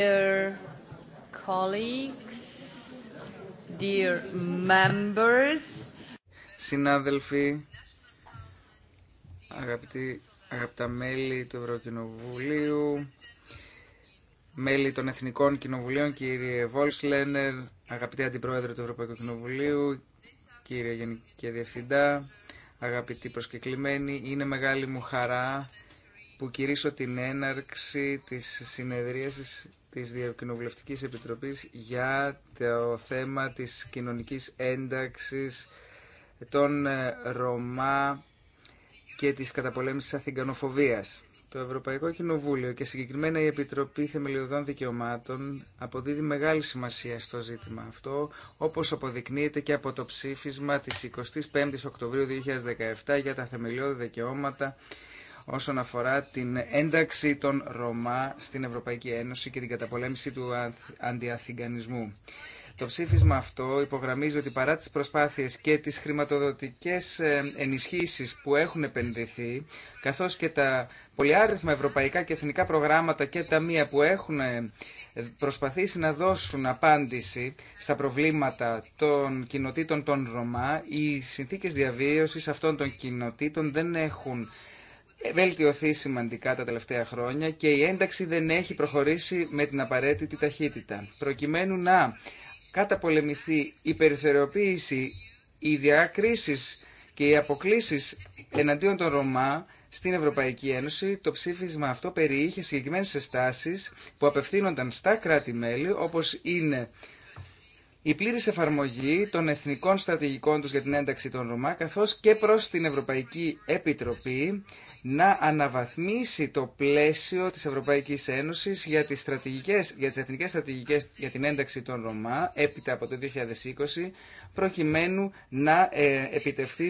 Dear colleagues, dear members. Συνάδελφοι, αγαπητοί, αγαπητά μέλη του Ευρωκοινοβουλίου, μέλη των Εθνικών Κοινοβουλίων, κύριε Βόλσλένερ, αγαπητή Αντιπρόεδρε του Ευρωπαϊκού Κοινοβουλίου, κύριε Γενική Διευθυντά, αγαπητοί προσκεκλημένοι, είναι μεγάλη μου χαρά που κηρύσω την έναρξη της συνεδρίασης της Διευκοινοβουλευτικής Επιτροπής για το θέμα της κοινωνικής ένταξης των ε, Ρωμά και της καταπολέμησης αθηγανοφοβίας. Το Ευρωπαϊκό Κοινοβούλιο και συγκεκριμένα η Επιτροπή Θεμελιωδών Δικαιωμάτων αποδίδει μεγάλη σημασία στο ζήτημα αυτό, όπως αποδεικνύεται και από το ψήφισμα της 25ης Οκτωβρίου 2017 για τα θεμελιώδη δικαιώματα όσον αφορά την ένταξη των Ρωμά στην Ευρωπαϊκή Ένωση και την καταπολέμηση του αντιαθηγανισμού. Το ψήφισμα αυτό υπογραμμίζει ότι παρά τις προσπάθειες και τις χρηματοδοτικές ε, ενισχύσεις που έχουν επενδυθεί, καθώς και τα πολυάριθμα ευρωπαϊκά και εθνικά προγράμματα και ταμεία που έχουν ε, προσπαθήσει να δώσουν απάντηση στα προβλήματα των κοινοτήτων των Ρωμά, οι συνθήκες διαβίωσης αυτών των κοινοτήτων δεν έχουν βελτιωθεί σημαντικά τα τελευταία χρόνια και η ένταξη δεν έχει προχωρήσει με την απαραίτητη ταχύτητα. Προκειμένου να καταπολεμηθεί η περιφερειοποίηση... οι διακρίσει και οι αποκλήσεις εναντίον των Ρωμά στην Ευρωπαϊκή Ένωση, το ψήφισμα αυτό περιείχε συγκεκριμένε εστάσει που απευθύνονταν στα κράτη-μέλη, όπως είναι η πλήρης εφαρμογή των εθνικών στρατηγικών τους για την ένταξη των Ρωμά, καθώς και προς την Ευρωπαϊκή Επιτροπή, να αναβαθμίσει το πλαίσιο της Ευρωπαϊκής Ένωσης για τις, στρατηγικές, για τις εθνικές στρατηγικές για την ένταξη των Ρωμά έπειτα από το 2020 προκειμένου να ε,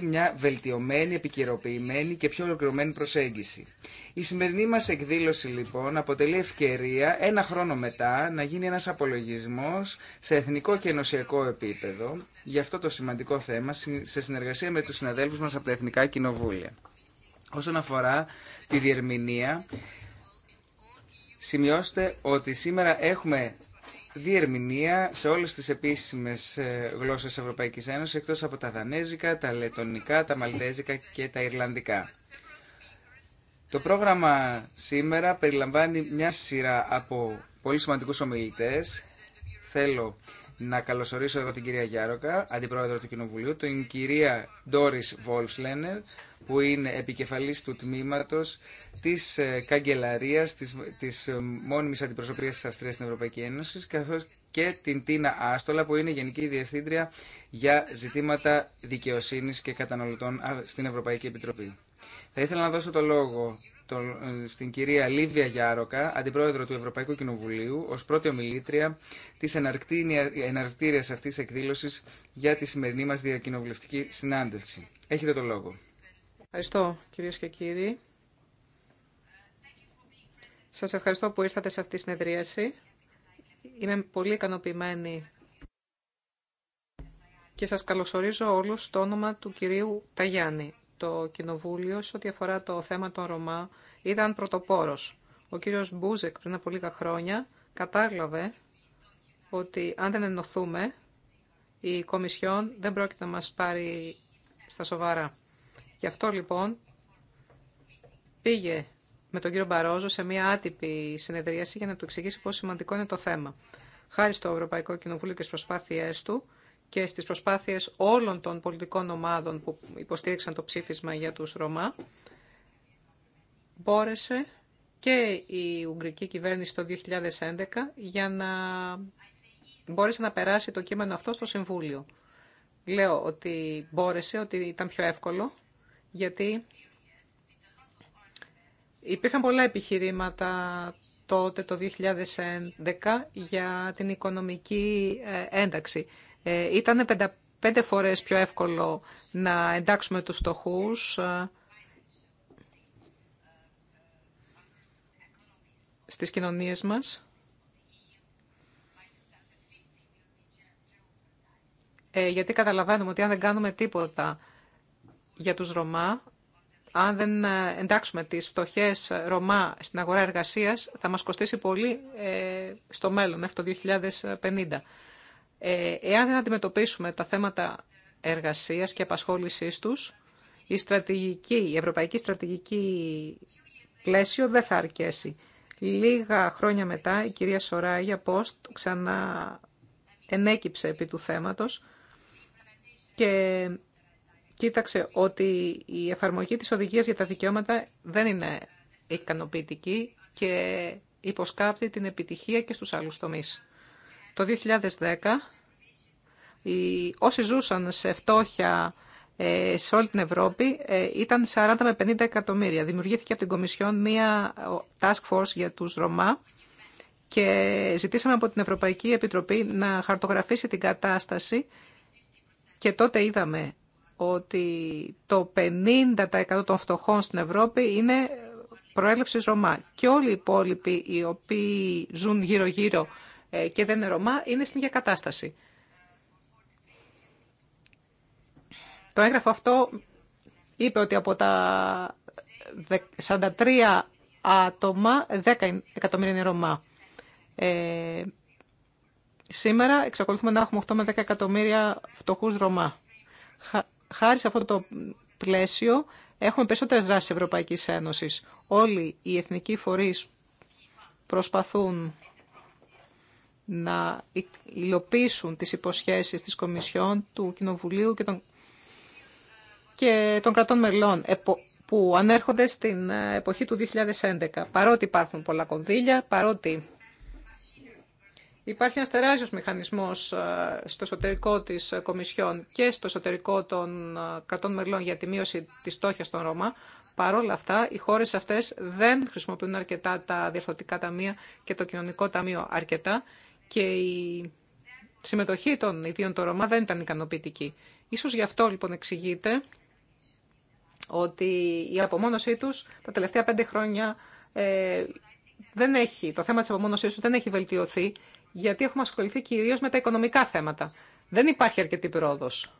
μια βελτιωμένη, επικαιροποιημένη και πιο ολοκληρωμένη προσέγγιση. Η σημερινή μας εκδήλωση λοιπόν αποτελεί ευκαιρία ένα χρόνο μετά να γίνει ένας απολογισμός σε εθνικό και ενωσιακό επίπεδο για αυτό το σημαντικό θέμα σε συνεργασία με τους συναδέλφους μας από τα Εθνικά Κοινοβούλια. Όσον αφορά τη διερμηνία, σημειώστε ότι σήμερα έχουμε διερμηνία σε όλες τις επίσημες ε, γλώσσες Ευρωπαϊκής Ένωσης, εκτός από τα δανέζικα, τα λετονικά, τα μαλτέζικα και τα ιρλανδικά. Το πρόγραμμα σήμερα περιλαμβάνει μια σειρά από πολύ σημαντικούς ομιλητές. Θέλω να καλωσορίσω εδώ την κυρία Γιάροκα, αντιπρόεδρο του Κοινοβουλίου, την κυρία Ντόρι Βόλφ-Λένερ, που είναι επικεφαλής του τμήματος της ε, καγκελαρία της, μόνιμη ε, μόνιμης τη της στην Ευρωπαϊκή Ένωση, καθώς και την Τίνα Άστολα, που είναι Γενική Διευθύντρια για ζητήματα δικαιοσύνης και καταναλωτών στην Ευρωπαϊκή Επιτροπή. Θα ήθελα να δώσω το λόγο τον, ε, στην κυρία Λίβια Γιάροκα, αντιπρόεδρο του Ευρωπαϊκού Κοινοβουλίου, ως πρώτη ομιλήτρια της εναρκτήριας αυτής εκδήλωσης για τη σημερινή μας διακοινοβουλευτική συνάντηση. Έχετε το λόγο. Ευχαριστώ κυρίες και κύριοι. Σας ευχαριστώ που ήρθατε σε αυτή τη συνεδρίαση. Είμαι πολύ ικανοποιημένη και σας καλωσορίζω όλους στο όνομα του κυρίου Ταγιάννη. Το Κοινοβούλιο σε ό,τι αφορά το θέμα των Ρωμά ήταν πρωτοπόρος. Ο κύριος Μπούζεκ πριν από λίγα χρόνια κατάλαβε ότι αν δεν ενωθούμε, η Κομισιόν δεν πρόκειται να μας πάρει στα σοβαρά. Γι' αυτό λοιπόν πήγε με τον κύριο Μπαρόζο σε μια άτυπη συνεδρίαση για να του εξηγήσει πόσο σημαντικό είναι το θέμα. Χάρη στο Ευρωπαϊκό Κοινοβούλιο και στις προσπάθειές του, και στις προσπάθειες όλων των πολιτικών ομάδων που υποστήριξαν το ψήφισμα για τους Ρωμά, μπόρεσε και η Ουγγρική κυβέρνηση το 2011 για να μπόρεσε να περάσει το κείμενο αυτό στο Συμβούλιο. Λέω ότι μπόρεσε, ότι ήταν πιο εύκολο, γιατί υπήρχαν πολλά επιχειρήματα τότε το 2011 για την οικονομική ε, ένταξη ε, ήταν πέντε φορές πιο εύκολο να εντάξουμε τους στοχούς ε, στις κοινωνίες μας. Ε, γιατί καταλαβαίνουμε ότι αν δεν κάνουμε τίποτα για τους Ρωμά, αν δεν εντάξουμε τις φτωχές Ρωμά στην αγορά εργασίας, θα μας κοστίσει πολύ στο μέλλον, μέχρι το 2050. Ε, εάν δεν αντιμετωπίσουμε τα θέματα εργασίας και απασχόλησής τους, η, στρατηγική, η ευρωπαϊκή στρατηγική πλαίσιο δεν θα αρκέσει. Λίγα χρόνια μετά η κυρία Σοράγια Πόστ ξανά ενέκυψε επί του θέματος και κοίταξε ότι η εφαρμογή της οδηγίας για τα δικαιώματα δεν είναι ικανοποιητική και υποσκάπτει την επιτυχία και στους άλλους τομείς. Το 2010 οι, όσοι ζούσαν σε φτώχεια ε, σε όλη την Ευρώπη ε, ήταν 40 με 50 εκατομμύρια. Δημιουργήθηκε από την Κομισιόν μία task force για τους Ρωμά και ζητήσαμε από την Ευρωπαϊκή Επιτροπή να χαρτογραφήσει την κατάσταση και τότε είδαμε ότι το 50% των φτωχών στην Ευρώπη είναι προέλευση Ρωμά και όλοι οι υπόλοιποι οι οποίοι ζουν γύρω-γύρω ε, και δεν είναι Ρωμά είναι στην ίδια κατάσταση. Το έγγραφο αυτό είπε ότι από τα 43 άτομα 10 εκατομμύρια είναι Ρωμά. Ε, σήμερα εξακολουθούμε να έχουμε 8 με 10 εκατομμύρια φτωχούς Ρωμά. Χάρη σε αυτό το πλαίσιο έχουμε περισσότερες δράσεις Ευρωπαϊκής Ένωσης. Όλοι οι εθνικοί φορείς προσπαθούν να υλοποιήσουν τις υποσχέσεις της Κομισιόν, του Κοινοβουλίου και των, και των κρατών μελών που ανέρχονται στην ε, εποχή του 2011. Παρότι υπάρχουν πολλά κονδύλια, παρότι υπάρχει ένας τεράστιος μηχανισμός ε, στο εσωτερικό της Κομισιόν και στο εσωτερικό των ε, κρατών μελών για τη μείωση της στόχιας των Ρώμα, παρόλα αυτά οι χώρες αυτές δεν χρησιμοποιούν αρκετά τα διαφορετικά ταμεία και το κοινωνικό ταμείο αρκετά και η συμμετοχή των ιδίων των Ρωμά δεν ήταν ικανοποιητική. Ίσως γι' αυτό λοιπόν εξηγείται ότι η απομόνωσή τους τα τελευταία πέντε χρόνια ε, δεν έχει, το θέμα της απομόνωσής τους δεν έχει βελτιωθεί γιατί έχουμε ασχοληθεί κυρίως με τα οικονομικά θέματα. Δεν υπάρχει αρκετή πρόοδος.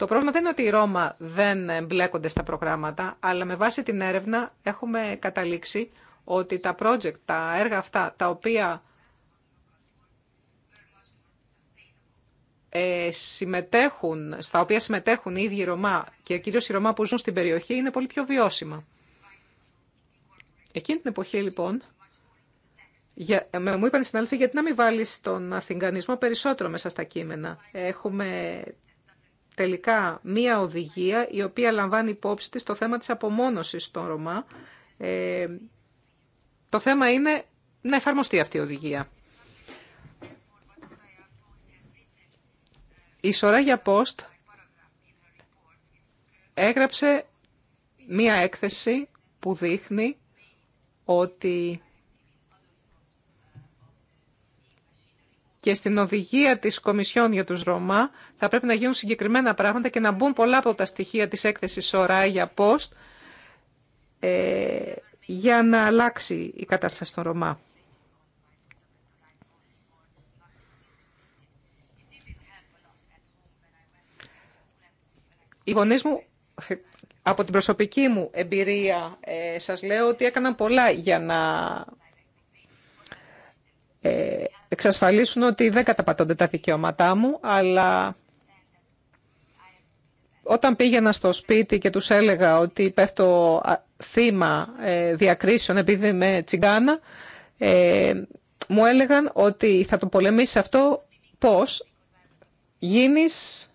Το πρόβλημα δεν είναι ότι οι Ρώμα δεν εμπλέκονται στα προγράμματα, αλλά με βάση την έρευνα έχουμε καταλήξει ότι τα project, τα έργα αυτά, τα οποία ε, συμμετέχουν, στα οποία συμμετέχουν οι ίδιοι Ρωμά και κυρίως οι Ρωμά που ζουν στην περιοχή, είναι πολύ πιο βιώσιμα. Εκείνη την εποχή, λοιπόν, για, ε, με, μου είπαν στην συνάδελφοι γιατί να μην βάλει τον αθηγανισμό περισσότερο μέσα στα κείμενα. Έχουμε τελικά μία οδηγία η οποία λαμβάνει υπόψη της το θέμα της απομόνωσης των Ρωμά. Ε, το θέμα είναι να εφαρμοστεί αυτή η οδηγία. Η Σοράγια Πόστ έγραψε μία έκθεση που δείχνει ότι και στην οδηγία της Κομισιόν για τους Ρωμά θα πρέπει να γίνουν συγκεκριμένα πράγματα και να μπουν πολλά από τα στοιχεία της έκθεσης Σοράγια Post ε, για να αλλάξει η κατάσταση των Ρωμά. Οι γονεί μου, από την προσωπική μου εμπειρία, ε, σας λέω ότι έκαναν πολλά για να ε, εξασφαλίσουν ότι δεν καταπατώνται τα δικαιώματά μου, αλλά όταν πήγαινα στο σπίτι και τους έλεγα ότι πέφτω θύμα ε, διακρίσεων επειδή είμαι τσιγκάνα, ε, μου έλεγαν ότι θα το πολεμήσει αυτό πώς γίνεις,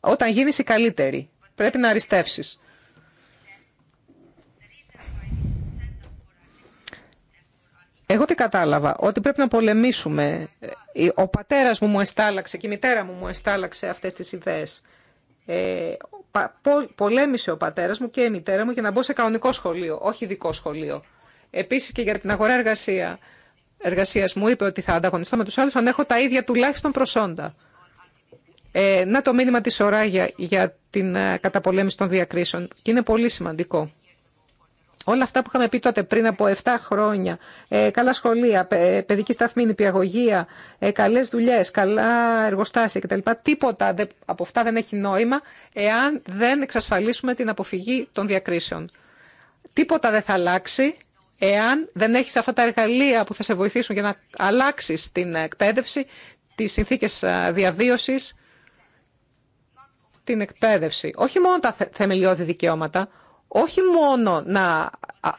όταν γίνεις η καλύτερη. Πρέπει να αριστεύσεις. Εγώ τι κατάλαβα, ότι πρέπει να πολεμήσουμε. Ε, ο πατέρας μου μου εστάλαξε και η μητέρα μου μου εστάλαξε αυτές τις ιδέες. Ε, πολέμησε ο πατέρας μου και η μητέρα μου για να μπω σε κανονικό σχολείο, όχι ειδικό σχολείο. Επίσης και για την αγορά εργασία. εργασίας μου είπε ότι θα ανταγωνιστώ με τους άλλους αν έχω τα ίδια τουλάχιστον προσόντα. Ε, να το μήνυμα της για την ε, καταπολέμηση των διακρίσεων και είναι πολύ σημαντικό όλα αυτά που είχαμε πει τότε πριν από 7 χρόνια, ε, καλά σχολεία, παιδική σταθμή, νηπιαγωγία, ε, καλές δουλειέ, καλά εργοστάσια κτλ. Τίποτα από αυτά δεν έχει νόημα εάν δεν εξασφαλίσουμε την αποφυγή των διακρίσεων. Τίποτα δεν θα αλλάξει εάν δεν έχεις αυτά τα εργαλεία που θα σε βοηθήσουν για να αλλάξεις την εκπαίδευση, τις συνθήκες διαβίωσης, την εκπαίδευση. Όχι μόνο τα θεμελιώδη δικαιώματα, όχι μόνο να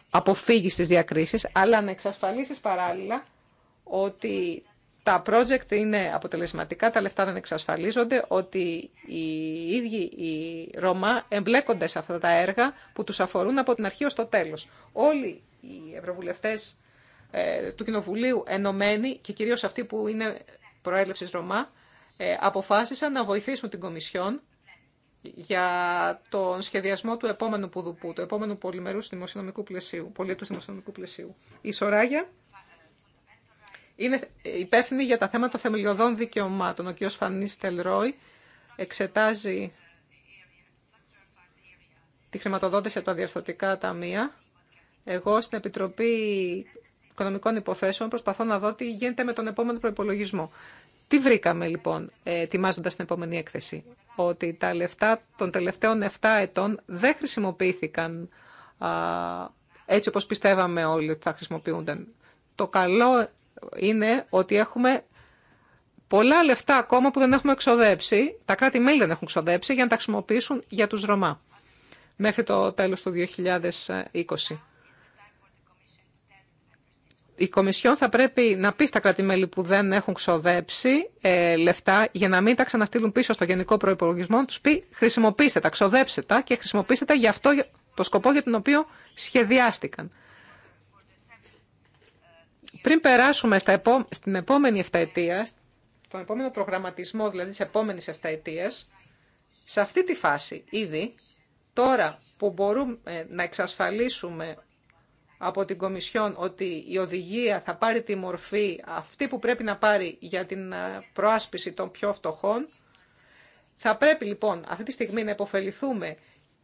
αποφύγεις τις διακρίσεις, αλλά να εξασφαλίσεις παράλληλα ότι τα project είναι αποτελεσματικά, τα λεφτά δεν εξασφαλίζονται, ότι οι ίδιοι οι Ρωμά εμπλέκονται σε αυτά τα έργα που τους αφορούν από την αρχή ως το τέλος. Όλοι οι ευρωβουλευτές ε, του Κοινοβουλίου ενωμένοι και κυρίως αυτοί που είναι προέλευσης Ρωμά ε, αποφάσισαν να βοηθήσουν την Κομισιόν για τον σχεδιασμό του επόμενου πουδουπού, του επόμενου πολυμερού δημοσιονομικού πλαισίου, πολίτου δημοσιονομικού πλαισίου. Η Σοράγια είναι υπεύθυνη για τα θέματα των θεμελιωδών δικαιωμάτων. Ο κ. Φανή Τελρόι εξετάζει τη χρηματοδότηση από τα διαρθωτικά ταμεία. Εγώ στην Επιτροπή Οικονομικών Υποθέσεων προσπαθώ να δω τι γίνεται με τον επόμενο προπολογισμό. Τι βρήκαμε λοιπόν ε, ετοιμάζοντα την επόμενη έκθεση. Ότι τα λεφτά των τελευταίων 7 ετών δεν χρησιμοποιήθηκαν α, έτσι όπως πιστεύαμε όλοι ότι θα χρησιμοποιούνταν. Το καλό είναι ότι έχουμε πολλά λεφτά ακόμα που δεν έχουμε εξοδέψει, τα κράτη-μέλη δεν έχουν εξοδέψει για να τα χρησιμοποιήσουν για τους Ρωμά μέχρι το τέλος του 2020 η Κομισιόν θα πρέπει να πει στα κρατη που δεν έχουν ξοδέψει ε, λεφτά για να μην τα ξαναστείλουν πίσω στο γενικό προπολογισμό, να του πει χρησιμοποιήστε τα, ξοδέψτε τα και χρησιμοποιήστε τα για αυτό το σκοπό για τον οποίο σχεδιάστηκαν. Πριν περάσουμε στα επό... στην επόμενη εφταετία, τον επόμενο προγραμματισμό δηλαδή τη επόμενη εφταετία, σε αυτή τη φάση ήδη, τώρα που μπορούμε να εξασφαλίσουμε από την Κομισιόν ότι η οδηγία θα πάρει τη μορφή αυτή που πρέπει να πάρει για την ε, προάσπιση των πιο φτωχών. Θα πρέπει λοιπόν αυτή τη στιγμή να υποφεληθούμε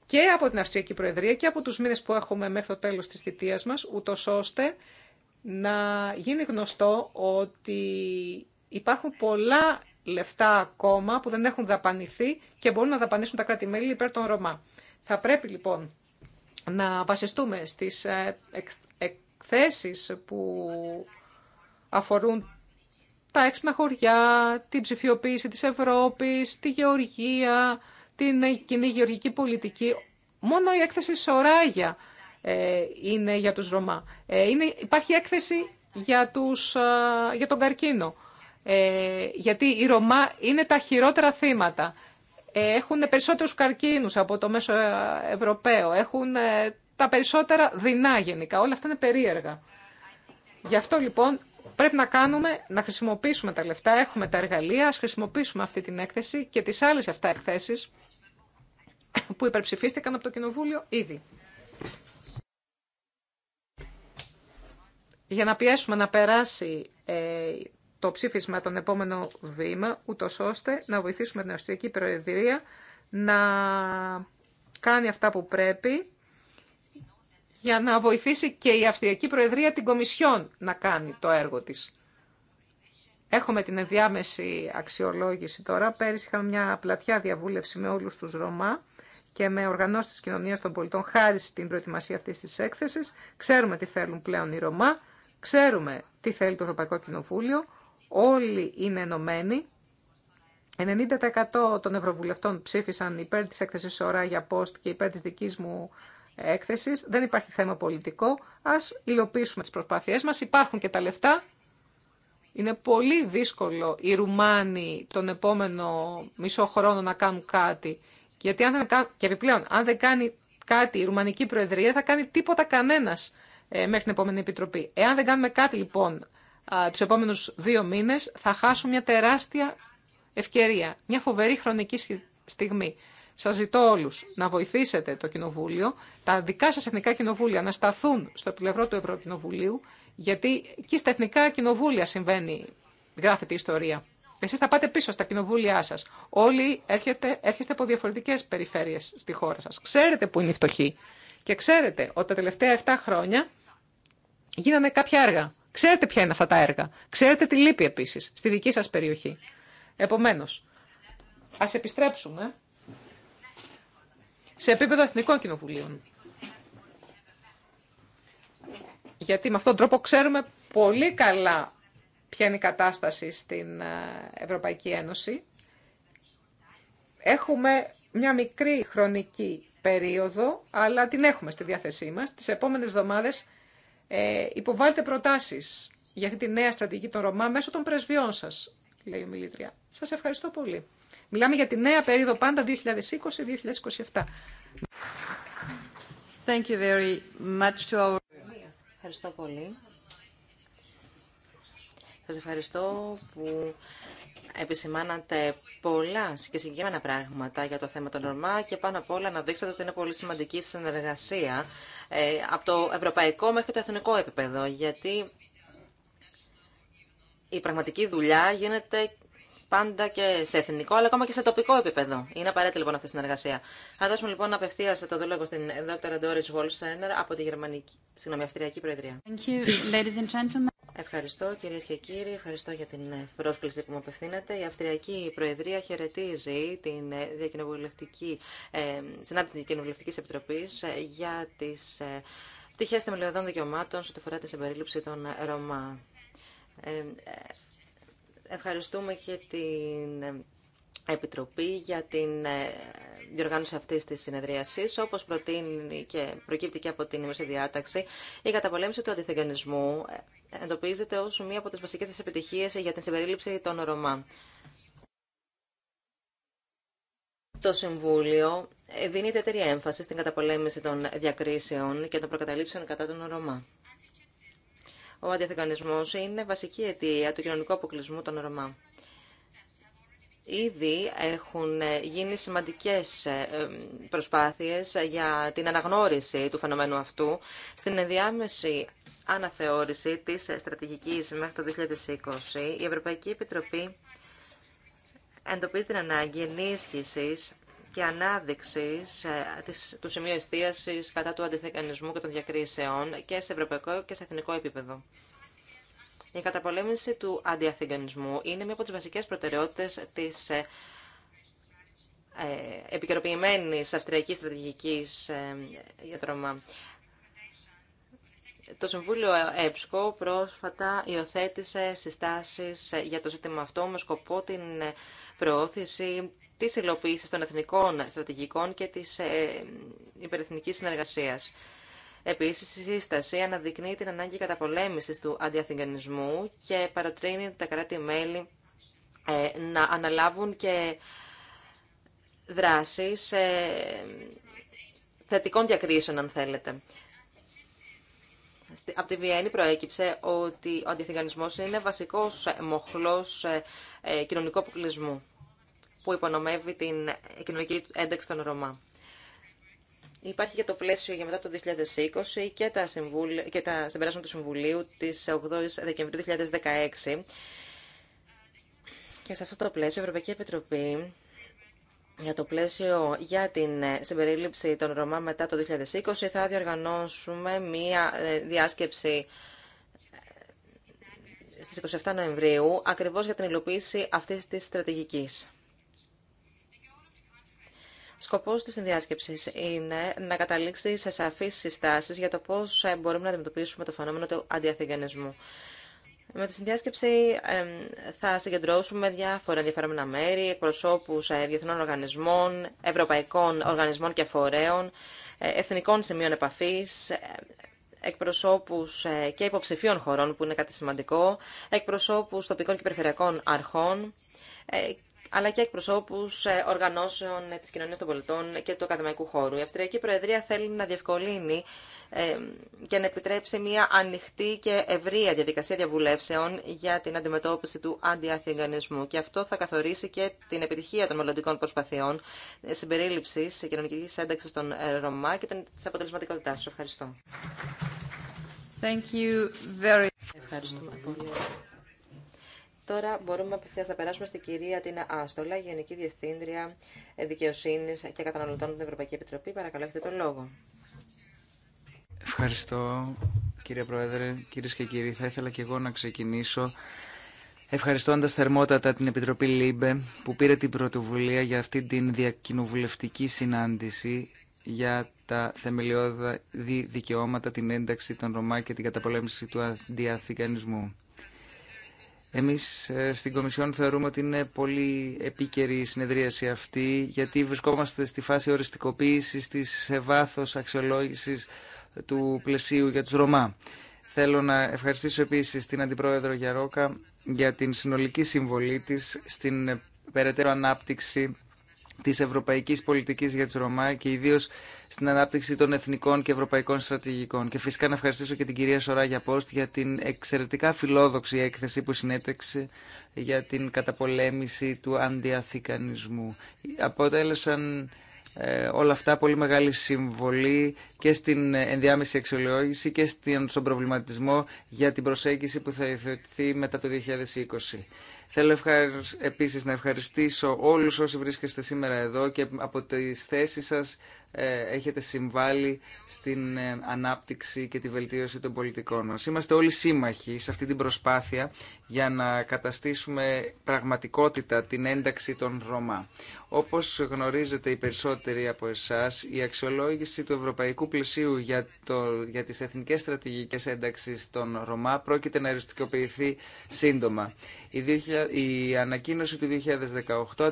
και από την Αυστριακή Προεδρία και από τους μήνες που έχουμε μέχρι το τέλος της θητείας μας, ούτω ώστε να γίνει γνωστό ότι υπάρχουν πολλά λεφτά ακόμα που δεν έχουν δαπανηθεί και μπορούν να δαπανίσουν τα κράτη-μέλη υπέρ των Ρωμά. Θα πρέπει λοιπόν να βασιστούμε στις ε, εκθέσεις που αφορούν τα έξυπνα χωριά, την ψηφιοποίηση της Ευρώπης, τη γεωργία, την κοινή γεωργική πολιτική. Μόνο η έκθεση Σοράγια ε, είναι για τους Ρωμά. Ε, είναι, υπάρχει έκθεση για, τους, για τον καρκίνο. γιατί οι Ρωμά είναι τα χειρότερα θύματα έχουν περισσότερους καρκίνους από το μέσο ε, Ευρωπαίο, έχουν ε, τα περισσότερα δεινά γενικά, όλα αυτά είναι περίεργα. Γι' αυτό λοιπόν πρέπει να κάνουμε, να χρησιμοποιήσουμε τα λεφτά, έχουμε τα εργαλεία, ας χρησιμοποιήσουμε αυτή την έκθεση και τις άλλες αυτά εκθέσεις που υπερψηφίστηκαν από το Κοινοβούλιο ήδη. Για να πιέσουμε να περάσει ε, το ψήφισμα τον επόμενο βήμα, ούτω ώστε να βοηθήσουμε την Αυστριακή Προεδρία να κάνει αυτά που πρέπει για να βοηθήσει και η Αυστριακή Προεδρία την Κομισιόν να κάνει το έργο της. Έχουμε την ενδιάμεση αξιολόγηση τώρα. Πέρυσι είχαμε μια πλατιά διαβούλευση με όλους τους Ρωμά και με οργανώσεις της κοινωνίας των πολιτών χάρη στην προετοιμασία αυτής της έκθεσης. Ξέρουμε τι θέλουν πλέον οι Ρωμά, ξέρουμε τι θέλει το Ευρωπαϊκό Κοινοβούλιο όλοι είναι ενωμένοι. 90% των ευρωβουλευτών ψήφισαν υπέρ της έκθεσης ώρα για Post και υπέρ της δικής μου έκθεσης. Δεν υπάρχει θέμα πολιτικό. Ας υλοποιήσουμε τις προσπάθειές μας. Υπάρχουν και τα λεφτά. Είναι πολύ δύσκολο οι Ρουμάνοι τον επόμενο μισό χρόνο να κάνουν κάτι. Γιατί αν δεν, και επιπλέον, αν δεν κάνει κάτι η Ρουμανική Προεδρία, θα κάνει τίποτα κανένας ε, μέχρι την επόμενη επιτροπή. Εάν δεν κάνουμε κάτι λοιπόν του επόμενου δύο μήνε θα χάσουν μια τεράστια ευκαιρία, μια φοβερή χρονική στιγμή. Σα ζητώ όλου να βοηθήσετε το Κοινοβούλιο, τα δικά σα εθνικά κοινοβούλια να σταθούν στο πλευρό του Ευρωκοινοβουλίου, γιατί και στα εθνικά κοινοβούλια συμβαίνει, γράφεται η ιστορία. Εσεί θα πάτε πίσω στα κοινοβούλια σα. Όλοι έρχεστε, έρχεστε από διαφορετικέ περιφέρειες στη χώρα σα. Ξέρετε που είναι η φτωχή. Και ξέρετε ότι τα τελευταία 7 χρόνια γίνανε κάποια έργα Ξέρετε ποια είναι αυτά τα έργα. Ξέρετε τι λείπει επίσης στη δική σας περιοχή. Επομένως, ας επιστρέψουμε σε επίπεδο εθνικών κοινοβουλίων. Γιατί με αυτόν τον τρόπο ξέρουμε πολύ καλά ποια είναι η κατάσταση στην ε, Ευρωπαϊκή Ένωση. Έχουμε μια μικρή χρονική περίοδο, αλλά την έχουμε στη διάθεσή μας. Τις επόμενες εβδομάδες ε, υποβάλλετε προτάσεις για αυτή τη νέα στρατηγική των Ρωμά μέσω των πρεσβειών σας, λέει η μιλήτρια. Σας ευχαριστώ πολύ. Μιλάμε για τη νέα περίοδο πάντα 2020-2027. Thank you very much to our... Ευχαριστώ πολύ. Σας ευχαριστώ που επισημάνατε πολλά και συγκεκριμένα πράγματα για το θέμα των ΟΡΜΑ και πάνω απ' όλα να δείξατε ότι είναι πολύ σημαντική συνεργασία ε, από το ευρωπαϊκό μέχρι το εθνικό επίπεδο, γιατί η πραγματική δουλειά γίνεται πάντα και σε εθνικό, αλλά ακόμα και σε τοπικό επίπεδο. Είναι απαραίτητη λοιπόν αυτή η συνεργασία. Θα δώσουμε λοιπόν απευθεία το λόγο στην δόκτωρα Ντόρι Βολσένερ από τη Γερμανική, συγγνώμη, Αυστριακή Προεδρία. Ευχαριστώ κυρίε και κύριοι, ευχαριστώ για την πρόσκληση που μου απευθύνεται. Η Αυστριακή Προεδρία χαιρετίζει την διακοινοβουλευτική, ε, συνάντηση τη Διακοινοβουλευτική Επιτροπή ε, για τι ε, πτυχέ θεμελιωδών δικαιωμάτων σε ό,τι αφορά τη συμπερίληψη των Ρωμά. Ε, ε, Ευχαριστούμε και την Επιτροπή για την ε, διοργάνωση αυτή τη συνεδρίαση. Όπω προτείνει και προκύπτει και από την ημερήσια διάταξη, η καταπολέμηση του αντιθεγενισμού ε, εντοπίζεται ω μία από τι βασικέ τη επιτυχίε για την συμπερίληψη των Ρωμά. Το Συμβούλιο ε, δίνει ιδιαίτερη έμφαση στην καταπολέμηση των διακρίσεων και των προκαταλήψεων κατά των Ρωμά. Ο αντιαθεγκανισμός είναι βασική αιτία του κοινωνικού αποκλεισμού των Ρωμά. Ήδη έχουν γίνει σημαντικές ε, προσπάθειες για την αναγνώριση του φαινομένου αυτού στην ενδιάμεση αναθεώρηση της στρατηγικής μέχρι το 2020. Η Ευρωπαϊκή Επιτροπή εντοπίζει την ανάγκη ενίσχυσης και ανάδειξη, ε, του σημείου Εστίαση κατά του αντιθεκανισμού και των διακρίσεων και σε ευρωπαϊκό και σε εθνικό επίπεδο. Η καταπολέμηση του αντιαθηγανισμού είναι μία από τις βασικές προτεραιότητες της ε, ε, επικαιροποιημένης αυστριακής στρατηγικής για Το Συμβούλιο ΕΠΣΚΟ πρόσφατα υιοθέτησε συστάσεις για το ζήτημα αυτό με σκοπό την προώθηση Τη υλοποίηση των εθνικών στρατηγικών και της ε, υπερεθνικής συνεργασία. Επίσης, η σύσταση αναδεικνύει την ανάγκη καταπολέμησης του αντιαθηγανισμού και παροτρύνει τα κράτη-μέλη ε, να αναλάβουν και δράσεις ε, θετικών διακρίσεων, αν θέλετε. Από τη Βιέννη προέκυψε ότι ο αντιθυγανισμός είναι βασικός μοχλός κοινωνικού αποκλεισμού που υπονομεύει την κοινωνική ένταξη των Ρωμά. Υπάρχει και το πλαίσιο για μετά το 2020 και τα, συμβούλ... και τα συμπεράσματα του Συμβουλίου της 8 Δεκεμβρίου 2016. Και σε αυτό το πλαίσιο η Ευρωπαϊκή Επιτροπή για το πλαίσιο για την συμπερίληψη των Ρωμά μετά το 2020 θα διοργανώσουμε μία ε, διάσκεψη ε, στις 27 Νοεμβρίου ακριβώς για την υλοποίηση αυτής της στρατηγικής. Σκοπός της συνδιάσκεψη είναι να καταλήξει σε σαφείς συστάσεις για το πώς ε, μπορούμε να αντιμετωπίσουμε το φαινόμενο του αντιαθυγενισμού. Με τη συνδιάσκεψη θα συγκεντρώσουμε διάφορα ενδιαφέροντα μέρη, εκπροσώπους ε, διεθνών οργανισμών, ευρωπαϊκών οργανισμών και φορέων, ε, εθνικών σημείων επαφής, εκπροσώπους και υποψηφίων χωρών που είναι κάτι σημαντικό, εκπροσώπους τοπικών και περιφερειακών αρχών αλλά και εκπροσώπου ε, οργανώσεων ε, τη κοινωνία των πολιτών και του ακαδημαϊκού χώρου. Η Αυστριακή Προεδρία θέλει να διευκολύνει ε, και να επιτρέψει μια ανοιχτή και ευρεία διαδικασία διαβουλεύσεων για την αντιμετώπιση του αντιαφηγανισμού. Και αυτό θα καθορίσει και την επιτυχία των μελλοντικών προσπαθειών συμπερίληψη κοινωνική ένταξη των Ρωμά και τη αποτελεσματικότητά του. Ευχαριστώ. Thank you very... Ευχαριστούμε πολύ. Τώρα μπορούμε απευθεία να περάσουμε στην κυρία Τίνα Άστολα, Γενική Διευθύντρια Δικαιοσύνη και Καταναλωτών των την Ευρωπαϊκή Επιτροπή. Παρακαλώ, έχετε τον λόγο. Ευχαριστώ, κύριε Πρόεδρε, κυρίε και κύριοι. Θα ήθελα και εγώ να ξεκινήσω ευχαριστώντα θερμότατα την Επιτροπή ΛΥΜΠΕ που πήρε την πρωτοβουλία για αυτή την διακοινοβουλευτική συνάντηση για τα θεμελιώδη δικαιώματα, την ένταξη των Ρωμά και την καταπολέμηση του αντιαθηκανισμού. Εμείς ε, στην Κομισιόν θεωρούμε ότι είναι πολύ επίκαιρη η συνεδρίαση αυτή γιατί βρισκόμαστε στη φάση οριστικοποίησης της βάθος αξιολόγησης του πλαισίου για τους Ρωμά. Θέλω να ευχαριστήσω επίσης την Αντιπρόεδρο Γιαρόκα για την συνολική συμβολή της στην ε, περαιτέρω ανάπτυξη της ευρωπαϊκής πολιτικής για τους Ρωμά και ιδίως στην ανάπτυξη των εθνικών και ευρωπαϊκών στρατηγικών. Και φυσικά να ευχαριστήσω και την κυρία Σοράγια Πόστ για την εξαιρετικά φιλόδοξη έκθεση που συνέτεξε για την καταπολέμηση του αντιαθηκανισμού. Αποτέλεσαν ε, όλα αυτά πολύ μεγάλη συμβολή και στην ενδιάμεση αξιολόγηση και στον προβληματισμό για την προσέγγιση που θα υιοθετηθεί μετά το 2020. Θέλω επίσης να ευχαριστήσω όλους όσοι βρίσκεστε σήμερα εδώ και από τις θέσεις σας ε, έχετε συμβάλει στην ε, ανάπτυξη και τη βελτίωση των πολιτικών μας. Είμαστε όλοι σύμμαχοι σε αυτή την προσπάθεια για να καταστήσουμε πραγματικότητα την ένταξη των Ρωμά. Όπως γνωρίζετε οι περισσότεροι από εσάς, η αξιολόγηση του Ευρωπαϊκού Πλαισίου για, το, για τις Εθνικές Στρατηγικές ένταξεις των Ρωμά πρόκειται να αριστικοποιηθεί σύντομα. Η, η ανακοίνωση του 2018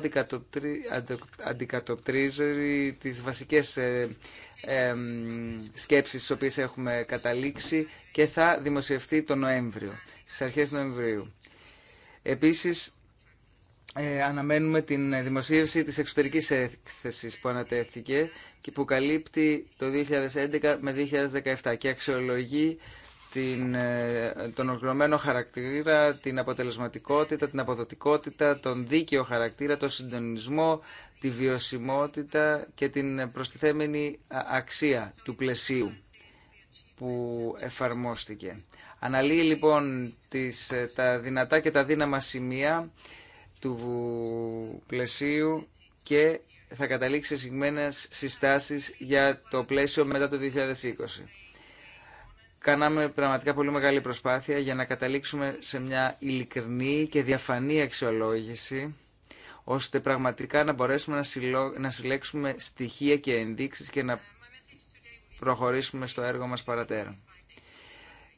αντικατοπτρίζει τις βασικές ε, ε, σκέψεις στις οποίες έχουμε καταλήξει και θα δημοσιευτεί το Νοέμβριο, στις αρχές Νοεμβρίου. Επίσης, ε, αναμένουμε την δημοσίευση της εξωτερικής έκθεσης που ανατέθηκε και που καλύπτει το 2011 με 2017 και αξιολογεί την, ε, τον οργανωμένο χαρακτήρα, την αποτελεσματικότητα, την αποδοτικότητα, τον δίκαιο χαρακτήρα, τον συντονισμό, τη βιωσιμότητα και την προστιθέμενη αξία του πλαισίου που εφαρμόστηκε. Αναλύει λοιπόν τις, ε, τα δυνατά και τα δύναμα σημεία του πλαισίου και θα καταλήξει σε συγκεκριμένες συστάσεις για το πλαίσιο μετά το 2020. Κάναμε πραγματικά πολύ μεγάλη προσπάθεια για να καταλήξουμε σε μια ειλικρινή και διαφανή αξιολόγηση ώστε πραγματικά να μπορέσουμε να συλλέξουμε στοιχεία και ενδείξεις και να προχωρήσουμε στο έργο μας παρατέρα.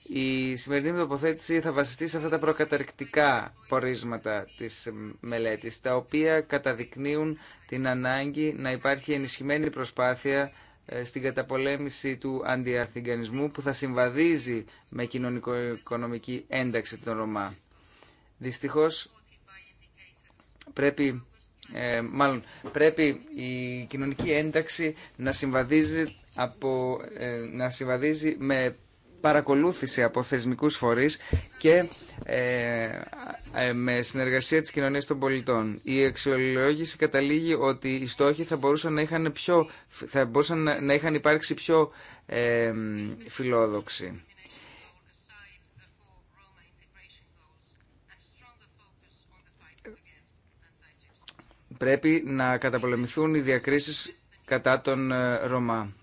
Η σημερινή μου τοποθέτηση θα βασιστεί σε αυτά τα προκαταρκτικά πορίσματα της μελέτης, τα οποία καταδεικνύουν την ανάγκη να υπάρχει ενισχυμένη προσπάθεια ε, στην καταπολέμηση του αντιαθηγανισμού που θα συμβαδίζει με κοινωνικο-οικονομική ένταξη των Ρωμά. Δυστυχώς πρέπει, ε, μάλλον, πρέπει η κοινωνική ένταξη να συμβαδίζει, από, ε, να συμβαδίζει με παρακολούθηση από θεσμικούς φορείς και ε, ε, με συνεργασία της κοινωνίας των πολιτών. Η αξιολόγηση καταλήγει ότι οι στόχοι θα μπορούσαν να είχαν, πιο, θα μπορούσαν να είχαν υπάρξει πιο ε, φιλόδοξοι. Πρέπει να καταπολεμηθούν οι διακρίσεις κατά τον ε, Ρωμά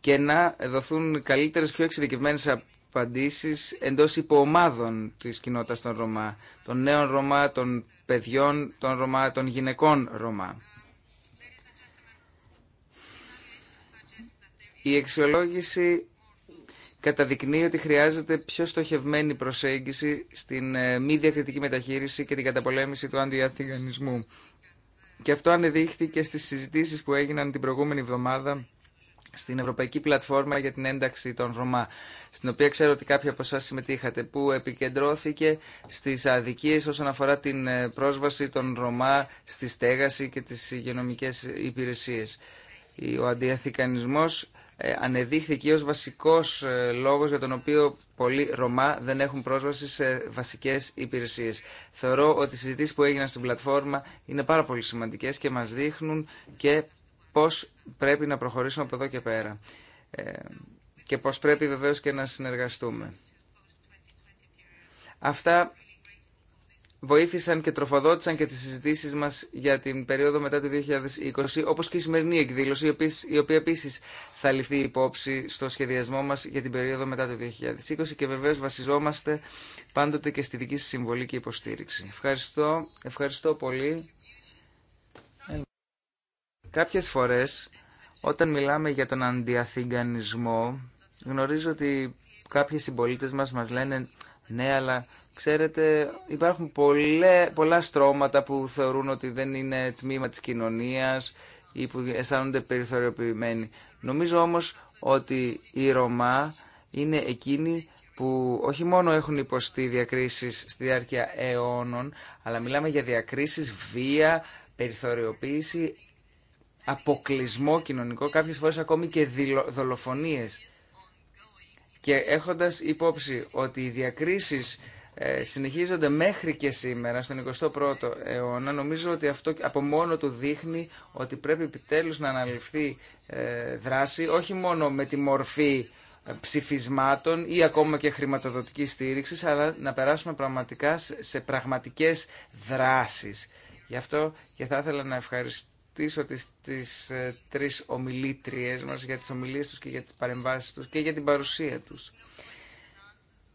και να δοθούν καλύτερες, πιο εξειδικευμένε απαντήσεις εντός υποομάδων της κοινότητας των Ρωμά, των νέων Ρωμά, των παιδιών των Ρωμά, των γυναικών Ρωμά. Η αξιολόγηση καταδεικνύει ότι χρειάζεται πιο στοχευμένη προσέγγιση στην ε, μη διακριτική μεταχείριση και την καταπολέμηση του αντιαθηγανισμού. Και αυτό ανεδείχθηκε στις συζητήσεις που έγιναν την προηγούμενη εβδομάδα στην Ευρωπαϊκή Πλατφόρμα για την Ένταξη των Ρωμά, στην οποία ξέρω ότι κάποιοι από εσά συμμετείχατε, που επικεντρώθηκε στι αδικίες όσον αφορά την ε, πρόσβαση των Ρωμά στη στέγαση και τι υγειονομικέ υπηρεσίε. Ο αντιαθηκανισμός ε, ανεδείχθηκε ως βασικός ε, λόγος για τον οποίο πολλοί Ρωμά δεν έχουν πρόσβαση σε βασικές υπηρεσίες. Θεωρώ ότι οι συζητήσεις που έγιναν στην πλατφόρμα είναι πάρα πολύ σημαντικές και μας δείχνουν και πώς πρέπει να προχωρήσουμε από εδώ και πέρα ε, και πώς πρέπει βεβαίως και να συνεργαστούμε. Αυτά βοήθησαν και τροφοδότησαν και τις συζητήσεις μας για την περίοδο μετά το 2020, όπως και η σημερινή εκδήλωση, η οποία επίσης θα ληφθεί υπόψη στο σχεδιασμό μας για την περίοδο μετά το 2020 και βεβαίως βασιζόμαστε πάντοτε και στη δική συμβολή και υποστήριξη. Ευχαριστώ, ευχαριστώ πολύ. Κάποιες φορές όταν μιλάμε για τον αντιαθηγανισμό γνωρίζω ότι κάποιοι συμπολίτε μας μας λένε ναι αλλά ξέρετε υπάρχουν πολλά στρώματα που θεωρούν ότι δεν είναι τμήμα της κοινωνίας ή που αισθάνονται περιθωριοποιημένοι. Νομίζω όμως ότι οι Ρωμά είναι εκείνοι που όχι μόνο έχουν υποστεί διακρίσεις στη διάρκεια αιώνων, αλλά μιλάμε για διακρίσεις βία, περιθωριοποίηση, αποκλεισμό κοινωνικό, κάποιες φορές ακόμη και δολοφονίες. Και έχοντας υπόψη ότι οι διακρίσεις ε, συνεχίζονται μέχρι και σήμερα, στον 21ο αιώνα, νομίζω ότι αυτό από μόνο του δείχνει ότι πρέπει επιτέλους να αναλυφθεί ε, δράση, όχι μόνο με τη μορφή ε, ψηφισμάτων ή ακόμα και χρηματοδοτική στήριξη, αλλά να περάσουμε πραγματικά σε πραγματικές δράσεις. Γι' αυτό και θα ήθελα να ευχαριστήσω ευχαριστήσω τις, τις ε, τρεις ομιλήτριες μας για τις ομιλίες τους και για τις παρεμβάσεις τους και για την παρουσία τους.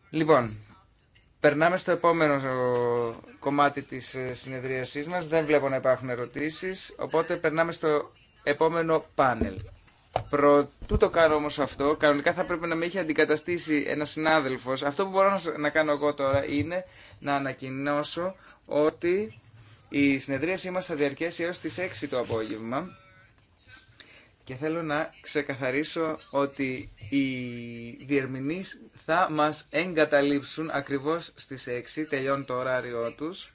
Λοιπόν, περνάμε στο επόμενο κομμάτι της ε, συνεδρίασής μας. Δεν βλέπω να υπάρχουν ερωτήσεις, οπότε περνάμε στο επόμενο πάνελ. Προτού το κάνω όμως αυτό, κανονικά θα πρέπει να με είχε αντικαταστήσει ένα συνάδελφο. Αυτό που μπορώ να κάνω εγώ τώρα είναι να ανακοινώσω ότι η συνεδρίασή μας θα διαρκέσει έως τις 6 το απόγευμα και θέλω να ξεκαθαρίσω ότι οι διερμηνείς θα μας εγκαταλείψουν ακριβώς στις 6, τελειώνει το ωράριό τους.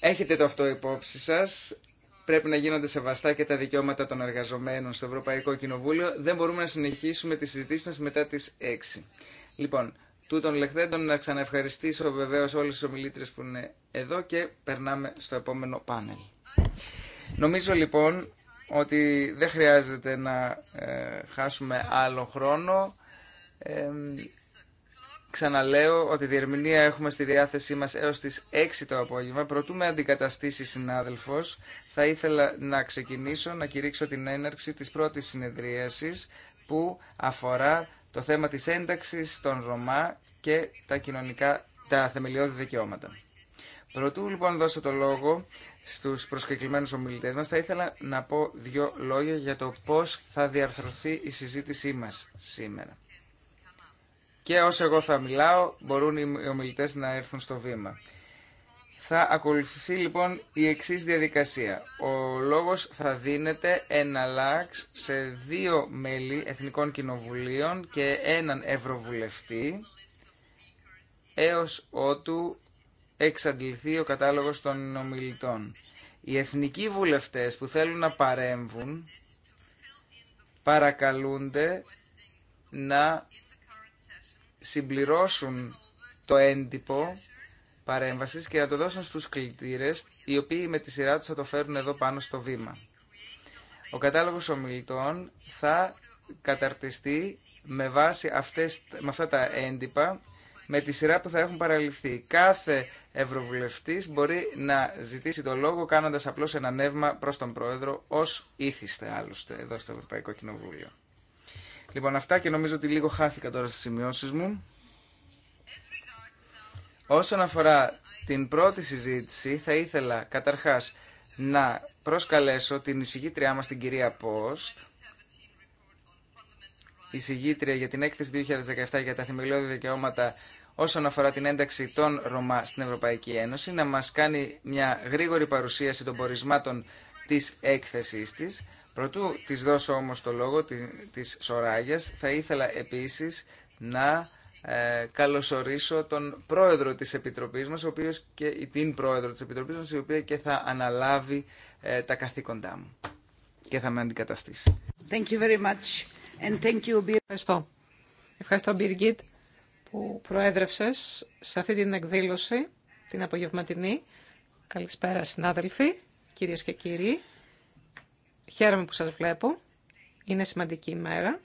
Έχετε το αυτό υπόψη σας. Πρέπει να γίνονται σεβαστά και τα δικαιώματα των εργαζομένων στο Ευρωπαϊκό Κοινοβούλιο. Δεν μπορούμε να συνεχίσουμε τις συζητήσεις μας μετά τις 6. Λοιπόν, Τούτων λεχθέντων να ξαναευχαριστήσω βεβαίως όλε τι ομιλήτρε που είναι εδώ και περνάμε στο επόμενο πάνελ. Νομίζω λοιπόν ότι δεν χρειάζεται να ε, χάσουμε άλλο χρόνο. Ε, ξαναλέω ότι διερμηνία έχουμε στη διάθεσή μας έως τις 6 το απόγευμα. Προτού με αντικαταστήσει συνάδελφος, θα ήθελα να ξεκινήσω να κηρύξω την έναρξη της πρώτης συνεδρίασης που αφορά το θέμα της ένταξης των Ρωμά και τα κοινωνικά, τα θεμελιώδη δικαιώματα. Πρωτού λοιπόν δώσω το λόγο στους προσκεκλημένους ομιλητές μας, θα ήθελα να πω δύο λόγια για το πώς θα διαρθρωθεί η συζήτησή μας σήμερα. Και όσο εγώ θα μιλάω, μπορούν οι ομιλητές να έρθουν στο βήμα. Θα ακολουθηθεί λοιπόν η εξή διαδικασία. Ο λόγος θα δίνεται λάξ σε δύο μέλη Εθνικών Κοινοβουλίων και έναν Ευρωβουλευτή έως ότου εξαντληθεί ο κατάλογος των ομιλητών. Οι εθνικοί βουλευτές που θέλουν να παρέμβουν παρακαλούνται να συμπληρώσουν το έντυπο παρέμβασης και να το δώσουν στους κλητήρες, οι οποίοι με τη σειρά τους θα το φέρουν εδώ πάνω στο βήμα. Ο κατάλογος ομιλητών θα καταρτιστεί με βάση αυτές, με αυτά τα έντυπα, με τη σειρά που θα έχουν παραλυφθεί. Κάθε ευρωβουλευτής μπορεί να ζητήσει το λόγο κάνοντας απλώς ένα νεύμα προς τον Πρόεδρο, ως ήθιστε άλλωστε εδώ στο Ευρωπαϊκό Κοινοβούλιο. Λοιπόν, αυτά και νομίζω ότι λίγο χάθηκα τώρα στις σημειώσεις μου. Όσον αφορά την πρώτη συζήτηση, θα ήθελα καταρχάς να προσκαλέσω την εισηγήτριά μας, την κυρία Πόστ, εισηγήτρια για την έκθεση 2017 για τα θεμελιώδη δικαιώματα όσον αφορά την ένταξη των Ρωμά στην Ευρωπαϊκή Ένωση, να μας κάνει μια γρήγορη παρουσίαση των πορισμάτων της έκθεσής της. Προτού της δώσω όμως το λόγο της Σοράγιας, θα ήθελα επίσης να ε, καλωσορίσω τον πρόεδρο της Επιτροπής μας, ο οποίος και, την πρόεδρο της Επιτροπής μας, η οποία και θα αναλάβει ε, τα καθήκοντά μου και θα με αντικαταστήσει. Thank you very much. And thank you, Ευχαριστώ. Ευχαριστώ, Μπίργκιτ, που προέδρευσες σε αυτή την εκδήλωση, την απογευματινή. Καλησπέρα, συνάδελφοι, κυρίες και κύριοι. Χαίρομαι που σας βλέπω. Είναι σημαντική ημέρα.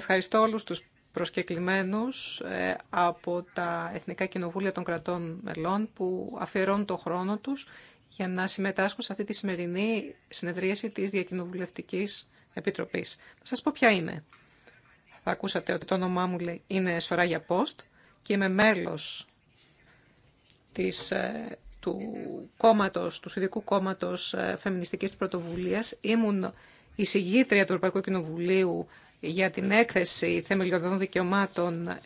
Ευχαριστώ όλους τους προσκεκλημένους ε, από τα Εθνικά Κοινοβούλια των Κρατών Μελών που αφιερώνουν το χρόνο τους για να συμμετάσχουν σε αυτή τη σημερινή συνεδρίαση της Διακοινοβουλευτικής Επιτροπής. Θα σας πω ποια είναι. Θα ακούσατε ότι το όνομά μου είναι Σοράγια Πόστ και είμαι μέλος της, ε, του, κόμματος, του Συνδικού Κόμματος ε, Φεμινιστικής Πρωτοβουλίας. Ήμουν εισηγήτρια του Ευρωπαϊκού Κοινοβουλίου για την έκθεση θεμελιωδών δικαιωμάτων ε,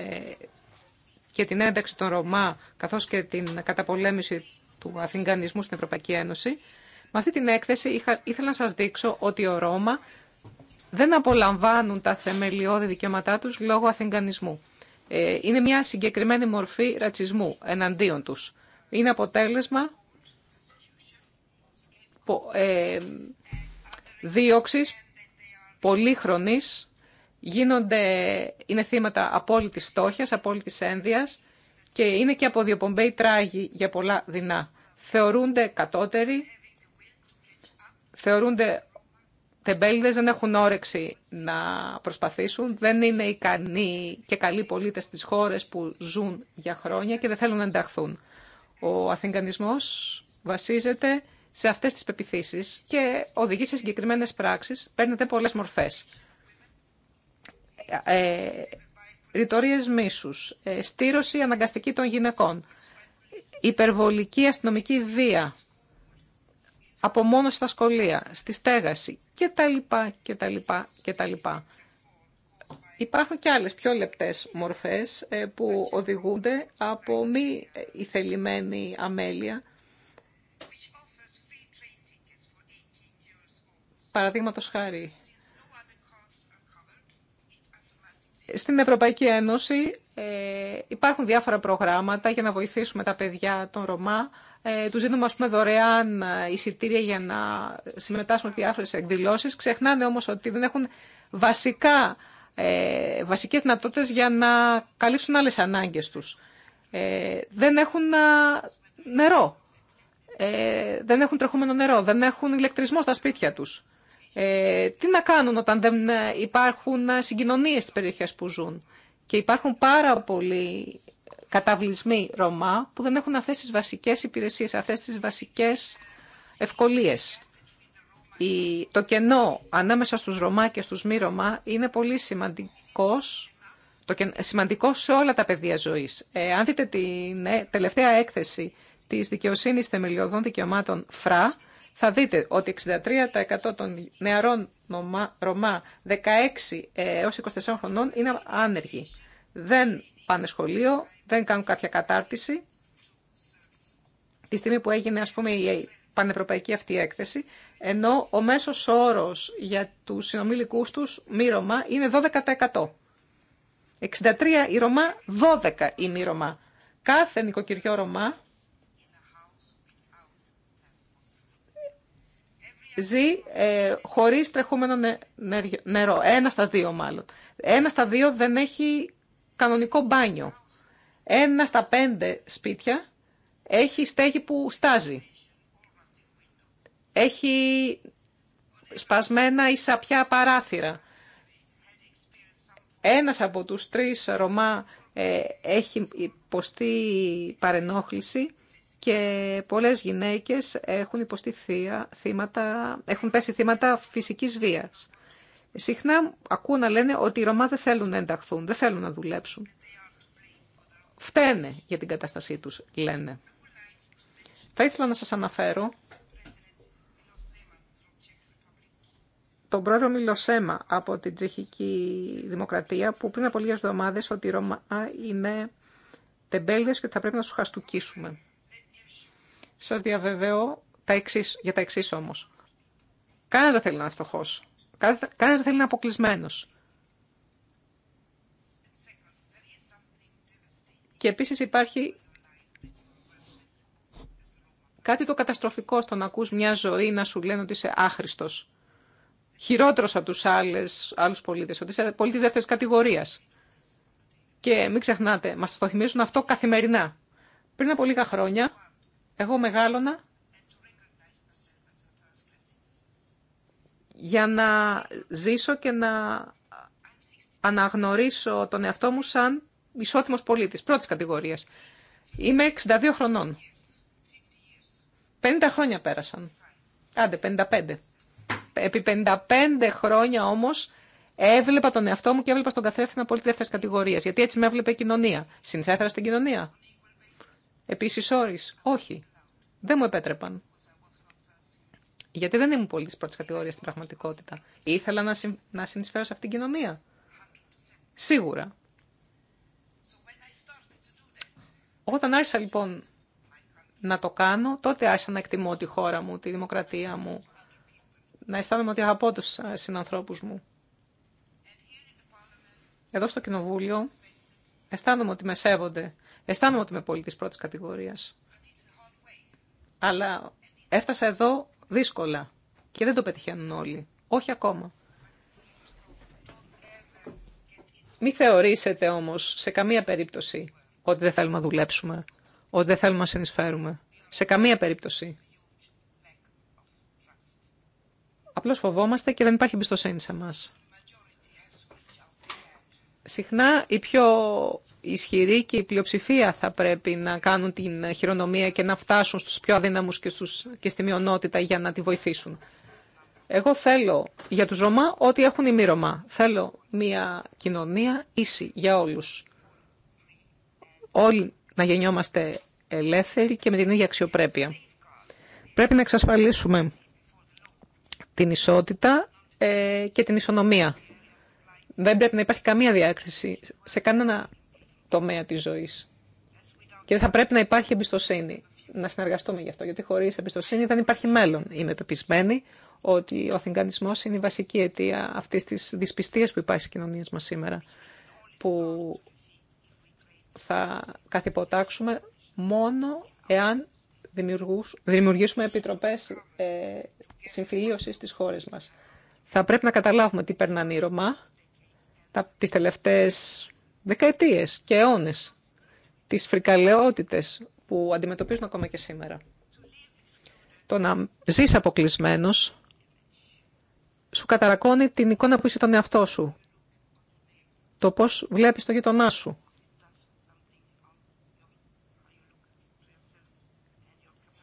και την ένταξη των Ρωμά, καθώς και την καταπολέμηση του αθηγανισμού στην Ευρωπαϊκή Ένωση. Με αυτή την έκθεση ήθελα να σας δείξω ότι ο Ρώμα δεν απολαμβάνουν τα θεμελιώδη δικαιώματά τους λόγω αθηγανισμού. Ε, είναι μια συγκεκριμένη μορφή ρατσισμού εναντίον τους. Είναι αποτέλεσμα ε, δίωξης πολύχρονης γίνονται, είναι θύματα απόλυτης φτώχειας, απόλυτης ένδυας και είναι και από διοπομπέι τράγοι για πολλά δεινά. Θεωρούνται κατώτεροι, θεωρούνται τεμπέλιδες, δεν έχουν όρεξη να προσπαθήσουν, δεν είναι ικανοί και καλοί πολίτες στις χώρες που ζουν για χρόνια και δεν θέλουν να ενταχθούν. Ο αθηγανισμός βασίζεται σε αυτές τις πεπιθήσεις και οδηγεί σε συγκεκριμένες πράξεις, παίρνεται πολλές μορφές. Ε, ρητορίες μίσους, ε, στήρωση αναγκαστική των γυναικών, υπερβολική αστυνομική βία, απομόνωση στα σχολεία, στη στέγαση και τα λοιπά Υπάρχουν και άλλες πιο λεπτές μορφές ε, που οδηγούνται από μη ηθελημένη αμέλεια. Παραδείγματος χάρη, Στην Ευρωπαϊκή Ένωση ε, υπάρχουν διάφορα προγράμματα για να βοηθήσουμε τα παιδιά των Ρωμά. Ε, τους του δίνουμε ας πούμε, δωρεάν ε, εισιτήρια για να συμμετάσχουν σε διάφορε εκδηλώσει. Ξεχνάνε όμω ότι δεν έχουν βασικά, ε, βασικές δυνατότητε για να καλύψουν άλλε ανάγκε του. δεν έχουν νερό. Ε, δεν έχουν τρεχούμενο νερό. Δεν έχουν ηλεκτρισμό στα σπίτια τους. Ε, τι να κάνουν όταν δεν ε, υπάρχουν ε, συγκοινωνίε στις περιοχέ που ζουν. Και υπάρχουν πάρα πολλοί καταβλισμοί Ρωμά που δεν έχουν αυτές τις βασικές υπηρεσίες, αυτές τις βασικές ευκολίες. το κενό ανάμεσα στους Ρωμά και στους μη Ρωμά είναι πολύ το, σημαντικό σε όλα τα πεδία ζωής. Ε, αν δείτε την τελευταία έκθεση της Δικαιοσύνης Θεμελιωδών Δικαιωμάτων ΦΡΑ, θα δείτε ότι 63% των νεαρών Ρωμά 16 ε, έως 24 χρονών είναι άνεργοι. Δεν πάνε σχολείο, δεν κάνουν κάποια κατάρτιση. Τη στιγμή που έγινε ας πούμε η πανευρωπαϊκή αυτή έκθεση, ενώ ο μέσος όρος για τους συνομιλικούς τους μη Ρωμά είναι 12%. 63 η Ρωμά, 12 η μη Ρωμά. Κάθε νοικοκυριό Ρωμά ζει ε, χωρίς τρεχούμενο νερό. Ένα στα δύο μάλλον. Ένα στα δύο δεν έχει κανονικό μπάνιο. Ένα στα πέντε σπίτια έχει στέγη που στάζει. Έχει σπασμένα ή σαπιά παράθυρα. Ένας από τους τρεις Ρωμά ε, έχει υποστεί παρενόχληση και πολλές γυναίκες έχουν υποστεί θύματα, έχουν πέσει θύματα φυσικής βίας. Συχνά ακούω να λένε ότι οι Ρωμά δεν θέλουν να ενταχθούν, δεν θέλουν να δουλέψουν. Φταίνε για την κατάστασή τους, λένε. Θα ήθελα να σας αναφέρω τον πρόεδρο Μιλοσέμα από την Τσεχική Δημοκρατία που πριν από λίγες εβδομάδες ότι οι Ρωμά είναι τεμπέλδες και ότι θα πρέπει να τους χαστουκίσουμε. Σας διαβεβαιώ τα εξής, για τα εξή όμως. Κανένα δεν θέλει να είναι φτωχό. δεν θέλει να είναι αποκλεισμένος. Και επίσης υπάρχει κάτι το καταστροφικό στο να ακούς μια ζωή να σου λένε ότι είσαι άχρηστος. Χειρότερος από τους άλλες, άλλους πολίτες, ότι είσαι πολίτης δεύτερης κατηγορίας. Και μην ξεχνάτε, μας το θυμίζουν αυτό καθημερινά. Πριν από λίγα χρόνια, εγώ μεγάλωνα για να ζήσω και να αναγνωρίσω τον εαυτό μου σαν ισότιμος πολίτης πρώτης κατηγορίας. Είμαι 62 χρονών. 50 χρόνια πέρασαν. Άντε, 55. Επί 55 χρόνια όμως έβλεπα τον εαυτό μου και έβλεπα στον καθρέφτη πολίτη δεύτερη κατηγορία. Γιατί έτσι με έβλεπε η κοινωνία. Συνεισέφερα στην κοινωνία. Επίση όρις. Όχι δεν μου επέτρεπαν. Γιατί δεν ήμουν πολύ τη πρώτη κατηγορία στην πραγματικότητα. Ήθελα να, συ, να συνεισφέρω σε αυτήν την κοινωνία. Σίγουρα. Όταν άρχισα λοιπόν να το κάνω, τότε άρχισα να εκτιμώ τη χώρα μου, τη δημοκρατία μου, να αισθάνομαι ότι αγαπώ τους συνανθρώπους μου. Εδώ στο Κοινοβούλιο αισθάνομαι ότι με σέβονται, αισθάνομαι ότι είμαι πολίτης πρώτης κατηγορίας αλλά έφτασα εδώ δύσκολα και δεν το πετυχαίνουν όλοι. Όχι ακόμα. Μη θεωρήσετε όμως σε καμία περίπτωση ότι δεν θέλουμε να δουλέψουμε, ότι δεν θέλουμε να συνεισφέρουμε. Σε καμία περίπτωση. Απλώς φοβόμαστε και δεν υπάρχει εμπιστοσύνη σε μας. Συχνά οι πιο ισχυροί και η πλειοψηφία θα πρέπει να κάνουν την χειρονομία και να φτάσουν στους πιο αδύναμους και, στους, και στη μειονότητα για να τη βοηθήσουν. Εγώ θέλω για τους Ρωμά ό,τι έχουν οι μη Ρωμά. Θέλω μια κοινωνία ίση για όλους. Όλοι να γεννιόμαστε ελεύθεροι και με την ίδια αξιοπρέπεια. Πρέπει να εξασφαλίσουμε την ισότητα ε, και την ισονομία. Δεν πρέπει να υπάρχει καμία διάκριση σε κανένα τομέα της ζωής. Και θα πρέπει να υπάρχει εμπιστοσύνη. Να συνεργαστούμε γι' αυτό, γιατί χωρίς εμπιστοσύνη δεν υπάρχει μέλλον. Είμαι πεπισμένη ότι ο αθηγανισμός είναι η βασική αιτία αυτής της δυσπιστίας που υπάρχει στις κοινωνίες μας σήμερα, που θα καθυποτάξουμε μόνο εάν δημιουργήσουμε επιτροπές ε, συμφιλίωσης στις χώρες μας. Θα πρέπει να καταλάβουμε τι περνάνε οι Ρωμά τα, τις τελευταίες δεκαετίες και αιώνες τις φρικαλαιότητες που αντιμετωπίζουν ακόμα και σήμερα. Το να ζεις αποκλεισμένο σου καταρακώνει την εικόνα που είσαι τον εαυτό σου. Το πώς βλέπεις το γειτονά σου.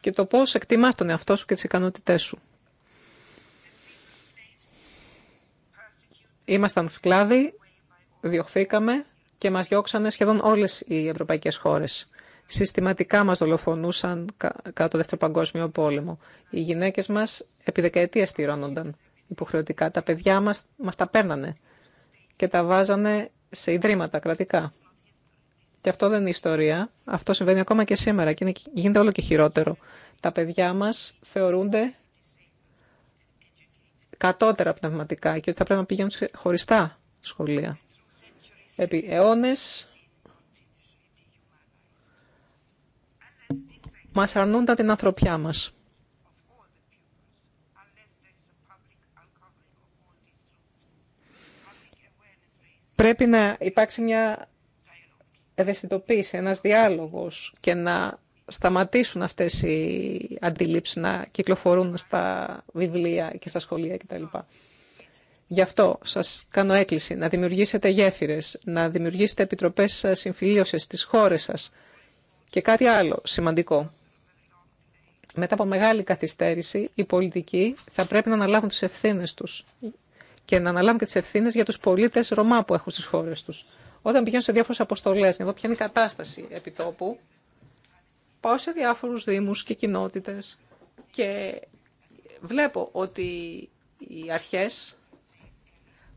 Και το πώς εκτιμάς τον εαυτό σου και τις ικανότητές σου. Ήμασταν σκλάβοι, διωχθήκαμε, και μας διώξανε σχεδόν όλες οι ευρωπαϊκές χώρες. Συστηματικά μας δολοφονούσαν κατά το Δεύτερο Παγκόσμιο Πόλεμο. Οι γυναίκες μας επί δεκαετία στηρώνονταν υποχρεωτικά. Τα παιδιά μας, μας τα παίρνανε και τα βάζανε σε ιδρύματα κρατικά. Και αυτό δεν είναι ιστορία. Αυτό συμβαίνει ακόμα και σήμερα και γίνεται όλο και χειρότερο. Τα παιδιά μας θεωρούνται κατώτερα πνευματικά και ότι θα πρέπει να πηγαίνουν σε χωριστά σχολεία επί αιώνες μας αρνούντα την ανθρωπιά μας. Πρέπει να υπάρξει μια ευαισθητοποίηση, ένας διάλογος και να σταματήσουν αυτές οι αντιλήψεις να κυκλοφορούν στα βιβλία και στα σχολεία κτλ. Γι' αυτό σας κάνω έκκληση να δημιουργήσετε γέφυρες, να δημιουργήσετε επιτροπές συμφιλίωσης στις χώρες σας. Και κάτι άλλο σημαντικό. Μετά από μεγάλη καθυστέρηση, οι πολιτικοί θα πρέπει να αναλάβουν τι ευθύνες τους και να αναλάβουν και τις ευθύνες για τους πολίτες Ρωμά που έχουν στις χώρες τους. Όταν πηγαίνω σε διάφορε αποστολέ, να δω ποια είναι η κατάσταση επιτόπου, πάω σε διάφορου Δήμου και κοινότητε. και βλέπω ότι οι αρχές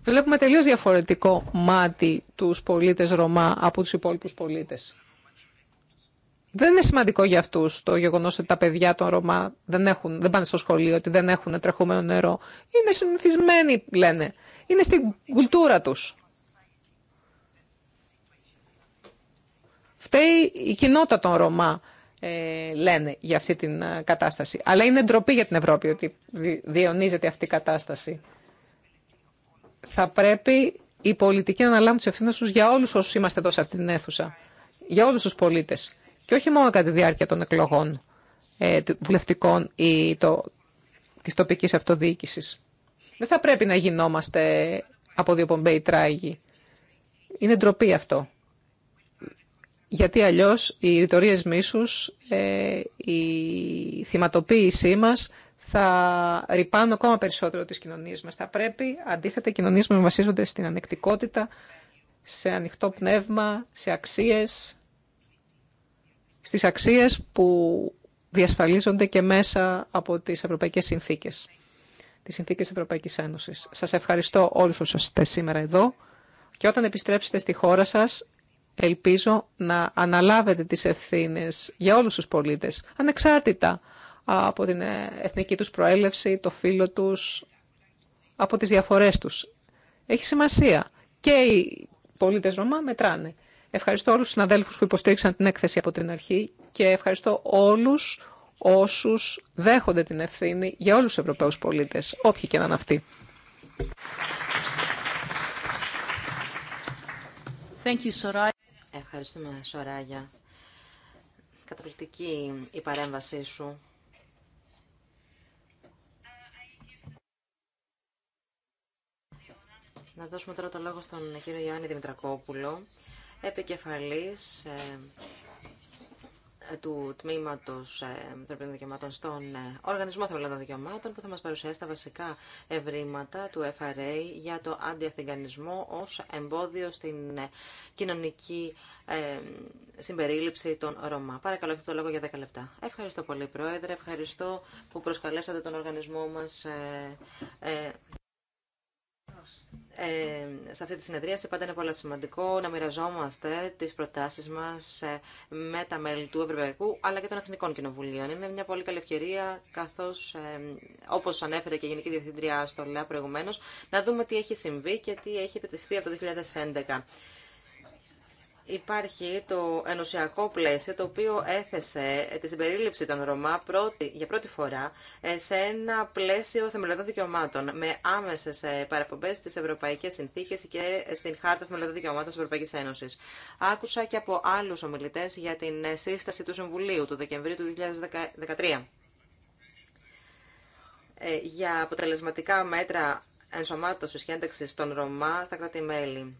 Βλέπουμε τελείως διαφορετικό μάτι τους πολίτες Ρωμά από τους υπόλοιπου πολίτες. Δεν είναι σημαντικό για αυτού το γεγονό ότι τα παιδιά των Ρωμά δεν, έχουν, δεν πάνε στο σχολείο, ότι δεν έχουν τρεχούμενο νερό. Είναι συνηθισμένοι, λένε. Είναι στην κουλτούρα του. Φταίει η κοινότητα των Ρωμά, ε, λένε, για αυτή την ε, κατάσταση. Αλλά είναι ντροπή για την Ευρώπη ότι διαιωνίζεται αυτή η κατάσταση θα πρέπει οι πολιτικοί να αναλάβουν τι ευθύνε του για όλου όσου είμαστε εδώ σε αυτήν την αίθουσα. Για όλου του πολίτε. Και όχι μόνο κατά τη διάρκεια των εκλογών ε, βουλευτικών ή το, της τοπικής αυτοδιοίκησης. Δεν θα πρέπει να γινόμαστε από δύο πομπέι τράγοι. Είναι ντροπή αυτό. Γιατί αλλιώς οι ρητορίες μίσους, ε, η θυματοποίησή μας θα ρηπάνουν ακόμα περισσότερο τις κοινωνίες μας. Θα πρέπει αντίθετα οι κοινωνίες μας βασίζονται στην ανεκτικότητα, σε ανοιχτό πνεύμα, σε αξίες, στις αξίες που διασφαλίζονται και μέσα από τις ευρωπαϊκές συνθήκες, τις συνθήκες Ευρωπαϊκής Ένωσης. Σας ευχαριστώ όλους όσους είστε σήμερα εδώ και όταν επιστρέψετε στη χώρα σας, ελπίζω να αναλάβετε τις ευθύνες για όλους τους πολίτες, ανεξάρτητα από την ε, εθνική τους προέλευση, το φίλο τους, από τις διαφορές τους. Έχει σημασία. Και οι πολίτες Ρωμά μετράνε. Ευχαριστώ όλους τους συναδέλφους που υποστήριξαν την έκθεση από την αρχή και ευχαριστώ όλους όσους δέχονται την ευθύνη για όλους τους Ευρωπαίους πολίτες, όποιοι και να είναι αυτοί. Thank you, Soraya. Ευχαριστούμε, Σοράγια. Καταπληκτική η παρέμβασή σου. Να δώσουμε τώρα το λόγο στον κύριο Ιωάννη Δημητρακόπουλο, επικεφαλής ε, του Τμήματος ε, Ανθρωπίνων Δικαιωμάτων στον ε, Οργανισμό Θεμελιώδων Δικαιωμάτων, που θα μας παρουσιάσει τα βασικά ευρήματα του FRA για το αντιαθυγανισμό ως εμπόδιο στην κοινωνική συμπερίληψη των Ρωμά. Παρακαλώ, έχετε το λόγο για 10 λεπτά. Ευχαριστώ πολύ, Πρόεδρε. Ευχαριστώ που προσκαλέσατε τον οργανισμό μας ε, σε αυτή τη σε πάντα είναι πολύ σημαντικό να μοιραζόμαστε τις προτάσεις μας ε, με τα μέλη του Ευρωπαϊκού αλλά και των Εθνικών Κοινοβουλίων. Είναι μια πολύ καλή ευκαιρία καθώς, ε, όπως ανέφερε και η Γενική Διευθύντρια στο ΛΕΑ προηγουμένως, να δούμε τι έχει συμβεί και τι έχει επιτευχθεί από το 2011 υπάρχει το ενωσιακό πλαίσιο το οποίο έθεσε τη συμπερίληψη των Ρωμά πρώτη, για πρώτη φορά ε, σε ένα πλαίσιο θεμελιωδών δικαιωμάτων με άμεσε ε, παραπομπές στι ευρωπαϊκές Συνθήκε και στην χάρτα θεμελιωδών δικαιωμάτων τη Ευρωπαϊκή Ένωση. Άκουσα και από άλλου ομιλητέ για την ε, σύσταση του Συμβουλίου του Δεκεμβρίου του 2013 για αποτελεσματικά μέτρα ενσωμάτωσης και ένταξης των Ρωμά στα κράτη-μέλη.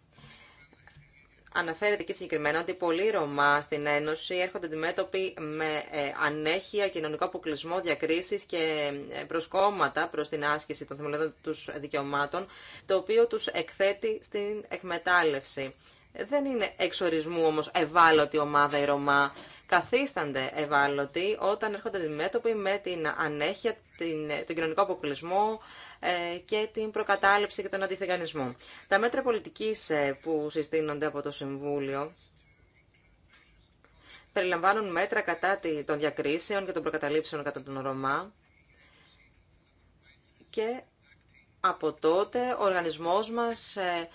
Αναφέρεται και συγκεκριμένα ότι πολλοί Ρωμά στην Ένωση έρχονται αντιμέτωποι με ε, ανέχεια, κοινωνικό αποκλεισμό, διακρίσει και ε, προσκόμματα προ την άσκηση των θεμελιωδών του δικαιωμάτων, το οποίο του εκθέτει στην εκμετάλλευση. Δεν είναι εξορισμού όμως ευάλωτη ομάδα η Ρωμά. Καθίστανται ευάλωτοι όταν έρχονται αντιμέτωποι με την ανέχεια, την, ε, τον κοινωνικό αποκλεισμό, ε, και την προκατάληψη και τον αντιθεγανισμό. Τα μέτρα πολιτικής ε, που συστήνονται από το Συμβούλιο περιλαμβάνουν μέτρα κατά των διακρίσεων και των προκαταλήψεων κατά τον Ρωμά και από τότε ο οργανισμός μας ε,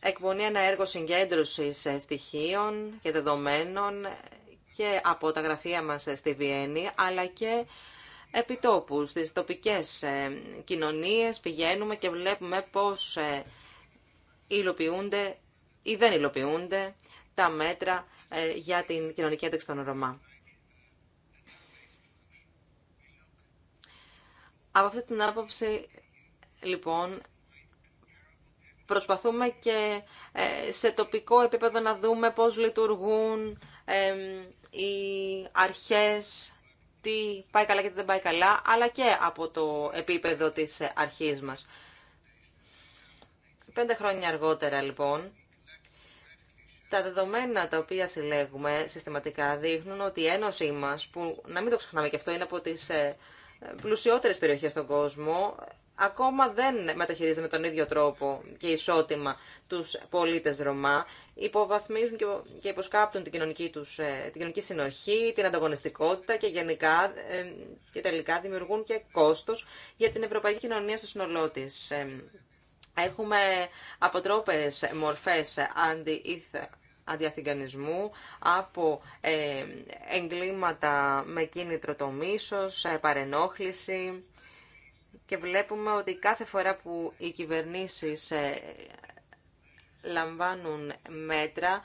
εκπονεί ένα έργο συγκέντρωσης στοιχείων και δεδομένων και από τα γραφεία μας στη Βιέννη, αλλά και επιτόπου, στις τοπικές ε, κοινωνίες, πηγαίνουμε και βλέπουμε πώς ε, υλοποιούνται ή δεν υλοποιούνται τα μέτρα ε, για την κοινωνική ένταξη των Ρωμά. Από αυτή την άποψη, λοιπόν, προσπαθούμε και σε τοπικό επίπεδο να δούμε πώς λειτουργούν οι αρχές τι πάει καλά και τι δεν πάει καλά, αλλά και από το επίπεδο της αρχής μας. Πέντε χρόνια αργότερα, λοιπόν, τα δεδομένα τα οποία συλλέγουμε συστηματικά δείχνουν ότι η Ένωσή μας, που να μην το ξεχνάμε και αυτό είναι από τις ε, πλουσιότερες περιοχές στον κόσμο ακόμα δεν μεταχειρίζεται με τον ίδιο τρόπο και ισότιμα τους πολίτες Ρωμά. Υποβαθμίζουν και υποσκάπτουν την κοινωνική, τους, ε, την κοινωνική συνοχή, την ανταγωνιστικότητα και γενικά ε, και τελικά δημιουργούν και κόστος για την ευρωπαϊκή κοινωνία στο σύνολό τη. Ε, έχουμε αποτρόπες μορφές αντι αδιαθυγανισμού, από ε, εγκλήματα με κίνητρο το μίσος, ε, παρενόχληση και βλέπουμε ότι κάθε φορά που οι κυβερνήσεις ε, λαμβάνουν μέτρα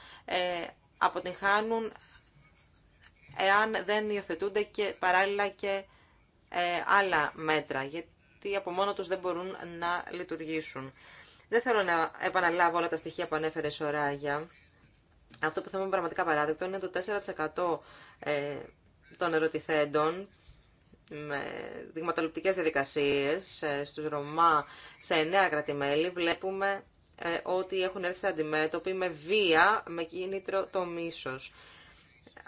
αποτυχάνουν εάν δεν υιοθετούνται και παράλληλα και άλλα μέτρα, γιατί από μόνο τους δεν μπορούν να λειτουργήσουν. Δεν θέλω να επαναλάβω όλα τα στοιχεία που ανέφερε Σωράγια. Αυτό που θέλουμε πραγματικά παράδειγμα είναι το 4% ε, των ερωτηθέντων με δειγματοληπτικές διαδικασίες ε, στους Ρωμά σε νέα κρατημέλη βλέπουμε ε, ότι έχουν έρθει αντιμέτωποι με βία, με κίνητρο το μίσος.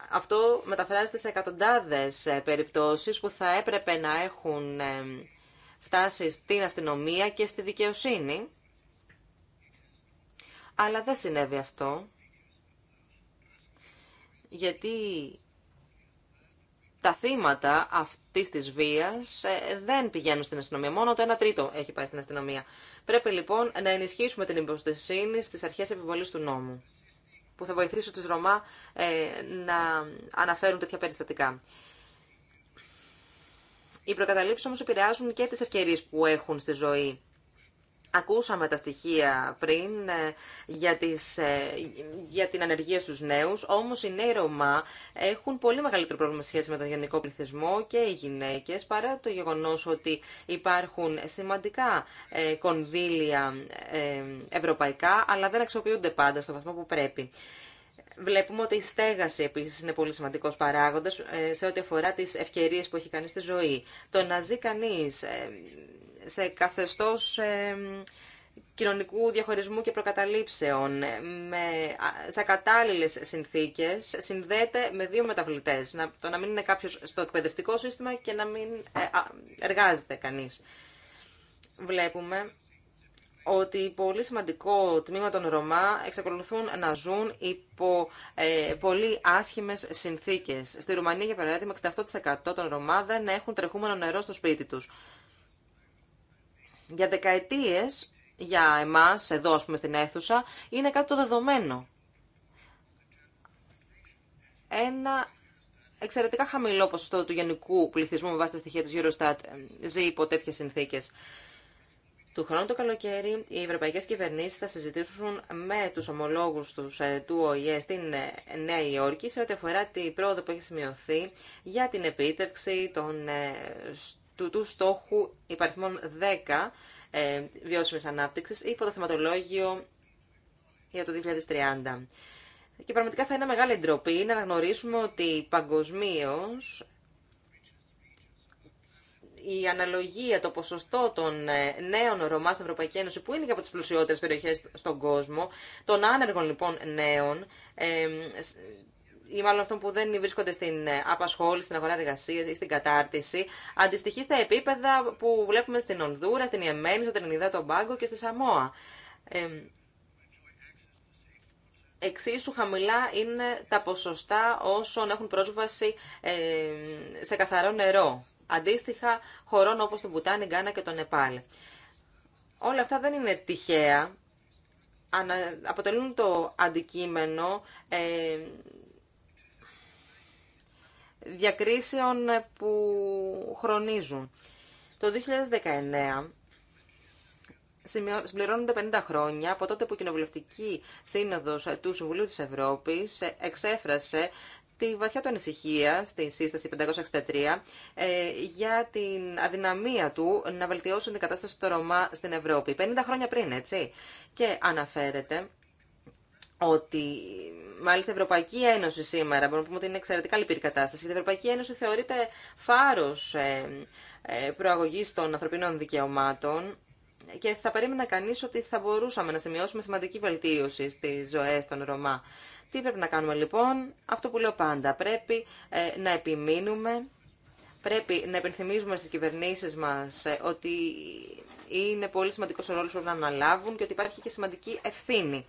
Αυτό μεταφράζεται σε εκατοντάδες περιπτώσεις που θα έπρεπε να έχουν φτάσει στην αστυνομία και στη δικαιοσύνη. Αλλά δεν συνέβη αυτό γιατί τα θύματα αυτή τη βία ε, δεν πηγαίνουν στην αστυνομία. Μόνο το 1 τρίτο έχει πάει στην αστυνομία. Πρέπει λοιπόν να ενισχύσουμε την υποστησύνη στι αρχέ επιβολή του νόμου, που θα βοηθήσει του Ρωμά ε, να αναφέρουν τέτοια περιστατικά. Οι προκαταλήψει όμω επηρεάζουν και τι ευκαιρίε που έχουν στη ζωή Ακούσαμε τα στοιχεία πριν ε, για, τις, ε, για την ανεργία στους νέους, όμως οι νέοι Ρωμά έχουν πολύ μεγαλύτερο πρόβλημα σχέση με τον γενικό πληθυσμό και οι γυναίκες, παρά το γεγονός ότι υπάρχουν σημαντικά ε, κονδύλια ευρωπαϊκά, αλλά δεν αξιοποιούνται πάντα στο βαθμό που πρέπει. Βλέπουμε ότι η στέγαση επίση είναι πολύ σημαντικό παράγοντα σε ό,τι αφορά τι ευκαιρίε που έχει κανεί στη ζωή. Το να ζει κανεί σε καθεστώς κοινωνικού διαχωρισμού και προκαταλήψεων με, σε ακατάλληλες συνθήκες συνδέεται με δύο μεταβλητές. Να, το να μην είναι κάποιος στο εκπαιδευτικό σύστημα και να μην ε, εργάζεται κανείς. Βλέπουμε ότι πολύ σημαντικό τμήμα των Ρωμά εξακολουθούν να ζουν υπό ε, πολύ άσχημες συνθήκες. Στη Ρουμανία, για παράδειγμα, 68% των Ρωμά δεν έχουν τρεχούμενο νερό στο σπίτι τους για δεκαετίες για εμάς εδώ ας πούμε στην αίθουσα είναι κάτι το δεδομένο. Ένα εξαιρετικά χαμηλό ποσοστό του γενικού πληθυσμού με βάση τα στοιχεία της Eurostat ε, ζει υπό τέτοιες συνθήκες. Του χρόνου το καλοκαίρι οι ευρωπαϊκές κυβερνήσεις θα συζητήσουν με τους ομολόγους τους ε, του ΟΗΕ στην ε, Νέα Υόρκη σε ό,τι αφορά την πρόοδο που έχει σημειωθεί για την επίτευξη των του, στόχου υπαριθμών 10 ε, βιώσιμης ανάπτυξης υπό το θεματολόγιο για το 2030. Και πραγματικά θα είναι μεγάλη ντροπή να αναγνωρίσουμε ότι παγκοσμίω η αναλογία, το ποσοστό των ε, νέων Ρωμά στην Ευρωπαϊκή Ένωση, που είναι και από τι πλουσιότερε περιοχέ στον κόσμο, των άνεργων λοιπόν νέων, ε, ή μάλλον αυτών που δεν βρίσκονται στην ε, απασχόληση, στην αγορά εργασία ή στην κατάρτιση, αντιστοιχεί στα επίπεδα που βλέπουμε στην Ονδούρα, στην Ιεμένη, στο Τρινιδά, τον Πάγκο και στη Σαμόα. Ε, εξίσου χαμηλά είναι τα ποσοστά όσων έχουν πρόσβαση ε, σε καθαρό νερό. Αντίστοιχα χωρών όπως το Μπουτάνι, Γκάνα και το Νεπάλ. Όλα αυτά δεν είναι τυχαία. Αποτελούν το αντικείμενο ε, διακρίσεων που χρονίζουν. Το 2019 συμπληρώνονται 50 χρόνια από τότε που η Κοινοβουλευτική Σύνοδος του Συμβουλίου της Ευρώπης εξέφρασε τη βαθιά του ανησυχία στη σύσταση 563 ε, για την αδυναμία του να βελτιώσουν την κατάσταση των Ρωμά στην Ευρώπη. 50 χρόνια πριν, έτσι. Και αναφέρεται ότι μάλιστα η Ευρωπαϊκή Ένωση σήμερα, μπορούμε να πούμε ότι είναι εξαιρετικά λυπηρή κατάσταση, γιατί η Ευρωπαϊκή Ένωση θεωρείται φάρος ε, ε, προαγωγής των ανθρωπίνων δικαιωμάτων και θα περίμενα κανείς ότι θα μπορούσαμε να σημειώσουμε σημαντική βελτίωση στις ζωές των Ρωμά. Τι πρέπει να κάνουμε λοιπόν, αυτό που λέω πάντα, πρέπει ε, να επιμείνουμε, πρέπει να επενθυμίζουμε στις κυβερνήσεις μας ότι είναι πολύ σημαντικός ο ρόλος που πρέπει να αναλάβουν και ότι υπάρχει και σημαντική ευθύνη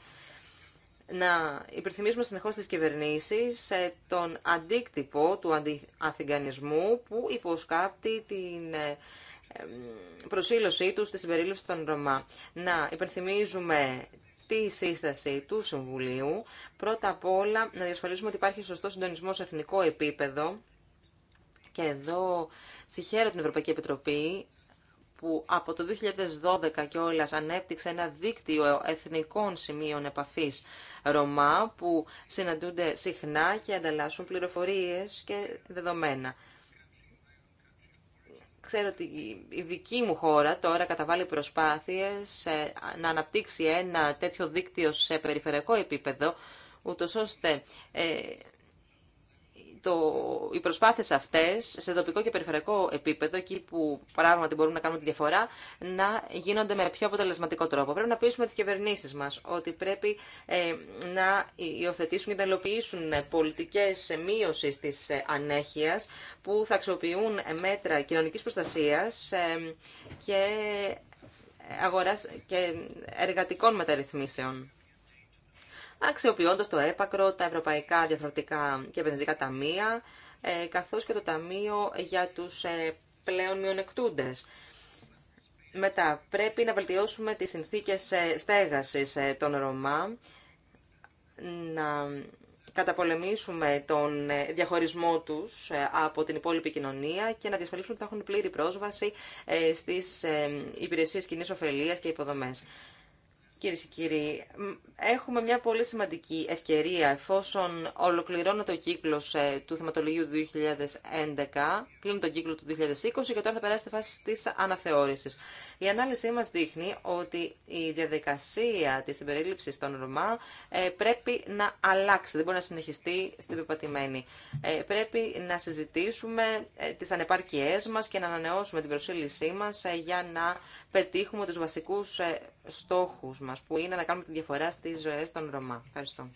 να υπενθυμίζουμε συνεχώς τις κυβερνήσεις σε τον αντίκτυπο του αντιαθηγανισμού που υποσκάπτει την ε, προσήλωσή του στη συμπερίληψη των Ρωμά. Να υπερθυμίζουμε τη σύσταση του Συμβουλίου. Πρώτα απ' όλα να διασφαλίσουμε ότι υπάρχει σωστό συντονισμό σε εθνικό επίπεδο και εδώ συγχαίρω την Ευρωπαϊκή Επιτροπή που από το 2012 και όλας ανέπτυξε ένα δίκτυο εθνικών σημείων επαφής Ρωμά που συναντούνται συχνά και ανταλλάσσουν πληροφορίες και δεδομένα. Ξέρω ότι η δική μου χώρα τώρα καταβάλει προσπάθειες ε, να αναπτύξει ένα τέτοιο δίκτυο σε περιφερειακό επίπεδο, ούτως ώστε ε, το, οι προσπάθειε αυτές σε τοπικό και περιφερειακό επίπεδο, εκεί που πράγματι μπορούμε να κάνουμε τη διαφορά, να γίνονται με πιο αποτελεσματικό τρόπο. Πρέπει να πείσουμε τις κυβερνήσει μας ότι πρέπει ε, να υιοθετήσουν και να υλοποιήσουν πολιτικές μείωση τη ε, ανέχεια που θα αξιοποιούν ε, μέτρα κοινωνική προστασία και και εργατικών μεταρρυθμίσεων αξιοποιώντα το έπακρο, τα ευρωπαϊκά διαφορετικά και επενδυτικά ταμεία, ε, καθώς και το ταμείο για τους ε, πλέον μειονεκτούντες. Μετά, πρέπει να βελτιώσουμε τις συνθήκες ε, στέγασης των Ρωμά, να καταπολεμήσουμε τον διαχωρισμό τους από την υπόλοιπη κοινωνία και να διασφαλίσουμε ότι θα έχουν πλήρη πρόσβαση στις υπηρεσίες κοινή ωφελία και υποδομές. Κυρίε και κύριοι, έχουμε μια πολύ σημαντική ευκαιρία εφόσον ολοκληρώνεται ο κύκλο ε, του θεματολογίου 2011, κλείνει τον κύκλο του 2020 και τώρα θα περάσει στη φάση τη αναθεώρηση. Η ανάλυση μα δείχνει ότι η διαδικασία τη συμπερίληψη των Ρωμά ε, πρέπει να αλλάξει, δεν μπορεί να συνεχιστεί στην πεπατημένη. Ε, πρέπει να συζητήσουμε τι ανεπάρκειέ μα και να ανανεώσουμε την προσήλυσή μα για να πετύχουμε του βασικού στόχου μα που είναι να κάνουμε τη διαφορά στι ζωέ των Ρωμά. Ευχαριστώ.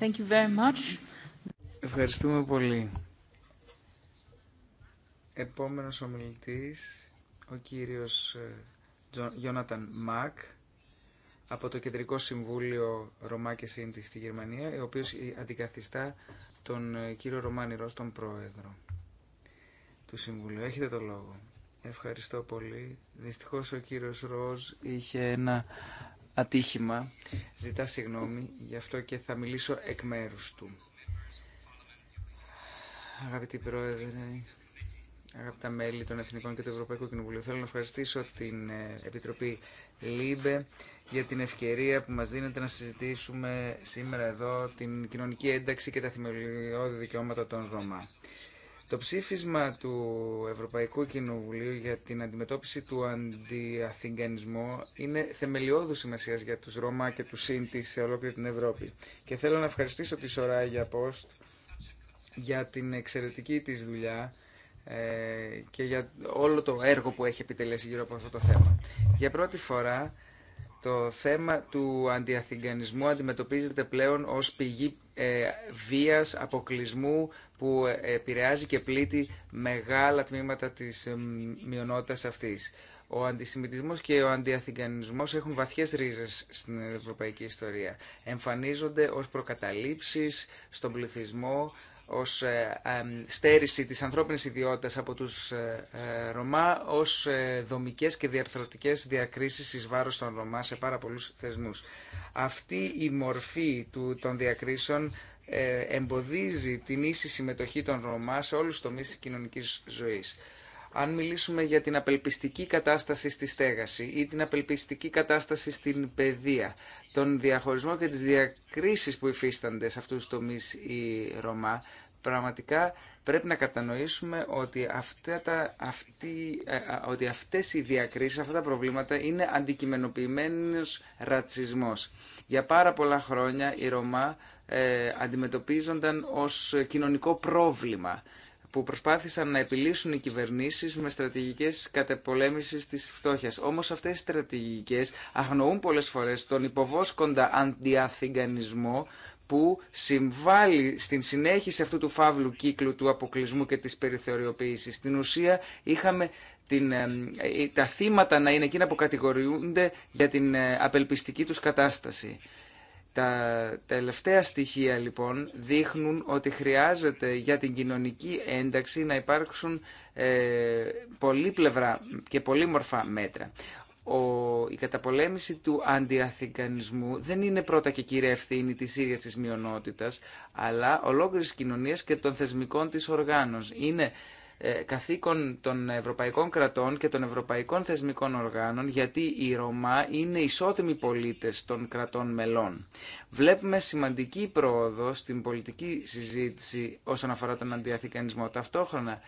Thank you very much. Ευχαριστούμε πολύ. Επόμενος ομιλητής, ο κύριος Jonathan ε, Μακ από το Κεντρικό Συμβούλιο Ρωμά και Σύντη στη Γερμανία, ο οποίος ε, αντικαθιστά τον ε, κύριο Ρωμάνη τον πρόεδρο του Συμβουλίου. Έχετε το λόγο. Ευχαριστώ πολύ. Δυστυχώς ο κύριος Ροζ είχε ένα ατύχημα. Ζητά συγγνώμη, γι' αυτό και θα μιλήσω εκ μέρους του. Αγαπητοί Πρόεδρε, αγαπητά μέλη των Εθνικών και του Ευρωπαϊκού Κοινοβουλίου, θέλω να ευχαριστήσω την ε, Επιτροπή ΛΥΜΠΕ για την ευκαιρία που μας δίνεται να συζητήσουμε σήμερα εδώ την κοινωνική ένταξη και τα θεμελιώδη δικαιώματα των Ρωμά. Το ψήφισμα του Ευρωπαϊκού Κοινοβουλίου για την αντιμετώπιση του αντιαθηγανισμού είναι θεμελιώδου σημασία για του Ρώμα και του Σύντη σε ολόκληρη την Ευρώπη. Και θέλω να ευχαριστήσω τη Σοράγια Πόστ για την εξαιρετική της δουλειά ε, και για όλο το έργο που έχει επιτελέσει γύρω από αυτό το θέμα. Για πρώτη φορά το θέμα του αντιαθηγανισμού αντιμετωπίζεται πλέον ως πηγή ε, βίας, αποκλεισμού που επηρεάζει και πλήττει μεγάλα τμήματα της μειονότητας αυτής. Ο αντισημιτισμός και ο αντιαθηγανισμός έχουν βαθιές ρίζες στην ευρωπαϊκή ιστορία. Εμφανίζονται ως προκαταλήψεις στον πληθυσμό, ως ε, στέρηση της ανθρώπινης ιδιότητας από τους ε, ε, Ρωμά, ως δομικές και διαρθρωτικές διακρίσεις εις βάρος των Ρωμά σε πάρα πολλούς θεσμούς. Αυτή η μορφή του, των διακρίσεων εμποδίζει την ίση συμμετοχή των Ρωμά σε όλους τους τομείς της κοινωνικής ζωής. Αν μιλήσουμε για την απελπιστική κατάσταση στη στέγαση ή την απελπιστική κατάσταση στην παιδεία, τον διαχωρισμό και τις διακρίσεις που υφίστανται σε αυτούς τους τομείς οι Ρωμά, πραγματικά πρέπει να κατανοήσουμε ότι, αυτά αυτή, ε, ότι αυτές οι διακρίσεις, αυτά τα προβλήματα είναι αντικειμενοποιημένος ρατσισμός. Για πάρα πολλά χρόνια οι Ρωμά ε, αντιμετωπίζονταν ως κοινωνικό πρόβλημα που προσπάθησαν να επιλύσουν οι κυβερνήσεις με στρατηγικές κατεπολέμησης της φτώχειας. Όμως αυτές οι στρατηγικές αγνοούν πολλές φορές τον υποβόσκοντα αντιαθηγανισμό που συμβάλλει στην συνέχιση αυτού του φαύλου κύκλου του αποκλεισμού και της περιθωριοποίησης. Στην ουσία είχαμε την, ε, ε, τα θύματα να είναι εκείνα που κατηγοριούνται για την ε, απελπιστική τους κατάσταση. Τα τελευταία στοιχεία λοιπόν δείχνουν ότι χρειάζεται για την κοινωνική ένταξη να υπάρξουν ε, πολύπλευρα και πολύμορφα μέτρα ο, η καταπολέμηση του αντιαθηκανισμού δεν είναι πρώτα και κύρια ευθύνη της ίδιας της μειονότητας, αλλά ολόκληρης κοινωνίας και των θεσμικών της οργάνων. Είναι ε, καθήκον των ευρωπαϊκών κρατών και των ευρωπαϊκών θεσμικών οργάνων, γιατί οι Ρωμά είναι ισότιμοι πολίτες των κρατών μελών. Βλέπουμε σημαντική πρόοδο στην πολιτική συζήτηση όσον αφορά τον αντιαθηκανισμό. Ταυτόχρονα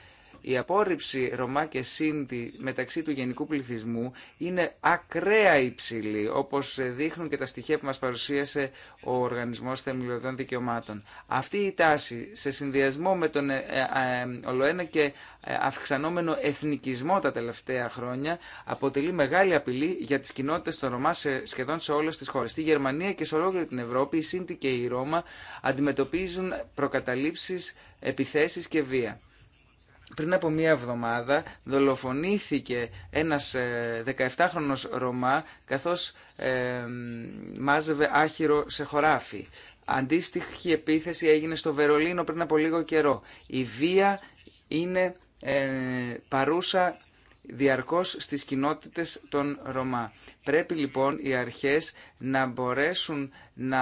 η απόρριψη Ρωμά και Σύντη μεταξύ του γενικού πληθυσμού είναι ακραία υψηλή, όπως δείχνουν και τα στοιχεία που μας παρουσίασε ο Οργανισμός Θεμελιωδών Δικαιωμάτων. Αυτή η τάση, σε συνδυασμό με τον ε, ε, ε, ολοένα και αυξανόμενο εθνικισμό τα τελευταία χρόνια, αποτελεί μεγάλη απειλή για τις κοινότητες των Ρωμά σε, σχεδόν σε όλες τις χώρες. Στη Γερμανία και σε ολόκληρη την Ευρώπη, οι Σύντη και η Ρώμα αντιμετωπίζουν προκαταλήψεις, επιθέσεις και βία πριν από μία εβδομάδα δολοφονήθηκε ένας 17χρονος ε, Ρωμά καθώς ε, μάζευε άχυρο σε χωράφι. Αντίστοιχη επίθεση έγινε στο Βερολίνο πριν από λίγο καιρό. Η βία είναι ε, παρούσα διαρκώς στις κοινότητες των Ρωμά. Πρέπει λοιπόν οι αρχές να μπορέσουν να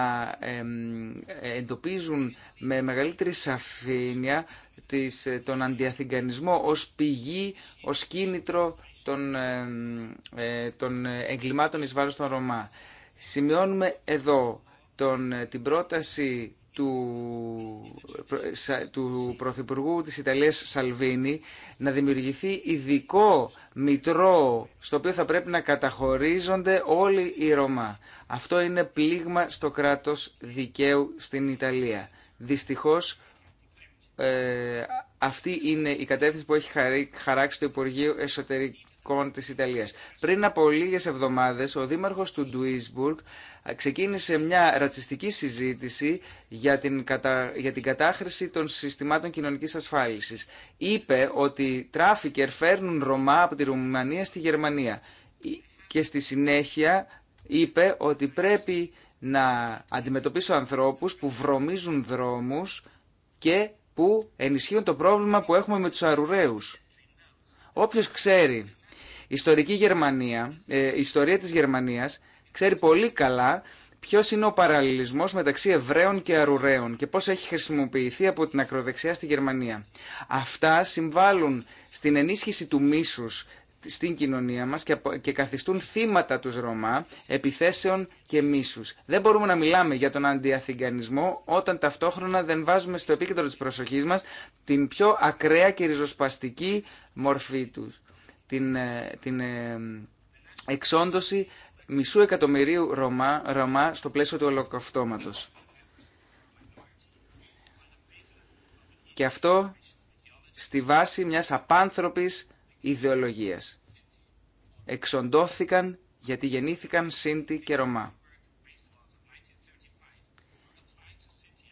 εντοπίζουν με μεγαλύτερη σαφήνεια της, ε, τον αντιαθηγανισμό ως πηγή, ως κίνητρο των, ε, ε, των εγκλημάτων εις βάρος των Ρωμά. Σημειώνουμε εδώ τον, την πρόταση του, του Πρωθυπουργού της Ιταλίας Σαλβίνη να δημιουργηθεί ειδικό μητρό στο οποίο θα πρέπει να καταχωρίζονται όλοι οι Ρωμά. Αυτό είναι πλήγμα στο κράτος δικαίου στην Ιταλία. Δυστυχώς ε, αυτή είναι η κατεύθυνση που έχει χαράξει το Υπουργείο Εσωτερικών της Ιταλίας. Πριν από λίγες εβδομάδες, ο δήμαρχος του Ντουίσμπουργκ ε, ξεκίνησε μια ρατσιστική συζήτηση για την, για την κατάχρηση των συστημάτων κοινωνικής ασφάλισης. Είπε ότι τράφικερ φέρνουν Ρωμά από τη Ρουμανία στη Γερμανία ε, και στη συνέχεια είπε ότι πρέπει να αντιμετωπίσω ανθρώπους που βρωμίζουν δρόμους και που ενισχύουν το πρόβλημα που έχουμε με τους αρουραίους. Όποιος ξέρει ιστορική Γερμανία, ε, ιστορία της Γερμανίας, ξέρει πολύ καλά ποιο είναι ο παραλληλισμό μεταξύ Εβραίων και Αρουραίων και πώς έχει χρησιμοποιηθεί από την ακροδεξιά στη Γερμανία. Αυτά συμβάλλουν στην ενίσχυση του μίσου, στην κοινωνία μας και καθιστούν θύματα τους Ρωμά επιθέσεων και μίσους. Δεν μπορούμε να μιλάμε για τον αντιαθηγανισμό όταν ταυτόχρονα δεν βάζουμε στο επίκεντρο της προσοχής μας την πιο ακραία και ριζοσπαστική μορφή τους. Την, ε, την ε, εξόντωση μισού εκατομμυρίου Ρωμά, Ρωμά στο πλαίσιο του ολοκαυτώματος. Και αυτό στη βάση μιας απάνθρωπης ιδεολογίας. Εξοντώθηκαν γιατί γεννήθηκαν Σύντι και Ρωμά.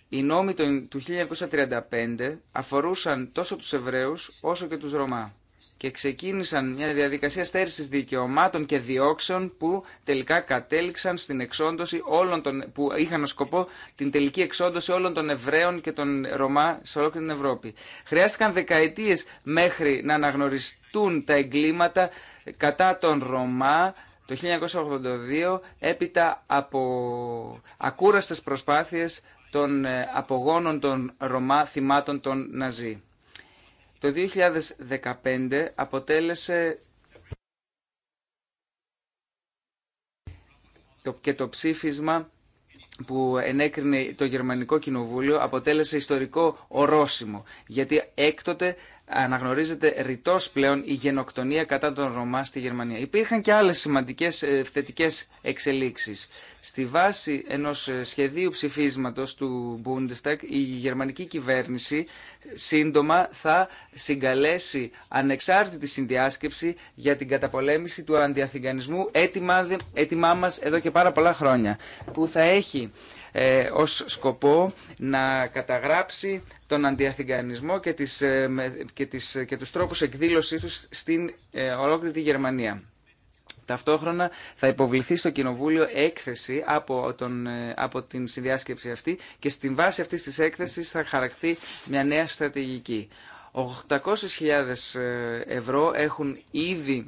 Οι νόμοι του 1935 αφορούσαν τόσο τους Εβραίους όσο και τους Ρωμά και ξεκίνησαν μια διαδικασία στέρησης δικαιωμάτων και διώξεων που τελικά κατέληξαν στην εξόντωση όλων των, που είχαν ως σκοπό την τελική εξόντωση όλων των Εβραίων και των Ρωμά σε όλη την Ευρώπη. Χρειάστηκαν δεκαετίες μέχρι να αναγνωριστούν τα εγκλήματα κατά των Ρωμά το 1982 έπειτα από ακούραστες προσπάθειες των ε, απογόνων των Ρωμά θυμάτων των Ναζί. Το 2015 αποτέλεσε και το ψήφισμα που ενέκρινε το Γερμανικό Κοινοβούλιο αποτέλεσε ιστορικό ορόσημο, γιατί έκτοτε αναγνωρίζεται ρητό πλέον η γενοκτονία κατά τον Ρωμά στη Γερμανία. Υπήρχαν και άλλες σημαντικές ε, θετικέ εξελίξεις. Στη βάση ενός ε, σχεδίου ψηφίσματος του Bundestag η γερμανική κυβέρνηση ε, σύντομα θα συγκαλέσει ανεξάρτητη συνδιάσκεψη για την καταπολέμηση του αντιαθηγανισμού έτοιμά μα εδώ και πάρα πολλά χρόνια που θα έχει ε, ως σκοπό να καταγράψει τον αντιαθηγανισμό και, τις, ε, και, τις, ε, τους τρόπους εκδήλωσής τους στην ε, ολόκληρη Γερμανία. Ταυτόχρονα θα υποβληθεί στο Κοινοβούλιο έκθεση από, τον, ε, από την συνδιάσκεψη αυτή και στην βάση αυτής της έκθεσης θα χαρακτεί μια νέα στρατηγική. 800.000 ευρώ έχουν ήδη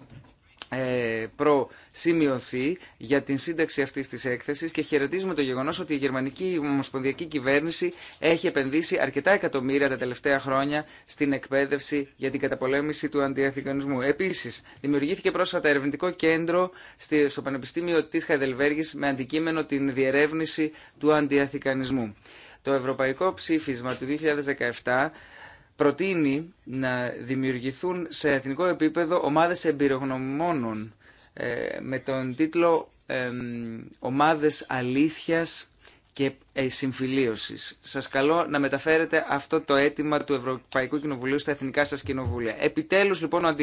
ε, προσημειωθεί για την σύνταξη αυτή τη έκθεση και χαιρετίζουμε το γεγονός ότι η γερμανική ομοσπονδιακή κυβέρνηση έχει επενδύσει αρκετά εκατομμύρια τα τελευταία χρόνια στην εκπαίδευση για την καταπολέμηση του αντιαθηκανισμού. Επίσης, δημιουργήθηκε πρόσφατα ερευνητικό κέντρο στο Πανεπιστήμιο τη Χαϊδελβέργη με αντικείμενο την διερεύνηση του αντιαθηκανισμού. Το ευρωπαϊκό ψήφισμα του 2017 προτείνει να δημιουργηθούν σε εθνικό επίπεδο ομάδες εμπειρογνωμόνων ε, με τον τίτλο «Ομάδες αλήθειας και ε, συμφιλίωσης». Σας καλώ να μεταφέρετε αυτό το αίτημα του Ευρωπαϊκού Κοινοβουλίου στα εθνικά σας κοινοβούλια. Επιτέλους, λοιπόν, ο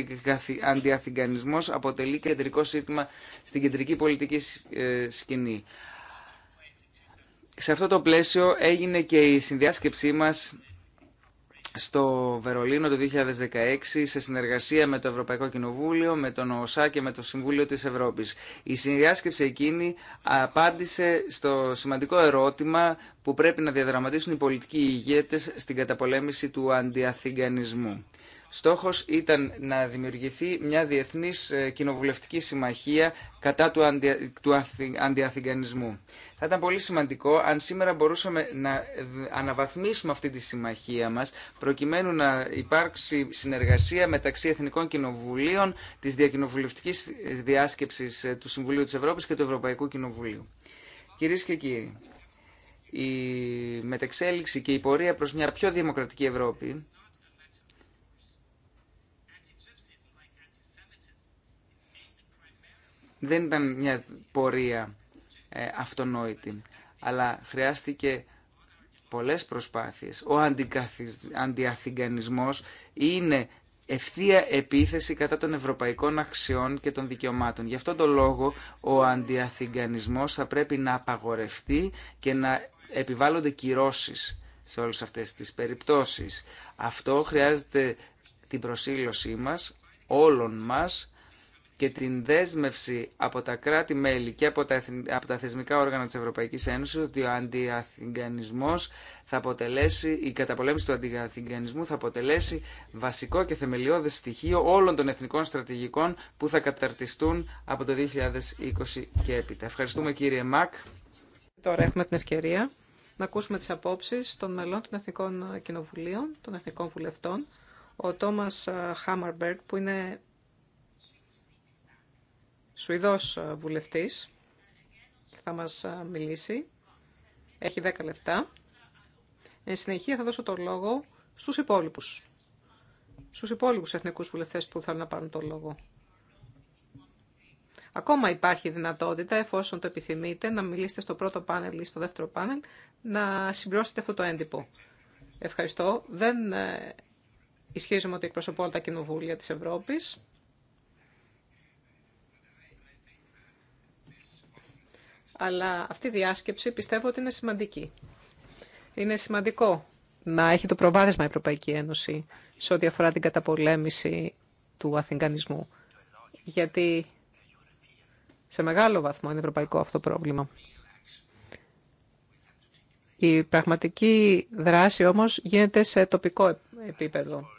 αντιαθηγανισμός αποτελεί κεντρικό σύστημα... στην κεντρική πολιτική ε, σκηνή. Σε αυτό το πλαίσιο έγινε και η συνδιάσκεψή μας στο Βερολίνο το 2016 σε συνεργασία με το Ευρωπαϊκό Κοινοβούλιο, με τον ΟΣΑ και με το Συμβούλιο της Ευρώπης. Η συνδιάσκεψη εκείνη απάντησε στο σημαντικό ερώτημα που πρέπει να διαδραματίσουν οι πολιτικοί ηγέτες στην καταπολέμηση του αντιαθηγανισμού. Στόχος ήταν να δημιουργηθεί μια διεθνής ε, κοινοβουλευτική συμμαχία κατά του, αντι... αντιαθηγανισμού. Θα ήταν πολύ σημαντικό αν σήμερα μπορούσαμε να αναβαθμίσουμε αυτή τη συμμαχία μας προκειμένου να υπάρξει συνεργασία μεταξύ Εθνικών Κοινοβουλίων της Διακοινοβουλευτικής Διάσκεψης ε, του Συμβουλίου της Ευρώπης και του Ευρωπαϊκού Κοινοβουλίου. Κυρίες και κύριοι, η μετεξέλιξη και η πορεία προς μια πιο δημοκρατική Ευρώπη δεν ήταν μια πορεία ε, αυτονόητη, αλλά χρειάστηκε πολλές προσπάθειες. Ο αντιαθηγανισμός είναι ευθεία επίθεση κατά των ευρωπαϊκών αξιών και των δικαιωμάτων. Γι' αυτόν τον λόγο ο αντιαθηγανισμός θα πρέπει να απαγορευτεί και να επιβάλλονται κυρώσεις σε όλες αυτές τις περιπτώσεις. Αυτό χρειάζεται την προσήλωσή μας, όλων μας, και την δέσμευση από τα κράτη-μέλη και από τα, θεσμικά όργανα της Ευρωπαϊκής Ένωσης ότι ο θα αποτελέσει, η καταπολέμηση του αντιαθηγανισμού θα αποτελέσει βασικό και θεμελιώδες στοιχείο όλων των εθνικών στρατηγικών που θα καταρτιστούν από το 2020 και έπειτα. Ευχαριστούμε κύριε Μακ. Τώρα έχουμε την ευκαιρία να ακούσουμε τις απόψεις των μελών των Εθνικών Κοινοβουλίων, των Εθνικών Βουλευτών. Ο Τόμας Χάμαρμπεργκ, που είναι Σουηδός ε, βουλευτής. Θα μας ε, μιλήσει. Έχει 10 λεπτά. Εν συνεχεία θα δώσω το λόγο στους υπόλοιπους. Στους υπόλοιπους εθνικούς βουλευτές που θέλουν να πάρουν το λόγο. Ακόμα υπάρχει δυνατότητα, εφόσον το επιθυμείτε, να μιλήσετε στο πρώτο πάνελ ή στο δεύτερο πάνελ, να συμπληρώσετε αυτό το έντυπο. Ευχαριστώ. Δεν ε, ισχύζομαι ότι εκπροσωπώ όλα τα κοινοβούλια της Ευρώπης. αλλά αυτή η διάσκεψη πιστεύω ότι είναι σημαντική. Είναι σημαντικό να έχει το προβάδισμα η Ευρωπαϊκή Ένωση σε ό,τι αφορά την καταπολέμηση του αθηγανισμού. Γιατί σε μεγάλο βαθμό είναι ευρωπαϊκό αυτό το πρόβλημα. Η πραγματική δράση όμως γίνεται σε τοπικό επίπεδο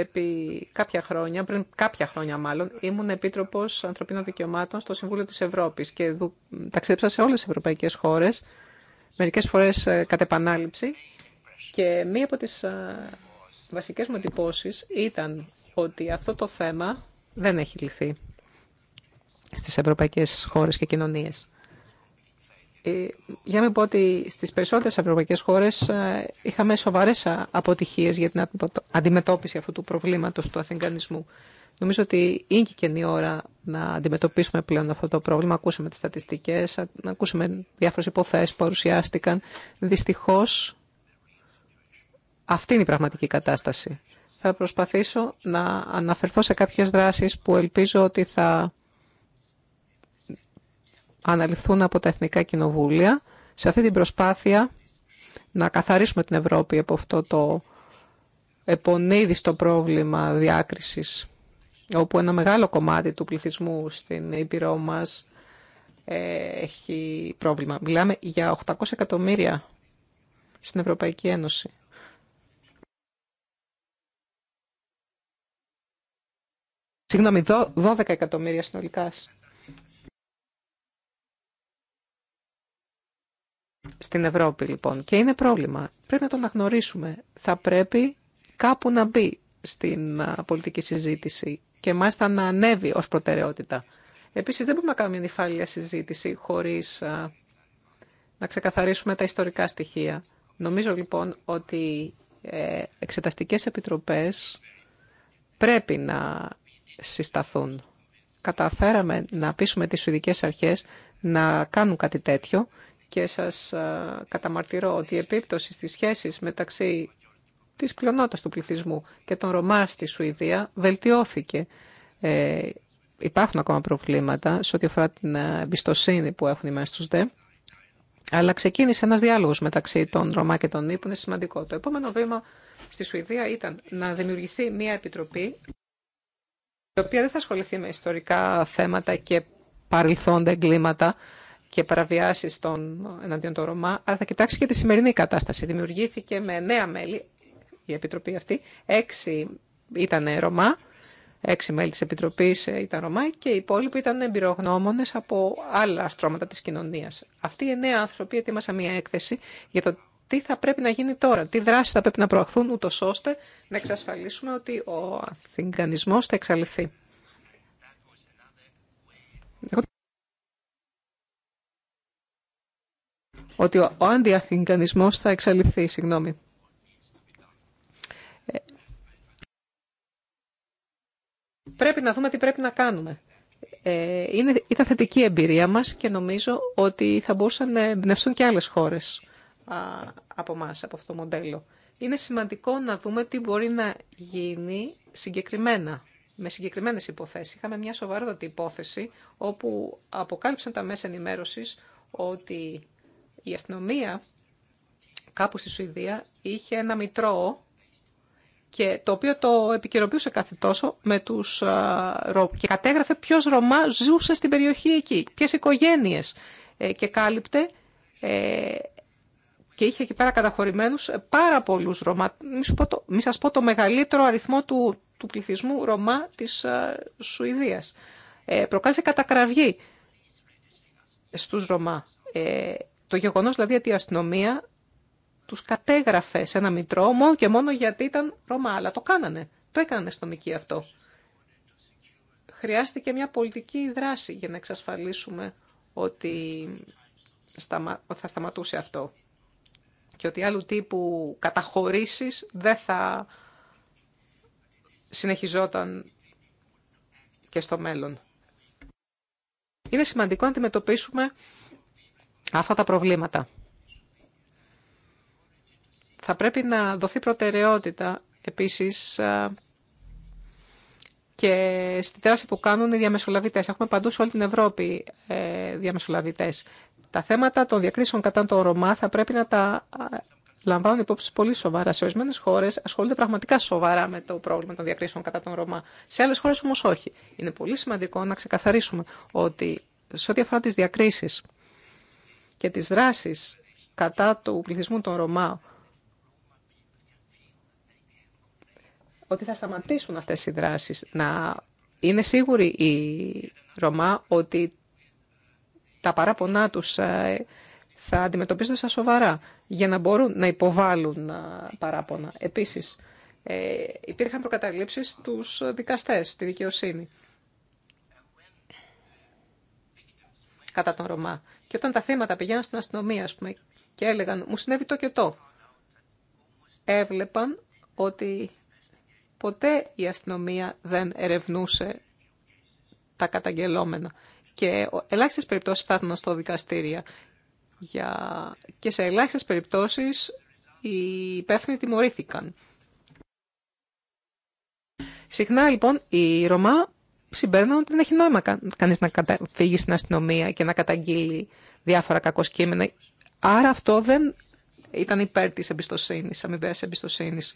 επί κάποια χρόνια, πριν κάποια χρόνια μάλλον, ήμουν επίτροπο ανθρωπίνων δικαιωμάτων στο Συμβούλιο τη Ευρώπη και δου... ταξίδεψα σε όλε τι ευρωπαϊκέ χώρε, μερικέ φορέ ε, κατ' επανάληψη. Και μία από τι ε, βασικέ μου εντυπώσει ήταν ότι αυτό το θέμα δεν έχει λυθεί στις ευρωπαϊκές χώρες και κοινωνίες. Ε, για να μην πω ότι στις περισσότερες ευρωπαϊκές χώρες ε, είχαμε σοβαρές αποτυχίες για την αντιμετώπιση αυτού του προβλήματος του αθηγανισμού. Νομίζω ότι είναι και καινή ώρα να αντιμετωπίσουμε πλέον αυτό το πρόβλημα. Ακούσαμε τις στατιστικές, ακούσαμε διάφορες υποθέσεις που παρουσιάστηκαν. Δυστυχώς, αυτή είναι η πραγματική κατάσταση. Θα προσπαθήσω να αναφερθώ σε κάποιες δράσεις που ελπίζω ότι θα αναλυφθούν από τα εθνικά κοινοβούλια σε αυτή την προσπάθεια να καθαρίσουμε την Ευρώπη από αυτό το επονίδιστο πρόβλημα διάκρισης, όπου ένα μεγάλο κομμάτι του πληθυσμού στην Ήπειρό μας ε, έχει πρόβλημα. Μιλάμε για 800 εκατομμύρια στην Ευρωπαϊκή Ένωση. Συγγνώμη, 12 εκατομμύρια συνολικά στην Ευρώπη λοιπόν και είναι πρόβλημα. Πρέπει να το αναγνωρίσουμε. Θα πρέπει κάπου να μπει στην πολιτική συζήτηση και μάλιστα να ανέβει ως προτεραιότητα. Επίσης δεν μπορούμε να κάνουμε νυφάλια συζήτηση χωρίς να ξεκαθαρίσουμε τα ιστορικά στοιχεία. Νομίζω λοιπόν ότι ε, εξεταστικές επιτροπές πρέπει να συσταθούν. Καταφέραμε να πείσουμε τις Σουηδικές Αρχές να κάνουν κάτι τέτοιο και σας καταμαρτυρώ ότι η επίπτωση στις σχέσεις μεταξύ της πλειονότητας του πληθυσμού και των Ρωμά στη Σουηδία βελτιώθηκε. Ε, υπάρχουν ακόμα προβλήματα σε ό,τι αφορά την εμπιστοσύνη που έχουν οι μέσα τους ΔΕ. Αλλά ξεκίνησε ένας διάλογος μεταξύ των Ρωμά και των ΜΗ που είναι σημαντικό. Το επόμενο βήμα στη Σουηδία ήταν να δημιουργηθεί μια επιτροπή η οποία δεν θα ασχοληθεί με ιστορικά θέματα και παρελθόντα εγκλήματα, και παραβιάσει τον εναντίον των Ρωμά, αλλά θα κοιτάξει και τη σημερινή κατάσταση. Δημιουργήθηκε με νέα μέλη η Επιτροπή αυτή, έξι ήταν Ρωμά, έξι μέλη τη επιτροπή ε, ήταν Ρωμά και οι υπόλοιποι ήταν εμπειρογνώμονε από άλλα στρώματα τη κοινωνία. Αυτοί οι εννέα άνθρωποι ετοίμασαν μια έκθεση για το τι θα πρέπει να γίνει τώρα, τι δράσει θα πρέπει να προαχθούν ούτω ώστε να εξασφαλίσουμε ότι ο αθηγανισμό θα εξαλειφθεί. ότι ο ανδιαθηνικανισμός θα εξαλειφθεί. Συγγνώμη. Πρέπει να δούμε τι πρέπει να κάνουμε. Ε, είναι, ήταν θετική εμπειρία μας και νομίζω ότι θα μπορούσαν να εμπνευστούν και άλλες χώρες από εμά, από αυτό το μοντέλο. Είναι σημαντικό να δούμε τι μπορεί να γίνει συγκεκριμένα, με συγκεκριμένες υποθέσεις. Είχαμε μια σοβαρότατη υπόθεση όπου αποκάλυψαν τα μέσα ενημέρωσης ότι η αστυνομία κάπου στη Σουηδία είχε ένα μητρό και το οποίο το επικαιροποιούσε κάθε τόσο με τους Ρωμ και κατέγραφε ποιος Ρωμά ζούσε στην περιοχή εκεί, ποιες οικογένειες ε, και κάλυπτε ε, και είχε εκεί πέρα καταχωρημένους πάρα πολλούς Ρωμά. Μη, σου πω το, μεγαλύτερο αριθμό του, του πληθυσμού Ρωμά της Σουηδίας. Ε, προκάλεσε κατακραυγή στους Ρωμά. Ε, το γεγονός δηλαδή ότι η αστυνομία τους κατέγραφε σε ένα μητρό μόνο και μόνο γιατί ήταν Ρωμά, αλλά το κάνανε. Το στο αστυνομικοί αυτό. Χρειάστηκε μια πολιτική δράση για να εξασφαλίσουμε ότι θα σταματούσε αυτό και ότι άλλου τύπου καταχωρήσεις δεν θα συνεχιζόταν και στο μέλλον. Είναι σημαντικό να αντιμετωπίσουμε αυτά τα προβλήματα. Θα πρέπει να δοθεί προτεραιότητα επίσης και στη δράση που κάνουν οι διαμεσολαβητές. Έχουμε παντού σε όλη την Ευρώπη ε, διαμεσολαβητές. Τα θέματα των διακρίσεων κατά τον Ρωμά θα πρέπει να τα λαμβάνουν υπόψη πολύ σοβαρά. Σε ορισμένε χώρε ασχολούνται πραγματικά σοβαρά με το πρόβλημα των διακρίσεων κατά τον Ρωμά. Σε άλλε χώρε όμω όχι. Είναι πολύ σημαντικό να ξεκαθαρίσουμε ότι σε ό,τι αφορά τι διακρίσει και τις δράσεις κατά του πληθυσμού των Ρωμά ότι θα σταματήσουν αυτές οι δράσεις. Να είναι σίγουροι οι Ρωμά ότι τα παράπονά τους ε, θα αντιμετωπίζονται σαν σοβαρά για να μπορούν να υποβάλουν ε, παράπονα. Επίσης, ε, υπήρχαν προκαταλήψεις τους δικαστές στη δικαιοσύνη κατά τον Ρωμά. Και όταν τα θέματα πηγαίναν στην αστυνομία, ας και έλεγαν «Μου συνέβη το και το», έβλεπαν ότι ποτέ η αστυνομία δεν ερευνούσε τα καταγγελόμενα. Και ελάχιστες περιπτώσεις φτάθηκαν στο δικαστήριο Για... Και σε ελάχιστες περιπτώσει οι υπεύθυνοι τιμωρήθηκαν. Συχνά λοιπόν η Ρωμά συμπέρναν ότι δεν έχει νόημα κα, κανείς να φύγει στην αστυνομία και να καταγγείλει διάφορα κακοσκήμενα. Άρα αυτό δεν ήταν υπέρ της εμπιστοσύνης, αμοιβαίας εμπιστοσύνης.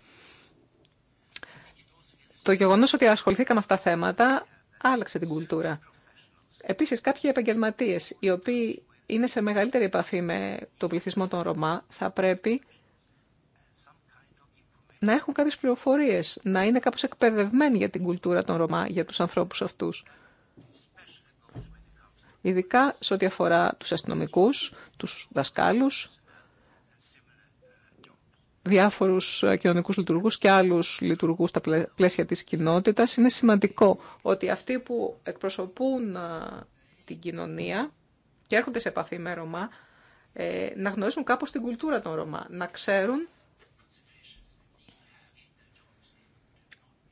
Το γεγονός ότι ασχοληθήκαμε αυτά τα θέματα άλλαξε την κουλτούρα. Επίσης κάποιοι επαγγελματίες οι οποίοι είναι σε μεγαλύτερη επαφή με τον πληθυσμό των Ρωμά θα πρέπει να έχουν κάποιες πληροφορίες, να είναι κάπως εκπαιδευμένοι για την κουλτούρα των Ρωμά, για τους ανθρώπους αυτούς. Ειδικά σε ό,τι αφορά τους αστυνομικούς, τους δασκάλους, διάφορους ε, κοινωνικούς λειτουργούς και άλλους λειτουργούς στα πλαίσια της κοινότητας, είναι σημαντικό ότι αυτοί που εκπροσωπούν ε, την κοινωνία και έρχονται σε επαφή με Ρωμά, ε, να γνωρίζουν κάπως την κουλτούρα των Ρωμά, να ξέρουν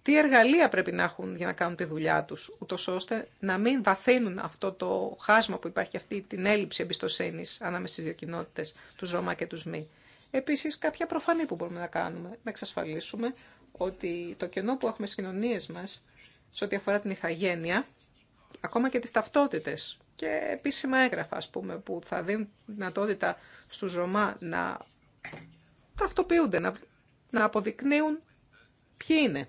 τι εργαλεία πρέπει να έχουν για να κάνουν τη δουλειά τους, ούτω ώστε να μην βαθύνουν αυτό το χάσμα που υπάρχει αυτή, την έλλειψη εμπιστοσύνη ανάμεσα στις δύο κοινότητες, του Ρώμα και του ΜΗ. Επίσης, κάποια προφανή που μπορούμε να κάνουμε, να εξασφαλίσουμε ότι το κενό που έχουμε στις κοινωνίες μας, σε ό,τι αφορά την ηθαγένεια, ακόμα και τις ταυτότητες και επίσημα έγγραφα, ας πούμε, που θα δίνουν δυνατότητα στους Ρωμά να ταυτοποιούνται, να, να αποδεικνύουν ποιοι είναι.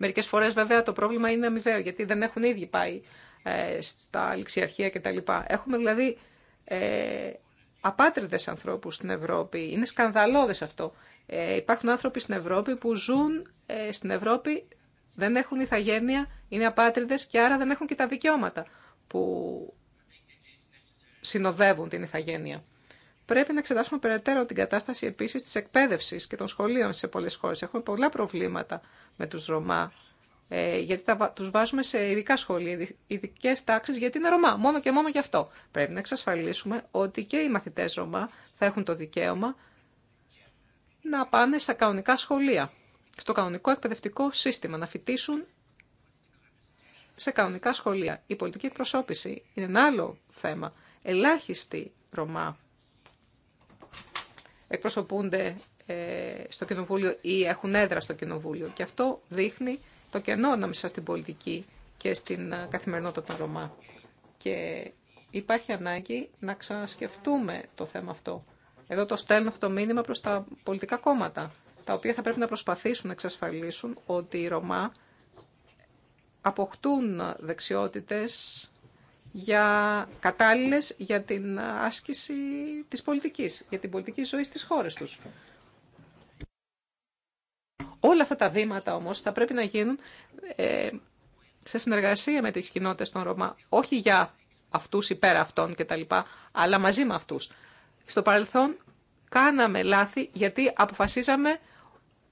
Μερικές φορές βέβαια το πρόβλημα είναι αμοιβαίο γιατί δεν έχουν ήδη πάει ε, στα ληξιαρχεία κτλ. Έχουμε δηλαδή ε, απάτριδες ανθρώπους στην Ευρώπη. Είναι σκανδαλώδες αυτό. Ε, υπάρχουν άνθρωποι στην Ευρώπη που ζουν ε, στην Ευρώπη, δεν έχουν ηθαγένεια, είναι απάτριδες και άρα δεν έχουν και τα δικαιώματα που συνοδεύουν την ηθαγένεια. Πρέπει να εξετάσουμε περαιτέρω την κατάσταση επίση τη εκπαίδευση και των σχολείων σε πολλέ χώρε. Έχουμε πολλά προβλήματα με τους Ρωμά, ε, γιατί θα τους βάζουμε σε ειδικά σχολεία, ειδικέ τάξεις, γιατί είναι Ρωμά, μόνο και μόνο γι' αυτό. Πρέπει να εξασφαλίσουμε ότι και οι μαθητές Ρωμά θα έχουν το δικαίωμα να πάνε στα κανονικά σχολεία, στο κανονικό εκπαιδευτικό σύστημα, να φοιτήσουν σε κανονικά σχολεία. Η πολιτική εκπροσώπηση είναι ένα άλλο θέμα. Ελάχιστοι Ρωμά εκπροσωπούνται ε, στο Κοινοβούλιο ή έχουν έδρα στο Κοινοβούλιο. Και αυτό δείχνει το κενό ανάμεσα στην πολιτική και στην ε, καθημερινότητα των Ρωμά. Και υπάρχει ανάγκη να ξανασκεφτούμε το θέμα αυτό. Εδώ το στέλνω αυτό το μήνυμα προς τα πολιτικά κόμματα, τα οποία θα πρέπει να προσπαθήσουν να εξασφαλίσουν ότι οι Ρωμά αποκτούν δεξιότητες για κατάλληλες για την άσκηση της πολιτικής, για την πολιτική ζωή στις χώρες τους. Όλα αυτά τα βήματα όμως θα πρέπει να γίνουν ε, σε συνεργασία με τις κοινότητε των Ρωμά, όχι για αυτούς υπέρ αυτών λοιπά, αλλά μαζί με αυτούς. Στο παρελθόν κάναμε λάθη γιατί αποφασίζαμε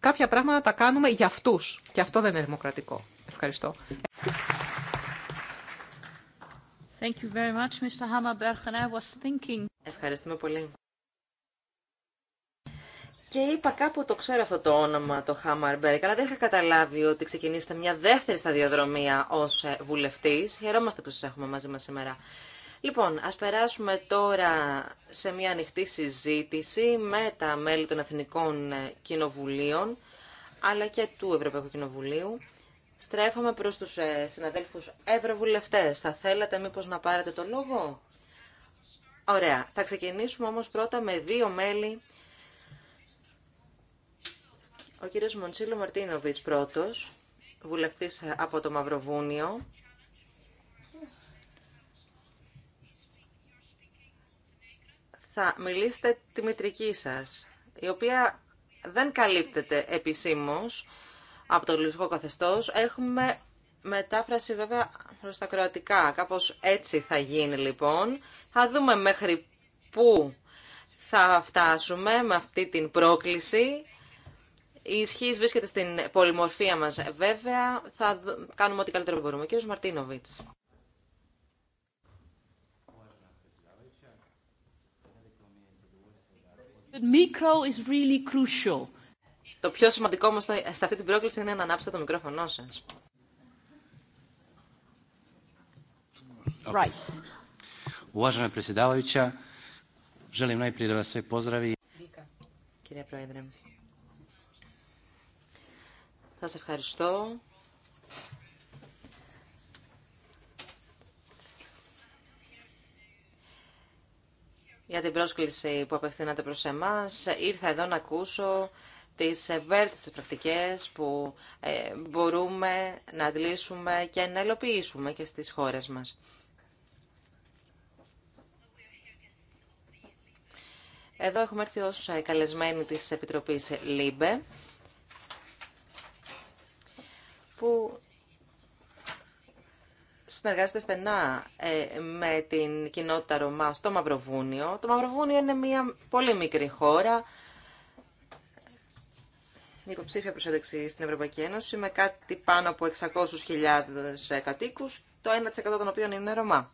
κάποια πράγματα να τα κάνουμε για αυτούς και αυτό δεν είναι δημοκρατικό. Ευχαριστώ. Thank you very much, Mr. Was thinking... Ευχαριστούμε πολύ. Και είπα κάπου το ξέρω αυτό το όνομα, το Χάμαρμπεργκ, αλλά δεν είχα καταλάβει ότι ξεκινήσετε μια δεύτερη σταδιοδρομία ω ε, βουλευτή. Χαιρόμαστε που σα έχουμε μαζί μα σήμερα. Λοιπόν, α περάσουμε τώρα σε μια ανοιχτή συζήτηση με τα μέλη των Εθνικών ε, Κοινοβουλίων, αλλά και του Ευρωπαϊκού Κοινοβουλίου. Στρέφαμε προ του ε, συναδέλφου Ευρωβουλευτέ. Θα θέλατε μήπω να πάρετε το λόγο? Ωραία. Θα ξεκινήσουμε όμως πρώτα με δύο μέλη ο κύριος Μοντσίλο Μαρτίνοβιτς πρώτος, βουλευτής από το Μαυροβούνιο. Θα μιλήσετε τη μητρική σας, η οποία δεν καλύπτεται επισήμως από το λογικό καθεστώς. Έχουμε μετάφραση βέβαια προς τα κροατικά. Κάπως έτσι θα γίνει λοιπόν. Θα δούμε μέχρι πού θα φτάσουμε με αυτή την πρόκληση η ισχύ βρίσκεται στην πολυμορφία μας. Βέβαια, θα κάνουμε ό,τι καλύτερο μπορούμε. Κύριο Μαρτίνοβιτ. Το πιο σημαντικό όμω σε αυτή την πρόκληση είναι να ανάψετε το μικρόφωνο σα. Right. Σας ευχαριστώ. για την πρόσκληση που απευθύνατε προς εμάς. Ήρθα εδώ να ακούσω τις ευέρτιστες πρακτικές που ε, μπορούμε να αντλήσουμε και να ελοποιήσουμε και στις χώρες μας. Εδώ έχουμε έρθει ως καλεσμένοι της Επιτροπής ΛΥΜΠΕ που συνεργάζεται στενά ε, με την κοινότητα Ρωμά στο Μαυροβούνιο. Το Μαυροβούνιο είναι μια πολύ μικρή χώρα, υποψήφια προσέγγιση στην Ευρωπαϊκή Ένωση, με κάτι πάνω από 600.000 ε, κατοίκους, το 1% των οποίων είναι Ρωμά.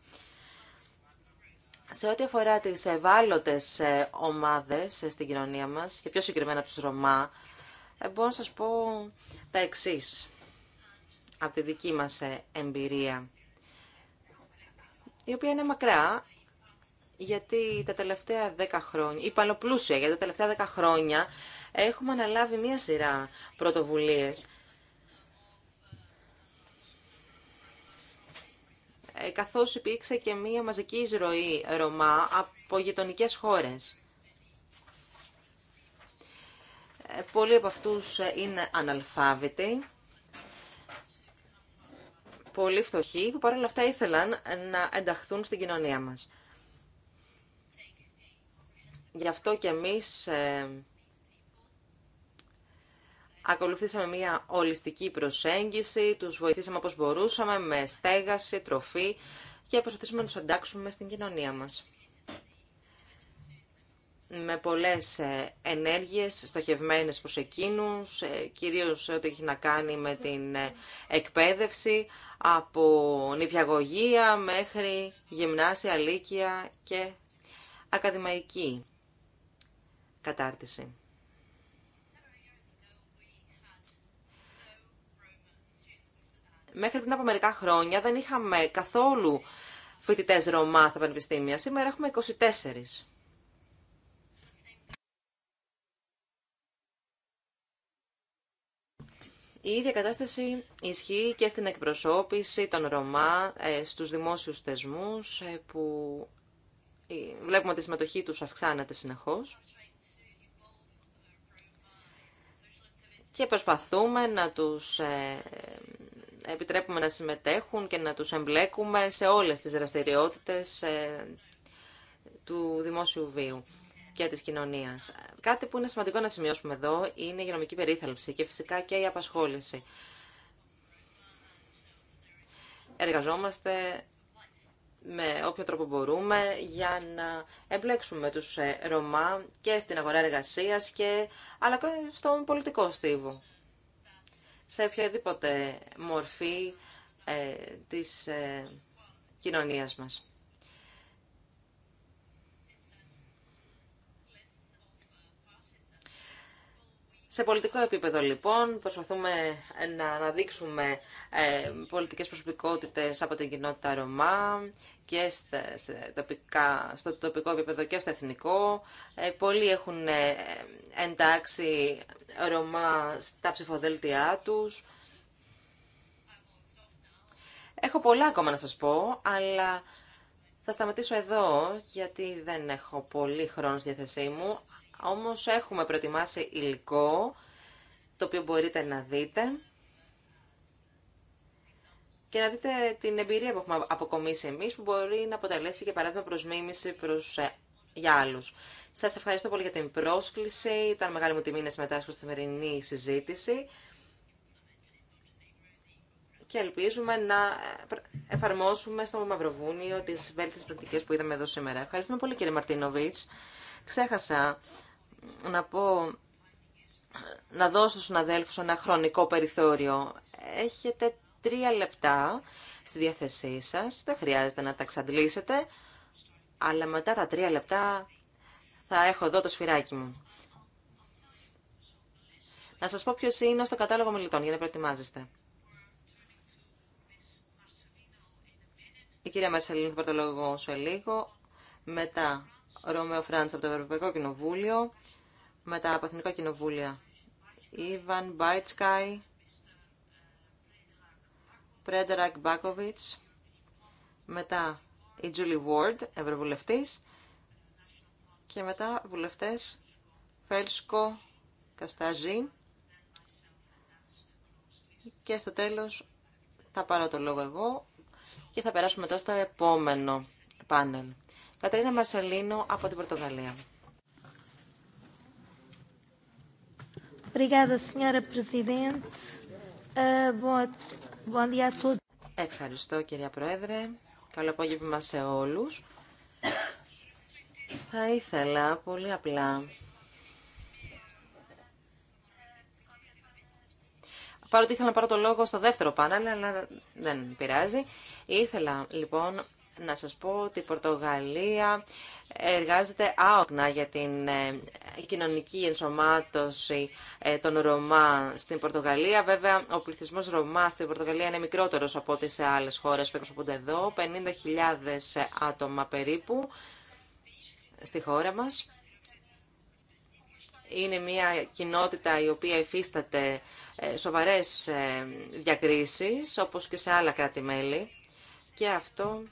Σε ό,τι αφορά τις ευάλωτες ε, ομάδες στην κοινωνία μας, και πιο συγκεκριμένα τους Ρωμά, μπορώ να σας πω τα εξής από τη δική μας ε, εμπειρία, η οποία είναι μακρά, γιατί τα τελευταία δέκα χρόνια, η παλοπλούσια, γιατί τα τελευταία δέκα χρόνια έχουμε αναλάβει μία σειρά πρωτοβουλίες. Ε, καθώς υπήρξε και μία μαζική εισρωή Ρωμά από γειτονικέ χώρες. Ε, πολλοί από αυτούς είναι αναλφάβητοι πολύ φτωχοί που παρόλα αυτά ήθελαν να ενταχθούν στην κοινωνία μας. Γι' αυτό και εμείς ε, ακολουθήσαμε μια ολιστική προσέγγιση, τους βοηθήσαμε όπως μπορούσαμε με στέγαση, τροφή και προσπαθήσαμε να τους εντάξουμε στην κοινωνία μας με πολλές ε, ενέργειες στοχευμένες προς εκείνους, ε, κυρίως ό,τι έχει να κάνει με την ε, εκπαίδευση, από νηπιαγωγία μέχρι γυμνάσια, λύκεια και ακαδημαϊκή κατάρτιση. Μέχρι πριν από μερικά χρόνια δεν είχαμε καθόλου φοιτητές Ρωμά στα πανεπιστήμια. Σήμερα έχουμε 24. Η ίδια κατάσταση ισχύει και στην εκπροσώπηση των Ρωμά ε, στους δημόσιους θεσμούς ε, που βλέπουμε ότι η συμμετοχή τους αυξάνεται συνεχώς. Και προσπαθούμε να τους ε, επιτρέπουμε να συμμετέχουν και να τους εμπλέκουμε σε όλες τις δραστηριότητες του δημόσιου βίου και της κοινωνίας. Κάτι που είναι σημαντικό να σημειώσουμε εδώ είναι η υγειονομική περίθαλψη και φυσικά και η απασχόληση. Εργαζόμαστε με όποιο τρόπο μπορούμε για να εμπλέξουμε τους ε, Ρωμά και στην αγορά εργασίας και, αλλά και στον πολιτικό στίβο. Σε οποιαδήποτε μορφή ε, της ε, κοινωνίας μας. Σε πολιτικό επίπεδο λοιπόν προσπαθούμε να αναδείξουμε ε, πολιτικές προσωπικότητες από την κοινότητα Ρωμά και σε τοπικά, στο τοπικό επίπεδο και στο εθνικό. Ε, πολλοί έχουν ε, εντάξει Ρωμά στα ψηφοδέλτιά τους. Έχω πολλά ακόμα να σας πω, αλλά θα σταματήσω εδώ γιατί δεν έχω πολύ χρόνο στη διάθεσή μου. Όμως έχουμε προετοιμάσει υλικό, το οποίο μπορείτε να δείτε και να δείτε την εμπειρία που έχουμε αποκομίσει εμείς, που μπορεί να αποτελέσει και παράδειγμα προς προς, ε, για άλλους. Σας ευχαριστώ πολύ για την πρόσκληση. Ήταν μεγάλη μου τιμή να συμμετάσχω στη σημερινή συζήτηση και ελπίζουμε να ε, εφαρμόσουμε στο Μαυροβούνιο τις βέλτιες πρακτικές που είδαμε εδώ σήμερα. Ευχαριστούμε πολύ κύριε Μαρτίνοβιτς. Ξέχασα να πω, να δώσω στους αδέλφους ένα χρονικό περιθώριο. Έχετε τρία λεπτά στη διάθεσή σας, δεν χρειάζεται να τα εξαντλήσετε, αλλά μετά τα τρία λεπτά θα έχω εδώ το σφυράκι μου. Να σας πω ποιος είναι στο κατάλογο μιλητών για να προετοιμάζεστε. Η κυρία Μαρσελίνη θα πάρει το λόγο σε λίγο. Μετά, Ρωμαίο Φράντς από το Ευρωπαϊκό Κοινοβούλιο με τα Εθνικά Κοινοβούλια. Ιβαν Μπάιτσκάι, Πρέντερακ Μπάκοβιτς, μετά η Τζούλι Βόρτ, Ευρωβουλευτής, και μετά βουλευτές Φέλσκο, Καστάζη και στο τέλος θα πάρω το λόγο εγώ και θα περάσουμε τώρα στο επόμενο πάνελ. Κατρίνα Μαρσελίνο από την Πορτογαλία. Obrigada, senhora Presidente. Ah, Ευχαριστώ, κυρία Πρόεδρε. Καλό απόγευμα σε όλους. Θα ήθελα πολύ απλά Παρότι ήθελα να πάρω το λόγο στο δεύτερο πάνελ, αλλά δεν πειράζει. Ήθελα λοιπόν να σας πω ότι η Πορτογαλία εργάζεται άοκνα για την ε, κοινωνική ενσωμάτωση ε, των Ρωμά στην Πορτογαλία. Βέβαια, ο πληθυσμός Ρωμά στην Πορτογαλία είναι μικρότερος από ό,τι σε άλλες χώρες που εκπροσωπούνται εδώ. 50.000 άτομα περίπου στη χώρα μας. Είναι μια κοινότητα η οποία υφίσταται ε, σοβαρές διακρίσεις, όπως και σε άλλα κράτη-μέλη. Και αυτό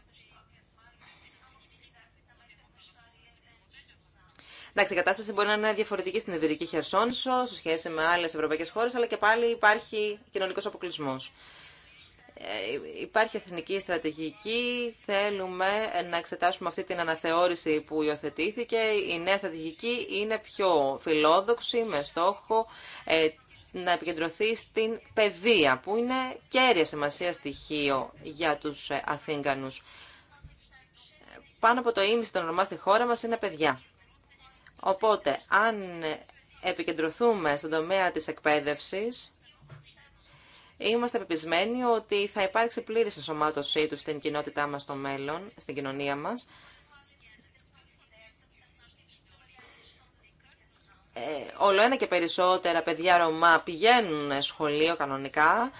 Εντάξει, η κατάσταση μπορεί να είναι διαφορετική στην Ιβηρική Χερσόνησο σε σχέση με άλλε ευρωπαϊκέ χώρε, αλλά και πάλι υπάρχει κοινωνικό αποκλεισμό. Ε, υπάρχει εθνική στρατηγική, θέλουμε να εξετάσουμε αυτή την αναθεώρηση που υιοθετήθηκε. Η νέα στρατηγική είναι πιο φιλόδοξη, με στόχο ε, να επικεντρωθεί στην παιδεία, που είναι κέρια σημασία στοιχείο για τους ε, Αθήγανου. Πάνω από το ίμιση των ονομά στη χώρα μας είναι παιδιά. Οπότε, αν επικεντρωθούμε στον τομέα της εκπαίδευσης, είμαστε πεπισμένοι ότι θα υπάρξει πλήρης ενσωμάτωσή του στην κοινότητά μας στο μέλλον, στην κοινωνία μας. Ε, όλο ένα και περισσότερα παιδιά Ρωμά πηγαίνουν σχολείο κανονικά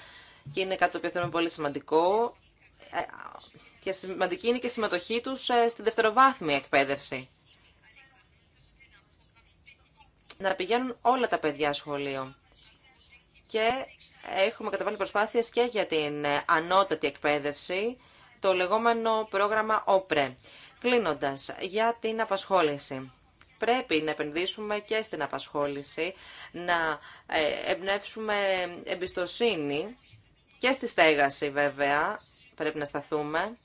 και είναι κάτι το οποίο θέλουμε πολύ σημαντικό ε, και σημαντική είναι και η συμμετοχή τους ε, στη δευτεροβάθμια εκπαίδευση να πηγαίνουν όλα τα παιδιά σχολείο. Και έχουμε καταβάλει προσπάθειες και για την ε, ανώτατη εκπαίδευση, το λεγόμενο πρόγραμμα ΟΠΡΕ. Κλείνοντας, για την απασχόληση. Πρέπει να επενδύσουμε και στην απασχόληση, να ε, εμπνεύσουμε εμπιστοσύνη και στη στέγαση βέβαια, πρέπει να σταθούμε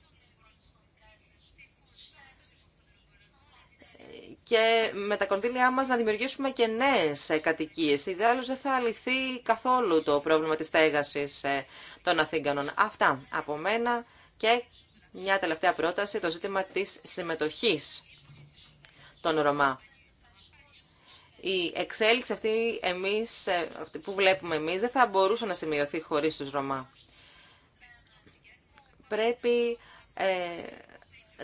και με τα κονδύλια μας να δημιουργήσουμε και νέες ε, κατοικίες. Ιδάλλως δεν θα λυθεί καθόλου το πρόβλημα της στέγασης ε, των αθήγκανων Αυτά από μένα και μια τελευταία πρόταση, το ζήτημα της συμμετοχής των Ρωμά. Η εξέλιξη αυτή, εμείς, ε, αυτή που βλέπουμε εμείς δεν θα μπορούσε να σημειωθεί χωρίς τους Ρωμά. Πρέπει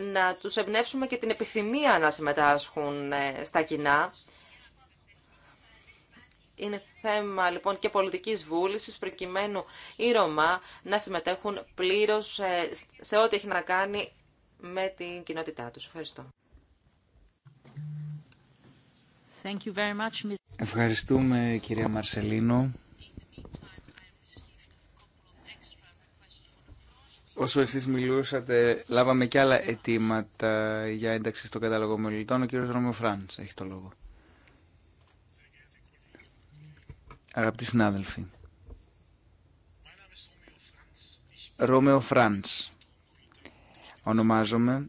να τους εμπνεύσουμε και την επιθυμία να συμμετάσχουν ε, στα κοινά. Είναι θέμα λοιπόν και πολιτικής βούλησης προκειμένου οι Ρωμά να συμμετέχουν πλήρως ε, σε ό,τι έχει να κάνει με την κοινότητά τους. Ευχαριστώ. Thank you very much. Ευχαριστούμε κυρία Μαρσελίνο. Όσο εσείς μιλούσατε, λάβαμε και άλλα αιτήματα για ένταξη στο κατάλογο μελητών. Ο κύριος Ρώμιο Φράνς έχει το λόγο. Αγαπητοί συνάδελφοι. Ρώμεο Φράνς. Ονομάζομαι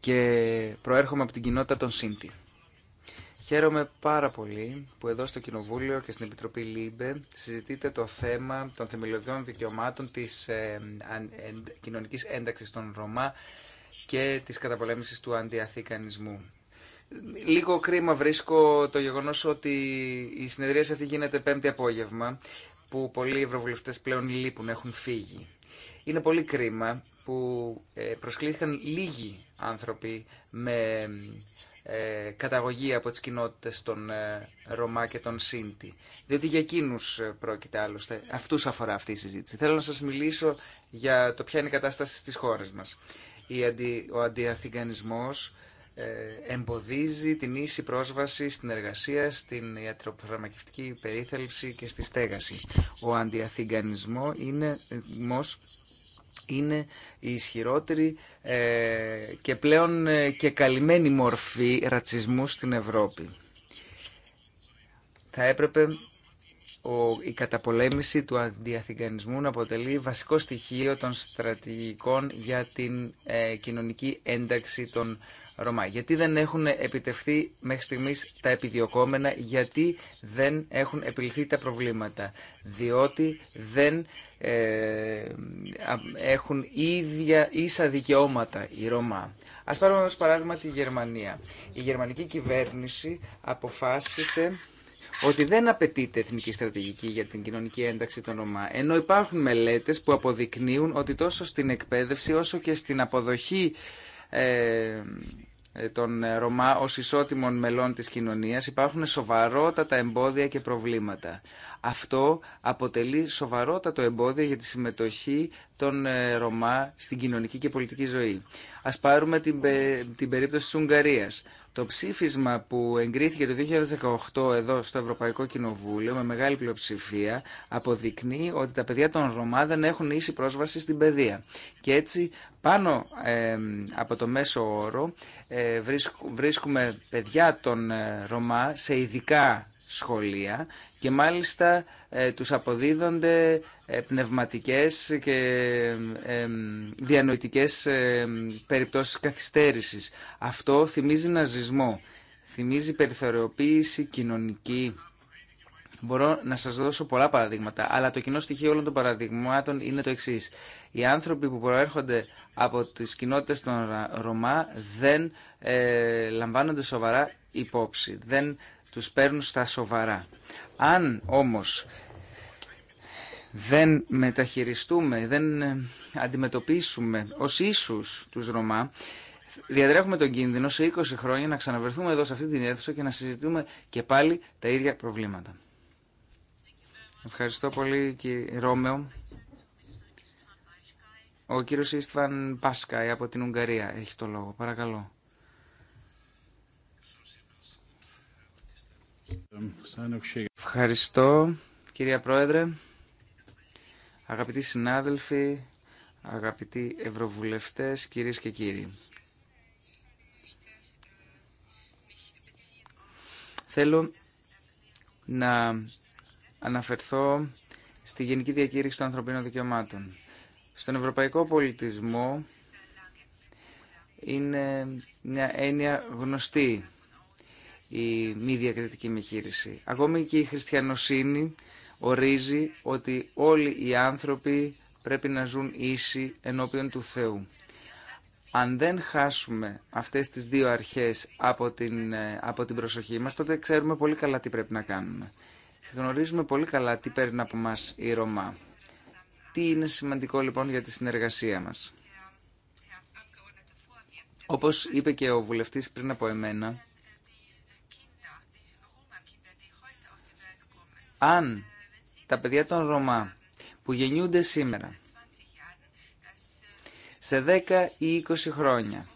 και προέρχομαι από την κοινότητα των Σύντη. Χαίρομαι πάρα πολύ που εδώ στο Κοινοβούλιο και στην Επιτροπή ΛΥΜΠΕ συζητείτε το θέμα των θεμελιωδών δικαιωμάτων της ε, κοινωνικής ένταξης των Ρωμά και της καταπολέμησης του αντιαθήκανισμού. Λίγο κρίμα βρίσκω το γεγονός ότι η συνεδρία αυτή γίνεται πέμπτη απόγευμα που πολλοί ευρωβουλευτές πλέον λείπουν, έχουν φύγει. Είναι πολύ κρίμα που ε, προσκλήθηκαν λίγοι άνθρωποι με ε, καταγωγή από τις κοινότητες των ε, Ρωμά και των Σύντη. Διότι για εκείνους ε, πρόκειται άλλωστε. Αυτούς αφορά αυτή η συζήτηση. Θέλω να σας μιλήσω για το ποια είναι η κατάσταση στις χώρες μας. Ο αντιαθηγανισμός εμποδίζει την ίση πρόσβαση στην εργασία, στην ιατροφαρμακευτική περίθαλψη και στη στέγαση. Ο αντιαθηγανισμός είναι είναι η ισχυρότερη ε, και πλέον ε, και καλυμμένη μορφή ρατσισμού στην Ευρώπη. Θα έπρεπε η καταπολέμηση του αντιαθηγανισμού να αποτελεί βασικό στοιχείο των στρατηγικών για την ε, κοινωνική ένταξη των Ρωμά. Γιατί δεν έχουν επιτευχθεί μέχρι στιγμής τα επιδιωκόμενα, γιατί δεν έχουν επιληθεί τα προβλήματα. Διότι δεν ε, έχουν ίδια, ίσα δικαιώματα οι Ρωμά. Ας πάρουμε ως παράδειγμα τη Γερμανία. Η γερμανική κυβέρνηση αποφάσισε ότι δεν απαιτείται εθνική στρατηγική για την κοινωνική ένταξη των Ρωμά, ενώ υπάρχουν μελέτες που αποδεικνύουν ότι τόσο στην εκπαίδευση όσο και στην αποδοχή ε, ε, των Ρωμά ως ισότιμων μελών της κοινωνίας υπάρχουν σοβαρότατα εμπόδια και προβλήματα. Αυτό αποτελεί σοβαρότατο εμπόδιο για τη συμμετοχή των ε, Ρωμά στην κοινωνική και πολιτική ζωή. Ας πάρουμε την, την περίπτωση της Ουγγαρία. Το ψήφισμα που εγκρίθηκε το 2018 εδώ στο Ευρωπαϊκό Κοινοβούλιο με μεγάλη πλειοψηφία αποδεικνύει ότι τα παιδιά των Ρωμά δεν έχουν ίση πρόσβαση στην παιδεία. Και έτσι πάνω ε, από το μέσο όρο ε, βρίσκουμε παιδιά των ε, Ρωμά σε ειδικά σχολεία και μάλιστα ε, τους αποδίδονται ε, πνευματικές και ε, διανοητικές περιπτώσεις καθυστέρησης. Αυτό θυμίζει ναζισμό, θυμίζει περιθωριοποίηση κοινωνική. Μπορώ να σας δώσω πολλά παραδείγματα, αλλά το κοινό στοιχείο όλων των παραδειγμάτων είναι το εξής. Οι άνθρωποι που προέρχονται από τις κοινότητες των Ρωμά δεν λαμβάνονται σοβαρά υπόψη, δεν τους παίρνουν στα σοβαρά. Αν όμως δεν μεταχειριστούμε, δεν ε, αντιμετωπίσουμε ως ίσους τους Ρωμά, διατρέχουμε τον κίνδυνο σε 20 χρόνια να ξαναβερθούμε εδώ σε αυτή την αίθουσα και να συζητούμε και πάλι τα ίδια προβλήματα. Ευχαριστώ πολύ κύριε Ρώμεο. Ο κύριος Ιστφαν Πάσκαη από την Ουγγαρία έχει το λόγο. Παρακαλώ. Ευχαριστώ, κυρία Πρόεδρε. Αγαπητοί συνάδελφοι, αγαπητοί ευρωβουλευτές, κυρίες και κύριοι. Θέλω να αναφερθώ στη Γενική Διακήρυξη των Ανθρωπίνων Δικαιωμάτων. Στον ευρωπαϊκό πολιτισμό είναι μια έννοια γνωστή η μη διακριτική μεχείριση. Ακόμη και η χριστιανοσύνη ορίζει ότι όλοι οι άνθρωποι πρέπει να ζουν ίσοι ενώπιον του Θεού. Αν δεν χάσουμε αυτές τις δύο αρχές από την, από την προσοχή μας, τότε ξέρουμε πολύ καλά τι πρέπει να κάνουμε. Γνωρίζουμε πολύ καλά τι παίρνει από μας η Ρωμά. Τι είναι σημαντικό λοιπόν για τη συνεργασία μας. Όπως είπε και ο βουλευτής πριν από εμένα, αν τα παιδιά των Ρωμά που γεννιούνται σήμερα σε 10 ή 20 χρόνια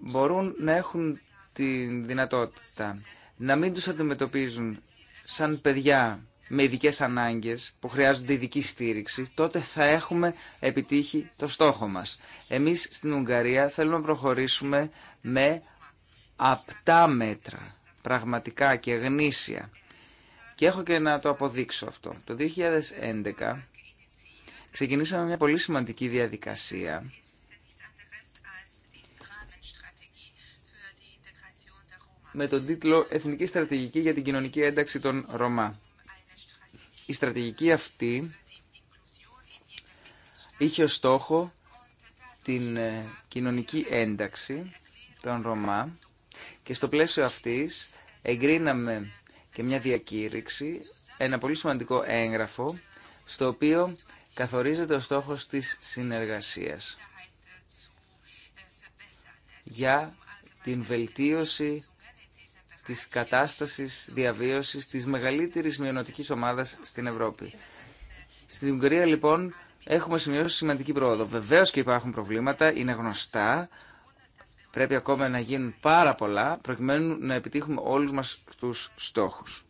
μπορούν να έχουν τη δυνατότητα να μην τους αντιμετωπίζουν σαν παιδιά με ειδικέ ανάγκες που χρειάζονται ειδική στήριξη, τότε θα έχουμε επιτύχει το στόχο μας. Εμείς στην Ουγγαρία θέλουμε να προχωρήσουμε με απτά μέτρα, πραγματικά και γνήσια. Και έχω και να το αποδείξω αυτό. Το 2011 ξεκινήσαμε μια πολύ σημαντική διαδικασία με τον τίτλο «Εθνική στρατηγική για την κοινωνική ένταξη των Ρωμά». Η στρατηγική αυτή είχε ως στόχο την ε, κοινωνική ένταξη των Ρωμά και στο πλαίσιο αυτής εγκρίναμε και μια διακήρυξη, ένα πολύ σημαντικό έγγραφο, στο οποίο καθορίζεται ο στόχος της συνεργασίας για την βελτίωση της κατάστασης διαβίωσης της μεγαλύτερης μειονοτικής ομάδας στην Ευρώπη. Στην Ουγγαρία λοιπόν έχουμε σημειώσει σημαντική πρόοδο. Βεβαίως και υπάρχουν προβλήματα, είναι γνωστά, Πρέπει ακόμα να γίνουν πάρα πολλά προκειμένου να επιτύχουμε όλους μας τους στόχους.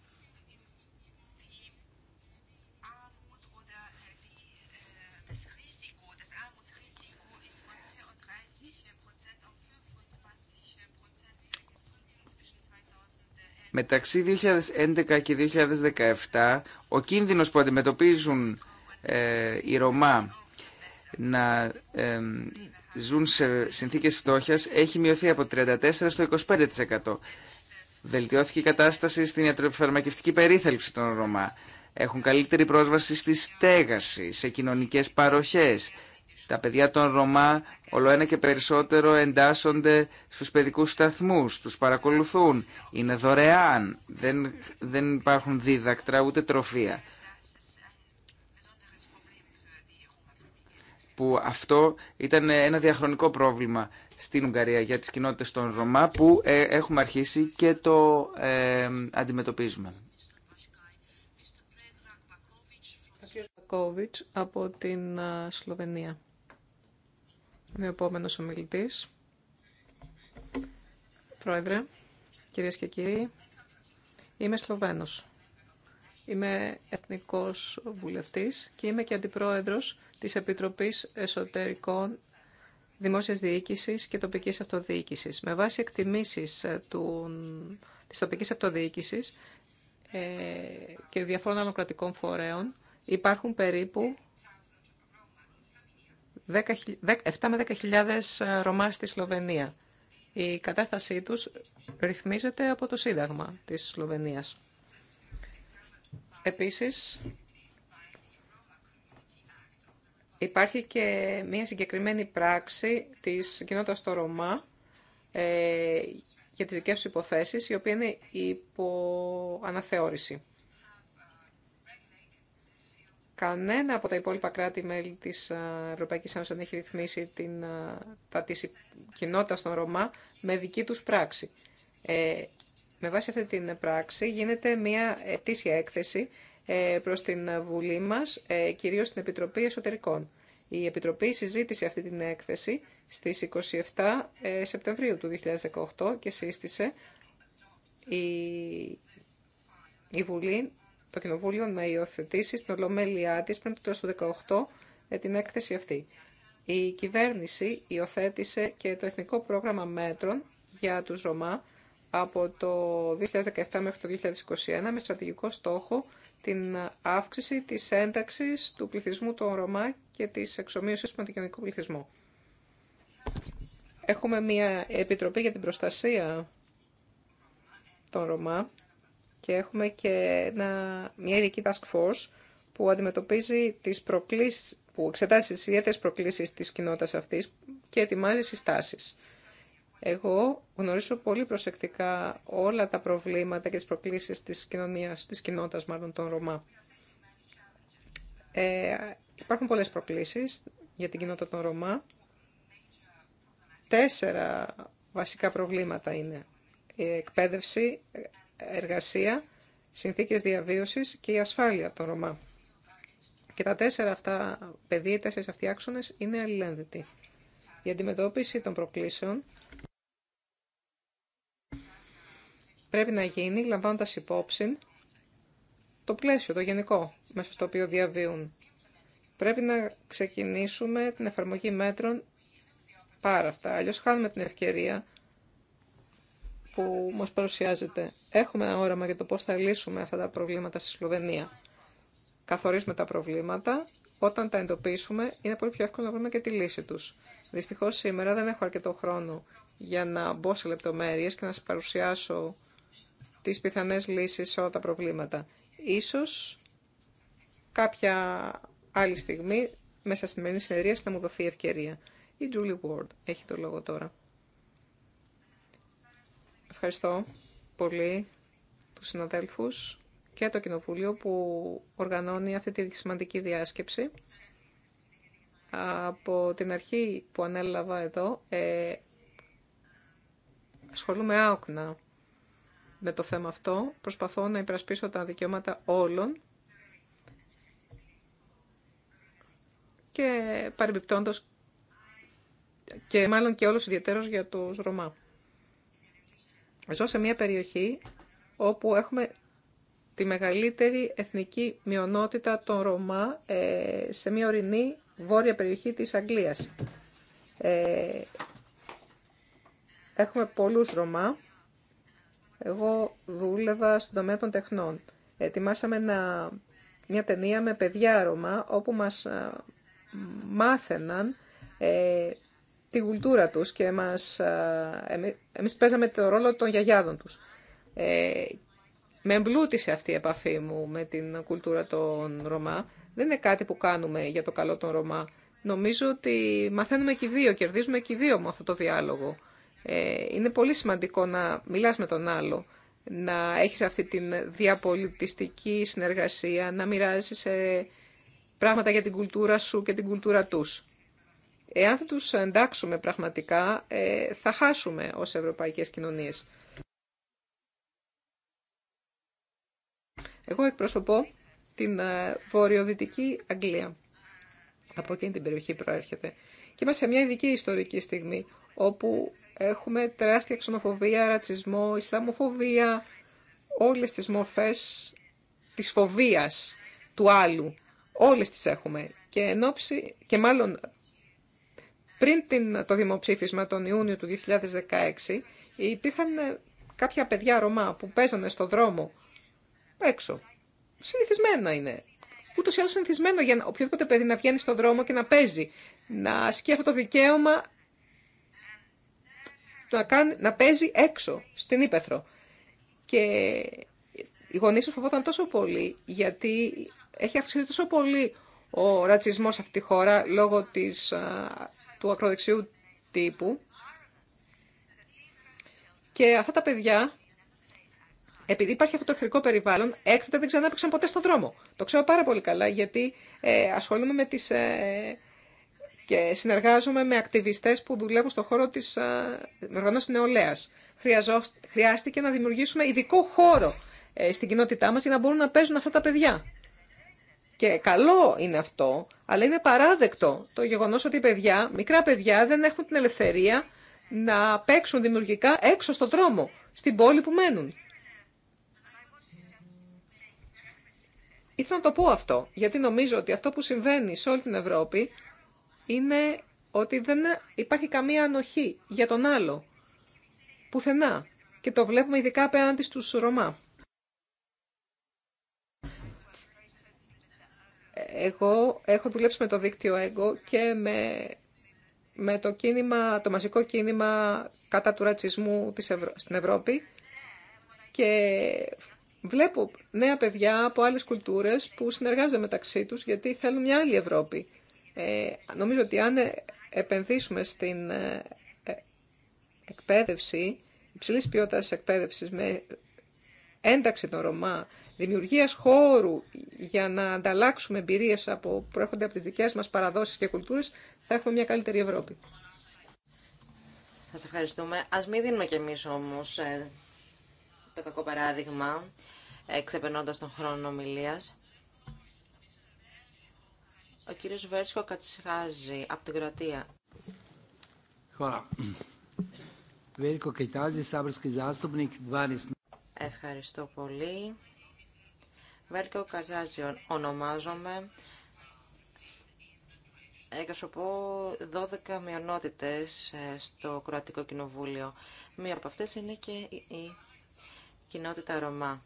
Μεταξύ 2011 και 2017 ο κίνδυνος που αντιμετωπίζουν ε, οι Ρωμά να ε, ζουν σε συνθήκες φτώχειας έχει μειωθεί από 34% στο 25%. Βελτιώθηκε η κατάσταση στην ιατροφαρμακευτική περίθαλψη των Ρωμά. Έχουν καλύτερη πρόσβαση στη στέγαση, σε κοινωνικέ παροχές. Τα παιδιά των Ρωμά όλο ένα και περισσότερο εντάσσονται στους παιδικούς σταθμούς, τους παρακολουθούν, είναι δωρεάν, δεν, δεν υπάρχουν δίδακτρα ούτε τροφία. που αυτό ήταν ένα διαχρονικό πρόβλημα στην Ουγγαρία για τις κοινότητες των Ρωμά που ε, έχουμε αρχίσει και το ε, αντιμετωπίζουμε. από την Σλοβενία. Είναι ο επόμενος ομιλητής. Πρόεδρε, κυρίες και κύριοι, είμαι Σλοβενός, Είμαι εθνικός βουλευτής και είμαι και αντιπρόεδρος της Επιτροπής Εσωτερικών Δημόσιας Διοίκησης και Τοπικής Αυτοδιοίκησης. Με βάση εκτιμήσεις ε, του, της τοπικής αυτοδιοίκησης ε, και διαφόρων άλλων φορέων υπάρχουν περίπου 7 με 10.000 ε, Ρωμά στη Σλοβενία. Η κατάστασή τους ρυθμίζεται από το Σύνταγμα της Σλοβενίας. Επίσης, Υπάρχει και μια συγκεκριμένη πράξη της κοινότητας στο Ρωμά ε, για τις δικές τους υποθέσεις, η οποία είναι υπό αναθεώρηση. Κανένα από τα υπόλοιπα κράτη-μέλη της ε, Ευρωπαϊκής Ένωσης δεν έχει ρυθμίσει την, ε, τα της κοινότητα των Ρωμά με δική τους πράξη. Ε, με βάση αυτή την πράξη γίνεται μια ετήσια έκθεση ε, προς την Βουλή μας, ε, κυρίως στην Επιτροπή Εσωτερικών. Η Επιτροπή συζήτησε αυτή την έκθεση στις 27 ε, Σεπτεμβρίου του 2018 και σύστησε η, η Βουλή, το Κοινοβούλιο να υιοθετήσει στην ολομέλειά της πριν το 2018 την έκθεση αυτή. Η κυβέρνηση υιοθέτησε και το Εθνικό Πρόγραμμα Μέτρων για τους Ρωμά από το 2017 μέχρι το 2021 με στρατηγικό στόχο την αύξηση της ένταξης του πληθυσμού των Ρωμά και της εξομοίωσης του κοινωνικό πληθυσμού. Έχουμε μια επιτροπή για την προστασία των Ρωμά και έχουμε και μια ειδική task force που αντιμετωπίζει τις προκλήσεις, που εξετάζει τις ιδιαίτερες προκλήσεις της κοινότητας αυτής και ετοιμάζει συστάσεις. Εγώ γνωρίζω πολύ προσεκτικά όλα τα προβλήματα και τις προκλήσεις της κοινωνίας, της κοινότητας μάλλον των Ρωμά. Ε, υπάρχουν πολλές προκλήσεις για την κοινότητα των Ρωμά. Τέσσερα βασικά προβλήματα είναι η εκπαίδευση, εργασία, συνθήκες διαβίωσης και η ασφάλεια των Ρωμά. Και τα τέσσερα αυτά πεδία, οι τέσσερις αυτοί άξονες είναι αλληλένδετοι. Η αντιμετώπιση των προκλήσεων πρέπει να γίνει λαμβάνοντας υπόψη το πλαίσιο, το γενικό, μέσα στο οποίο διαβίουν. Πρέπει να ξεκινήσουμε την εφαρμογή μέτρων πάρα αυτά. Αλλιώς χάνουμε την ευκαιρία που μας παρουσιάζεται. Έχουμε ένα όραμα για το πώς θα λύσουμε αυτά τα προβλήματα στη Σλοβενία. Καθορίζουμε τα προβλήματα, όταν τα εντοπίσουμε είναι πολύ πιο εύκολο να βρούμε και τη λύση τους. Δυστυχώς σήμερα δεν έχω αρκετό χρόνο για να μπω σε λεπτομέρειες και να σας παρουσιάσω τις πιθανές λύσεις σε όλα τα προβλήματα. Ίσως κάποια άλλη στιγμή μέσα στη μερινή συνεδρία θα μου δοθεί ευκαιρία. Η Julie Ward έχει το λόγο τώρα. Ευχαριστώ πολύ τους συναδέλφους και το Κοινοβούλιο που οργανώνει αυτή τη σημαντική διάσκεψη. Από την αρχή που ανέλαβα εδώ, ε, ασχολούμαι άοκνα με το θέμα αυτό. Προσπαθώ να υπερασπίσω τα δικαιώματα όλων και παρεμπιπτόντως και μάλλον και όλους ιδιαίτερος για τους Ρωμά. Ζω σε μια περιοχή όπου έχουμε τη μεγαλύτερη εθνική μειονότητα των Ρωμά ε, σε μια ορεινή βόρεια περιοχή της Αγγλίας. Ε, έχουμε πολλούς Ρωμά εγώ δούλευα στον τομέα των τεχνών. Ετοιμάσαμε μια ταινία με παιδιά Ρωμά, όπου μας ε, μάθαιναν ε, τη γουλτούρα τους και μας, ε, εμείς, παίζαμε το ρόλο των γιαγιάδων τους. Ε, με εμπλούτησε αυτή η επαφή μου με την κουλτούρα των Ρωμά. Δεν είναι κάτι που κάνουμε για το καλό των Ρωμά. Νομίζω ότι μαθαίνουμε και οι δύο, κερδίζουμε και οι δύο με αυτό το διάλογο. Ε, είναι πολύ σημαντικό να μιλάς με τον άλλο, να έχεις αυτή τη διαπολιτιστική συνεργασία, να μοιράζεσαι πράγματα για την κουλτούρα σου και την κουλτούρα τους. Εάν δεν τους εντάξουμε πραγματικά, ε, θα χάσουμε ως ευρωπαϊκές κοινωνίες. Εγώ εκπροσωπώ την ε, βορειοδυτική Αγγλία. Από εκείνη την περιοχή προέρχεται. Και είμαστε σε μια ειδική ιστορική στιγμή, όπου έχουμε τεράστια ξενοφοβία, ρατσισμό, ισλαμοφοβία, όλες τις μορφές της φοβίας του άλλου. Όλες τις έχουμε. Και, ενώψη, και μάλλον πριν την, το δημοψήφισμα τον Ιούνιο του 2016 υπήρχαν ε, κάποια παιδιά Ρωμά που παίζανε στο δρόμο έξω. Συνηθισμένα είναι. Ούτω ή άλλω συνηθισμένο για οποιοδήποτε παιδί να βγαίνει στον δρόμο και να παίζει. Να ασκεί αυτό το δικαίωμα να, να παίζει έξω, στην Ήπεθρο. Και οι γονεί του φοβόταν τόσο πολύ, γιατί έχει αυξηθεί τόσο πολύ ο ρατσισμός σε αυτή τη χώρα λόγω της, του ακροδεξιού τύπου. Και αυτά τα παιδιά, επειδή υπάρχει αυτό το εχθρικό περιβάλλον, έκτοτε δεν ξανά ποτέ στον δρόμο. Το ξέρω πάρα πολύ καλά, γιατί ε, ασχολούμαι με τις... Ε, και συνεργάζομαι με ακτιβιστές που δουλεύουν στον χώρο της οργανώσης νεολαίας. Χρειάστηκε να δημιουργήσουμε ειδικό χώρο ε, στην κοινότητά μας για να μπορούν να παίζουν αυτά τα παιδιά. Και καλό είναι αυτό, αλλά είναι παράδεκτο το γεγονός ότι παιδιά, μικρά παιδιά δεν έχουν την ελευθερία να παίξουν δημιουργικά έξω στον δρόμο, στην πόλη που μένουν. Ήθελα να το πω αυτό, γιατί νομίζω ότι αυτό που συμβαίνει σε όλη την Ευρώπη είναι ότι δεν υπάρχει καμία ανοχή για τον άλλο, πουθενά. Και το βλέπουμε ειδικά απέναντι στους Ρωμά. Εγώ έχω δουλέψει με το δίκτυο εγώ και με, με το, κίνημα, το μαζικό κίνημα κατά του ρατσισμού της στην Ευρώπη και βλέπω νέα παιδιά από άλλες κουλτούρες που συνεργάζονται μεταξύ τους γιατί θέλουν μια άλλη Ευρώπη ε, νομίζω ότι αν επενδύσουμε στην ε, εκπαίδευση, υψηλή ποιότητα εκπαίδευση με ένταξη των Ρωμά, δημιουργία χώρου για να ανταλλάξουμε εμπειρίε που προέρχονται από τι δικέ μα παραδόσει και κουλτούρε, θα έχουμε μια καλύτερη Ευρώπη. Σας ευχαριστούμε. Ας μην δίνουμε κι εμείς όμως ε, το κακό παράδειγμα, ε, τον χρόνο ομιλία. Ο κύριος Βέρσκο Κατσχάζη από την Κροατία. Ευχαριστώ πολύ. Βέρκο Καζάζη ονομάζομαι. Εκασωπώ 12 μειονότητες ε, στο Κροατικό Κοινοβούλιο. Μία από αυτές είναι και η κοινότητα Ρωμά.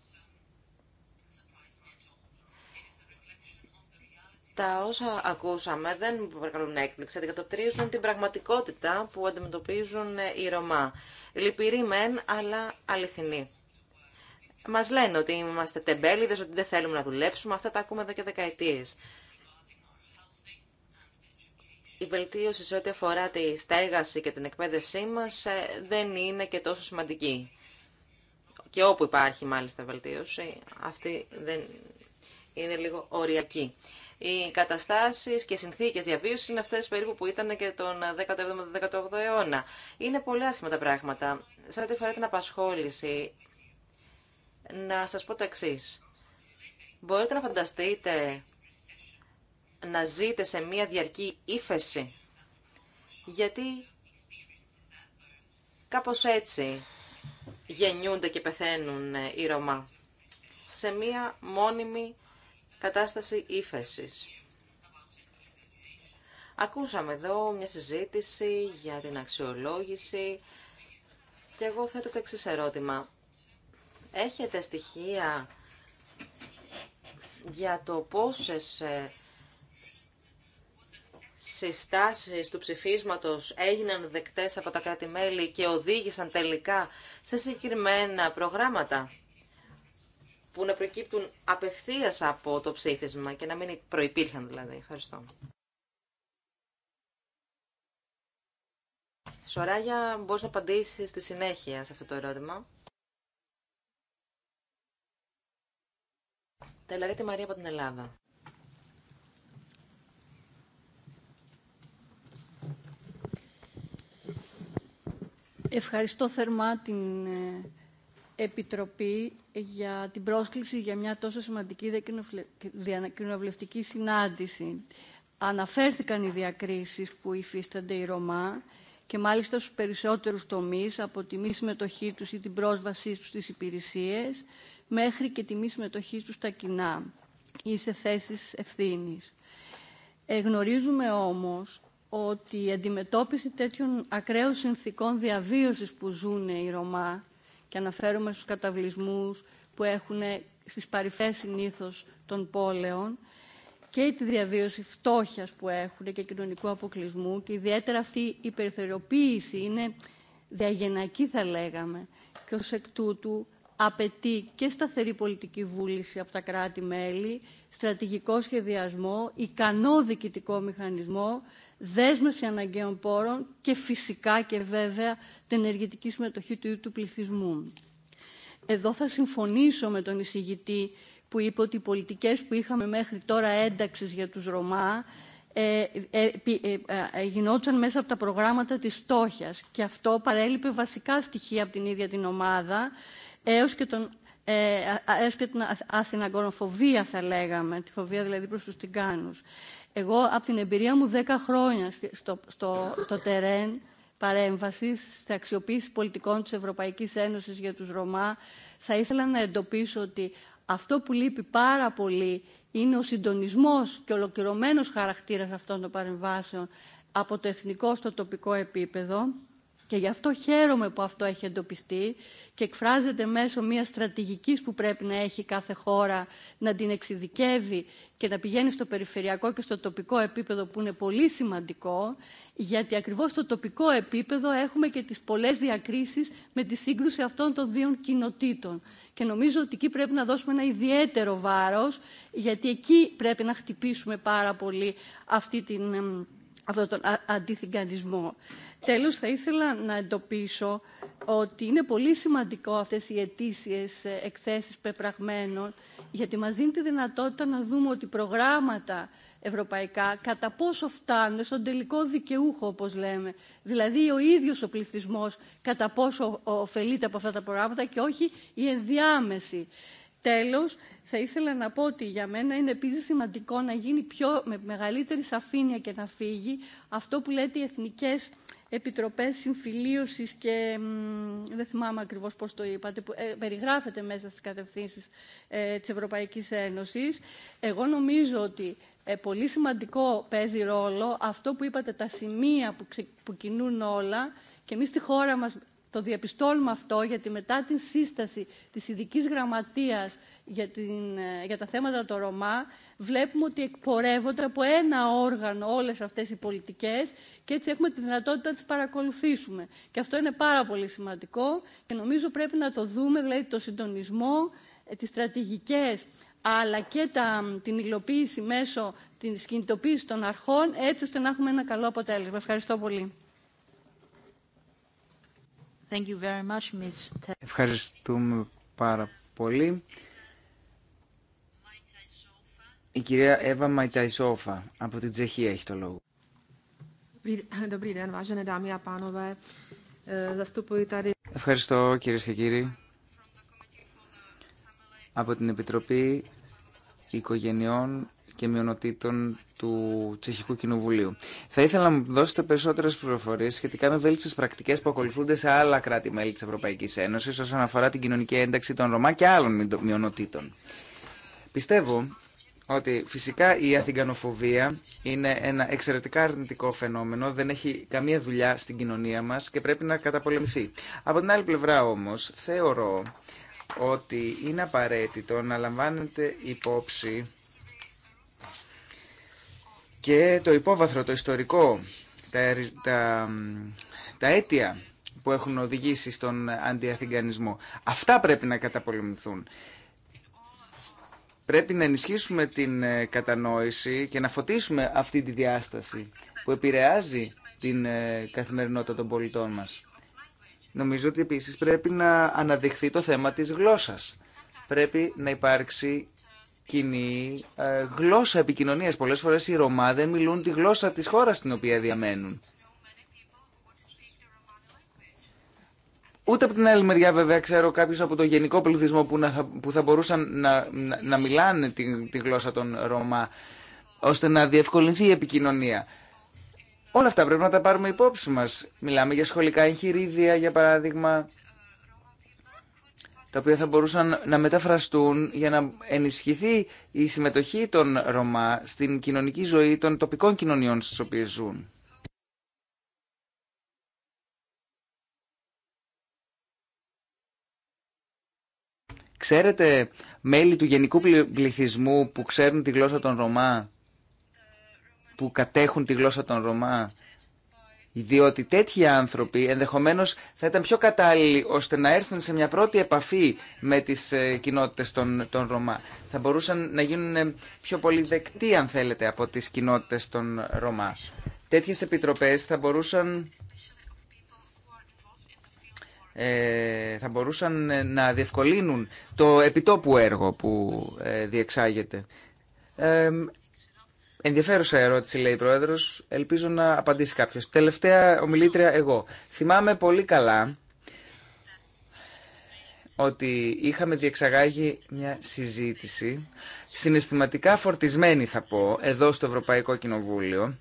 τα όσα ακούσαμε δεν προκαλούν έκπληξη, αντικατοπτρίζουν την πραγματικότητα που αντιμετωπίζουν ε, οι Ρωμά. Λυπηροί μεν, αλλά αληθινοί. Μας λένε ότι είμαστε τεμπέληδε, ότι δεν θέλουμε να δουλέψουμε, αυτά τα ακούμε εδώ και δεκαετίες. Η βελτίωση σε ό,τι αφορά τη στέγαση και την εκπαίδευσή μας ε, δεν είναι και τόσο σημαντική. Και όπου υπάρχει μάλιστα βελτίωση, αυτή δεν είναι λίγο οριακή. Οι καταστάσεις και συνθήκες διαβίωσης είναι αυτές περίπου που ήταν και τον 17ο-18ο αιώνα. Είναι πολύ άσχημα τα πράγματα. Σε ό,τι αφορά την απασχόληση, να σας πω το εξή. Μπορείτε να φανταστείτε να ζείτε σε μια διαρκή ύφεση, γιατί κάπως έτσι γεννιούνται και πεθαίνουν οι Ρωμά. Σε μία μόνιμη κατάσταση ύφεση. Ακούσαμε εδώ μια συζήτηση για την αξιολόγηση και εγώ θέτω το εξής ερώτημα. Έχετε στοιχεία για το πόσες ε, συστάσεις του ψηφίσματος έγιναν δεκτές από τα κράτη-μέλη και οδήγησαν τελικά σε συγκεκριμένα προγράμματα που να προκύπτουν απευθείας από το ψήφισμα και να μην προϋπήρχαν δηλαδή. Ευχαριστώ. Σωράγια, μπορείς να απαντήσεις στη συνέχεια σε αυτό το ερώτημα. Τελαρίτη Μαρία από την Ελλάδα. Ευχαριστώ θερμά την ε, Επιτροπή για την πρόσκληση για μια τόσο σημαντική διακοινοβουλευτική συνάντηση. Αναφέρθηκαν οι διακρίσεις που υφίστανται οι Ρωμά και μάλιστα στους περισσότερους τομείς, από τη μη συμμετοχή τους ή την πρόσβασή τους στις υπηρεσίες, μέχρι και τη μη συμμετοχή τους στα κοινά ή σε θέσεις ευθύνης. Ε, γνωρίζουμε όμως ότι η αντιμετώπιση εγνωριζουμε γνωριζουμε ομως ακραίων συνθήκων διαβίωσης που ζουν οι Ρωμά και αναφέρομαι στους καταβλισμούς που έχουν στις παρυφές συνήθω των πόλεων και τη διαβίωση φτώχεια που έχουν και κοινωνικού αποκλεισμού και ιδιαίτερα αυτή η περιθωριοποίηση είναι διαγενακή θα λέγαμε και ως εκ τούτου απαιτεί και σταθερή πολιτική βούληση από τα κράτη-μέλη, στρατηγικό σχεδιασμό, ικανό διοικητικό μηχανισμό, δέσμευση αναγκαίων πόρων και φυσικά και βέβαια την ενεργητική συμμετοχή του ίδιου του πληθυσμού. Εδώ θα συμφωνήσω με τον εισηγητή που είπε ότι οι πολιτικές που είχαμε μέχρι τώρα ένταξης για τους Ρωμά ε, ε, ε, ε, γινόταν μέσα από τα προγράμματα της στόχιας και αυτό παρέλειπε βασικά στοιχεία από την ίδια την ομάδα έως και τον ε, ε, έως και την αθηναγκονοφοβία θα λέγαμε, τη φοβία δηλαδή προς τους τυγκάνους. Εγώ από την εμπειρία μου 10 χρόνια στο, το τερέν παρέμβαση στην αξιοποίηση πολιτικών της Ευρωπαϊκής Ένωσης για τους Ρωμά θα ήθελα να εντοπίσω ότι αυτό που λείπει πάρα πολύ είναι ο συντονισμός και ολοκληρωμένος χαρακτήρας αυτών των παρεμβάσεων από το εθνικό στο τοπικό επίπεδο και γι' αυτό χαίρομαι που αυτό έχει εντοπιστεί και εκφράζεται μέσω μια στρατηγική που πρέπει να έχει κάθε χώρα, να την εξειδικεύει και να πηγαίνει στο περιφερειακό και στο τοπικό επίπεδο, που είναι πολύ σημαντικό, γιατί ακριβώ στο τοπικό επίπεδο έχουμε και τι πολλέ διακρίσει με τη σύγκρουση αυτών των δύο κοινοτήτων. Και νομίζω ότι εκεί πρέπει να δώσουμε ένα ιδιαίτερο βάρο, γιατί εκεί πρέπει να χτυπήσουμε πάρα πολύ αυτή την αυτόν τον αντιθυγκανισμό. Τέλος, θα ήθελα να εντοπίσω ότι είναι πολύ σημαντικό αυτές οι ετήσιες ε, εκθέσεις πεπραγμένων, γιατί μας δίνει τη δυνατότητα να δούμε ότι προγράμματα ευρωπαϊκά κατά πόσο φτάνουν στον τελικό δικαιούχο, όπως λέμε. Δηλαδή, ο ίδιος ο πληθυσμός κατά πόσο ωφελείται από αυτά τα προγράμματα και όχι η ενδιάμεση. Τέλος, θα ήθελα να πω ότι για μένα είναι επίσης σημαντικό να γίνει πιο, με μεγαλύτερη σαφήνεια και να φύγει αυτό που λέτε οι εθνικές επιτροπές συμφιλίωσης και δεν θυμάμαι ακριβώς πώς το είπατε, που ε, περιγράφεται μέσα στις κατευθύνσεις ε, της Ευρωπαϊκής Ένωσης. Εγώ νομίζω ότι ε, πολύ σημαντικό παίζει ρόλο αυτό που είπατε, τα σημεία που, κινούν όλα και εμεί στη χώρα μας το διαπιστώνουμε αυτό γιατί μετά την σύσταση της ειδική γραμματείας για, την, ε, για τα θέματα των Ρωμά βλέπουμε ότι εκπορεύονται από ένα όργανο όλες αυτές οι πολιτικές και έτσι έχουμε τη δυνατότητα να τις παρακολουθήσουμε. Και αυτό είναι πάρα πολύ σημαντικό και νομίζω πρέπει να το δούμε, δηλαδή το συντονισμό, ε, τις στρατηγικές αλλά και τα, την υλοποίηση μέσω της κινητοποίησης των αρχών έτσι ώστε να έχουμε ένα καλό αποτέλεσμα. Ευχαριστώ πολύ. Ευχαριστούμε πάρα πολύ. Η κυρία Εύα Μαϊταϊσόφα από την Τσεχία έχει το λόγο. Ε, Ευχαριστώ κυρίε και κύριοι. Από την Επιτροπή Οικογενειών και μειονοτήτων του Τσεχικού Κοινοβουλίου. Θα ήθελα να μου δώσετε περισσότερε πληροφορίε σχετικά με βέλτιστε πρακτικέ που ακολουθούνται σε άλλα κράτη-μέλη τη Ευρωπαϊκή Ένωση όσον αφορά την κοινωνική ένταξη των Ρωμά και άλλων μειονοτήτων. Πιστεύω ότι φυσικά η αθηγανοφοβία είναι ένα εξαιρετικά αρνητικό φαινόμενο, δεν έχει καμία δουλειά στην κοινωνία μας και πρέπει να καταπολεμηθεί. Από την άλλη πλευρά όμως θεωρώ ότι είναι απαραίτητο να λαμβάνετε υπόψη και το υπόβαθρο, το ιστορικό, τα, τα, τα αίτια που έχουν οδηγήσει στον αντιαθηγανισμό. Αυτά πρέπει να καταπολεμηθούν. Πρέπει να ενισχύσουμε την ε, κατανόηση και να φωτίσουμε αυτή τη διάσταση που επηρεάζει την ε, καθημερινότητα των πολιτών μας. Νομίζω ότι επίσης πρέπει να αναδειχθεί το θέμα της γλώσσας. Πρέπει να υπάρξει κοινή ε, γλώσσα επικοινωνίας. Πολλές φορές οι Ρωμά δεν μιλούν τη γλώσσα της χώρας στην οποία διαμένουν. Ούτε από την άλλη μεριά βέβαια ξέρω κάποιους από το γενικό πληθυσμό που, να, που θα μπορούσαν να, να, μιλάνε τη, τη γλώσσα των Ρωμά ώστε να διευκολυνθεί η επικοινωνία. Όλα αυτά πρέπει να τα πάρουμε υπόψη μας. Μιλάμε για σχολικά εγχειρίδια για παράδειγμα τα οποία θα μπορούσαν να μεταφραστούν για να ενισχυθεί η συμμετοχή των Ρωμά στην κοινωνική ζωή των τοπικών κοινωνιών στις οποίες ζουν. Ξέρετε μέλη του γενικού πληθυσμού που ξέρουν τη γλώσσα των Ρωμά, που κατέχουν τη γλώσσα των Ρωμά διότι τέτοιοι άνθρωποι ενδεχομένως θα ήταν πιο κατάλληλοι ώστε να έρθουν σε μια πρώτη επαφή με τις ε, κοινότητες των, των Ρωμά. Θα μπορούσαν να γίνουν ε, πιο πολύ δεκτοί, αν θέλετε, από τις κοινότητες των Ρωμά. Τέτοιες επιτροπές θα μπορούσαν ε, θα μπορούσαν να διευκολύνουν το επιτόπου έργο που διεξάγεται. Ενδιαφέρουσα ερώτηση, λέει η Πρόεδρο. Ελπίζω να απαντήσει κάποιο. Τελευταία ομιλήτρια, εγώ. Θυμάμαι πολύ καλά ότι είχαμε διεξαγάγει μια συζήτηση, συναισθηματικά φορτισμένη θα πω, εδώ στο Ευρωπαϊκό Κοινοβούλιο,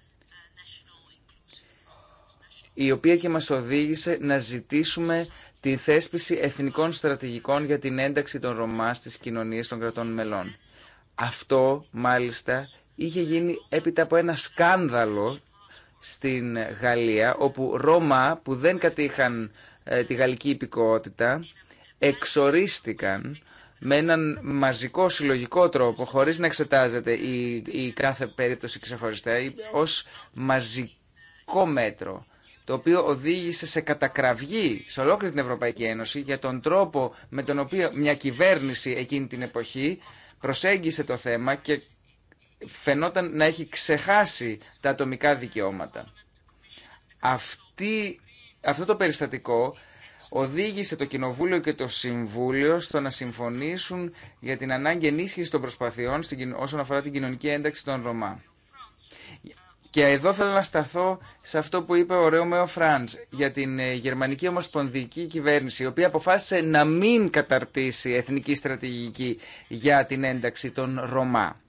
η οποία και μας οδήγησε να ζητήσουμε την θέσπιση εθνικών στρατηγικών για την ένταξη των Ρωμά στις κοινωνίες των κρατών μελών. Αυτό, μάλιστα, είχε γίνει έπειτα από ένα σκάνδαλο στην Γαλλία όπου Ρώμα που δεν κατήχαν ε, τη γαλλική υπηκότητα εξορίστηκαν με έναν μαζικό συλλογικό τρόπο χωρίς να εξετάζεται η, κάθε περίπτωση ξεχωριστά ως μαζικό μέτρο το οποίο οδήγησε σε κατακραυγή σε ολόκληρη την Ευρωπαϊκή Ένωση για τον τρόπο με τον οποίο μια κυβέρνηση εκείνη την εποχή προσέγγισε το θέμα φαινόταν να έχει ξεχάσει τα ατομικά δικαιώματα. Αυτή, αυτό το περιστατικό οδήγησε το Κοινοβούλιο και το Συμβούλιο στο να συμφωνήσουν για την ανάγκη ενίσχυση των προσπαθειών όσον αφορά την κοινωνική ένταξη των Ρωμά. Και εδώ θέλω να σταθώ σε αυτό που είπε ο Ρέο Φραντς για την ε, γερμανική ομοσπονδική κυβέρνηση, η οποία αποφάσισε να μην καταρτήσει εθνική στρατηγική για την ένταξη των Ρωμά.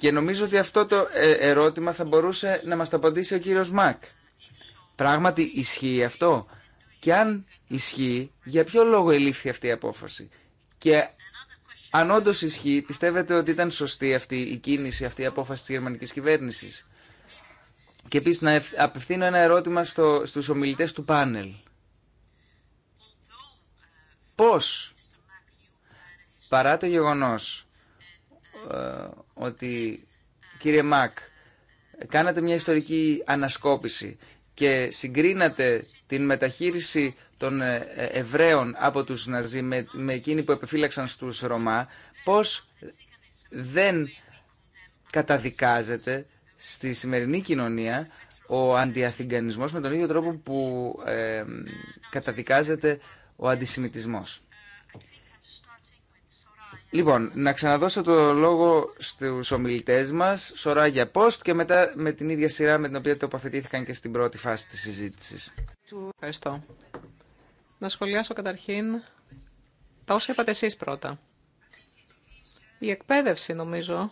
Και νομίζω ότι αυτό το ε, ερώτημα θα μπορούσε να μας το απαντήσει ο κύριος Μακ. Πράγματι ισχύει αυτό. Και αν ισχύει, για ποιο λόγο ελήφθη αυτή η απόφαση. Και αν όντω ισχύει, πιστεύετε ότι ήταν σωστή αυτή η κίνηση, αυτή η απόφαση της γερμανικής κυβέρνησης. Και επίση να απευθύνω ένα ερώτημα στο, στους ομιλητές του πάνελ. Πώς, παρά το γεγονός ε, ότι κύριε Μακ, κάνατε μια ιστορική ανασκόπηση και συγκρίνατε την μεταχείριση των ε, ε, Εβραίων από τους Ναζί με, με που επεφύλαξαν στους Ρωμά, πώς δεν καταδικάζεται στη σημερινή κοινωνία ο αντιαθηγανισμός με τον ίδιο τρόπο που ε, καταδικάζεται ο αντισημιτισμός. Λοιπόν, να ξαναδώσω το λόγο στους ομιλητές μας, σοράγια post και μετά με την ίδια σειρά με την οποία τοποθετήθηκαν και στην πρώτη φάση της συζήτησης. Ευχαριστώ. Να σχολιάσω καταρχήν τα όσα είπατε εσείς πρώτα. Η εκπαίδευση, νομίζω,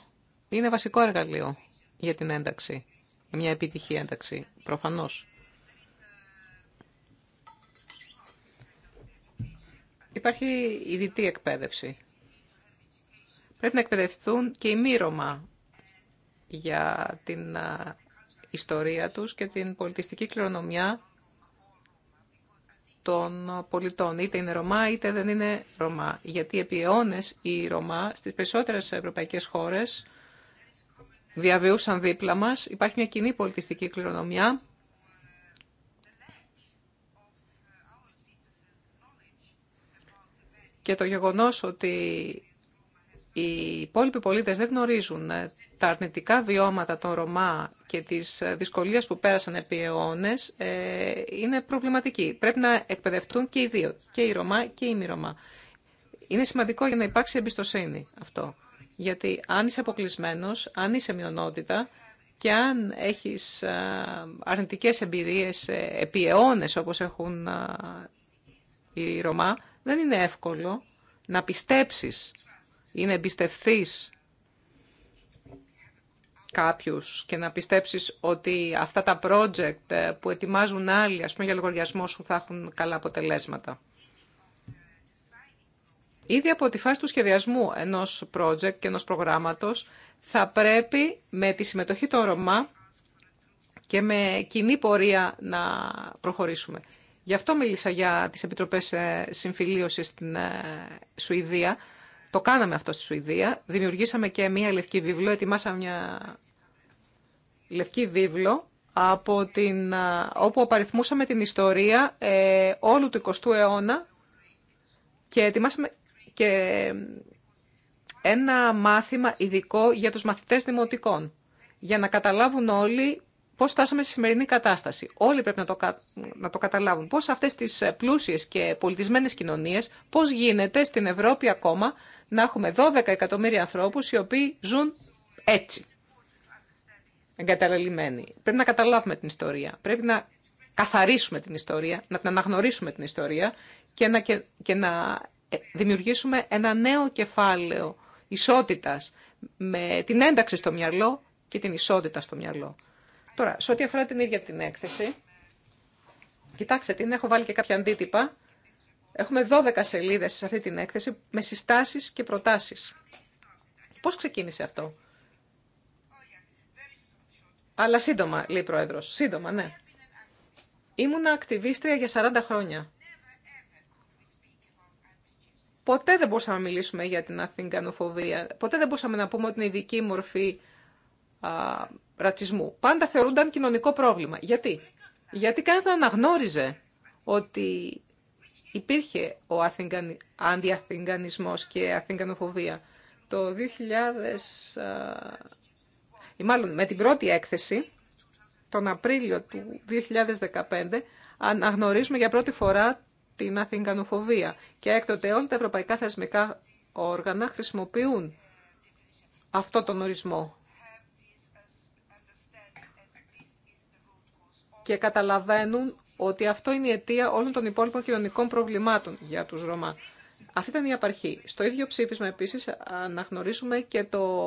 είναι βασικό εργαλείο για την ένταξη, μια επιτυχή ένταξη, προφανώς. Υπάρχει ειδική εκπαίδευση Πρέπει να εκπαιδευτούν και οι μη για την ιστορία τους και την πολιτιστική κληρονομιά των πολιτών. Είτε είναι Ρωμά είτε δεν είναι Ρωμά. Γιατί επί αιώνες οι Ρωμά στις περισσότερες ευρωπαϊκές χώρες διαβιούσαν δίπλα μας. Υπάρχει μια κοινή πολιτιστική κληρονομιά και το γεγονός ότι οι υπόλοιποι πολίτες δεν γνωρίζουν ε, τα αρνητικά βιώματα των Ρωμά και τις ε, δυσκολίες που πέρασαν επί αιώνες, ε, είναι προβληματική. Πρέπει να εκπαιδευτούν και οι δύο, και οι Ρωμά και οι μη Ρωμά. Είναι σημαντικό για να υπάρξει εμπιστοσύνη αυτό. Γιατί αν είσαι αποκλεισμένο, αν είσαι μειονότητα και αν έχεις αρνητικές εμπειρίες επί αιώνες όπως έχουν οι Ρωμά, δεν είναι εύκολο να πιστέψεις είναι εμπιστευθείς κάποιους και να πιστέψεις ότι αυτά τα project που ετοιμάζουν άλλοι, ας πούμε για λογαριασμό σου, θα έχουν καλά αποτελέσματα. Ήδη από τη φάση του σχεδιασμού ενός project και ενός προγράμματος θα πρέπει με τη συμμετοχή των Ρωμά και με κοινή πορεία να προχωρήσουμε. Γι' αυτό μίλησα για τις Επιτροπές ε, Συμφιλίωσης στην ε, Σουηδία, το κάναμε αυτό στη Σουηδία, δημιουργήσαμε και μία λευκή βίβλο, ετοιμάσαμε μια λευκή βίβλο από την, όπου απαριθμούσαμε την ιστορία ε, όλου του 20ου αιώνα και ετοιμάσαμε και ε, ένα μάθημα ειδικό για τους μαθητές δημοτικών, για να καταλάβουν όλοι Πώ φτάσαμε στη σημερινή κατάσταση. Όλοι πρέπει να το, να το καταλάβουν. Πώ αυτέ τι ε, πλούσιε και πολιτισμένε κοινωνίε, πώ γίνεται στην Ευρώπη ακόμα να έχουμε 12 εκατομμύρια ανθρώπου οι οποίοι ζουν έτσι. Εγκαταλελειμμένοι. Πρέπει να καταλάβουμε την ιστορία. Πρέπει να καθαρίσουμε την ιστορία, να την αναγνωρίσουμε την ιστορία και να, και, να ε, δημιουργήσουμε ένα νέο κεφάλαιο ισότητας με την ένταξη στο μυαλό και την ισότητα στο μυαλό. Τώρα, σε ό,τι αφορά την ίδια την έκθεση, κοιτάξτε την, έχω βάλει και κάποια αντίτυπα. Έχουμε 12 σελίδες σε αυτή την έκθεση με συστάσεις και προτάσεις. Πώς ξεκίνησε αυτό? Αλλά σύντομα, λέει η Πρόεδρος. Σύντομα, ναι. Ήμουνα ακτιβίστρια για 40 χρόνια. Ποτέ δεν μπορούσαμε να μιλήσουμε για την αθηγανοφοβία. Ποτέ δεν μπορούσαμε να πούμε ότι είναι ειδική μορφή α, ρατσισμού πάντα θεωρούνταν κοινωνικό πρόβλημα. Γιατί? Γιατί κανείς δεν αναγνώριζε ότι υπήρχε ο αθηγαν, αντιαθηγανισμός και αθηγανοφοβία. Το 2000, ή μάλλον με την πρώτη έκθεση, τον Απρίλιο του 2015, αναγνωρίζουμε για πρώτη φορά την αθηγανοφοβία. Και έκτοτε όλα τα ευρωπαϊκά θεσμικά όργανα χρησιμοποιούν αυτό τον ορισμό και καταλαβαίνουν ότι αυτό είναι η αιτία όλων των υπόλοιπων κοινωνικών προβλημάτων για τους Ρωμά. Αυτή ήταν η απαρχή. Στο ίδιο ψήφισμα επίσης αναγνωρίσουμε και το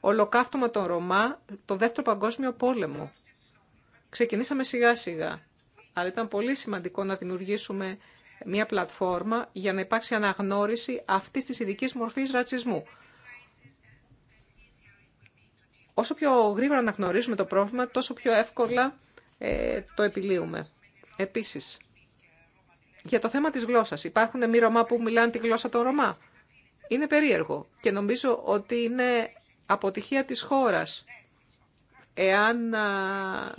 ολοκαύτωμα των Ρωμά, το δεύτερο παγκόσμιο πόλεμο. Ξεκινήσαμε σιγά σιγά, αλλά ήταν πολύ σημαντικό να δημιουργήσουμε μια πλατφόρμα για να υπάρξει αναγνώριση αυτής της ειδική μορφής ρατσισμού. Όσο πιο γρήγορα αναγνωρίζουμε το πρόβλημα, τόσο πιο εύκολα ε, το επιλύουμε. Επίσης, για το θέμα της γλώσσας. Υπάρχουν μη Ρωμά που μιλάνε τη γλώσσα των Ρωμά. Είναι περίεργο και νομίζω ότι είναι αποτυχία της χώρας. Εάν α,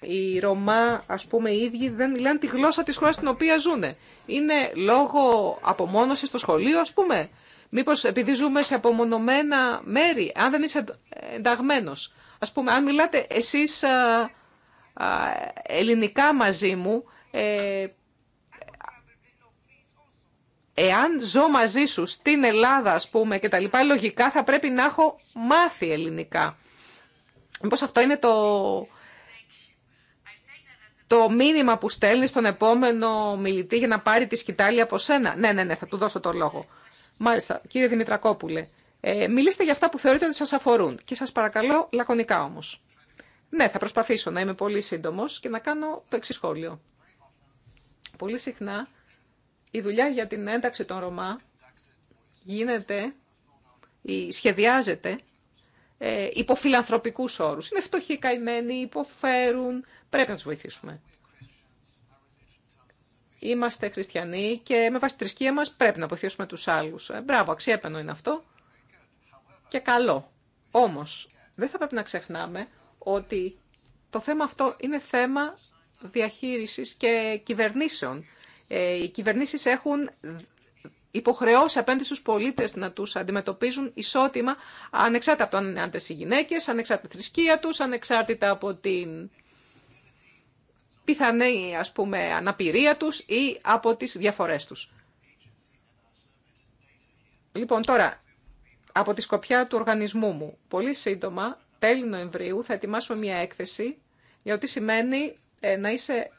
οι Ρωμά, ας πούμε, οι ίδιοι δεν μιλάνε τη γλώσσα της χώρας στην οποία ζουν. Είναι λόγω απομόνωσης στο σχολείο, ας πούμε. Μήπως επειδή ζούμε σε απομονωμένα μέρη, αν δεν είσαι ενταγμένος. Ας πούμε, αν μιλάτε εσείς ελληνικά μαζί μου, ε, εάν ζω μαζί σου στην Ελλάδα, ας πούμε, και τα λοιπά, λογικά θα πρέπει να έχω μάθει ελληνικά. Μήπως αυτό είναι το, το μήνυμα που στέλνει στον επόμενο μιλητή για να πάρει τη σκητάλη από σένα. Ναι, ναι, ναι, θα του δώσω το λόγο. Μάλιστα, κύριε Δημητρακόπουλε, ε, μιλήστε για αυτά που θεωρείτε ότι σας αφορούν και σας παρακαλώ λακωνικά όμως. Ναι, θα προσπαθήσω να είμαι πολύ σύντομο και να κάνω το εξή σχόλιο. Πολύ συχνά η δουλειά για την ένταξη των Ρωμά γίνεται ή σχεδιάζεται ε, υπό φιλανθρωπικούς όρους. Είναι φτωχοί καημένοι, υποφέρουν, πρέπει να τους βοηθήσουμε. Είμαστε χριστιανοί και με βάση τη θρησκεία μας πρέπει να βοηθήσουμε τους άλλους. Ε, μπράβο, αξιέπαινο είναι αυτό και καλό. Όμως, δεν θα πρέπει να ξεχνάμε ότι το θέμα αυτό είναι θέμα διαχείρισης και κυβερνήσεων. Ε, οι κυβερνήσεις έχουν υποχρεώσει απέναντι στους πολίτες να τους αντιμετωπίζουν ισότιμα, ανεξάρτητα από το αν είναι άντρες ή γυναίκες, ανεξάρτητα από τη θρησκεία τους, ανεξάρτητα από την πιθανή ας πούμε, αναπηρία τους ή από τις διαφορές τους. Λοιπόν, τώρα, από τη σκοπιά του οργανισμού μου, πολύ σύντομα τέλη Νοεμβρίου θα ετοιμάσουμε μια έκθεση για ό,τι σημαίνει ε, να είσαι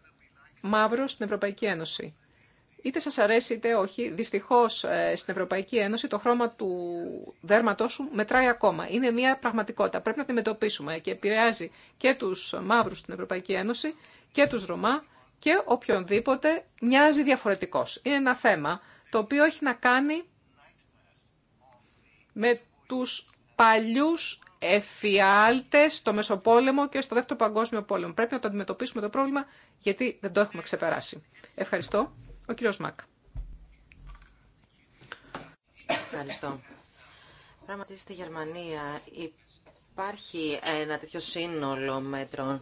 μαύρο στην Ευρωπαϊκή Ένωση. Είτε σας αρέσει είτε όχι, δυστυχώς ε, στην Ευρωπαϊκή Ένωση το χρώμα του δέρματός σου μετράει ακόμα. Είναι μια πραγματικότητα. Πρέπει να την μετωπίσουμε και επηρεάζει και τους μαύρους στην Ευρωπαϊκή Ένωση και τους Ρωμά και οποιονδήποτε μοιάζει διαφορετικός. Είναι ένα θέμα το οποίο έχει να κάνει με τους παλιούς εφιάλτες στο Μεσοπόλεμο και στο Δεύτερο Παγκόσμιο Πόλεμο. Πρέπει να το αντιμετωπίσουμε το πρόβλημα γιατί δεν το έχουμε ξεπεράσει. Ευχαριστώ. Ο κύριος Μάκ. Ευχαριστώ. Πράγματι στη Γερμανία υπάρχει ένα τέτοιο σύνολο μέτρων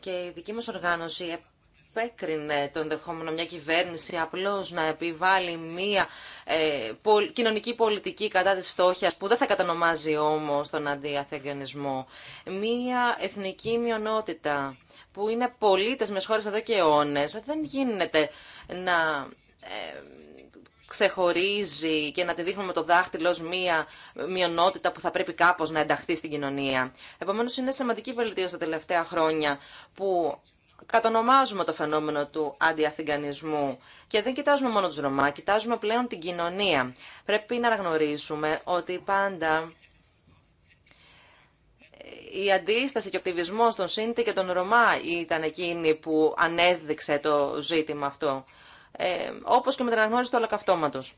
και η δική μας οργάνωση επέκρινε το ενδεχόμενο μια κυβέρνηση απλώς να επιβάλλει μια ε, κοινωνική πολιτική κατά της φτώχειας που δεν θα κατανομάζει όμως τον αντιαθεγγενισμό. Μια εθνική μειονότητα που είναι πολίτες με χώρες εδώ και αιώνες δεν γίνεται να... Ε, ξεχωρίζει και να τη δείχνουμε το δάχτυλο ως μία μειονότητα που θα πρέπει κάπως να ενταχθεί στην κοινωνία. Επομένως είναι σημαντική βελτίωση τα τελευταία χρόνια που κατονομάζουμε το φαινόμενο του αντιαθηγανισμού και δεν κοιτάζουμε μόνο τους Ρωμά, κοιτάζουμε πλέον την κοινωνία. Πρέπει να αναγνωρίσουμε ότι πάντα η αντίσταση και ο ακτιβισμός των Σύντη και των Ρωμά ήταν εκείνη που ανέδειξε το ζήτημα αυτό. Ε, όπως και με την αναγνώριση του ολοκαυτώματος.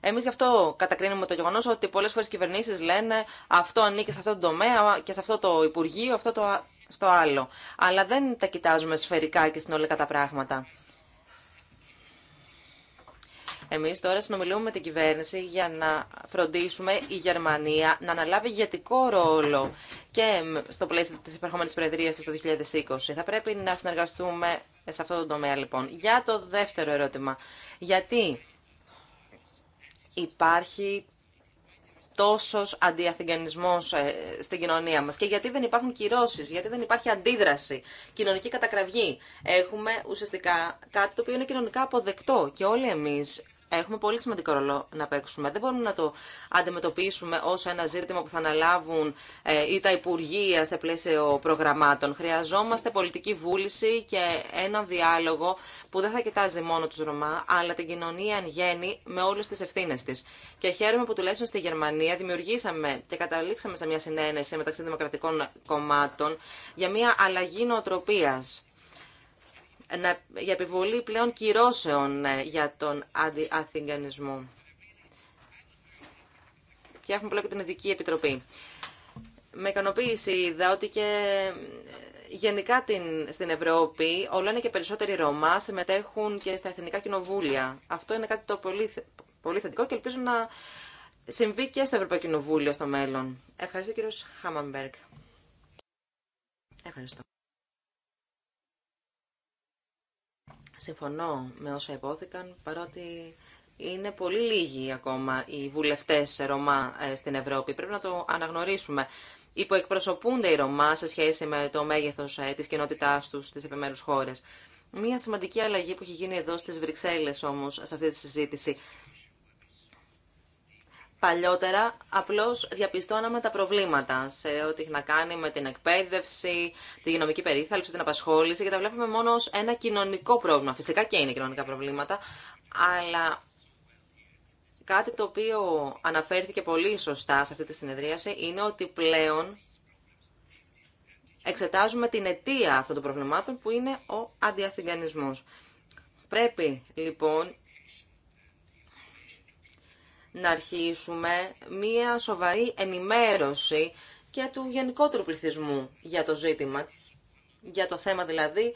Εμεί γι' αυτό κατακρίνουμε το γεγονό ότι πολλές φορές κυβερνήσει λένε αυτό ανήκει σε αυτό το τομέα και σε αυτό το Υπουργείο, αυτό το, στο άλλο. Αλλά δεν τα κοιτάζουμε σφαιρικά και συνολικά τα πράγματα. Εμεί τώρα συνομιλούμε με την κυβέρνηση για να φροντίσουμε η Γερμανία να αναλάβει ηγετικό ρόλο και στο πλαίσιο τη υπερχόμενη Προεδρία τη το 2020. Θα πρέπει να συνεργαστούμε σε αυτό το τομέα, λοιπόν. Για το δεύτερο ερώτημα. Γιατί υπάρχει τόσος αντιαθηγανισμός ε, στην κοινωνία μας και γιατί δεν υπάρχουν κυρώσεις, γιατί δεν υπάρχει αντίδραση, κοινωνική κατακραυγή. Έχουμε ουσιαστικά κάτι το οποίο είναι κοινωνικά αποδεκτό και όλοι εμείς Έχουμε πολύ σημαντικό ρόλο να παίξουμε. Δεν μπορούμε να το αντιμετωπίσουμε ω ένα ζήτημα που θα αναλάβουν ε, ή τα Υπουργεία σε πλαίσιο προγραμμάτων. Χρειαζόμαστε πολιτική βούληση και έναν διάλογο που δεν θα κοιτάζει μόνο του Ρωμά, αλλά την κοινωνία εν γέννη με όλε τι ευθύνε τη. Και χαίρομαι που τουλάχιστον στη Γερμανία δημιουργήσαμε και καταλήξαμε σε μια συνένεση μεταξύ δημοκρατικών κομμάτων για μια αλλαγή νοοτροπία για επιβολή πλέον κυρώσεων ε, για τον αντιαθηγανισμό. Και έχουμε πλέον και την Ειδική Επιτροπή. Με ικανοποίηση είδα ότι και ε, γενικά την, στην Ευρώπη όλο είναι και περισσότεροι Ρωμά συμμετέχουν και στα εθνικά κοινοβούλια. Αυτό είναι κάτι το πολύ, πολύ θετικό και ελπίζω να συμβεί και στο Ευρωπαϊκό Κοινοβούλιο στο μέλλον. Ευχαριστώ κύριο Χάμαμπεργκ. Ευχαριστώ. Συμφωνώ με όσα υπόθηκαν, παρότι είναι πολύ λίγοι ακόμα οι βουλευτές Ρωμά ε, στην Ευρώπη. Πρέπει να το αναγνωρίσουμε. Υποεκπροσωπούνται οι Ρωμά σε σχέση με το μέγεθος ε, της κοινότητάς τους στις επιμέρους χώρες. Μία σημαντική αλλαγή που έχει γίνει εδώ στις Βρυξέλλες όμως σε αυτή τη συζήτηση παλιότερα, απλώς διαπιστώναμε τα προβλήματα σε ό,τι έχει να κάνει με την εκπαίδευση, τη γενομική περίθαλψη, την απασχόληση και τα βλέπουμε μόνο ως ένα κοινωνικό πρόβλημα. Φυσικά και είναι κοινωνικά προβλήματα, αλλά κάτι το οποίο αναφέρθηκε πολύ σωστά σε αυτή τη συνεδρίαση είναι ότι πλέον εξετάζουμε την αιτία αυτών των προβλημάτων που είναι ο αντιαθηγανισμός. Πρέπει λοιπόν να αρχίσουμε μία σοβαρή ενημέρωση και του γενικότερου πληθυσμού για το ζήτημα, για το θέμα δηλαδή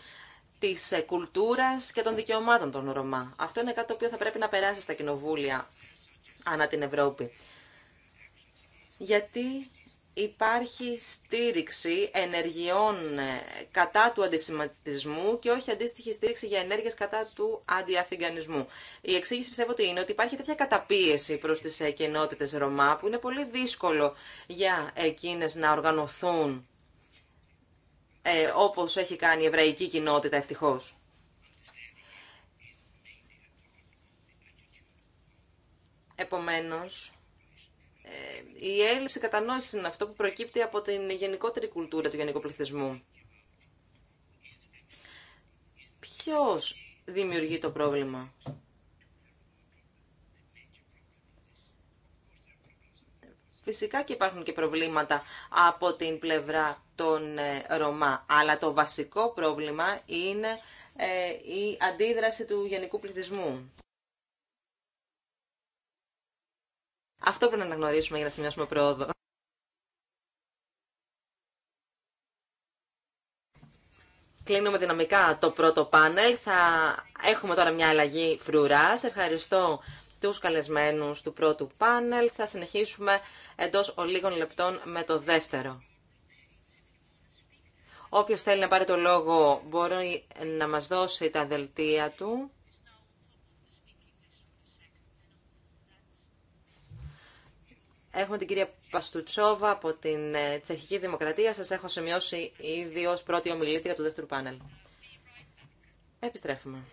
της ε, κουλτούρας και των δικαιωμάτων των Ρωμά. Αυτό είναι κάτι το οποίο θα πρέπει να περάσει στα κοινοβούλια ανά την Ευρώπη. Γιατί υπάρχει στήριξη ενεργειών κατά του αντισηματισμού και όχι αντίστοιχη στήριξη για ενέργειες κατά του αντιαθηγανισμού. Η εξήγηση πιστεύω ότι είναι ότι υπάρχει τέτοια καταπίεση προς τις ε, κοινότητε Ρωμά που είναι πολύ δύσκολο για εκείνες να οργανωθούν ε, όπως έχει κάνει η εβραϊκή κοινότητα ευτυχώς. Επομένως, ε, η έλλειψη κατανόησης είναι αυτό που προκύπτει από την γενικότερη κουλτούρα του γενικού πληθυσμού. Ποιο δημιουργεί το πρόβλημα. Φυσικά και υπάρχουν και προβλήματα από την πλευρά των ε, Ρωμά, αλλά το βασικό πρόβλημα είναι ε, η αντίδραση του γενικού πληθυσμού. Αυτό πρέπει να αναγνωρίσουμε για να σημειώσουμε πρόοδο. Κλείνουμε δυναμικά το πρώτο πάνελ. Θα έχουμε τώρα μια αλλαγή φρουράς. Ευχαριστώ τους καλεσμένους του πρώτου πάνελ. Θα συνεχίσουμε εντός ολίγων λεπτών με το δεύτερο. Όποιος θέλει να πάρει το λόγο μπορεί να μας δώσει τα δελτία του. Έχουμε την κυρία Παστουτσόβα από την ε, Τσεχική Δημοκρατία. Σας έχω σημειώσει ήδη ως πρώτη ομιλήτρια του δεύτερου πάνελ. Επιστρέφουμε.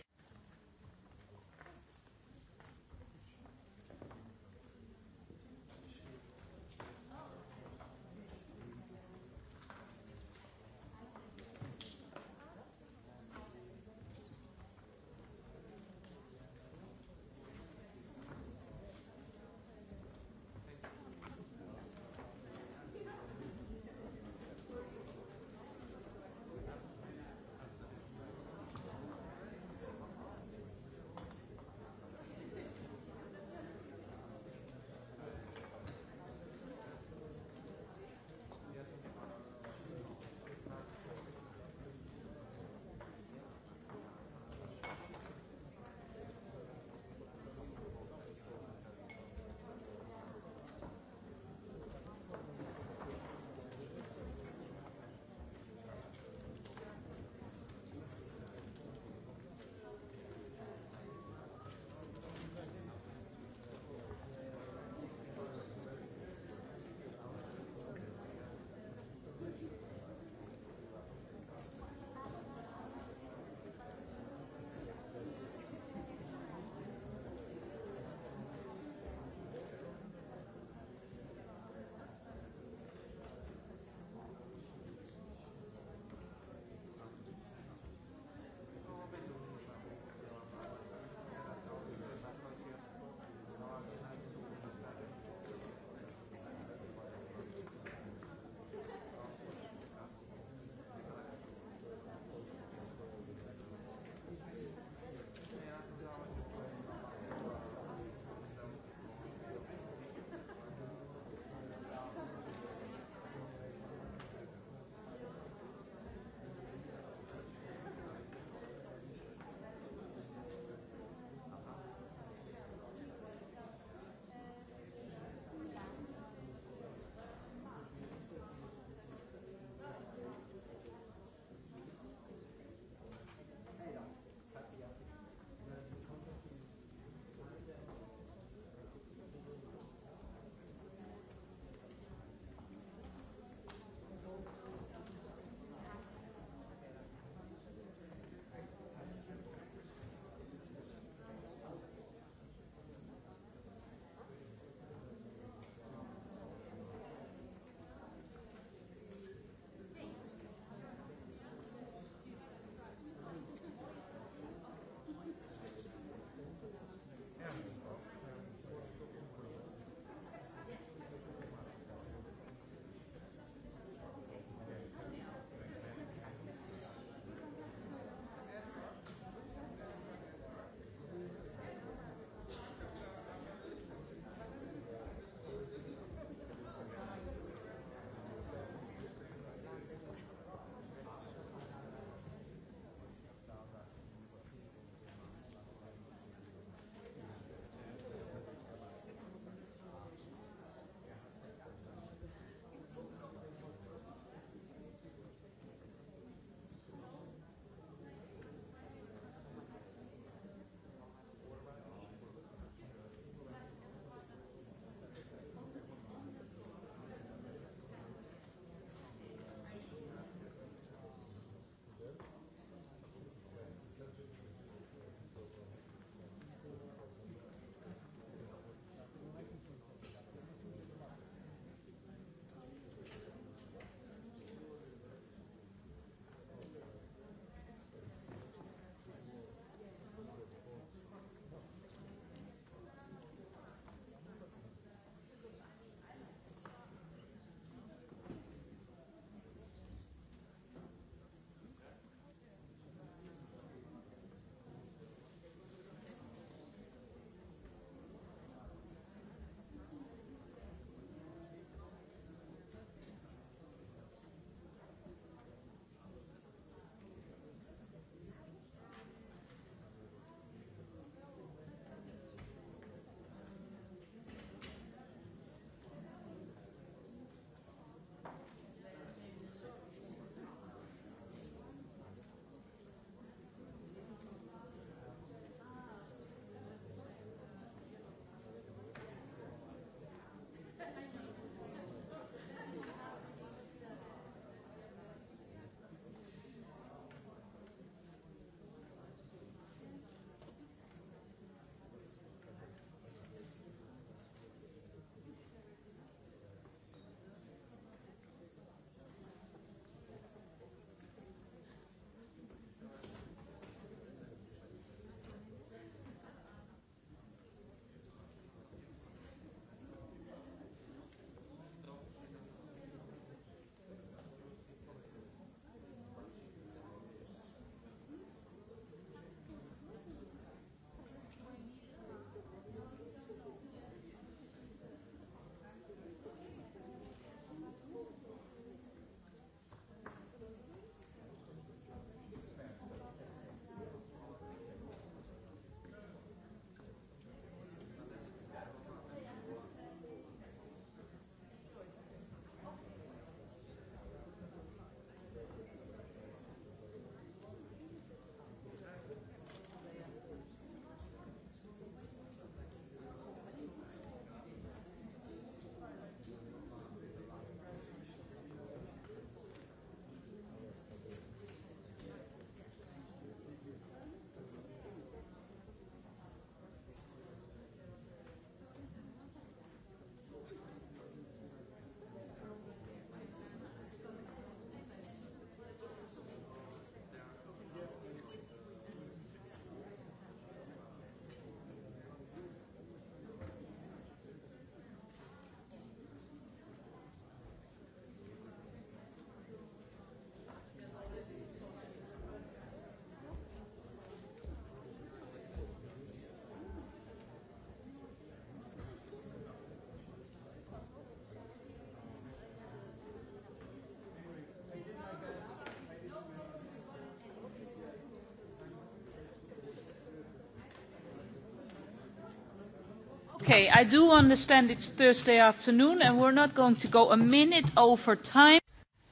Okay, I do understand it's Thursday afternoon and we're not going to go a minute over time.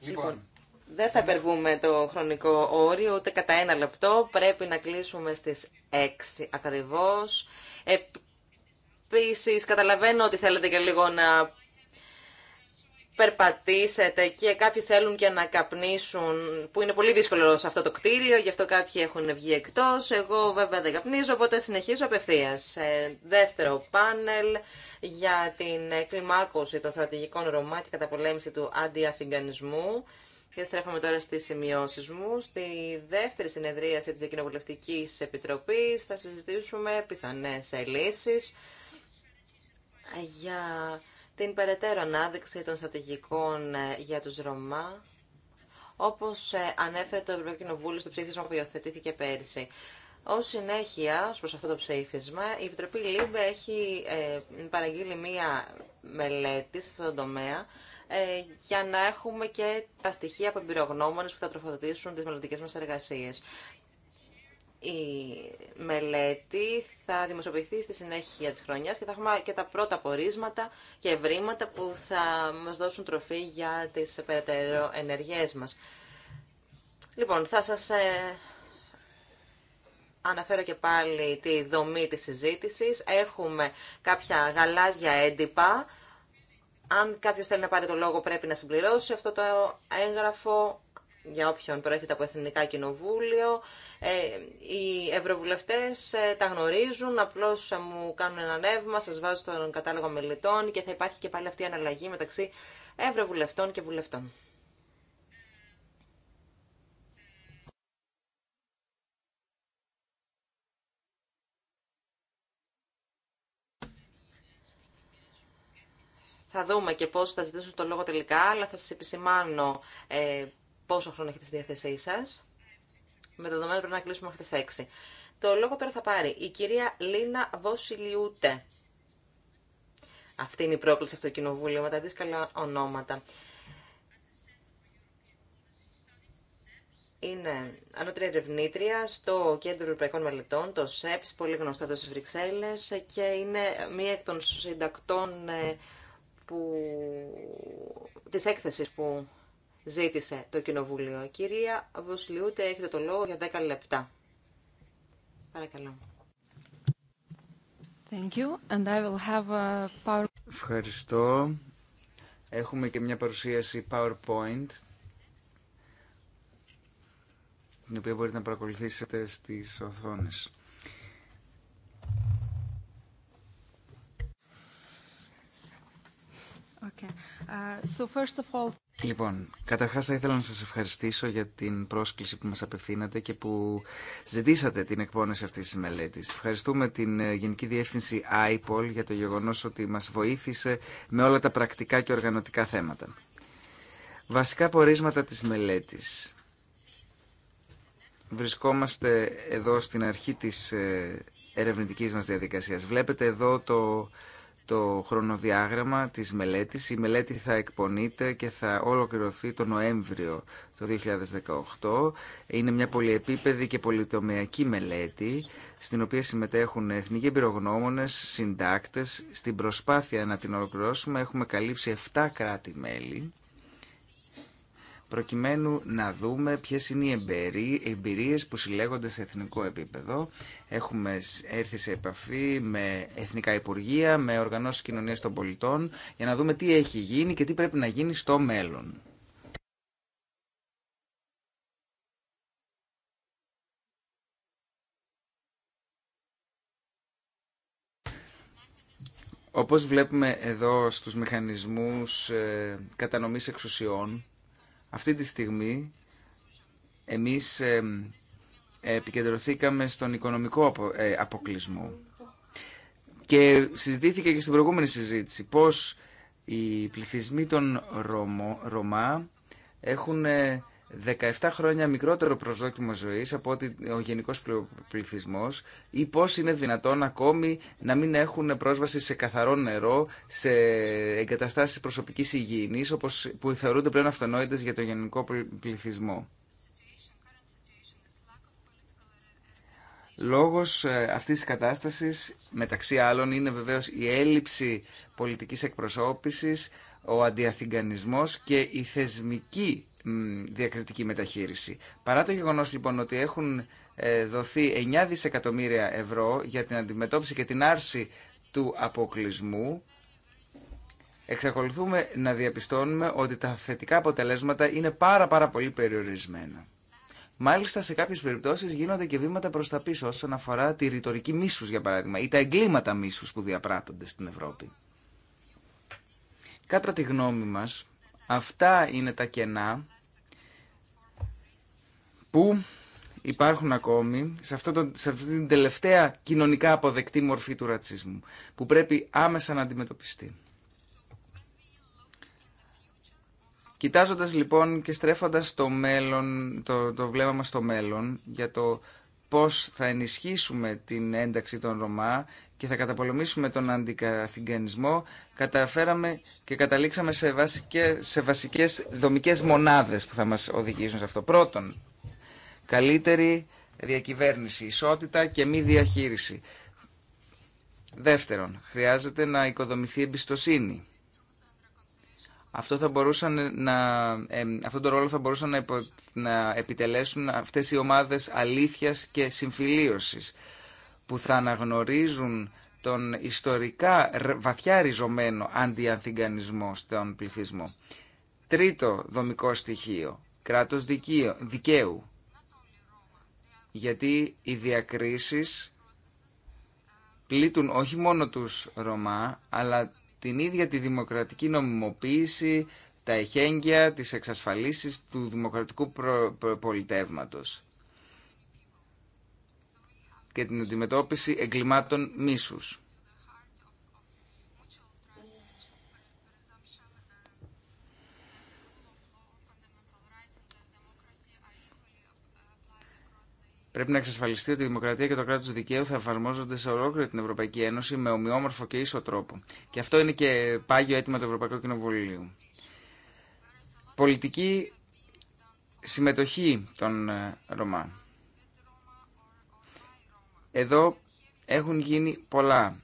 Λοιπόν, λοιπόν δεν θα περβούμε το χρονικό όριο ούτε κατά ένα λεπτό. Πρέπει να κλείσουμε στις 6 ακριβώς. Επίση, καταλαβαίνω ότι θέλετε και λίγο να περπατήσετε και κάποιοι θέλουν και να καπνίσουν, που είναι πολύ δύσκολο σε αυτό το κτίριο, γι' αυτό κάποιοι έχουν βγει εκτός. Εγώ βέβαια δεν καπνίζω, οπότε συνεχίζω απευθείας. Ε, δεύτερο πάνελ για την κλιμάκωση των στρατηγικών Ρωμά και καταπολέμηση του αντιαθηγανισμού. Και στρέφαμε τώρα στις σημειώσεις μου. Στη δεύτερη συνεδρίαση τη Δικοινοβουλευτική Επιτροπή. θα συζητήσουμε πιθανέ λύσει για την περαιτέρω ανάδειξη των στρατηγικών ε, για τους Ρωμά, όπως ε, ανέφερε το Ευρωπαϊκό Κοινοβούλιο στο ψήφισμα που υιοθετήθηκε πέρυσι. Ω συνέχεια, ως προς αυτό το ψήφισμα, η Επιτροπή ΛΥΜΠΕ έχει ε, παραγγείλει μία μελέτη σε αυτό το τομέα για να έχουμε και τα στοιχεία από εμπειρογνώμονες που θα τροφοδοτήσουν τις μελλοντικέ μας εργασίες. Η μελέτη θα δημοσιοποιηθεί στη συνέχεια της χρονιάς και θα έχουμε και τα πρώτα πορίσματα και ευρήματα που θα μας δώσουν τροφή για τις περαιτέρω ενεργές μας. Λοιπόν, θα σας ε, αναφέρω και πάλι τη δομή της συζήτησης. Έχουμε κάποια γαλάζια έντυπα. Αν κάποιος θέλει να πάρει το λόγο πρέπει να συμπληρώσει αυτό το έγγραφο για όποιον προέρχεται από Εθνικά Κοινοβούλιο. Ε, οι ευρωβουλευτές ε, τα γνωρίζουν, απλώς ε, μου κάνουν ένα νεύμα, σας βάζω στον κατάλογο μελετών και θα υπάρχει και πάλι αυτή η αναλλαγή μεταξύ ευρωβουλευτών και βουλευτών. Θα δούμε και πώς θα ζητήσουν το λόγο τελικά, αλλά θα σας επισημάνω πόσο χρόνο έχετε στη διάθεσή σα. Με δεδομένο πρέπει να κλείσουμε μέχρι τι 6. Το λόγο τώρα θα πάρει η κυρία Λίνα Βοσιλιούτε. Αυτή είναι η πρόκληση στο κοινοβούλιο με τα δύσκολα ονόματα. Είναι ανώτερη ερευνήτρια στο Κέντρο Ευρωπαϊκών Μελετών, το ΣΕΠΣ, πολύ γνωστό εδώ στις Βρυξέλλες και είναι μία εκ των συντακτών ε, που... της έκθεσης που ζήτησε το Κοινοβούλιο. Κυρία Βοσλιούτε, έχετε το λόγο για 10 λεπτά. Παρακαλώ. Thank you. And I will have a power... Ευχαριστώ. Έχουμε και μια παρουσίαση PowerPoint, την οποία μπορείτε να παρακολουθήσετε στις οθόνες. Uh, λοιπόν, καταρχάς θα ήθελα να σας ευχαριστήσω για την πρόσκληση που μας απευθύνατε και που ζητήσατε την εκπόνηση αυτής της μελέτης. Ευχαριστούμε την ε, Γενική Διεύθυνση IPOL για το γεγονός ότι μας βοήθησε με όλα τα πρακτικά και οργανωτικά θέματα. Βασικά πορίσματα της μελέτης. Βρισκόμαστε εδώ στην αρχή της ε, ερευνητικής μας διαδικασίας. Βλέπετε εδώ το το χρονοδιάγραμμα της μελέτης. Η μελέτη θα εκπονείται και θα ολοκληρωθεί το Νοέμβριο το 2018. Είναι μια πολυεπίπεδη και πολυτομιακή μελέτη, στην οποία συμμετέχουν εθνικοί εμπειρογνώμονες, συντάκτες. Στην προσπάθεια να την ολοκληρώσουμε έχουμε καλύψει 7 κράτη-μέλη προκειμένου να δούμε ποιες είναι οι εμπειρίες που συλλέγονται σε εθνικό επίπεδο. Έχουμε έρθει σε επαφή με εθνικά υπουργεία, με οργανώσεις κοινωνίας των πολιτών, για να δούμε τι έχει γίνει και τι πρέπει να γίνει στο μέλλον. Όπως βλέπουμε εδώ στους μηχανισμούς ε, κατανομής εξουσιών, αυτή τη στιγμή εμείς επικεντρωθήκαμε στον οικονομικό ε, αποκλεισμό και συζητήθηκε και στην προηγούμενη συζήτηση πώς οι πληθυσμοί των Ρωμά έχουν ε, 17 χρόνια μικρότερο προσδόκιμο ζωή από ότι ο γενικό πληθυσμό, ή πώ είναι δυνατόν ακόμη να μην έχουν πρόσβαση σε καθαρό νερό, σε εγκαταστάσει προσωπικής υγιεινής που θεωρούνται πλέον αυτονόητε για τον γενικό πληθυσμό. Λόγος ε, αυτής της κατάστασης, μεταξύ άλλων, είναι βεβαίως η έλλειψη πολιτικής εκπροσώπησης, ο αντιαθυγκανισμός και η θεσμική διακριτική μεταχείριση. Παρά το γεγονό λοιπόν ότι έχουν ε, δοθεί 9 δισεκατομμύρια ευρώ για την αντιμετώπιση και την άρση του αποκλεισμού, εξακολουθούμε να διαπιστώνουμε ότι τα θετικά αποτελέσματα είναι πάρα πάρα πολύ περιορισμένα. Μάλιστα σε κάποιες περιπτώσεις γίνονται και βήματα προς τα πίσω όσον αφορά τη ρητορική μίσους για παράδειγμα ή τα εγκλήματα μίσους που διαπράττονται στην Ευρώπη. Κάτρα τη γνώμη μας αυτά είναι τα κενά που υπάρχουν ακόμη σε, αυτό το, σε αυτή την τελευταία κοινωνικά αποδεκτή μορφή του ρατσισμού που πρέπει άμεσα να αντιμετωπιστεί. Κοιτάζοντας λοιπόν και στρέφοντας το, μέλλον, το, το βλέμμα μας στο μέλλον για το πώς θα ενισχύσουμε την ένταξη των Ρωμά και θα καταπολεμήσουμε τον αντικαθηγενισμό, καταφέραμε και καταλήξαμε σε, βασικές, σε βασικές δομικές μονάδες που θα μας οδηγήσουν σε αυτό. Πρώτον, Καλύτερη διακυβέρνηση, ισότητα και μη διαχείριση. Δεύτερον, χρειάζεται να οικοδομηθεί εμπιστοσύνη. Αυτό θα μπορούσαν να, ε, αυτόν τον ρόλο θα μπορούσαν να, επιτελέσουν αυτές οι ομάδες αλήθειας και συμφιλίωσης που θα αναγνωρίζουν τον ιστορικά βαθιά ριζωμένο αντιανθηγανισμό στον πληθυσμό. Τρίτο δομικό στοιχείο, κράτος δικαίου γιατί οι διακρίσεις πλήττουν όχι μόνο τους Ρωμά, αλλά την ίδια τη δημοκρατική νομιμοποίηση, τα εχέγγυα, τις εξασφαλίσεις του δημοκρατικού πολιτεύματος και την αντιμετώπιση εγκλημάτων μίσους. Πρέπει να εξασφαλιστεί ότι η δημοκρατία και το κράτο δικαίου θα εφαρμόζονται σε ολόκληρη την Ευρωπαϊκή Ένωση με ομοιόμορφο και ίσο τρόπο. Και αυτό είναι και πάγιο αίτημα του Ευρωπαϊκού Κοινοβουλίου. Πολιτική συμμετοχή των ε, Ρωμά. Εδώ έχουν γίνει πολλά.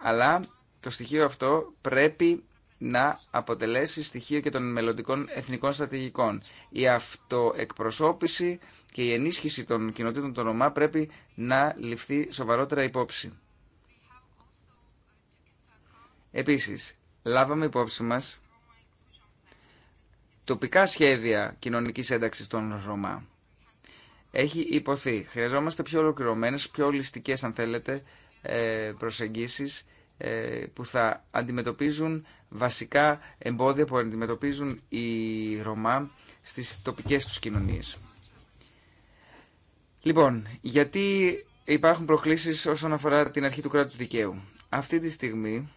Αλλά το στοιχείο αυτό πρέπει να αποτελέσει στοιχείο και των μελλοντικών εθνικών στρατηγικών. Η αυτοεκπροσώπηση και η ενίσχυση των κοινοτήτων των ΟΜΑ πρέπει να ληφθεί σοβαρότερα υπόψη. Επίσης, λάβαμε υπόψη μας τοπικά σχέδια κοινωνικής ένταξης των Ρωμά. Έχει υποθεί. Χρειαζόμαστε πιο ολοκληρωμένες, πιο ολιστικές, αν θέλετε, ε, προσεγγίσεις ε, που θα αντιμετωπίζουν βασικά εμπόδια που αντιμετωπίζουν οι Ρωμά στις τοπικές τους κοινωνίες. Λοιπόν, γιατί υπάρχουν προκλήσεις όσον αφορά την αρχή του κράτους δικαίου. Αυτή τη στιγμή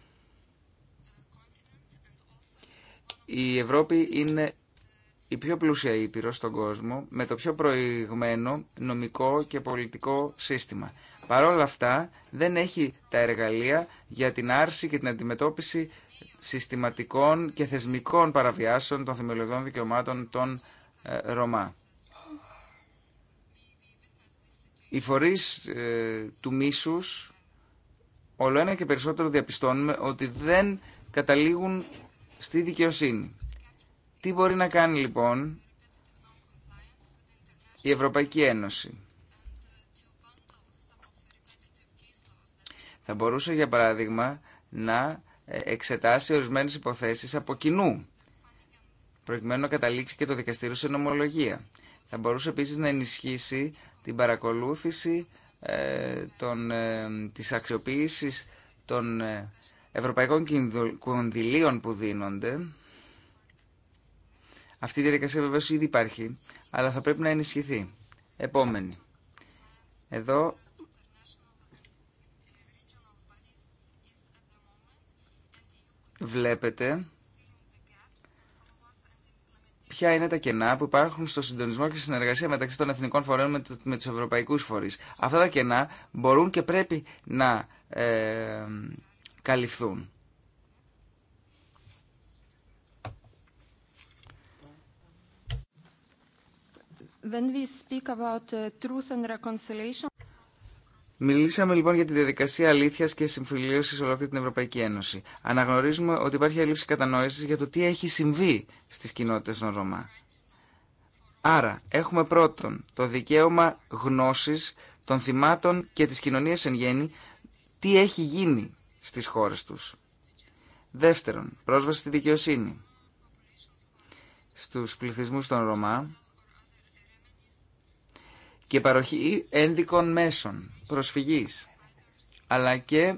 η Ευρώπη είναι η πιο πλούσια ήπειρο στον κόσμο με το πιο προηγμένο νομικό και πολιτικό σύστημα. Παρ' όλα αυτά δεν έχει τα εργαλεία για την άρση και την αντιμετώπιση συστηματικών και θεσμικών παραβιάσεων των θεμελιωδών δικαιωμάτων των ε, Ρωμά. Οι φορείς ε, του μίσους, όλο ένα και περισσότερο διαπιστώνουμε ότι δεν καταλήγουν στη δικαιοσύνη. Τι μπορεί να κάνει λοιπόν η Ευρωπαϊκή Ένωση Θα μπορούσε για παράδειγμα να ε, εξετάσει ορισμένες υποθέσεις από κοινού προκειμένου να καταλήξει και το δικαστήριο σε νομολογία. Θα μπορούσε επίσης να ενισχύσει την παρακολούθηση ε, των, ε, της αξιοποίησης των ε, ευρωπαϊκών κονδυλίων που δίνονται. Αυτή η διαδικασία βεβαίως ήδη υπάρχει, αλλά θα πρέπει να ενισχυθεί. Επόμενη. Εδώ βλέπετε ποια είναι τα κενά που υπάρχουν στο συντονισμό και συνεργασία μεταξύ των εθνικών φορέων με, το, με τους ευρωπαϊκούς φορείς. Αυτά τα κενά μπορούν και πρέπει να ε, καλυφθούν. When we speak about uh, truth and reconciliation... Μιλήσαμε λοιπόν για τη διαδικασία αλήθεια και συμφιλίωση σε ολόκληρη την Ευρωπαϊκή Ένωση. Αναγνωρίζουμε ότι υπάρχει έλλειψη κατανόηση για το τι έχει συμβεί στι κοινότητε των Ρωμά. Άρα, έχουμε πρώτον το δικαίωμα γνώση των θυμάτων και τη κοινωνία εν γέννη τι έχει γίνει στι χώρε του. Δεύτερον, πρόσβαση στη δικαιοσύνη στους πληθυσμούς των Ρωμά και παροχή ένδικων μέσων προσφυγής, αλλά και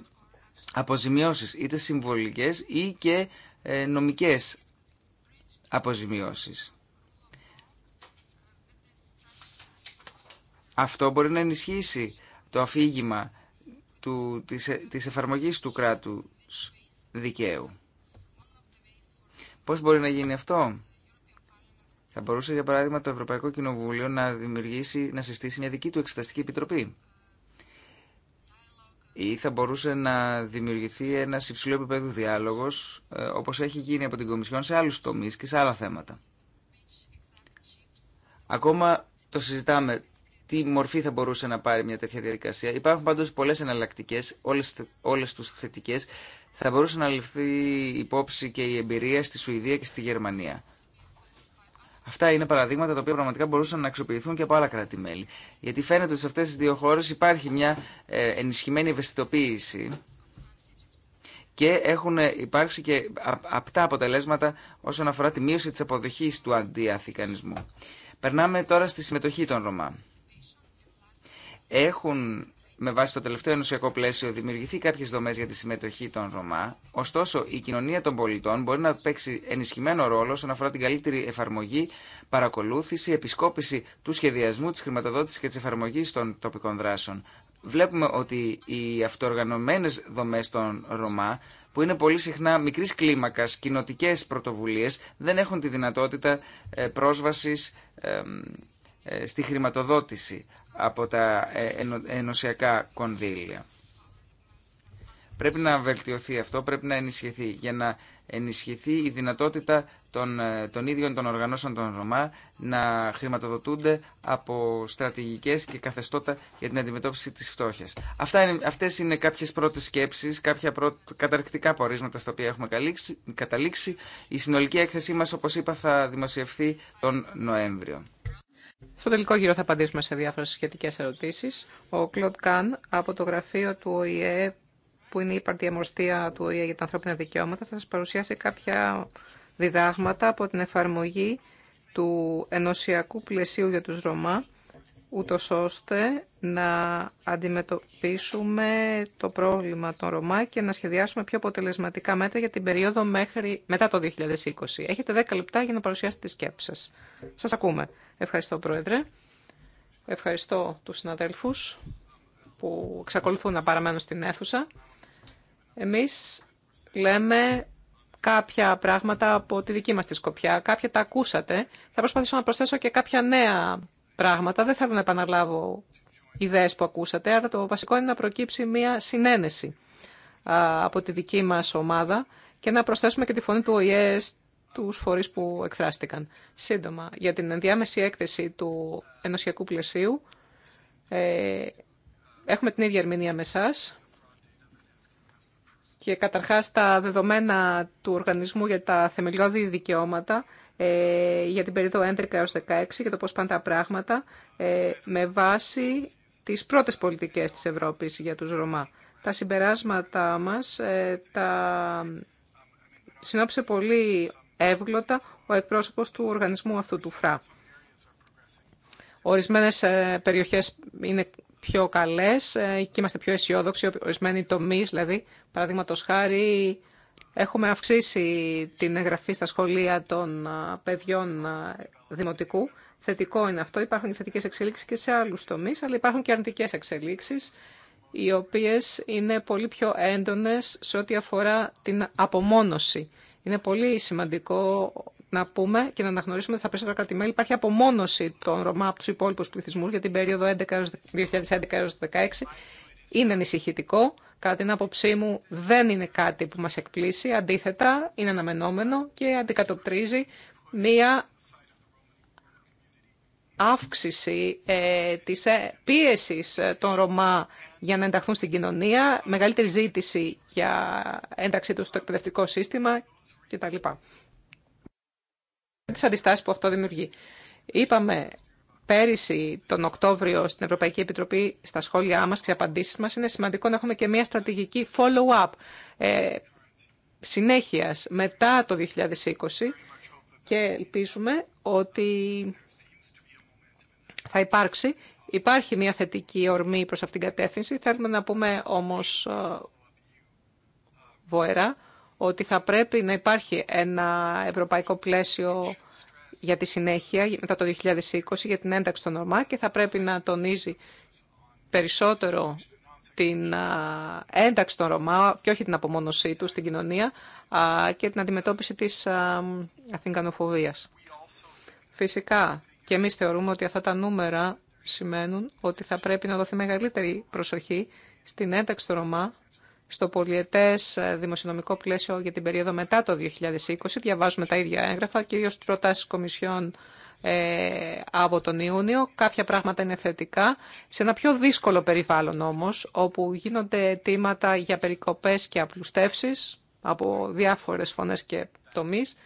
αποζημιώσεις είτε συμβολικές ή και ε, νομικές αποζημιώσεις. Αυτό μπορεί να ενισχύσει το αφήγημα του, της, της εφαρμογής του κράτου δικαίου. Πώς μπορεί να γίνει αυτό? Θα μπορούσε για παράδειγμα το Ευρωπαϊκό Κοινοβούλιο να δημιουργήσει, να συστήσει μια δική του εξεταστική επιτροπή ή θα μπορούσε να δημιουργηθεί ένα υψηλό επίπεδο διάλογο, ε, όπως έχει γίνει από την Κομισιόν σε άλλους τομείς και σε άλλα θέματα. Ακόμα το συζητάμε τι μορφή θα μπορούσε να πάρει μια τέτοια διαδικασία. Υπάρχουν πάντως πολλές εναλλακτικέ, όλες, όλες τους θετικές. Θα μπορούσε να ληφθεί υπόψη και η εμπειρία στη Σουηδία και στη Γερμανία. Αυτά είναι παραδείγματα τα οποία πραγματικά μπορούσαν να αξιοποιηθούν και από άλλα κράτη-μέλη. Γιατί φαίνεται ότι σε αυτέ τι δύο χώρε υπάρχει μια ε, ενισχυμένη ευαισθητοποίηση και έχουν ε, υπάρξει και απτά αποτελέσματα όσον αφορά τη μείωση της αποδοχής του αντιαθηκανισμού. Περνάμε τώρα στη συμμετοχή των Ρωμά. Έχουν με βάση το τελευταίο ενωσιακό πλαίσιο δημιουργηθεί κάποιες δομές για τη συμμετοχή των Ρωμά, ωστόσο η κοινωνία των πολιτών μπορεί να παίξει ενισχυμένο ρόλο όσον αφορά την καλύτερη εφαρμογή, παρακολούθηση, επισκόπηση του σχεδιασμού, της χρηματοδότησης και της εφαρμογής των τοπικών δράσεων. Βλέπουμε ότι οι αυτοοργανωμένες δομές των Ρωμά που είναι πολύ συχνά μικρής κλίμακας, κοινοτικέ πρωτοβουλίες, δεν έχουν τη δυνατότητα ε, πρόσβασης ε, στη χρηματοδότηση από τα ε, ενωσιακά κονδύλια. Πρέπει να βελτιωθεί αυτό, πρέπει να ενισχυθεί για να ενισχυθεί η δυνατότητα των, ε, των ίδιων των οργανώσεων των Ρωμά να χρηματοδοτούνται από στρατηγικές και καθεστώτα για την αντιμετώπιση της φτώχειας. Αυτά είναι, αυτές είναι κάποιες πρώτες σκέψεις, κάποια πρω, καταρκτικά πορίσματα στα οποία έχουμε καταλήξει. Η συνολική έκθεσή μας, όπως είπα, θα δημοσιευθεί τον Νοέμβριο. Στο τελικό γύρο θα απαντήσουμε σε διάφορες σχετικές ερωτήσεις. Ο Κλοντ Καν από το γραφείο του ΟΗΕ, που είναι η παρτιαμοστία του ΟΗΕ για τα ανθρώπινα δικαιώματα, θα σας παρουσιάσει κάποια διδάγματα από την εφαρμογή του ενωσιακού πλαισίου για τους Ρωμά ούτω ώστε να αντιμετωπίσουμε το πρόβλημα των Ρωμά και να σχεδιάσουμε πιο αποτελεσματικά μέτρα για την περίοδο μέχρι, μετά το 2020. Έχετε 10 λεπτά για να παρουσιάσετε τις σκέψεις σας. Σας ακούμε. Ευχαριστώ, Πρόεδρε. Ευχαριστώ τους συναδέλφους που εξακολουθούν να παραμένουν στην αίθουσα. Εμείς λέμε κάποια πράγματα από τη δική μας τη σκοπιά. Κάποια τα ακούσατε. Θα προσπαθήσω να προσθέσω και κάποια νέα πράγματα. Δεν θέλω να επαναλάβω ιδέε που ακούσατε, αλλά το βασικό είναι να προκύψει μια συνένεση από τη δική μας ομάδα και να προσθέσουμε και τη φωνή του ΟΗΕ τους φορεί που εκφράστηκαν. Σύντομα, για την ενδιάμεση έκθεση του ενωσιακού πλαισίου, ε, έχουμε την ίδια ερμηνεία με εσά. Και καταρχάς τα δεδομένα του Οργανισμού για τα Θεμελιώδη Δικαιώματα ε, για την περίοδο 11 έως 16 και το πώς πάνε τα πράγματα ε, με βάση τις πρώτες πολιτικές της Ευρώπης για τους Ρωμά. Τα συμπεράσματά μας ε, τα συνόψε πολύ εύγλωτα ο εκπρόσωπος του οργανισμού αυτού του ΦΡΑ. Ορισμένες περιοχές είναι πιο καλές και είμαστε πιο αισιόδοξοι, ορισμένοι τομείς, δηλαδή, παραδείγματος χάρη, Έχουμε αυξήσει την εγγραφή στα σχολεία των ε, παιδιών ε, δημοτικού. Θετικό είναι αυτό. Υπάρχουν θετικές εξελίξεις και σε άλλους τομείς, αλλά υπάρχουν και αρνητικές εξελίξεις, οι οποίες είναι πολύ πιο έντονες σε ό,τι αφορά την απομόνωση. Είναι πολύ σημαντικό να πούμε και να αναγνωρίσουμε ότι στα περισσότερα κράτη-μέλη υπάρχει απομόνωση των Ρωμά από του υπόλοιπου πληθυσμού για την περίοδο 2011 2016. Είναι ανησυχητικό κατά την άποψή μου δεν είναι κάτι που μας εκπλήσει, αντίθετα είναι αναμενόμενο και αντικατοπτρίζει μία αύξηση ε, της ε, πίεσης ε, των Ρωμά για να ενταχθούν στην κοινωνία, μεγαλύτερη ζήτηση για ένταξή τους στο εκπαιδευτικό σύστημα κτλ. Τις αντιστάσεις που αυτό δημιουργεί. Είπαμε πέρυσι τον Οκτώβριο στην Ευρωπαϊκή Επιτροπή στα σχόλιά μας και απαντήσεις μας, είναι σημαντικό να έχουμε και μια στρατηγική follow-up ε, συνέχειας μετά το 2020 και ελπίζουμε ότι θα υπάρξει. Υπάρχει μια θετική ορμή προς αυτήν την κατεύθυνση. Θέλουμε να πούμε όμως ε, βοερά ότι θα πρέπει να υπάρχει ένα ευρωπαϊκό πλαίσιο για τη συνέχεια μετά το 2020 για την ένταξη των ΟΜΑ και θα πρέπει να τονίζει περισσότερο την ένταξη των Ρωμά και όχι την απομόνωσή του στην κοινωνία και την αντιμετώπιση της αθηνικανοφοβίας. Φυσικά και εμείς θεωρούμε ότι αυτά τα νούμερα σημαίνουν ότι θα πρέπει να δοθεί μεγαλύτερη προσοχή στην ένταξη των Ρωμά στο πολιετές ε, δημοσιονομικό πλαίσιο για την περίοδο μετά το 2020. Διαβάζουμε τα ίδια έγγραφα, κυρίως τις προτάσεις Κομισιόν ε, από τον Ιούνιο. Κάποια πράγματα είναι θετικά. Σε ένα πιο δύσκολο περιβάλλον όμως, όπου γίνονται αιτήματα για περικοπές και απλουστεύσει από διάφορες φωνέ και τομείς,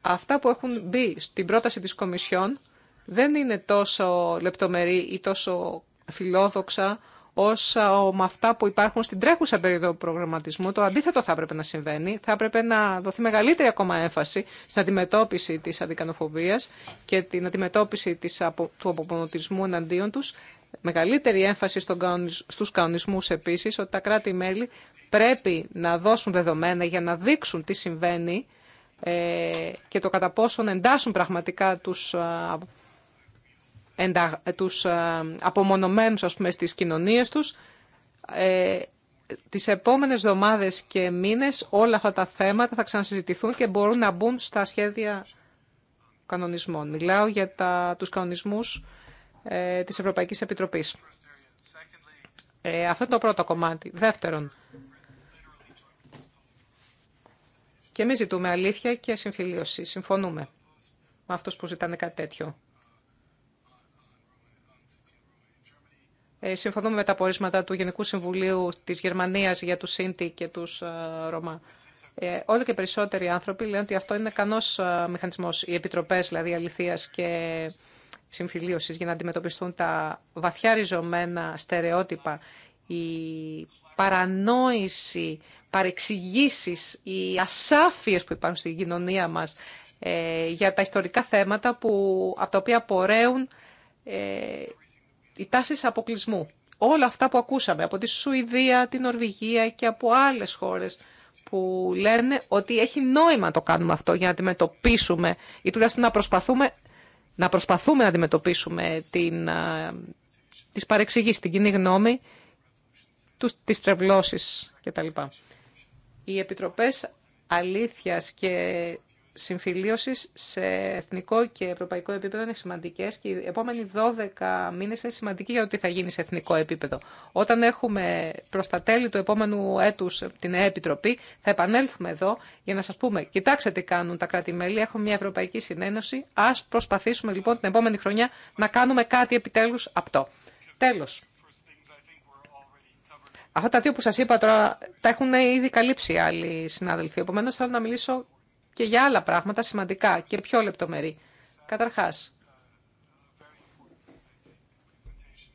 αυτά που έχουν μπει στην πρόταση της Κομισιόν δεν είναι τόσο λεπτομερή ή τόσο φιλόδοξα όσα με αυτά που υπάρχουν στην τρέχουσα περίοδο προγραμματισμού. Το αντίθετο θα έπρεπε να συμβαίνει. Θα έπρεπε να δοθεί μεγαλύτερη ακόμα έμφαση στην αντιμετώπιση τη αντικανοφοβία και την αντιμετώπιση της του αποπονοτισμού εναντίον του. Μεγαλύτερη έμφαση στους κανονισμούς επίσης, ότι τα κράτη-μέλη πρέπει να δώσουν δεδομένα για να δείξουν τι συμβαίνει ε, και το κατά πόσον εντάσσουν πραγματικά τους εντα, τους ε, απομονωμένους ας πούμε, στις κοινωνίες τους. Ε, τις επόμενες εβδομάδες και μήνες όλα αυτά τα θέματα θα ξανασυζητηθούν και μπορούν να μπουν στα σχέδια κανονισμών. Μιλάω για τα, τους κανονισμούς ε, της Ευρωπαϊκής Επιτροπής. Ε, αυτό είναι το πρώτο κομμάτι. Δεύτερον, και εμείς ζητούμε αλήθεια και συμφιλίωση. Συμφωνούμε με αυτούς που ζητάνε κάτι τέτοιο. Ε, συμφωνούμε με τα πορίσματα του Γενικού Συμβουλίου της Γερμανίας για τους Σύντι και τους ε, Ρωμά. Ε, όλο και περισσότεροι άνθρωποι λένε ότι αυτό είναι κανός ε, μηχανισμό, οι επιτροπέ δηλαδή και συμφιλίωσης για να αντιμετωπιστούν τα βαθιά ριζωμένα στερεότυπα, η παρανόηση, παρεξηγήσει, οι ασάφειες που υπάρχουν στην κοινωνία μα ε, για τα ιστορικά θέματα που, από τα οποία απορρέουν ε, οι τάσεις αποκλεισμού. Όλα αυτά που ακούσαμε από τη Σουηδία, την Νορβηγία και από άλλες χώρες που λένε ότι έχει νόημα να το κάνουμε αυτό για να αντιμετωπίσουμε ή τουλάχιστον να προσπαθούμε να, προσπαθούμε να αντιμετωπίσουμε την, τις παρεξηγήσεις, την κοινή γνώμη, τους, τις τρευλώσεις κτλ. Οι επιτροπές αλήθειας και Συμφιλίωση σε εθνικό και ευρωπαϊκό επίπεδο είναι σημαντικέ. και οι επόμενοι 12 μήνε είναι σημαντικοί για το θα γίνει σε εθνικό επίπεδο. Όταν έχουμε προ τα τέλη του επόμενου έτου την ΕΕ Επιτροπή, θα επανέλθουμε εδώ για να σα πούμε, κοιτάξτε τι κάνουν τα κράτη-μέλη, έχουμε μια Ευρωπαϊκή Συνένωση, Α προσπαθήσουμε λοιπόν την επόμενη χρονιά να κάνουμε κάτι επιτέλου αυτό. Τέλο. Αυτά τα δύο που σας είπα τώρα τα έχουν ήδη καλύψει οι άλλοι συνάδελφοι. Επομένως θέλω να μιλήσω και για άλλα πράγματα σημαντικά και πιο λεπτομερή. Καταρχάς,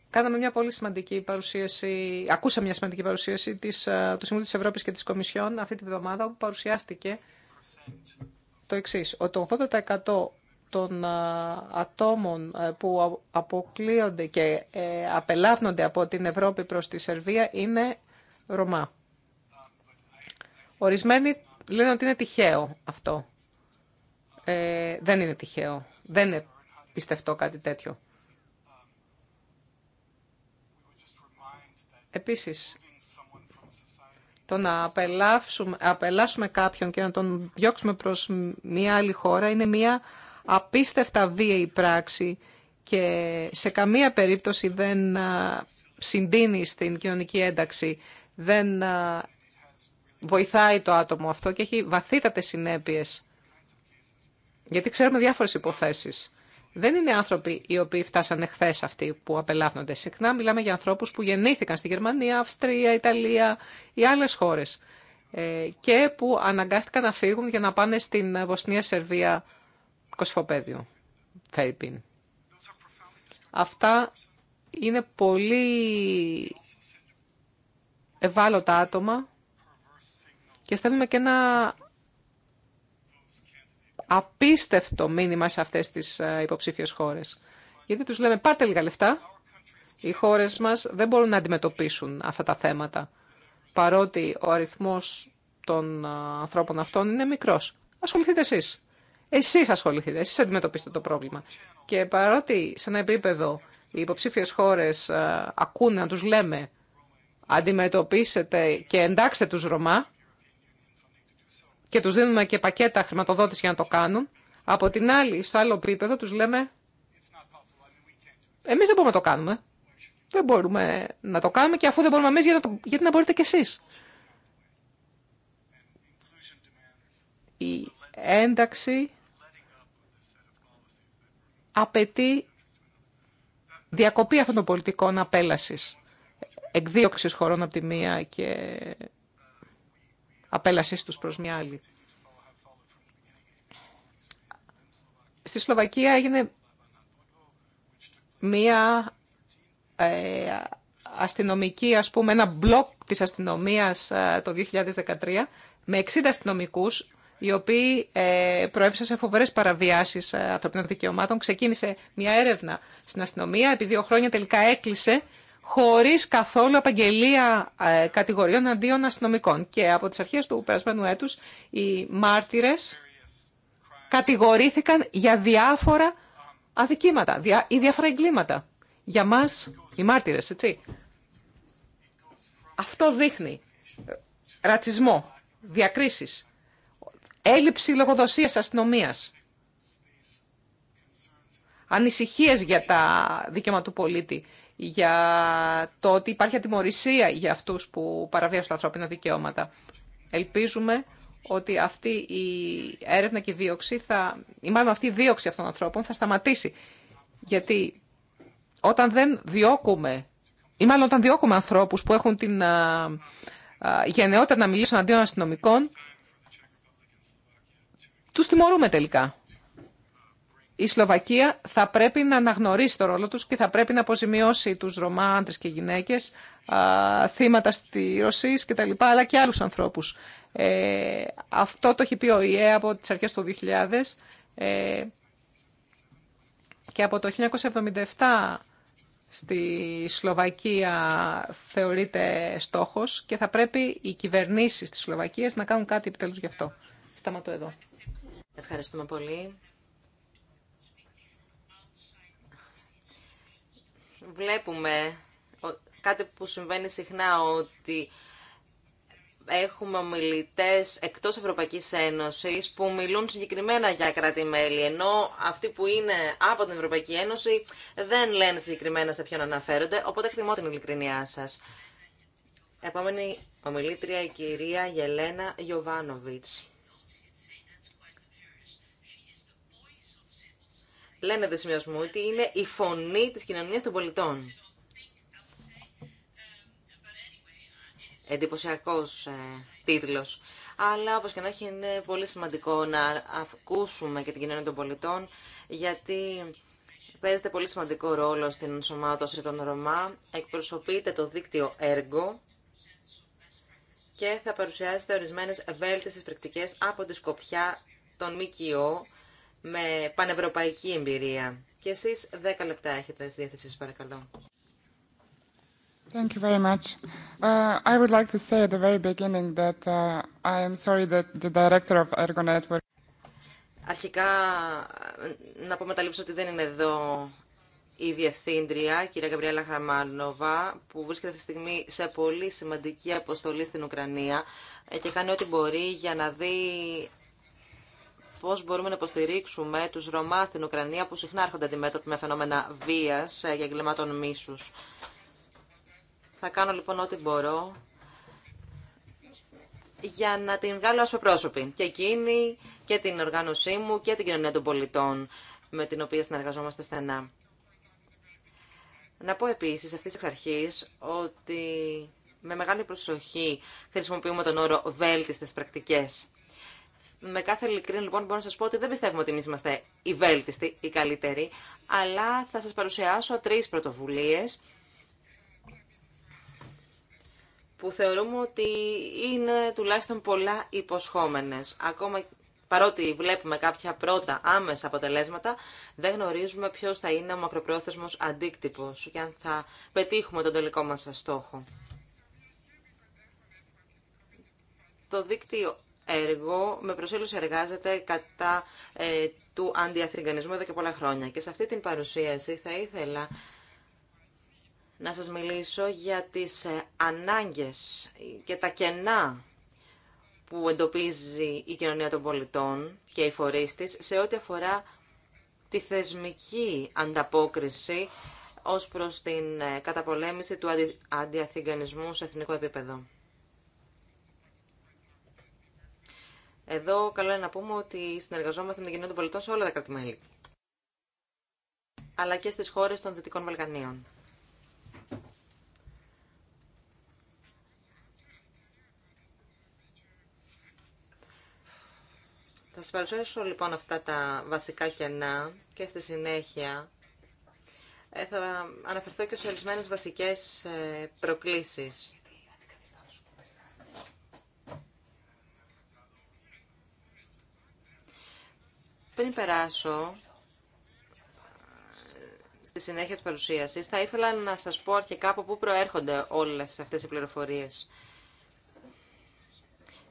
κάναμε μια πολύ σημαντική παρουσίαση, ακούσαμε μια σημαντική παρουσίαση της, ε, του Συμβουλίου της Ευρώπης και της Κομισιόν αυτή τη βδομάδα όπου παρουσιάστηκε το εξής, ότι 80% των ε, ατόμων ε, που αποκλείονται και απελάβνονται από την Ευρώπη προς τη Σερβία είναι Ρωμά. Ορισμένοι λένε ότι είναι τυχαίο αυτό. Ε, δεν είναι τυχαίο. Δεν είναι πιστευτό κάτι τέτοιο. Επίσης, το να απελάσουμε, κάποιον και να τον διώξουμε προς μια άλλη χώρα είναι μια απίστευτα βίαιη πράξη και σε καμία περίπτωση δεν συντείνει στην κοινωνική ένταξη, δεν βοηθάει το άτομο αυτό και έχει βαθύτατες συνέπειες. Γιατί ξέρουμε διάφορες υποθέσεις. Δεν είναι άνθρωποι οι οποίοι φτάσανε εχθέ αυτοί που απελάφνονται. Συχνά μιλάμε για ανθρώπους που γεννήθηκαν στη Γερμανία, Αυστρία, Ιταλία ή άλλες χώρες ε, και που αναγκάστηκαν να φύγουν για να πάνε στην Βοσνία, Σερβία, Κοσφοπέδιο, Αυτά είναι πολύ ευάλωτα άτομα και στέλνουμε και ένα απίστευτο μήνυμα σε αυτές τις ε, υποψήφιες χώρες. Γιατί τους λέμε πάρτε λίγα λεφτά, οι χώρες μας δεν μπορούν να αντιμετωπίσουν αυτά τα θέματα, παρότι ο αριθμός των ε, ανθρώπων αυτών είναι μικρός. Ασχοληθείτε εσείς. Εσείς ασχοληθείτε, εσείς αντιμετωπίστε το πρόβλημα. Και παρότι σε ένα επίπεδο οι υποψήφιες χώρες ε, ακούνε να τους λέμε αντιμετωπίσετε και εντάξτε τους Ρωμά, και τους δίνουμε και πακέτα χρηματοδότηση για να το κάνουν. Από την άλλη, στο άλλο επίπεδο τους λέμε εμείς δεν μπορούμε να το κάνουμε. Δεν μπορούμε να το κάνουμε και αφού δεν μπορούμε εμείς, γιατί να μπορείτε κι εσείς. Η ένταξη απαιτεί διακοπή αυτών των πολιτικών απέλασης, εκδίωξης χωρών από τη μία και απέλασή τους προς μια άλλη. Στη Σλοβακία έγινε μια ε, αστυνομική, ας πούμε, ένα μπλοκ της αστυνομίας ε, το 2013 με 60 αστυνομικούς οι οποίοι ε, προέβησαν σε φοβερές παραβιάσεις ε, ανθρωπινών δικαιωμάτων. Ξεκίνησε μια έρευνα στην αστυνομία, επειδή δύο χρόνια τελικά έκλεισε χωρίς καθόλου απαγγελία ε, κατηγοριών αντίον αστυνομικών. Και από τι αρχέ του περασμένου έτους οι μάρτυρε κατηγορήθηκαν για διάφορα αδικήματα ή διάφορα εγκλήματα. Για μας οι μάρτυρε, έτσι. Αυτό δείχνει ε, ρατσισμό, διακρίσεις, έλλειψη λογοδοσία αστυνομία, ανησυχίες για τα δικαιώματα του πολίτη για το ότι υπάρχει ατιμορρησία για αυτούς που παραβίασαν τα ανθρώπινα δικαιώματα. Ελπίζουμε ότι αυτή η έρευνα και η δίωξη, θα, ή μάλλον αυτή η δίωξη αυτών των ανθρώπων θα σταματήσει. Γιατί όταν δεν διώκουμε, ή μάλλον όταν διώκουμε ανθρώπους που έχουν την α, γενναιότητα να μιλήσουν αντίον αστυνομικών, τους τιμωρούμε τελικά η Σλοβακία θα πρέπει να αναγνωρίσει το ρόλο τους και θα πρέπει να αποζημιώσει τους Ρωμά άντρες και γυναίκες, θύματα στη Ρωσία και τα λοιπά, αλλά και άλλους ανθρώπους. Ε, αυτό το έχει πει ο ΙΕ από τις αρχές του 2000 ε, και από το 1977 στη Σλοβακία θεωρείται στόχος και θα πρέπει οι κυβερνήσεις της Σλοβακίας να κάνουν κάτι επιτέλους γι' αυτό. Σταματώ εδώ. Ευχαριστούμε πολύ. βλέπουμε κάτι που συμβαίνει συχνά ότι έχουμε ομιλητέ εκτός Ευρωπαϊκής Ένωσης που μιλούν συγκεκριμένα για κράτη-μέλη, ενώ αυτοί που είναι από την Ευρωπαϊκή Ένωση δεν λένε συγκεκριμένα σε ποιον αναφέρονται, οπότε εκτιμώ την ειλικρινιά σας. Επόμενη ομιλήτρια η κυρία Γελένα Γιωβάνοβιτς. λένε δε μου, ότι είναι η φωνή της κοινωνίας των πολιτών. Εντυπωσιακός ε, τίτλος. Αλλά όπως και να έχει είναι πολύ σημαντικό να ακούσουμε και την κοινωνία των πολιτών γιατί παίζεται πολύ σημαντικό ρόλο στην ενσωμάτωση των Ρωμά, εκπροσωπείται το δίκτυο έργο και θα παρουσιάσετε ορισμένες βέλτιστες πρακτικές από τη σκοπιά των ΜΚΟ με πανευρωπαϊκή εμπειρία. Και εσείς 10 λεπτά έχετε στη διάθεσή σας, παρακαλώ. Thank you very much. Uh, I would like to say at the very beginning that uh, I am sorry that the director of Ergo Network... Αρχικά, ε, να πω μεταλήψω ότι δεν είναι εδώ η Διευθύντρια, κυρία Γαμπριέλα Χαμάνοβα, που βρίσκεται αυτή στιγμή σε πολύ σημαντική αποστολή στην Ουκρανία ε, και κάνει ό,τι μπορεί για να δει Πώ μπορούμε να υποστηρίξουμε τους Ρωμά στην Ουκρανία που συχνά έρχονται αντιμέτωποι με φαινόμενα βία και ε, εγκλημάτων μίσου. Θα κάνω λοιπόν ό,τι μπορώ για να την βγάλω πρόσωπη. Και εκείνη και την οργάνωσή μου και την κοινωνία των πολιτών με την οποία συνεργαζόμαστε στενά. Να πω επίσης αυτής εξ αρχής ότι με μεγάλη προσοχή χρησιμοποιούμε τον όρο βέλτιστες πρακτικές. Με κάθε ειλικρίνη, λοιπόν, μπορώ να σας πω ότι δεν πιστεύουμε ότι εμείς είμαστε οι βέλτιστοι, οι καλύτεροι, αλλά θα σας παρουσιάσω τρεις πρωτοβουλίες που θεωρούμε ότι είναι τουλάχιστον πολλά υποσχόμενες. Ακόμα παρότι βλέπουμε κάποια πρώτα άμεσα αποτελέσματα, δεν γνωρίζουμε ποιος θα είναι ο μακροπρόθεσμος αντίκτυπος και αν θα πετύχουμε τον τελικό μας στόχο. Το δίκτυο έργο με προσήλωση εργάζεται κατά ε, του αντιαθηγανισμού εδώ και πολλά χρόνια. Και σε αυτή την παρουσίαση θα ήθελα να σας μιλήσω για τις ε, ανάγκες και τα κενά που εντοπίζει η κοινωνία των πολιτών και οι φορείς της σε ό,τι αφορά τη θεσμική ανταπόκριση ως προς την ε, καταπολέμηση του αντιαθηγανισμού σε εθνικό επίπεδο. Εδώ καλό είναι να πούμε ότι συνεργαζόμαστε με την κοινότητα των πολιτών σε όλα τα κρατημέλη. Αλλά και στις χώρες των Δυτικών Βαλκανίων. Θα σα παρουσιάσω λοιπόν αυτά τα βασικά κενά και στη συνέχεια ε, θα αναφερθώ και σε ορισμένες βασικές ε, προκλήσεις Πριν περάσω ε, στη συνέχεια της παρουσίασης, θα ήθελα να σας πω αρχικά από πού προέρχονται όλες αυτές οι πληροφορίες.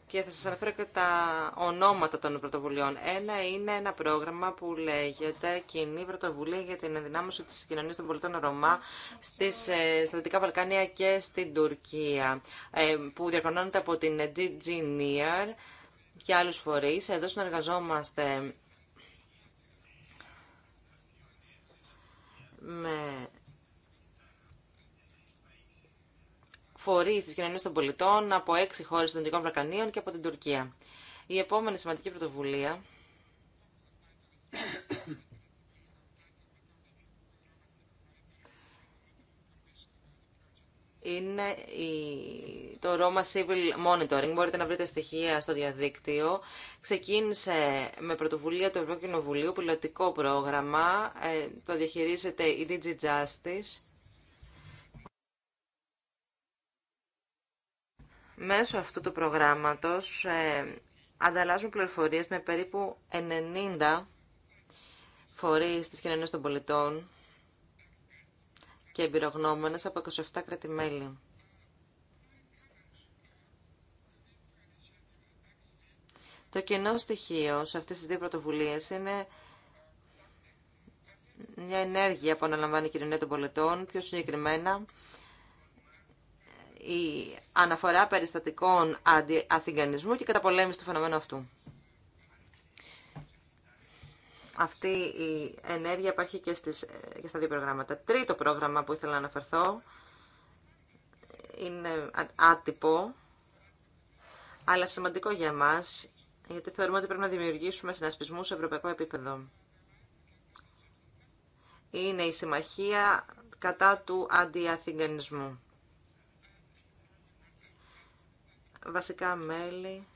Και θα σας αναφέρω και τα ονόματα των πρωτοβουλειών. Ένα είναι ένα πρόγραμμα που λέγεται Κοινή Πρωτοβουλία για την Ενδυνάμωση της Κοινωνίας των Πολιτών Ρωμά στις, ε, στα Δυτικά Βαλκάνια και στην Τουρκία, ε, που διακονώνεται από την DG και άλλους φορείς. Εδώ συνεργαζόμαστε με φορεί τη κοινωνία των πολιτών από έξι χώρε των Δυτικών βρακανίων και από την Τουρκία. Η επόμενη σημαντική πρωτοβουλία είναι το Roma Civil Monitoring. Μπορείτε να βρείτε στοιχεία στο διαδίκτυο. Ξεκίνησε με πρωτοβουλία του Ευρωπαϊκού Κοινοβουλίου, πιλωτικό πρόγραμμα. Ε, το διαχειρίζεται η DG Justice. Μέσω αυτού του προγράμματος ε, ανταλλάσσουμε πληροφορίες με περίπου 90 φορείς της κοινωνίας των πολιτών και εμπειρογνώμονες από 27 κράτη-μέλη. Το κοινό στοιχείο σε αυτές τις δύο πρωτοβουλίες είναι μια ενέργεια που αναλαμβάνει η κοινωνία των πολιτών, πιο συγκεκριμένα η αναφορά περιστατικών αντιαθηγανισμού και καταπολέμηση του φαινομένου αυτού αυτή η ενέργεια υπάρχει και, στις, και στα δύο προγράμματα. Τρίτο πρόγραμμα που ήθελα να αναφερθώ είναι άτυπο, αλλά σημαντικό για μας, γιατί θεωρούμε ότι πρέπει να δημιουργήσουμε συνασπισμού σε ευρωπαϊκό επίπεδο. Είναι η συμμαχία κατά του αντιαθηγανισμού. Βασικά μέλη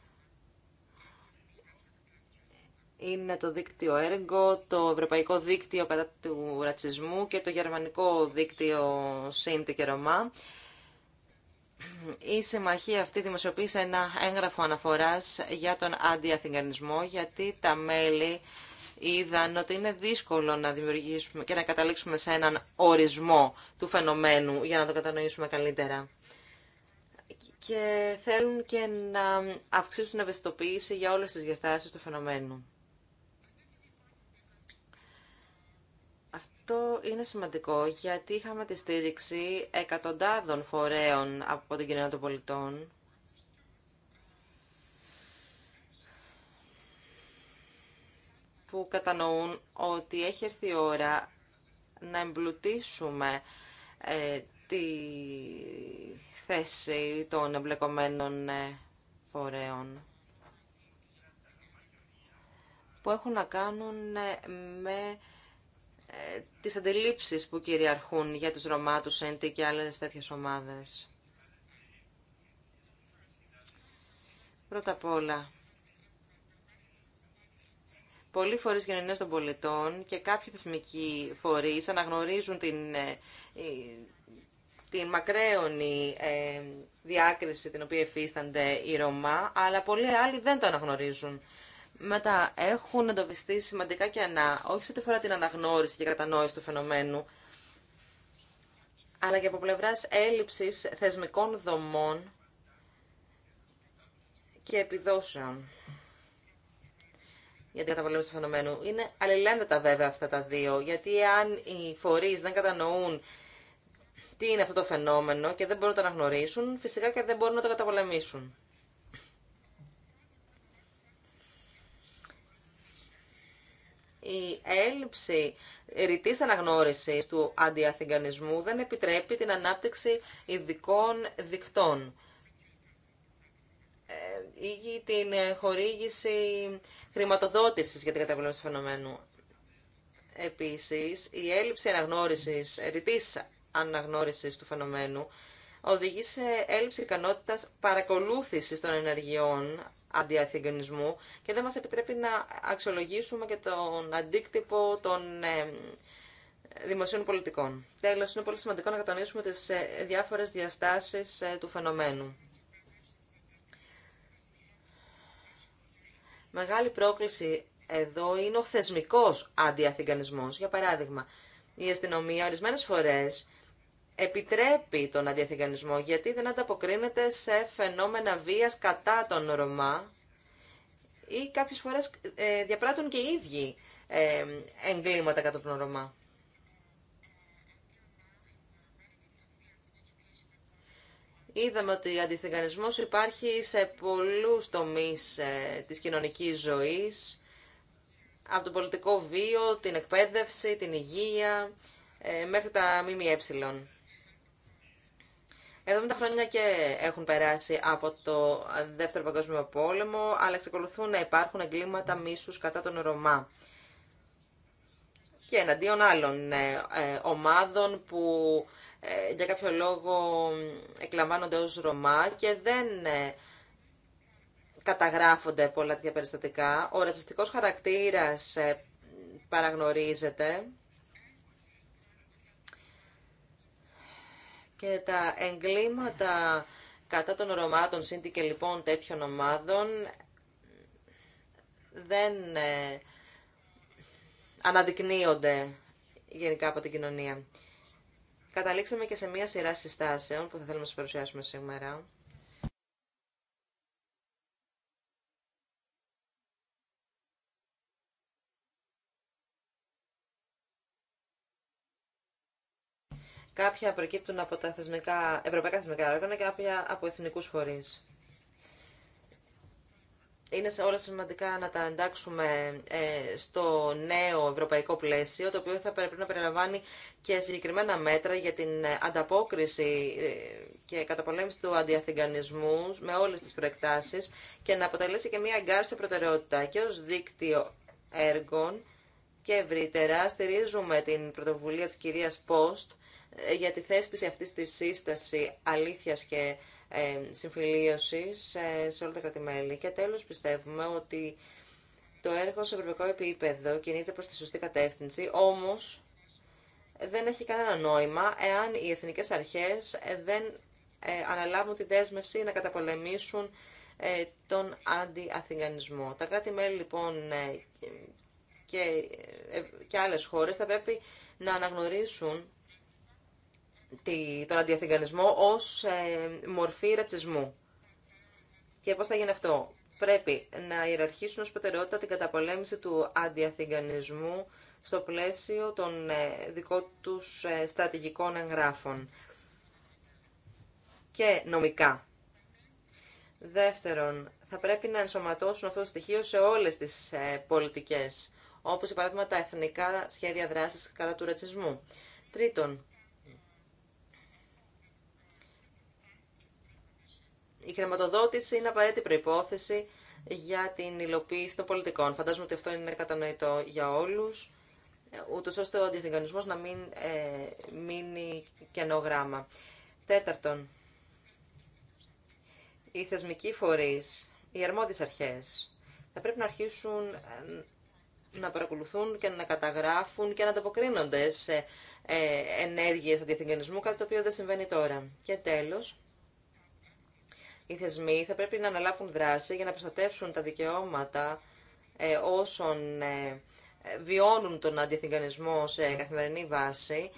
είναι το δίκτυο Έργο, το Ευρωπαϊκό Δίκτυο κατά του Ρατσισμού και το Γερμανικό Δίκτυο Σύντη και Ρωμά. Η συμμαχία αυτή δημοσιοποίησε ένα έγγραφο αναφοράς για τον αντιαθηγανισμό, γιατί τα μέλη είδαν ότι είναι δύσκολο να δημιουργήσουμε και να καταλήξουμε σε έναν ορισμό του φαινομένου για να το κατανοήσουμε καλύτερα. Και θέλουν και να αυξήσουν ευαισθητοποίηση για όλες τις διαστάσεις του φαινομένου. Αυτό είναι σημαντικό γιατί είχαμε τη στήριξη εκατοντάδων φορέων από την κοινωνία των πολιτών που κατανοούν ότι έχει έρθει η ώρα να εμπλουτίσουμε ε, τη θέση των εμπλεκομένων ε, φορέων που έχουν να κάνουν ε, με ε, τις αντιλήψεις που κυριαρχούν για τους Ρωμά, τους και άλλες τέτοιες ομάδες. Πρώτα απ' όλα, πολλοί φορείς κοινωνίας των πολιτών και κάποιοι θεσμικοί φορείς αναγνωρίζουν την, ε, την μακραίωνη ε, διάκριση την οποία εφίστανται οι Ρωμά, αλλά πολλοί άλλοι δεν το αναγνωρίζουν. Μετά έχουν εντοπιστεί σημαντικά ανά, όχι σε ό,τι αφορά την αναγνώριση και κατανόηση του φαινομένου, αλλά και από πλευρά έλλειψη θεσμικών δομών και επιδόσεων για την καταπολέμηση του φαινομένου. Είναι αλληλένδετα βέβαια αυτά τα δύο, γιατί αν οι φορεί δεν κατανοούν τι είναι αυτό το φαινόμενο και δεν μπορούν να το αναγνωρίσουν, φυσικά και δεν μπορούν να το καταπολεμήσουν. η έλλειψη ρητής αναγνώρισης του αντιαθηγανισμού δεν επιτρέπει την ανάπτυξη ειδικών δικτών ε, ή την χορήγηση χρηματοδότησης για την καταβολή του φαινομένου. Επίσης, η έλλειψη αναγνώρισης, ρητής αναγνώρισης του φαινομένου οδηγεί σε έλλειψη ικανότητας παρακολούθησης των ενεργειών αντιαθυγενισμού και δεν μας επιτρέπει να αξιολογήσουμε και τον αντίκτυπο των ε, δημοσίων πολιτικών. Τέλος, είναι πολύ σημαντικό να κατανοήσουμε τις ε, διάφορες διαστάσεις ε, του φαινομένου. Μεγάλη πρόκληση εδώ είναι ο θεσμικός αντιαθηγανισμός. Για παράδειγμα, η αστυνομία ορισμένες φορές επιτρέπει τον αντιθυγανισμό γιατί δεν ανταποκρίνεται σε φαινόμενα βίας κατά τον Ρωμά ή κάποιες φορές ε, διαπράττουν και οι ίδιοι ε, εγκλήματα κατά τον Ρωμά. Είδαμε ότι ο αντιθυγανισμός υπάρχει σε πολλούς τομείς ε, της κοινωνικής ζωής, από το πολιτικό βίο, την εκπαίδευση, την υγεία, μέχρι τα ΜΜΕ. 70 χρόνια και έχουν περάσει από το Δεύτερο Παγκόσμιο Πόλεμο, αλλά εξακολουθούν να υπάρχουν εγκλήματα μίσου κατά τον Ρωμά και εναντίον άλλων ε, ε, ομάδων που ε, για κάποιο λόγο εκλαμβάνονται ως Ρωμά και δεν καταγράφονται πολλά τέτοια περιστατικά. Ο ρατσιστικός χαρακτήρας παραγνωρίζεται και τα εγκλήματα κατά των Ρωμάτων, Σύντη και λοιπόν τέτοιων ομάδων δεν ε, αναδεικνύονται γενικά από την κοινωνία. Καταλήξαμε και σε μία σειρά συστάσεων που θα θέλουμε να σας παρουσιάσουμε σήμερα. Κάποια προκύπτουν από τα ευρωπαϊκά θεσμικά όργανα και κάποια από εθνικού φορεί. Είναι σε όλα σημαντικά να τα εντάξουμε ε, στο νέο ευρωπαϊκό πλαίσιο, το οποίο θα πρέπει να περιλαμβάνει και συγκεκριμένα μέτρα για την ε, ανταπόκριση ε, και καταπολέμηση του αντιαθηγανισμού με όλες τις προεκτάσεις και να αποτελέσει και μια εγκάρση προτεραιότητα και ως δίκτυο έργων και ευρύτερα στηρίζουμε την πρωτοβουλία της κυρίας Post ε, για τη θέσπιση αυτής της σύσταση αλήθειας και ε, συμφιλίωσης ε, σε όλα τα κρατημέλη. Και τέλος πιστεύουμε ότι το έργο σε ευρωπαϊκό επίπεδο κινείται προς τη σωστή κατεύθυνση, όμως δεν έχει κανένα νόημα εάν οι εθνικές αρχές δεν αναλάβουν τη δέσμευση να καταπολεμήσουν τον αντιαθηγανισμό. Τα κράτη-μέλη λοιπόν και, και άλλες χώρες θα πρέπει να αναγνωρίσουν τον αντιαθηγανισμό ως ε, μορφή ρατσισμού. Και πώς θα γίνει αυτό. Πρέπει να ιεραρχήσουν ως προτεραιότητα την καταπολέμηση του αντιαθηγανισμού στο πλαίσιο των ε, δικών τους ε, στρατηγικών εγγράφων και νομικά. Δεύτερον, θα πρέπει να ενσωματώσουν αυτό το στοιχείο σε όλες τις πολιτικές, όπως για παράδειγμα τα εθνικά σχέδια δράσης κατά του ρατσισμού. Τρίτον, η χρηματοδότηση είναι απαραίτητη προϋπόθεση για την υλοποίηση των πολιτικών. Φαντάζομαι ότι αυτό είναι κατανοητό για όλους, ούτως ώστε ο αντιθυγανισμός να μην ε, μείνει κενό γράμμα. Τέταρτον, οι θεσμικοί φορείς, οι αρμόδιες αρχές, θα πρέπει να αρχίσουν ε, να παρακολουθούν και να καταγράφουν και να ανταποκρίνονται σε ε, ενέργειες αντιθυγανισμού, κάτι το οποίο δεν συμβαίνει τώρα. Και τέλος, οι θεσμοί θα πρέπει να αναλάβουν δράση για να προστατεύσουν τα δικαιώματα ε, όσων ε, ε, βιώνουν τον αντιεθνικανισμό σε καθημερινή βάση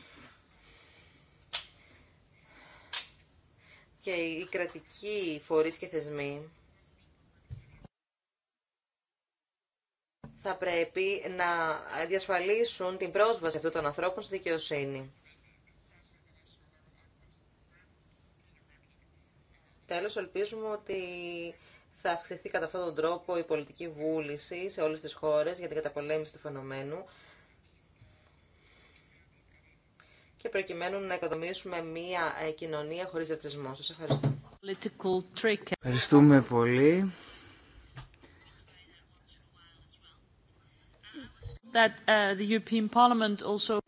και οι κρατικοί φορείς και θεσμοί θα πρέπει να διασφαλίσουν την πρόσβαση αυτών των ανθρώπων στη δικαιοσύνη. Τέλος, ελπίζουμε ότι θα αυξηθεί κατά αυτόν τον τρόπο η πολιτική βούληση σε όλες τις χώρες για την καταπολέμηση του φαινομένου και προκειμένου να οικοδομήσουμε μία ε, κοινωνία χωρίς ρατσισμό. Σας ευχαριστώ. Ευχαριστούμε πολύ. That, uh, the European Parliament also...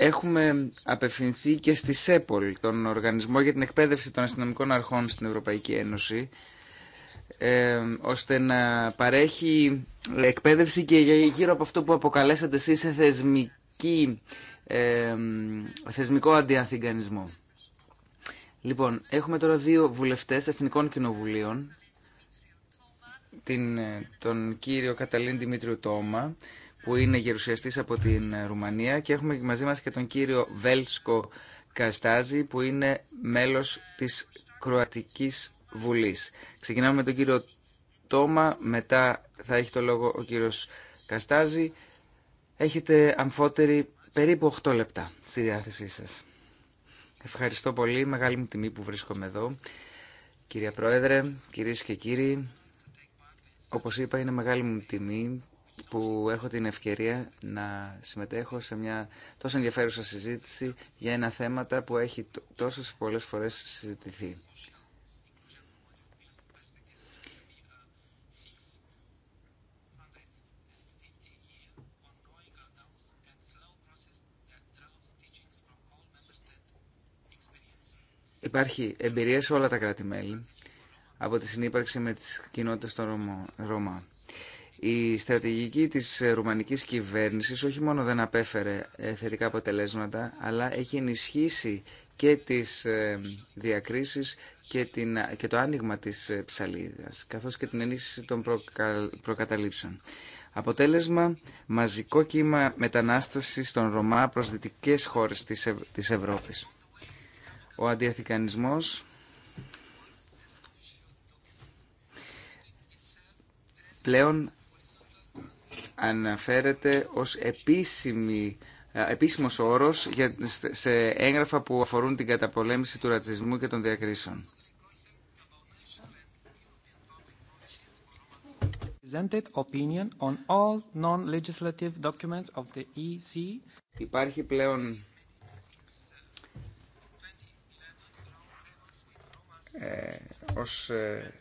Έχουμε απευθυνθεί και στη ΣΕΠΟΛ, τον Οργανισμό για την Εκπαίδευση των Αστυνομικών Αρχών στην Ευρωπαϊκή Ένωση, ε, ώστε να παρέχει εκπαίδευση και γύρω από αυτό που αποκαλέσατε εσείς σε ε, θεσμικό αντιαθηγανισμό. Λοιπόν, έχουμε τώρα δύο βουλευτές Εθνικών Κοινοβουλίων, την, ε, τον κύριο Καταλήν Δημήτριο Τόμα που είναι γερουσιαστής από την ε, Ρουμανία και έχουμε μαζί μας και τον κύριο Βέλσκο Καστάζη που είναι μέλος της Κροατικής Βουλής. Ξεκινάμε με τον κύριο Τόμα, μετά θα έχει το λόγο ο κύριος Καστάζη. Έχετε αμφότεροι περίπου 8 λεπτά στη διάθεσή σας. Ευχαριστώ πολύ, μεγάλη μου τιμή που βρίσκομαι εδώ. Κυρία Πρόεδρε, κυρίες και κύριοι, όπως είπα είναι μεγάλη μου τιμή που έχω την ευκαιρία να συμμετέχω σε μια τόσο ενδιαφέρουσα συζήτηση για ένα θέμα που έχει τόσες πολλές φορές συζητηθεί. Υπάρχει εμπειρία σε όλα τα κράτη-μέλη από τη συνύπαρξη με τις κοινότητες των Ρωμά. Η στρατηγική της ρουμανικής κυβέρνησης όχι μόνο δεν απέφερε ε, θετικά αποτελέσματα, αλλά έχει ενισχύσει και τις ε, διακρίσεις και, την, και το άνοιγμα της ε, ψαλίδας, καθώς και την ενίσχυση των προκα, προκαταλήψεων. Αποτέλεσμα, μαζικό κύμα μετανάστασης των Ρωμά προς δυτικές χώρες της, Ευ της Ευρώπης. Ο αντιαθηκανισμός πλέον αναφέρεται ως επίσημη επίσημος όρος για, σε έγγραφα που αφορούν την καταπολέμηση του ρατσισμού και των διακρίσεων. on all of the EC. Υπάρχει πλέον ε, ως ε,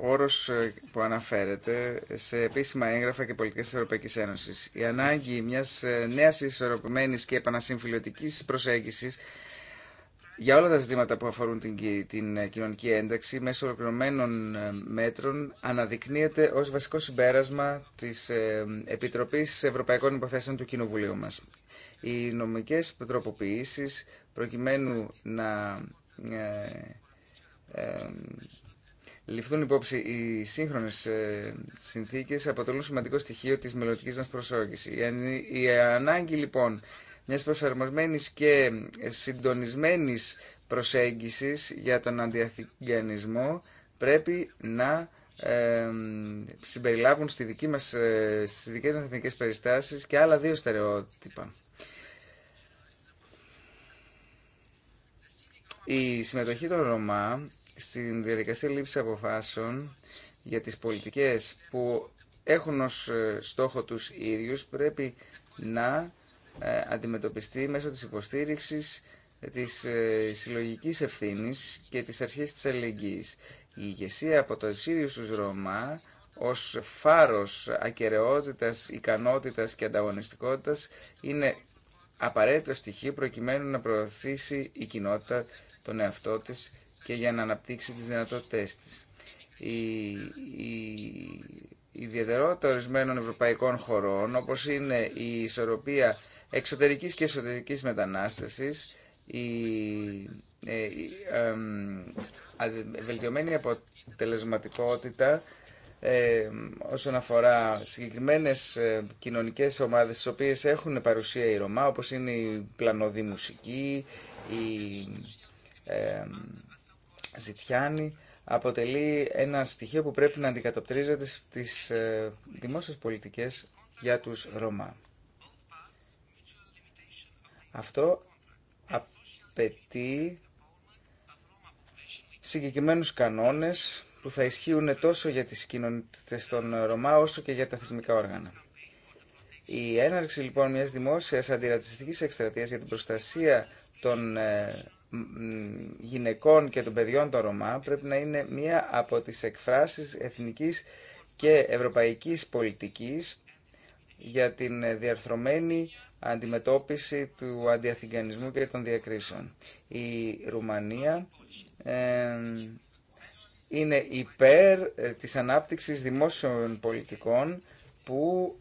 όρος ε, που αναφέρεται σε επίσημα έγγραφα και πολιτικές της Ευρωπαϊκής Ένωσης. Η ανάγκη μιας ε, νέας ισορροπημένης και επανασυμφιλωτικής προσέγγισης για όλα τα ζητήματα που αφορούν την, την ε, κοινωνική ένταξη μέσω ολοκληρωμένων μέτρων αναδεικνύεται ως βασικό συμπέρασμα της Επιτροπής Ευρωπαϊκών Υποθέσεων του Κοινοβουλίου μας. Οι νομικές τροποποιήσεις προκειμένου να ληφθούν υπόψη οι σύγχρονε συνθήκε αποτελούν σημαντικό στοιχείο τη μελλοντική μα προσέγγιση. Η ανάγκη λοιπόν μια προσαρμοσμένη και συντονισμένη προσέγγιση για τον αντιαθυγιανισμό πρέπει να ε, συμπεριλάβουν στι δικέ μας, ε, στις δικές μας περιστάσεις και άλλα δύο στερεότυπα. Η συμμετοχή των Ρωμά στην διαδικασία λήψη αποφάσεων για τις πολιτικές που έχουν ως ε, στόχο τους ίδιους πρέπει να ε, αντιμετωπιστεί μέσω της υποστήριξης ε, της συλλογικής ευθύνης και της αρχής της αλληλεγγύης. Η ηγεσία από το ίδιο τους Ρωμά ως φάρος ακαιρεότητας, ικανότητας και ανταγωνιστικότητας είναι απαραίτητο στοιχείο προκειμένου να προωθήσει η κοινότητα τον εαυτό της και για να αναπτύξει τις δυνατότητές της. Η, η, η ιδιαιτερότητα ορισμένων ευρωπαϊκών χωρών, όπως είναι η ισορροπία εξωτερικής και εσωτερικής μετανάστευσης, η, ε, βελτιωμένη αποτελεσματικότητα ε, όσον αφορά συγκεκριμένες ε, κοινωνικές ομάδες στις οποίες έχουν παρουσία η Ρωμά, όπως είναι η πλανοδή μουσική, η Ζητιάνη αποτελεί ένα στοιχείο που πρέπει να αντικατοπτρίζεται στις ε, δημόσιες πολιτικές για τους Ρωμά. Αυτό απαιτεί συγκεκριμένους κανόνες που θα ισχύουν τόσο για τις κοινωνίες των Ρωμά όσο και για τα θεσμικά όργανα. Η έναρξη λοιπόν μιας δημόσιας αντιρατσιστικής εκστρατείας για την προστασία των ε, γυναικών και των παιδιών των Ρωμά πρέπει να είναι μία από τις εκφράσεις εθνικής και ευρωπαϊκής πολιτικής για την διαρθρωμένη αντιμετώπιση του αντιαθηγανισμού και των διακρίσεων. Η Ρουμανία είναι υπέρ ε, της ανάπτυξης δημόσιων πολιτικών που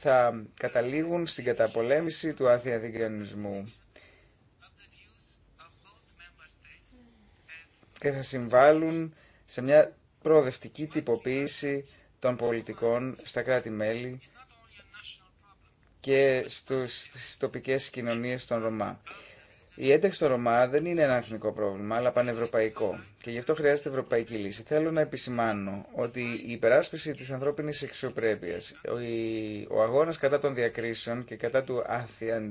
θα καταλήγουν στην καταπολέμηση του αθιαδικανισμού και θα συμβάλλουν σε μια προοδευτική τυποποίηση των πολιτικών στα κράτη-μέλη και στους, στις τοπικές κοινωνίες των Ρωμά. Η ένταξη στο Ρωμά δεν είναι ένα εθνικό πρόβλημα, αλλά πανευρωπαϊκό. Και γι' αυτό χρειάζεται ευρωπαϊκή λύση. Θέλω να επισημάνω ότι η υπεράσπιση τη ανθρώπινη αξιοπρέπεια, ο αγώνα κατά των διακρίσεων και κατά του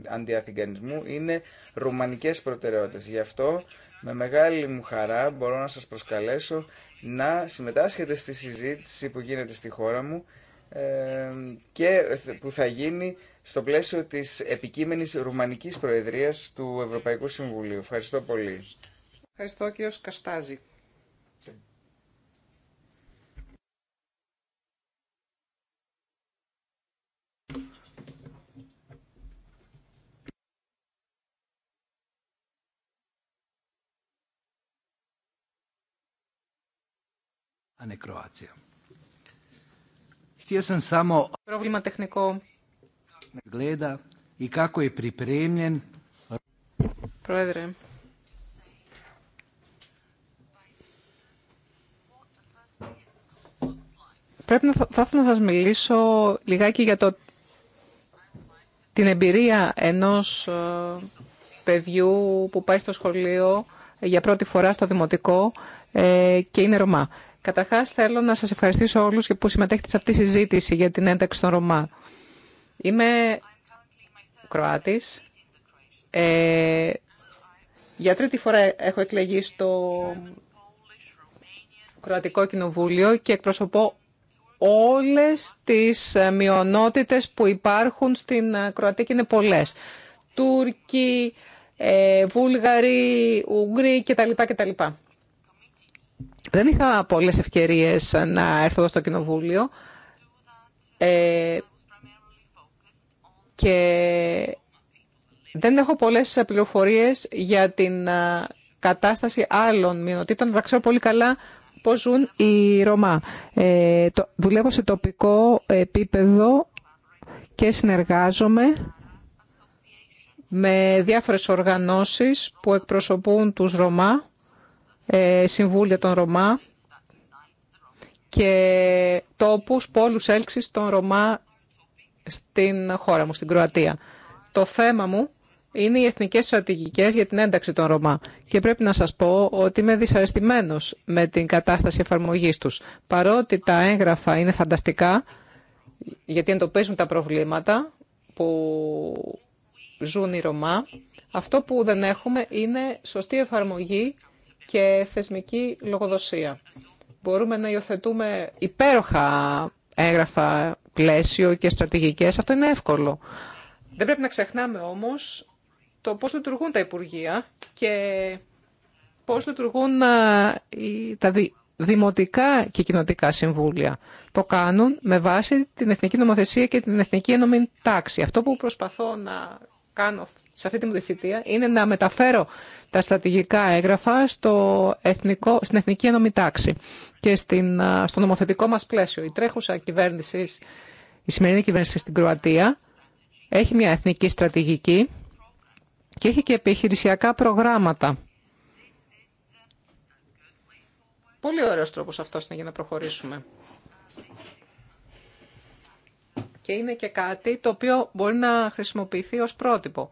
αντιαθηγανισμού είναι ρουμανικέ προτεραιότητε. Γι' αυτό με μεγάλη μου χαρά μπορώ να σα προσκαλέσω να συμμετάσχετε στη συζήτηση που γίνεται στη χώρα μου ε, και που θα γίνει στο πλαίσιο της επικείμενης Ρουμανικής Προεδρίας του Ευρωπαϊκού Συμβουλίου. Ευχαριστώ πολύ. Ευχαριστώ κύριο Καστάζη. Πρόβλημα τεχνικό gleda i kako je pripremljen. Πρόεδρε, πρέπει να, θα ήθελα να σας μιλήσω λιγάκι για το, την εμπειρία ενός ε, παιδιού που πάει στο σχολείο για πρώτη φορά στο δημοτικό ε, και είναι Ρωμά. Καταρχάς θέλω να σας ευχαριστήσω όλους και που συμμετέχετε σε αυτή τη συζήτηση για την ένταξη των Ρωμά. Είμαι Κροάτης. Ε, για τρίτη φορά έχω εκλεγεί στο Κροατικό Κοινοβούλιο και εκπροσωπώ όλες τις ε, μειονότητες που υπάρχουν στην ε, Κροατία και είναι πολλές. Τούρκοι, ε, Βούλγαροι, Ουγγροί κτλ. κτλ. Δεν είχα πολλές ευκαιρίες να έρθω εδώ στο Κοινοβούλιο. Ε, και δεν έχω πολλές πληροφορίες για την κατάσταση άλλων μειονοτήτων. Δεν ξέρω πολύ καλά πώς ζουν οι Ρωμά. Ε, το, δουλεύω σε τοπικό επίπεδο και συνεργάζομαι με διάφορες οργανώσεις που εκπροσωπούν τους Ρωμά, ε, συμβούλια των Ρωμά και τόπους, πόλους έλξης των Ρωμά στην χώρα μου, στην Κροατία. Το θέμα μου είναι οι εθνικές στρατηγικές για την ένταξη των Ρωμά. Και πρέπει να σας πω ότι είμαι δυσαρεστημένος με την κατάσταση εφαρμογής τους. Παρότι τα έγγραφα είναι φανταστικά, γιατί εντοπίζουν τα προβλήματα που ζουν οι Ρωμά, αυτό που δεν έχουμε είναι σωστή εφαρμογή και θεσμική λογοδοσία. Μπορούμε να υιοθετούμε υπέροχα έγγραφα πλαίσιο και στρατηγικές. Αυτό είναι εύκολο. Δεν πρέπει να ξεχνάμε όμως το πώς λειτουργούν τα Υπουργεία και πώς λειτουργούν ε, τα δημοτικά και κοινοτικά συμβούλια. Το κάνουν με βάση την εθνική νομοθεσία και την εθνική ενωμένη τάξη. Αυτό που προσπαθώ να κάνω σε αυτή τη θητεία είναι να μεταφέρω τα στρατηγικά έγγραφα στο εθνικό, στην Εθνική Ενωμή Τάξη και στην, στο νομοθετικό μας πλαίσιο. Η τρέχουσα κυβέρνηση, η σημερινή κυβέρνηση στην Κροατία, έχει μια εθνική στρατηγική και έχει και επιχειρησιακά προγράμματα. Πολύ ωραίος τρόπος αυτός είναι για να προχωρήσουμε. Και είναι και κάτι το οποίο μπορεί να χρησιμοποιηθεί ως πρότυπο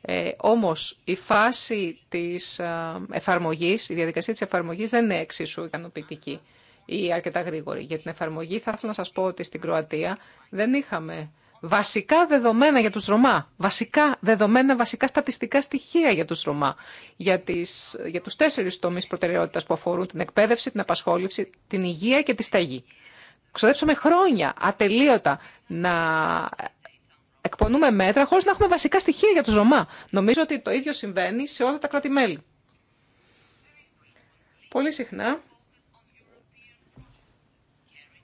ε, όμως η φάση της ε, εφαρμογής, η διαδικασία της εφαρμογής δεν είναι εξίσου ικανοποιητική ή αρκετά γρήγορη. Για την εφαρμογή θα ήθελα να σας πω ότι στην Κροατία δεν είχαμε βασικά δεδομένα για τους Ρωμά, βασικά δεδομένα, βασικά στατιστικά στοιχεία για τους Ρωμά, για, τις, για τους τέσσερις τομείς προτεραιότητας που αφορούν την εκπαίδευση, την απασχόληση, την υγεία και τη σταγή. Ξοδέψαμε χρόνια ατελείωτα να εκπονούμε μέτρα χωρίς να έχουμε βασικά στοιχεία για τους Ρωμά. Νομίζω ότι το ίδιο συμβαίνει σε όλα τα κράτη-μέλη. Πολύ συχνά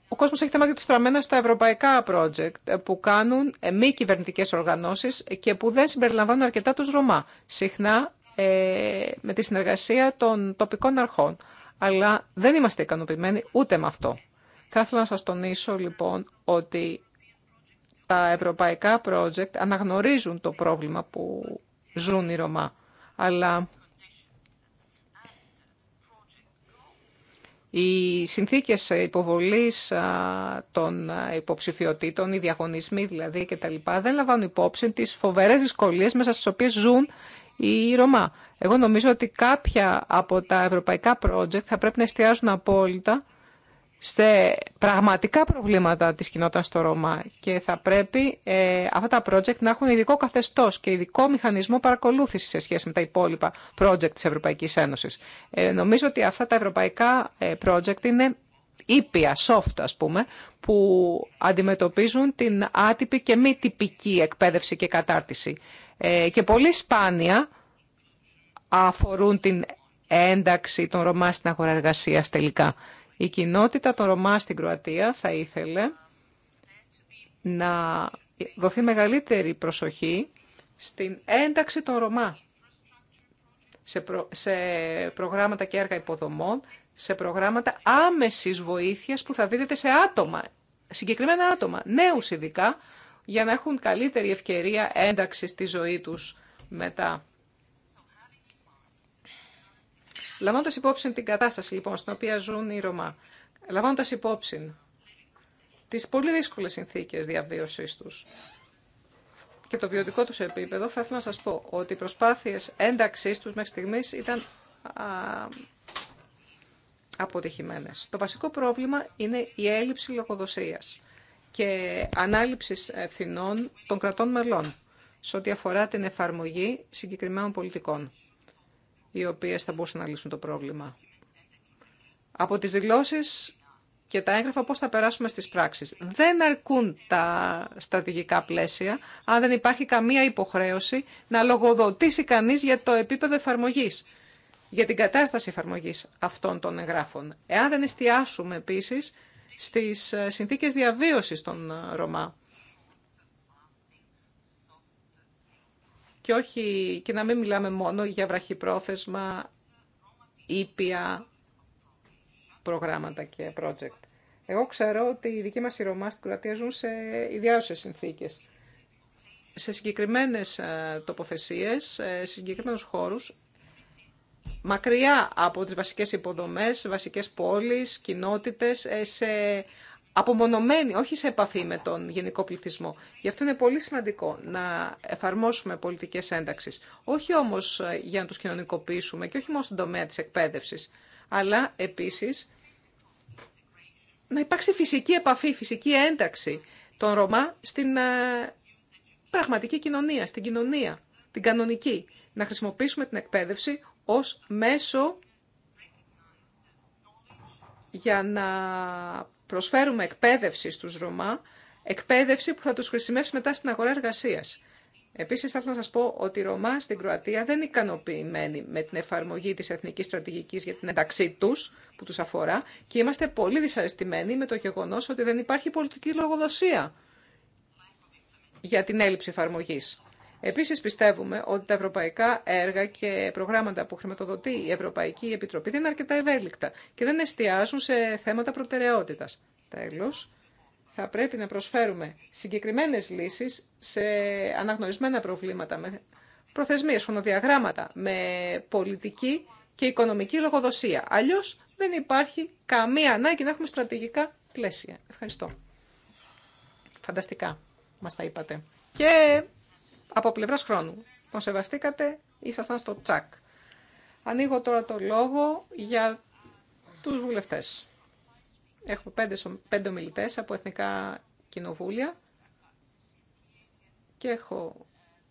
ο κόσμος έχει τα μάτια του στραμμένα στα ευρωπαϊκά project που κάνουν ε, μη κυβερνητικέ οργανώσεις και που δεν συμπεριλαμβάνουν αρκετά τους Ρωμά. Συχνά ε, με τη συνεργασία των τοπικών αρχών. Αλλά δεν είμαστε ικανοποιημένοι ούτε με αυτό. Θα ήθελα να σας τονίσω λοιπόν ότι τα ευρωπαϊκά project αναγνωρίζουν το πρόβλημα που ζουν οι Ρωμά. Αλλά οι συνθήκες υποβολής των υποψηφιωτήτων, οι διαγωνισμοί δηλαδή και τα λοιπά, δεν λαμβάνουν υπόψη τις φοβερές δυσκολίες μέσα στις οποίες ζουν οι Ρωμά. Εγώ νομίζω ότι κάποια από τα ευρωπαϊκά project θα πρέπει να εστιάζουν απόλυτα στα πραγματικά προβλήματα της κοινότητας στο Ρώμα και θα πρέπει ε, αυτά τα project να έχουν ειδικό καθεστώς και ειδικό μηχανισμό παρακολούθησης σε σχέση με τα υπόλοιπα project της Ευρωπαϊκής Ένωσης. Ε, νομίζω ότι αυτά τα ευρωπαϊκά ε, project είναι ήπια, soft ας πούμε, που αντιμετωπίζουν την άτυπη και μη τυπική εκπαίδευση και κατάρτιση. Ε, και πολύ σπάνια αφορούν την ένταξη των Ρωμά στην αγορά τελικά. Η κοινότητα των Ρωμά στην Κροατία θα ήθελε να δοθεί μεγαλύτερη προσοχή στην ένταξη των Ρωμά σε, προγράμματα και έργα υποδομών, σε προγράμματα άμεσης βοήθειας που θα δίδεται σε άτομα, συγκεκριμένα άτομα, νέους ειδικά, για να έχουν καλύτερη ευκαιρία ένταξη στη ζωή τους μετά. Λαμβάνοντα υπόψη την κατάσταση λοιπόν στην οποία ζουν οι Ρωμά, λαμβάνοντα υπόψη τι πολύ δύσκολε συνθήκε διαβίωσή του και το βιωτικό του επίπεδο, θα ήθελα να σα πω ότι οι προσπάθειε ένταξή του μέχρι στιγμή ήταν α, αποτυχημένες. Το βασικό πρόβλημα είναι η έλλειψη λογοδοσίας και ανάληψη ευθυνών των κρατών μελών σε ό,τι αφορά την εφαρμογή συγκεκριμένων πολιτικών οι οποίες θα μπορούσαν να λύσουν το πρόβλημα. Από τις δηλώσει και τα έγγραφα πώς θα περάσουμε στις πράξεις. Δεν αρκούν τα στρατηγικά πλαίσια αν δεν υπάρχει καμία υποχρέωση να λογοδοτήσει κανείς για το επίπεδο εφαρμογής, για την κατάσταση εφαρμογής αυτών των εγγράφων. Εάν δεν εστιάσουμε επίση στις συνθήκες διαβίωσης των Ρωμά, και, όχι, και να μην μιλάμε μόνο για βραχυπρόθεσμα, ήπια προγράμματα και project. Εγώ ξέρω ότι οι δικοί μας οι Ρωμά στην ζουν σε ιδιαίτερες συνθήκες. Σε συγκεκριμένες ε, τοποθεσίες, σε συγκεκριμένους χώρους, μακριά από τις βασικές υποδομές, βασικές πόλεις, κοινότητες, ε, σε απομονωμένοι, όχι σε επαφή με τον γενικό πληθυσμό. Γι' αυτό είναι πολύ σημαντικό να εφαρμόσουμε πολιτικές ένταξης. Όχι όμως ε, για να του κοινωνικοποιήσουμε και όχι μόνο στον τομέα τη εκπαίδευση. αλλά επίσης να υπάρξει φυσική επαφή, φυσική ένταξη των Ρωμά στην ε, πραγματική κοινωνία, στην κοινωνία, την κανονική. Να χρησιμοποιήσουμε την εκπαίδευση ως μέσο για να προσφέρουμε εκπαίδευση στους Ρωμά, εκπαίδευση που θα τους χρησιμεύσει μετά στην αγορά εργασίας. Επίσης, θα ήθελα να σας πω ότι οι Ρωμά στην Κροατία δεν είναι ικανοποιημένοι με την εφαρμογή της εθνικής στρατηγικής για την ένταξή τους, που τους αφορά, και είμαστε πολύ δυσαρεστημένοι με το γεγονός ότι δεν υπάρχει πολιτική λογοδοσία για την έλλειψη εφαρμογή. Επίσης πιστεύουμε ότι τα ευρωπαϊκά έργα και προγράμματα που χρηματοδοτεί η Ευρωπαϊκή Επιτροπή δεν είναι αρκετά ευέλικτα και δεν εστιάζουν σε θέματα προτεραιότητας. Τέλος, θα πρέπει να προσφέρουμε συγκεκριμένες λύσεις σε αναγνωρισμένα προβλήματα, με προθεσμίες, χρονοδιαγράμματα, με πολιτική και οικονομική λογοδοσία. Αλλιώς δεν υπάρχει καμία ανάγκη να έχουμε στρατηγικά πλαίσια. Ευχαριστώ. Φανταστικά μας τα είπατε. Και από πλευρά χρόνου. Τον σεβαστήκατε, ήσασταν στο τσακ. Ανοίγω τώρα το λόγο για τους βουλευτές. Έχουμε πέντε, πέντε ομιλητές από εθνικά κοινοβούλια και έχω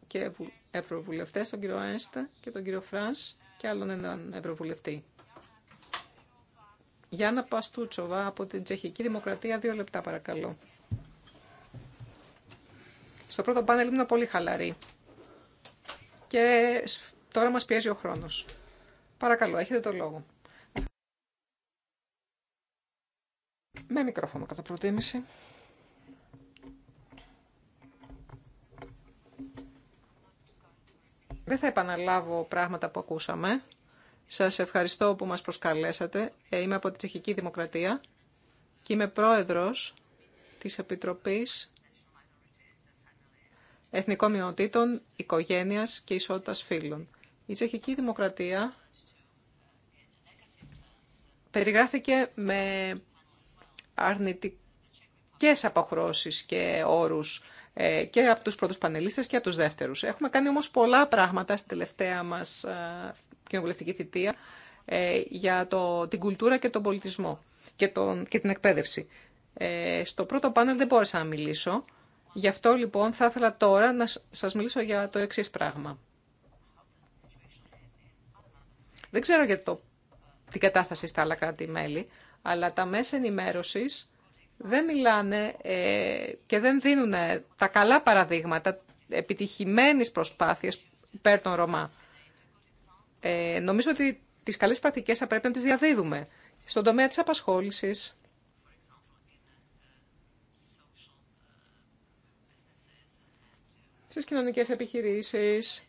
και ευρωβουλευτές, τον κύριο Ένστα και τον κύριο Φρανς και άλλον έναν ευρωβουλευτή. Γιάννα Παστούτσοβα από την Τσεχική Δημοκρατία, δύο λεπτά παρακαλώ. Στο πρώτο πάνελ ήμουν πολύ χαλαρή. Και τώρα μας πιέζει ο χρόνος. Παρακαλώ, έχετε το λόγο. Με μικρόφωνο κατά προτίμηση. Δεν θα επαναλάβω πράγματα που ακούσαμε. Σας ευχαριστώ που μας προσκαλέσατε. Ε, είμαι από τη Τσεχική Δημοκρατία και είμαι πρόεδρος της Επιτροπής εθνικών μειονοτήτων, οικογένειας και ισότητα φύλων. Η τσεχική δημοκρατία περιγράφηκε με αρνητικές αποχρώσεις και όρους ε, και από τους πρώτους πανελίστες και από τους δεύτερους. Έχουμε κάνει όμως πολλά πράγματα στην τελευταία μας ε, κοινοβουλευτική θητεία ε, για το, την κουλτούρα και τον πολιτισμό και, τον, και την εκπαίδευση. στο πρώτο πάνελ δεν μπόρεσα να μιλήσω, Γι' αυτό λοιπόν θα ήθελα τώρα να σας μιλήσω για το εξής πράγμα. Δεν ξέρω για το, την κατάσταση στα άλλα κράτη-μέλη, αλλά τα μέσα ενημέρωσης δεν μιλάνε ε, και δεν δίνουν τα καλά παραδείγματα επιτυχημένης προσπάθειας υπέρ των Ρωμά. Ε, νομίζω ότι τις καλές πρακτικές θα πρέπει να τις διαδίδουμε στον τομέα της απασχόλησης, στις κοινωνικές επιχειρήσεις,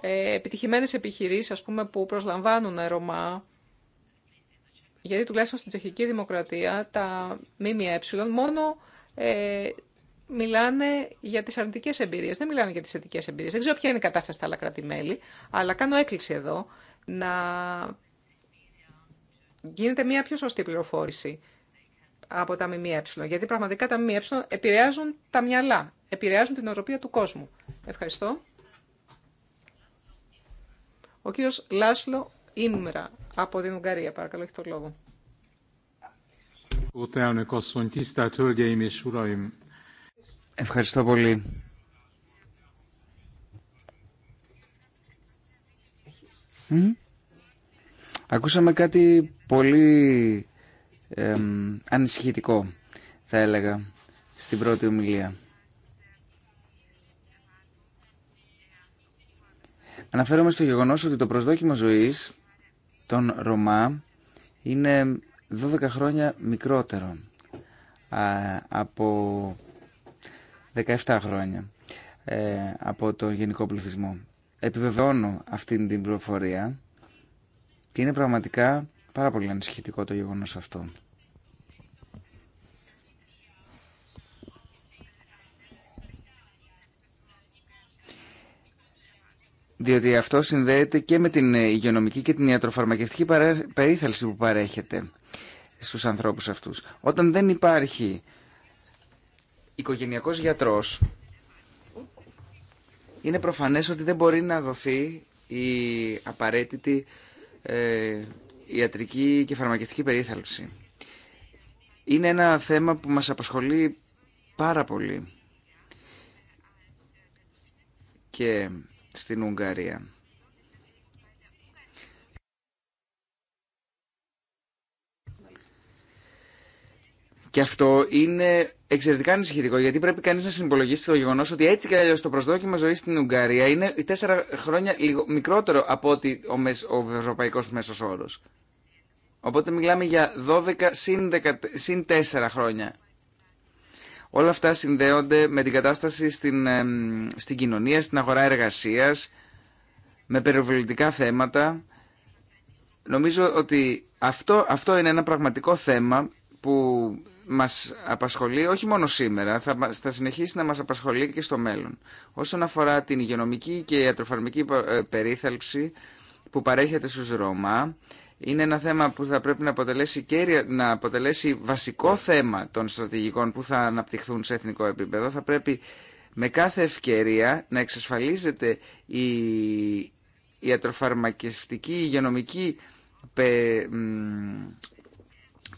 ε, επιτυχημένες επιχειρήσεις, ας πούμε, που προσλαμβάνουν Ρωμά, γιατί τουλάχιστον στην τσεχική δημοκρατία τα ΜΜΕ μόνο ε, μιλάνε για τις αρνητικές εμπειρίες, δεν μιλάνε για τις θετικές εμπειρίες. Δεν ξέρω ποια είναι η κατάσταση στα άλλα κράτη-μέλη, αλλά κάνω έκκληση εδώ να γίνεται μια πιο σωστή πληροφόρηση από τα ΜΜΕ. Γιατί πραγματικά τα ΜΜΕ επηρεάζουν τα μυαλά, επηρεάζουν την οροπία του κόσμου. Ευχαριστώ. Ο κύριος Λάσλο Ήμρα από την Ουγγαρία. Παρακαλώ, έχει το λόγο. Ευχαριστώ πολύ. Ακούσαμε κάτι πολύ ε, ανησυχητικό, θα έλεγα, στην πρώτη ομιλία. Αναφέρομαι στο γεγονός ότι το προσδόκιμο ζωής των Ρωμά είναι 12 χρόνια μικρότερο από 17 χρόνια ε, από το γενικό πληθυσμό. Επιβεβαιώνω αυτήν την πληροφορία και είναι πραγματικά Πάρα πολύ ανησυχητικό το γεγονός αυτό. Διότι αυτό συνδέεται και με την υγειονομική και την ιατροφαρμακευτική περίθαλψη που παρέχεται στους ανθρώπους αυτούς. Όταν δεν υπάρχει οικογενειακός γιατρός, είναι προφανές ότι δεν μπορεί να δοθεί η απαραίτητη ε, ιατρική και φαρμακευτική περίθαλψη. Είναι ένα θέμα που μας απασχολεί πάρα πολύ και στην Ουγγαρία. Και αυτό είναι εξαιρετικά ανησυχητικό, γιατί πρέπει κανεί να συμπολογίσει το γεγονό ότι έτσι και αλλιώ το προσδόκιμο ζωή στην Ουγγαρία είναι τέσσερα χρόνια λίγο μικρότερο από ότι ο, μεσ, ο ευρωπαϊκό μέσο όρο. Οπότε μιλάμε για 12 συν, 10, συν 4 χρόνια. Όλα αυτά συνδέονται με την κατάσταση στην, στην κοινωνία, στην αγορά εργασίας, με περιβαλλοντικά θέματα. Νομίζω ότι αυτό, αυτό είναι ένα πραγματικό θέμα που μας απασχολεί όχι μόνο σήμερα, θα, θα συνεχίσει να μας απασχολεί και στο μέλλον. Όσον αφορά την υγειονομική και ιατροφαρμική ε, περίθαλψη που παρέχεται στους Ρωμά, είναι ένα θέμα που θα πρέπει να αποτελέσει, και, να αποτελέσει βασικό θέμα των στρατηγικών που θα αναπτυχθούν σε εθνικό επίπεδο. Θα πρέπει με κάθε ευκαιρία να εξασφαλίζεται η ιατροφαρμακευτική, υγειονομική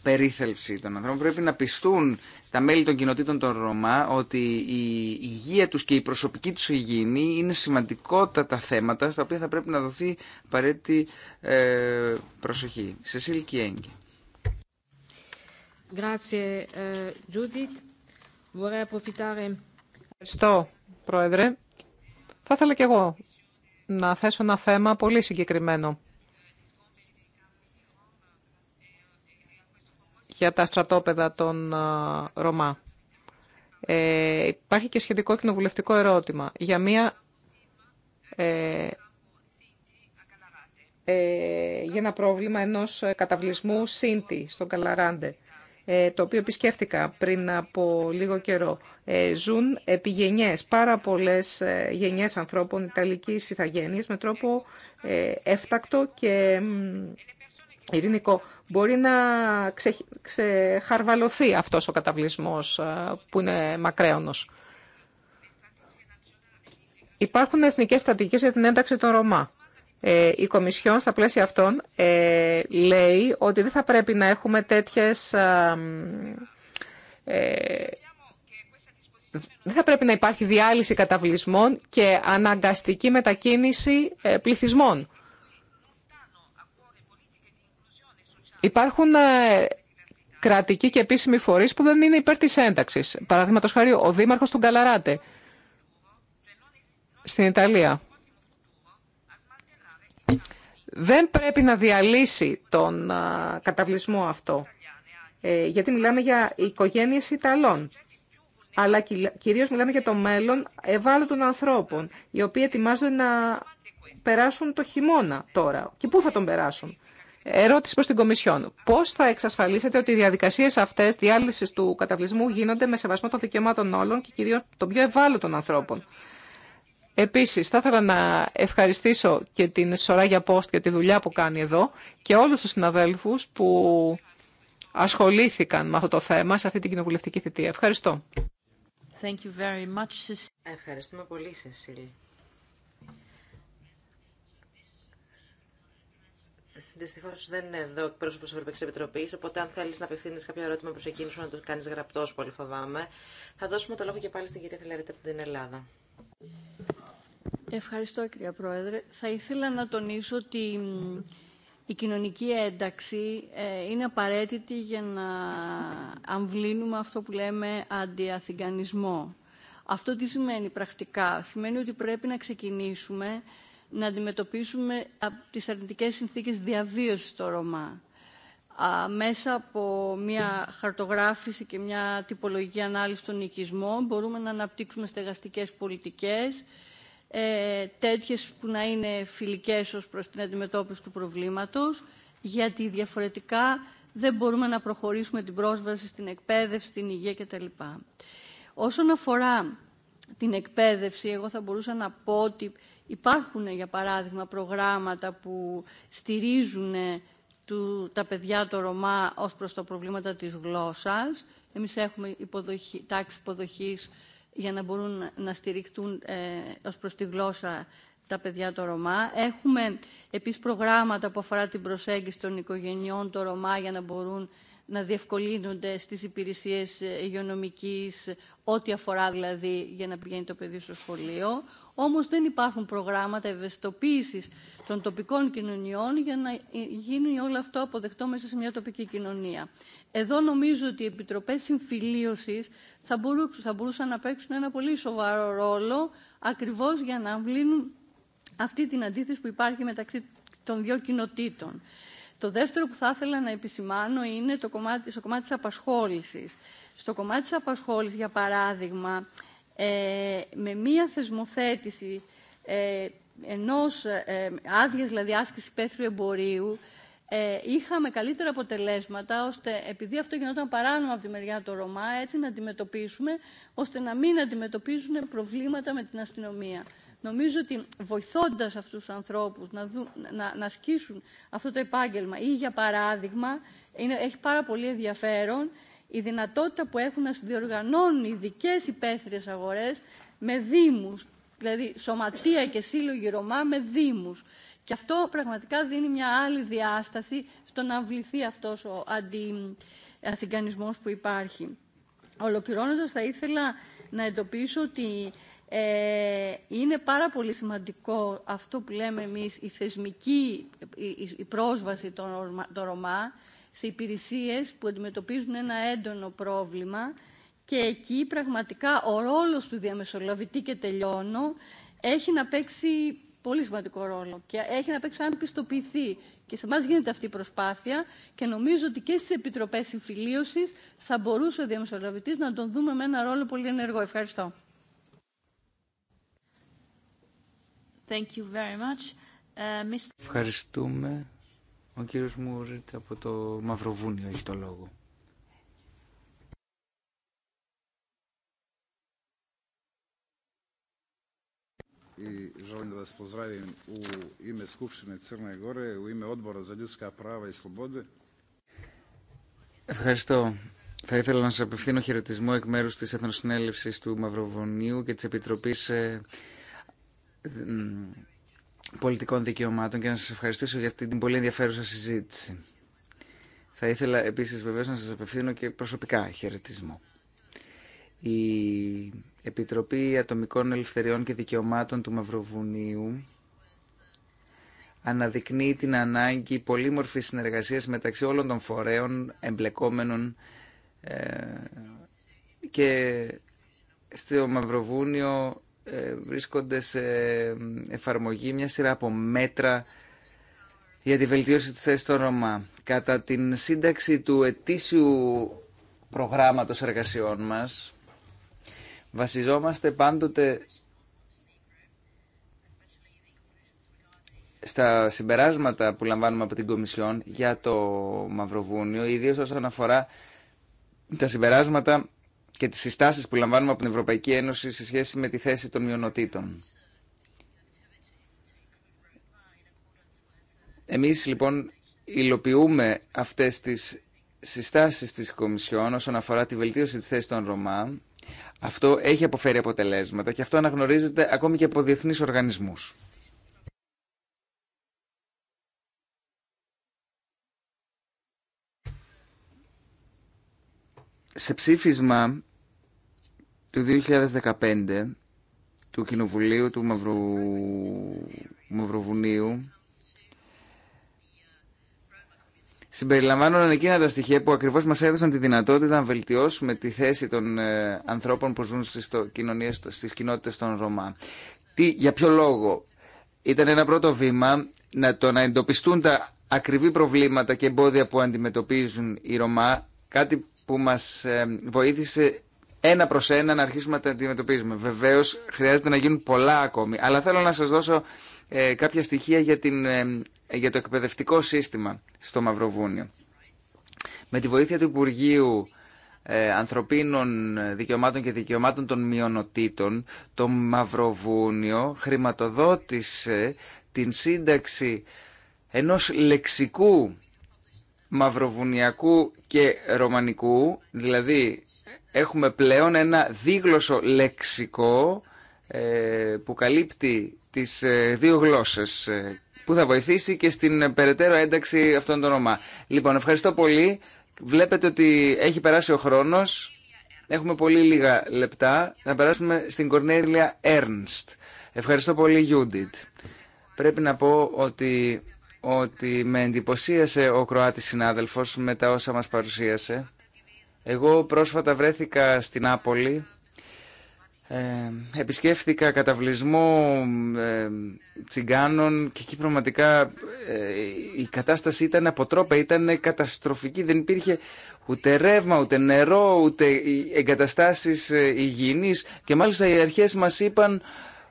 περίθελψη των ανθρώπων. Πρέπει να πιστούν τα μέλη των κοινοτήτων των Ρωμά ότι η υγεία τους και η προσωπική τους υγιεινή είναι σημαντικότατα θέματα στα οποία θα πρέπει να δοθεί απαραίτητη ε, προσοχή. Σεσίλ Κιέγγι. Ευχαριστώ, Πρόεδρε. Θα ήθελα και εγώ να θέσω ένα θέμα πολύ συγκεκριμένο για τα στρατόπεδα των Ρωμά. Ε, υπάρχει και σχετικό κοινοβουλευτικό ερώτημα για μια ε, ε, για ένα πρόβλημα ενός καταβλισμού Σίντι στον Καλαράντε ε, το οποίο επισκέφτηκα πριν από λίγο καιρό. Ζουν επί πάρα πολλές γενιές ανθρώπων Ιταλικής Ιθαγένειας με τρόπο έφτακτο και ειρηνικό. Μπορεί να ξε, ξεχαρβαλωθεί αυτός ο καταβλισμός ε, που είναι μακραίωνος. Υπάρχουν εθνικές στρατηγικές για την ένταξη των Ρωμά. Ε, η Κομισιόν στα πλαίσια αυτών ε, λέει ότι δεν θα πρέπει να έχουμε τέτοιες... Ε, δεν θα πρέπει να υπάρχει διάλυση καταβλισμών και αναγκαστική μετακίνηση ε, πληθυσμών. Υπάρχουν ε, κρατικοί και επίσημοι φορεί που δεν είναι υπέρ τη ένταξη. Παραδείγματο χάρη, ο Δήμαρχο του Γκαλαράτε στην Ιταλία. Δεν πρέπει να διαλύσει τον ε, καταβλισμό αυτό, ε, γιατί μιλάμε για οικογένειες Ιταλών, αλλά κυρίως μιλάμε για το μέλλον ευάλωτων ανθρώπων, οι οποίοι ετοιμάζονται να περάσουν το χειμώνα τώρα. Και πού θα τον περάσουν. Ερώτηση προ την Κομισιόν. Πώς θα εξασφαλίσετε ότι οι διαδικασίες αυτές διάλυση του καταβλισμού γίνονται με σεβασμό των δικαιωμάτων όλων και κυρίως των πιο ευάλωτων ανθρώπων. Επίσης, θα ήθελα να ευχαριστήσω και την Σοράγια Πόστ για τη δουλειά που κάνει εδώ και όλους τους συναδέλφους που ασχολήθηκαν με αυτό το θέμα σε αυτή την κοινοβουλευτική θητεία. Ευχαριστώ. Ευχαριστούμε πολύ, Σεσίλη. Δυστυχώ δεν είναι εδώ εκπρόσωπο τη Ευρωπαϊκή Επιτροπή, οπότε αν θέλει να απευθύνει κάποιο ερώτημα προ εκείνου να το κάνει γραπτό, πολύ φοβάμαι. Θα δώσουμε το λόγο και πάλι στην κυρία Θελαρίτη από την Ελλάδα. Ευχαριστώ, κυρία Πρόεδρε. Θα ήθελα να τονίσω ότι η κοινωνική ένταξη ε, είναι απαραίτητη για να αμβλύνουμε αυτό που λέμε αντιαθηγανισμό. Αυτό τι σημαίνει πρακτικά. Σημαίνει ότι πρέπει να ξεκινήσουμε να αντιμετωπίσουμε τις αρνητικές συνθήκες διαβίωσης στο Ρωμά μέσα από μια χαρτογράφηση και μια τυπολογική ανάλυση των οικισμών μπορούμε να αναπτύξουμε στεγαστικές πολιτικές, ε, τέτοιες που να είναι φιλικές ως προς την αντιμετώπιση του προβλήματος, γιατί διαφορετικά δεν μπορούμε να προχωρήσουμε την πρόσβαση στην εκπαίδευση, στην υγεία κτλ. Όσον αφορά την εκπαίδευση, εγώ θα μπορούσα να πω ότι Υπάρχουν, για παράδειγμα, προγράμματα που στηρίζουν ε, τα παιδιά το Ρωμά ως προς τα προβλήματα της γλώσσας. Εμείς έχουμε υποδοχή, τάξη υποδοχής για να μπορούν να στηριχτούν ε, ως προς τη γλώσσα τα παιδιά το Ρωμά. Έχουμε επίσης προγράμματα που αφορά την προσέγγιση των οικογενειών το Ρωμά για να μπορούν να διευκολύνονται στις υπηρεσίες ε, υγειονομικής, ό,τι αφορά δηλαδή για να πηγαίνει το παιδί στο σχολείο. Όμως δεν υπάρχουν προγράμματα ευαισθητοποίηση των τοπικών κοινωνιών για να ε, γίνει όλο αυτό αποδεκτό μέσα σε μια τοπική κοινωνία. Εδώ νομίζω ότι οι επιτροπές συμφιλίωσης θα, θα μπορούσαν να παίξουν ένα πολύ σοβαρό ρόλο ακριβώς για να αμβλύνουν αυτή την αντίθεση που υπάρχει μεταξύ των δύο κοινοτήτων. Το δεύτερο που θα ήθελα να επισημάνω είναι το κομμάτι, στο κομμάτι της απασχόλησης. Στο κομμάτι της απασχόλησης, για παράδειγμα, ε, με μία θεσμοθέτηση ε, ενός ε, άδειας, δηλαδή άσκηση υπαίθριου εμπορίου, ε, είχαμε καλύτερα αποτελέσματα, ώστε επειδή αυτό γινόταν παράνομα από τη μεριά των Ρωμά, έτσι να αντιμετωπίσουμε, ώστε να μην αντιμετωπίζουμε προβλήματα με την αστυνομία. Νομίζω ότι βοηθώντας αυτούς τους ανθρώπους να, να, να ασκήσουν αυτό το επάγγελμα ή για παράδειγμα είναι, έχει πάρα πολύ ενδιαφέρον η δυνατότητα που έχουν να συνδιοργανώνουν ειδικέ υπαίθριες αγορές με δήμους, δηλαδή σωματεία και σύλλογοι Ρωμά με δήμους. Και αυτό πραγματικά δίνει μια άλλη διάσταση στο να βληθεί αυτός ο αντιαθηγανισμός που υπάρχει. Ολοκληρώνοντας θα ήθελα να εντοπίσω ότι ε, είναι πάρα πολύ σημαντικό αυτό που λέμε εμείς η θεσμική η πρόσβαση των Ρωμά σε υπηρεσίες που αντιμετωπίζουν ένα έντονο πρόβλημα και εκεί πραγματικά ο ρόλος του διαμεσολαβητή και τελειώνω έχει να παίξει πολύ σημαντικό ρόλο και έχει να παίξει αν πιστοποιηθεί και σε μας γίνεται αυτή η προσπάθεια και νομίζω ότι και στις επιτροπές συμφιλίωσης θα μπορούσε ο διαμεσολαβητής να τον δούμε με ένα ρόλο πολύ ενεργό. Ευχαριστώ. Uh, Ευχαριστούμε. Ο κύριος Μουρίτς από το Μαυροβούνιο έχει το λόγο. Ευχαριστώ. Θα ήθελα να σας απευθύνω χαιρετισμό εκ μέρους της Εθνοσυνέλευσης του Μαυροβουνίου και της Επιτροπής ε, πολιτικών δικαιωμάτων και να σας ευχαριστήσω για αυτή την πολύ ενδιαφέρουσα συζήτηση. Θα ήθελα επίσης βεβαίως να σας απευθύνω και προσωπικά χαιρετισμό. Η Επιτροπή Ατομικών Ελευθεριών και Δικαιωμάτων του Μαυροβουνίου αναδεικνύει την ανάγκη πολύμορφη συνεργασίας μεταξύ όλων των φορέων εμπλεκόμενων ε, και στο Μαυροβούνιο ε, βρίσκονται σε εφαρμογή μια σειρά από μέτρα για τη βελτίωση της θέσης των Ρωμά. Κατά την σύνταξη του ετήσιου προγράμματος εργασιών μας, βασιζόμαστε πάντοτε στα συμπεράσματα που λαμβάνουμε από την Κομισιόν για το Μαυροβούνιο, ιδίως όσον αφορά τα συμπεράσματα και τις συστάσεις που λαμβάνουμε από την Ευρωπαϊκή Ένωση σε σχέση με τη θέση των μειονοτήτων. Εμείς λοιπόν υλοποιούμε αυτές τις συστάσεις της Κομισιόν όσον αφορά τη βελτίωση της θέσης των Ρωμά. Αυτό έχει αποφέρει αποτελέσματα και αυτό αναγνωρίζεται ακόμη και από διεθνείς οργανισμούς. Σε ψήφισμα του 2015 του Κοινοβουλίου του Μαυρο... Μαυροβουνίου συμπεριλαμβάνονταν εκείνα τα στοιχεία που ακριβώς μας έδωσαν τη δυνατότητα να βελτιώσουμε τη θέση των ε, ανθρώπων που ζουν στις, το, κοινωνίες, στις κοινότητες των Ρωμά. Τι, για ποιο λόγο. Ήταν ένα πρώτο βήμα να, το να εντοπιστούν τα ακριβή προβλήματα και εμπόδια που αντιμετωπίζουν οι Ρωμά, κάτι που μας ε, βοήθησε ένα προς ένα να αρχίσουμε να τα αντιμετωπίζουμε. Βεβαίως χρειάζεται να γίνουν πολλά ακόμη, αλλά θέλω να σας δώσω ε, κάποια στοιχεία για, την, ε, για το εκπαιδευτικό σύστημα στο Μαυροβούνιο. Με τη βοήθεια του Υπουργείου Ανθρωπίνων Δικαιωμάτων και Δικαιωμάτων των Μειονοτήτων, το Μαυροβούνιο χρηματοδότησε την σύνταξη ενός λεξικού μαυροβουνιακού και ρωμανικού, δηλαδή έχουμε πλέον ένα δίγλωσσο λεξικό ε, που καλύπτει τις ε, δύο γλώσσες ε, που θα βοηθήσει και στην περαιτέρω ένταξη αυτών των ομάδων. Λοιπόν, ευχαριστώ πολύ. Βλέπετε ότι έχει περάσει ο χρόνος. Έχουμε πολύ λίγα λεπτά. Να περάσουμε στην Κορνέλια Έρνστ. Ευχαριστώ πολύ, Γιούντιτ. Πρέπει να πω ότι ότι με εντυπωσίασε ο Κροάτης συνάδελφος με τα όσα μας παρουσίασε. Εγώ πρόσφατα βρέθηκα στην Άπολη, ε, επισκέφθηκα καταβλισμό ε, τσιγκάνων και εκεί πραγματικά ε, η κατάσταση ήταν αποτρόπα, ήταν καταστροφική, δεν υπήρχε ούτε ρεύμα, ούτε νερό, ούτε εγκαταστάσεις ε, υγιεινής και μάλιστα οι αρχές μας είπαν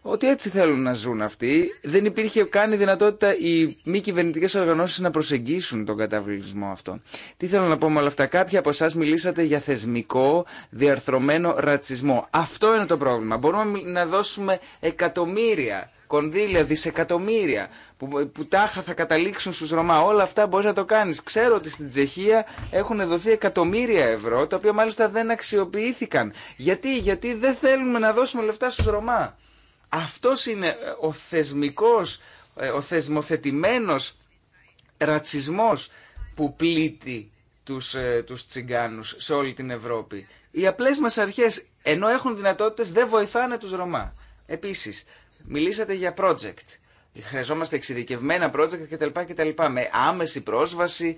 ότι έτσι θέλουν να ζουν αυτοί. Δεν υπήρχε καν η δυνατότητα οι μη κυβερνητικέ οργανώσει να προσεγγίσουν τον καταβλητισμό αυτό. Τι θέλω να πω με όλα αυτά. Κάποιοι από εσά μιλήσατε για θεσμικό, διαρθρωμένο ρατσισμό. Αυτό είναι το πρόβλημα. Μπορούμε να δώσουμε εκατομμύρια, κονδύλια, δισεκατομμύρια που, που τάχα θα καταλήξουν στους Ρωμά. Όλα αυτά μπορείς να το κάνεις. Ξέρω ότι στην Τσεχία έχουν δοθεί εκατομμύρια ευρώ, τα οποία μάλιστα δεν αξιοποιήθηκαν. Γιατί, γιατί δεν θέλουμε να δώσουμε λεφτά στους Ρωμά. Αυτός είναι ε, ο θεσμικός, ε, ο θεσμοθετημένος ρατσισμός που πλήττει τους, ε, τους τσιγκάνους σε όλη την Ευρώπη. Οι απλές μας αρχές, ενώ έχουν δυνατότητες, δεν βοηθάνε τους Ρωμά. Επίσης, μιλήσατε για project. Χρειαζόμαστε εξειδικευμένα project κτλ. κτλ με άμεση πρόσβαση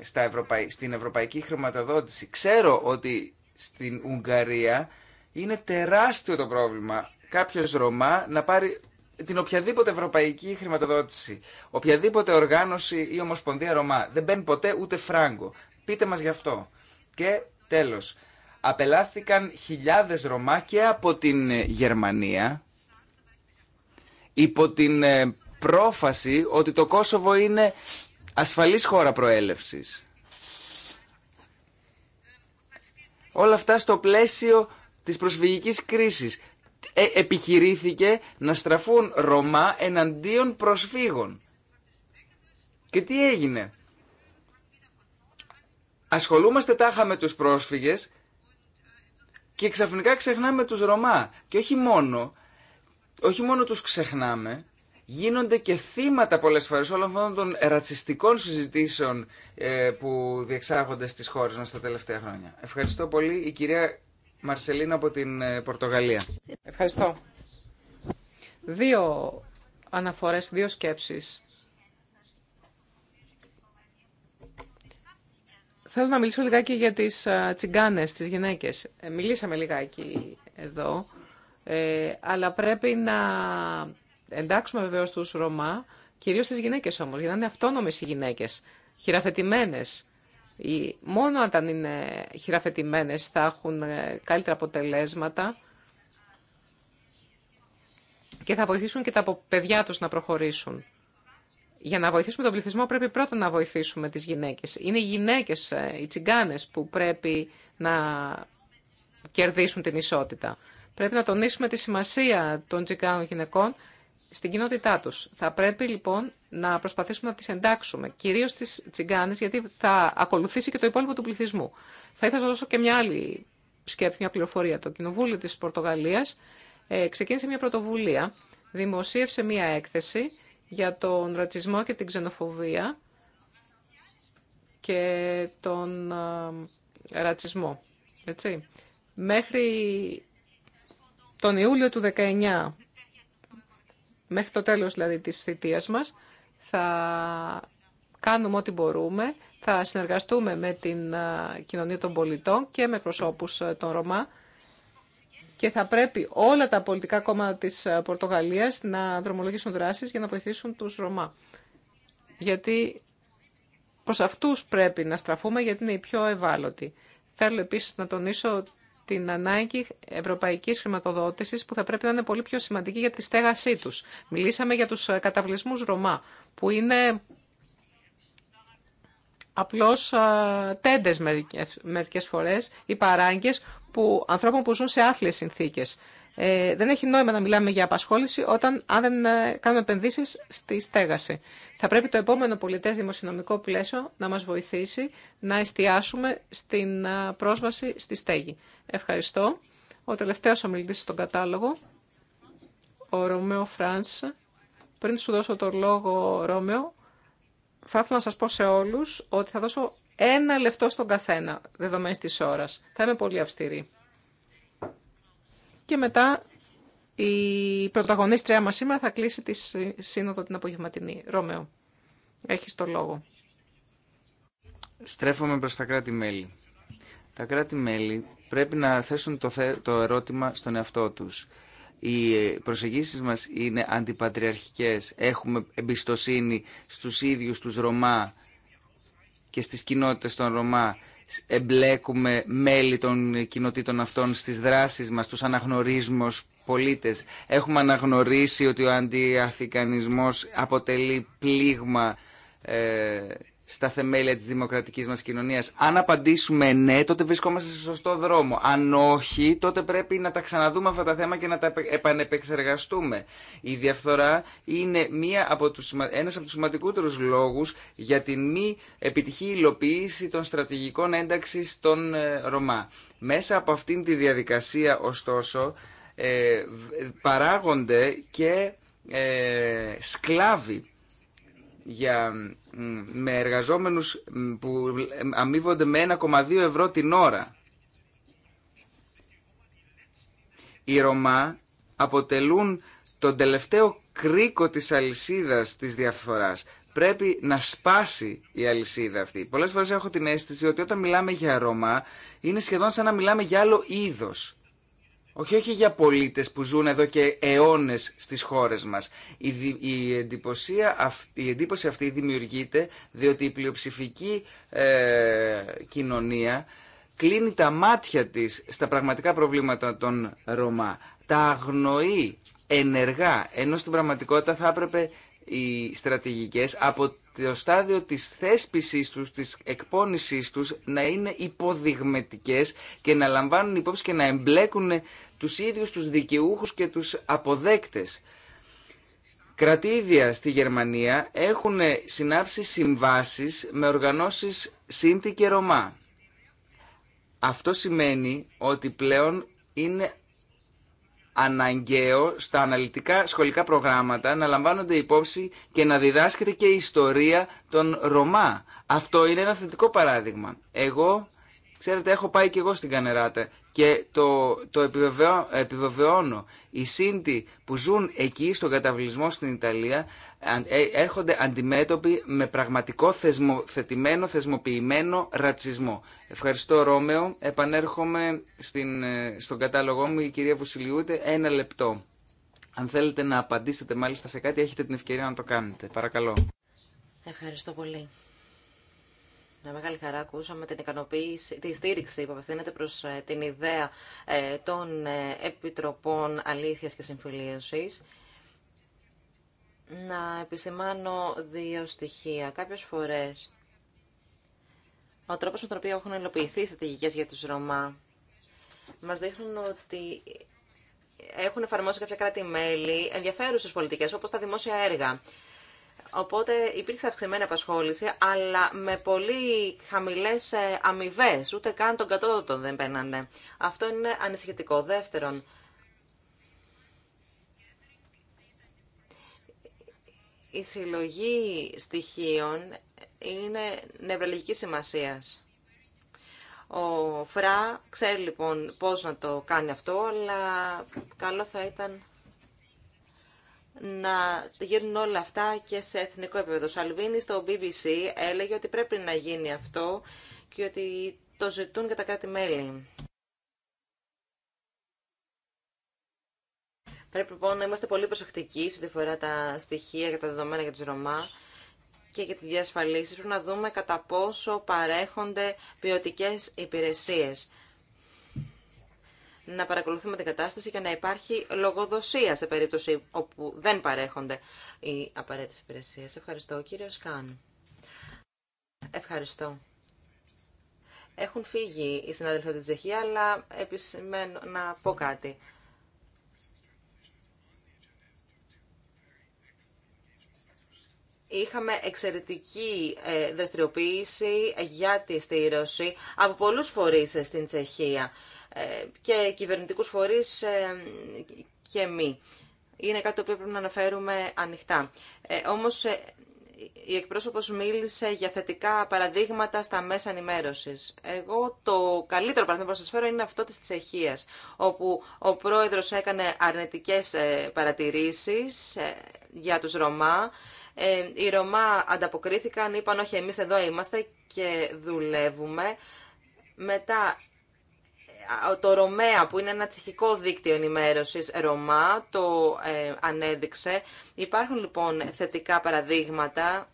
στα Ευρωπαϊ... στην ευρωπαϊκή χρηματοδότηση. Ξέρω ότι στην Ουγγαρία είναι τεράστιο το πρόβλημα Κάποιο Ρωμά να πάρει την οποιαδήποτε ευρωπαϊκή χρηματοδότηση, οποιαδήποτε οργάνωση ή ομοσπονδία Ρωμά. Δεν μπαίνει ποτέ ούτε φράγκο. Πείτε μας γι' αυτό. Και τέλος, απελάθηκαν χιλιάδες Ρωμά και από την ε, Γερμανία υπό την ε, πρόφαση ότι το Κόσοβο είναι ασφαλής χώρα προέλευσης. Όλα αυτά στο πλαίσιο της προσφυγικής κρίσης. Ε, επιχειρήθηκε να στραφούν Ρωμά εναντίον προσφύγων. Και τι έγινε. Ασχολούμαστε τάχα με τους πρόσφυγες και ξαφνικά ξεχνάμε τους Ρωμά. Και όχι μόνο, όχι μόνο τους ξεχνάμε, γίνονται και θύματα πολλές φορές όλων αυτών των ρατσιστικών συζητήσεων ε, που διεξάγονται στις χώρες μας τα τελευταία χρόνια. Ευχαριστώ πολύ η κυρία Μαρσελίνα από την ε, Πορτογαλία. Ευχαριστώ. Δύο αναφορές, δύο σκέψεις. Θέλω να μιλήσω λιγάκι για τις ε, τσιγκάνες, τις γυναίκες. Ε, μιλήσαμε λιγάκι εδώ, αλλά πρέπει να εντάξουμε βεβαίως τους Ρωμά, κυρίως τις γυναίκες όμως, για να είναι αυτόνομες οι γυναίκες, χειραφετημένες μόνο όταν είναι χειραφετημένες θα έχουν ε, καλύτερα αποτελέσματα και θα βοηθήσουν και τα παιδιά τους να προχωρήσουν. Για να βοηθήσουμε τον πληθυσμό πρέπει πρώτα να βοηθήσουμε τις γυναίκες. Είναι οι γυναίκες, ε, οι τσιγκάνες που πρέπει να κερδίσουν την ισότητα. Πρέπει να τονίσουμε τη σημασία των τσιγκάνων γυναικών στην κοινότητά τους. Θα πρέπει λοιπόν να προσπαθήσουμε να τις εντάξουμε, κυρίως τις τσιγκάνες, γιατί θα ακολουθήσει και το υπόλοιπο του πληθυσμού. Θα ήθελα να δώσω και μια άλλη σκέψη, μια πληροφορία. Το Κοινοβούλιο της Πορτογαλίας ε, ξεκίνησε μια πρωτοβουλία, δημοσίευσε μια έκθεση για τον ρατσισμό και την ξενοφοβία και τον ε, ρατσισμό. Έτσι. Μέχρι τον Ιούλιο του 19 μέχρι το τέλος δηλαδή της θητείας μας, θα κάνουμε ό,τι μπορούμε, θα συνεργαστούμε με την ε, κοινωνία των πολιτών και με προσώπους ε, των Ρωμά και θα πρέπει όλα τα πολιτικά κόμματα της ε, Πορτογαλίας να δρομολογήσουν δράσεις για να βοηθήσουν τους Ρωμά. Γιατί προς αυτούς πρέπει να στραφούμε γιατί είναι οι πιο ευάλωτοι. Θέλω επίσης να τονίσω την ανάγκη ευρωπαϊκής χρηματοδότησης που θα πρέπει να είναι πολύ πιο σημαντική για τη στέγασή τους. Μιλήσαμε για τους ε, καταβλισμού Ρωμά, που είναι απλώς ε, τέντε μερικές φορές ή παράγκε που, ανθρώπων που ζουν σε άθλιε συνθήκες. Ε, δεν έχει νόημα να μιλάμε για απασχόληση όταν αν δεν ε, κάνουμε επενδύσεις στη στέγαση. Θα πρέπει το επόμενο πολιτές δημοσιονομικό πλαίσιο να μας βοηθήσει να εστιάσουμε στην ε, πρόσβαση στη στέγη. Ευχαριστώ. Ο τελευταίος ομιλητής στον κατάλογο, ο Ρωμαίο Φρανς. Πριν σου δώσω το λόγο, Ρώμεο, θα ήθελα να σας πω σε όλους ότι θα δώσω ένα λεπτό στον καθένα, δεδομένης της ώρας. Θα είμαι πολύ αυστηρή. Και μετά η πρωταγωνίστρια μας σήμερα θα κλείσει τη σύνοδο την απογευματινή. Ρώμεο, έχεις το λόγο. Στρέφομαι προς τα κράτη-μέλη. Τα κράτη-μέλη πρέπει να θέσουν το, το ερώτημα στον εαυτό τους. Οι προσεγγίσεις μας είναι αντιπατριαρχικές. Έχουμε εμπιστοσύνη στους ίδιους τους Ρωμά και στις κοινότητες των Ρωμά εμπλέκουμε μέλη των κοινοτήτων αυτών στις δράσεις μας, τους αναγνωρίζουμε ως πολίτες. Έχουμε αναγνωρίσει ότι ο αντιαθηκανισμός αποτελεί πλήγμα ε, στα θεμέλια της δημοκρατικής μας κοινωνίας. Αν απαντήσουμε ναι, τότε βρισκόμαστε σε σωστό δρόμο. Αν όχι, τότε πρέπει να τα ξαναδούμε αυτά τα θέματα και να τα επανεπεξεργαστούμε. Η διαφθορά είναι μία από τους, ένας από τους σημαντικότερους λόγους για την μη επιτυχή υλοποίηση των στρατηγικών ένταξης των ε, Ρωμά. Μέσα από αυτήν τη διαδικασία, ωστόσο, ε, παράγονται και ε, σκλάβοι για, με εργαζόμενους που αμείβονται με 1,2 ευρώ την ώρα. Οι Ρωμά αποτελούν τον τελευταίο κρίκο της αλυσίδας της διαφοράς. Πρέπει να σπάσει η αλυσίδα αυτή. Πολλές φορές έχω την αίσθηση ότι όταν μιλάμε για Ρωμά είναι σχεδόν σαν να μιλάμε για άλλο είδος. Όχι, όχι για πολίτες που ζουν εδώ και αιώνες στις χώρες μας. Η, η, η εντύπωση αυτή δημιουργείται διότι η πλειοψηφική ε, κοινωνία κλείνει τα μάτια της στα πραγματικά προβλήματα των Ρωμά. Τα αγνοεί ενεργά, ενώ στην πραγματικότητα θα έπρεπε οι στρατηγικές από το στάδιο της θέσπισής τους, της εκπόνησής τους να είναι υποδειγμετικές και να λαμβάνουν υπόψη και να εμπλέκουν τους ίδιους τους δικαιούχους και τους αποδέκτες. Κρατήδια στη Γερμανία έχουν συνάψει συμβάσεις με οργανώσεις Σύντη και Ρωμά. Αυτό σημαίνει ότι πλέον είναι αναγκαίο στα αναλυτικά σχολικά προγράμματα να λαμβάνονται υπόψη και να διδάσκεται και η ιστορία των Ρωμά. Αυτό είναι ένα θετικό παράδειγμα. Εγώ, ξέρετε, έχω πάει και εγώ στην Κανεράτα και το, το επιβεβαιώνω. Οι Σύντι που ζουν εκεί στον καταβλισμό στην Ιταλία ε, έρχονται αντιμέτωποι με πραγματικό θεσμοθετημένο, θεσμοποιημένο ρατσισμό. Ευχαριστώ Ρώμεο. Επανέρχομαι στην, ε, στον κατάλογό μου η κυρία Βουσιλιούτε. Ένα λεπτό. Αν θέλετε να απαντήσετε μάλιστα σε κάτι, έχετε την ευκαιρία να το κάνετε. Παρακαλώ. Ευχαριστώ πολύ. Με μεγάλη χαρά ακούσαμε την ικανοποίηση, τη στήριξη που απευθύνεται προς ε, την ιδέα των Επιτροπών Αλήθειας και Συμφιλίωσης να επισημάνω δύο στοιχεία. Κάποιες φορές ο τρόπος με τον οποίο έχουν υλοποιηθεί οι στρατηγικές για τους Ρωμά μας δείχνουν ότι έχουν εφαρμόσει κάποια κράτη-μέλη ενδιαφέρουσες πολιτικές, όπως τα δημόσια έργα. Οπότε υπήρξε αυξημένη απασχόληση, αλλά με πολύ χαμηλέ ε, αμοιβέ. Ούτε καν τον κατώτατο δεν παίρνανε. Αυτό είναι ανησυχητικό. Δεύτερον, η συλλογή στοιχείων είναι νευραλική σημασίας. Ο Φρά ξέρει λοιπόν πώς να το κάνει αυτό, αλλά καλό θα ήταν να γίνουν όλα αυτά και σε εθνικό επίπεδο. Σαλβίνη στο BBC έλεγε ότι πρέπει να γίνει αυτό και ότι το ζητούν και τα κράτη-μέλη. Πρέπει λοιπόν να είμαστε πολύ προσεκτικοί σε ό,τι αφορά τα στοιχεία και τα δεδομένα για του Ρωμά και για τη διασφαλίσεις. Πρέπει να δούμε κατά πόσο παρέχονται ποιοτικέ υπηρεσίε. Να παρακολουθούμε την κατάσταση και να υπάρχει λογοδοσία σε περίπτωση όπου δεν παρέχονται οι απαραίτητε υπηρεσίε. Ευχαριστώ, κύριο Σκάν. Ευχαριστώ. Έχουν φύγει οι συνάδελφοι από την Τσεχία, αλλά επισημαίνω να πω κάτι. είχαμε εξαιρετική ε, δραστηριοποίηση για τη στήρωση από πολλούς φορείς ε, στην Τσεχία ε, και κυβερνητικούς φορείς και μη. Είναι κάτι το οποίο πρέπει να αναφέρουμε ανοιχτά. Όμως η εκπρόσωπος μίλησε για θετικά παραδείγματα στα μέσα ενημέρωσης. Εγώ το καλύτερο παράδειγμα που σας φέρω είναι αυτό της Τσεχίας, όπου ο πρόεδρος έκανε αρνητικές παρατηρήσεις για τους Ρωμά ε, οι Ρωμά ανταποκρίθηκαν, είπαν όχι εμείς εδώ είμαστε και δουλεύουμε. Μετά ε, το Ρωμαία που είναι ένα τσεχικό δίκτυο ενημέρωσης Ρωμά το ε, ανέδειξε. Υπάρχουν λοιπόν θετικά παραδείγματα.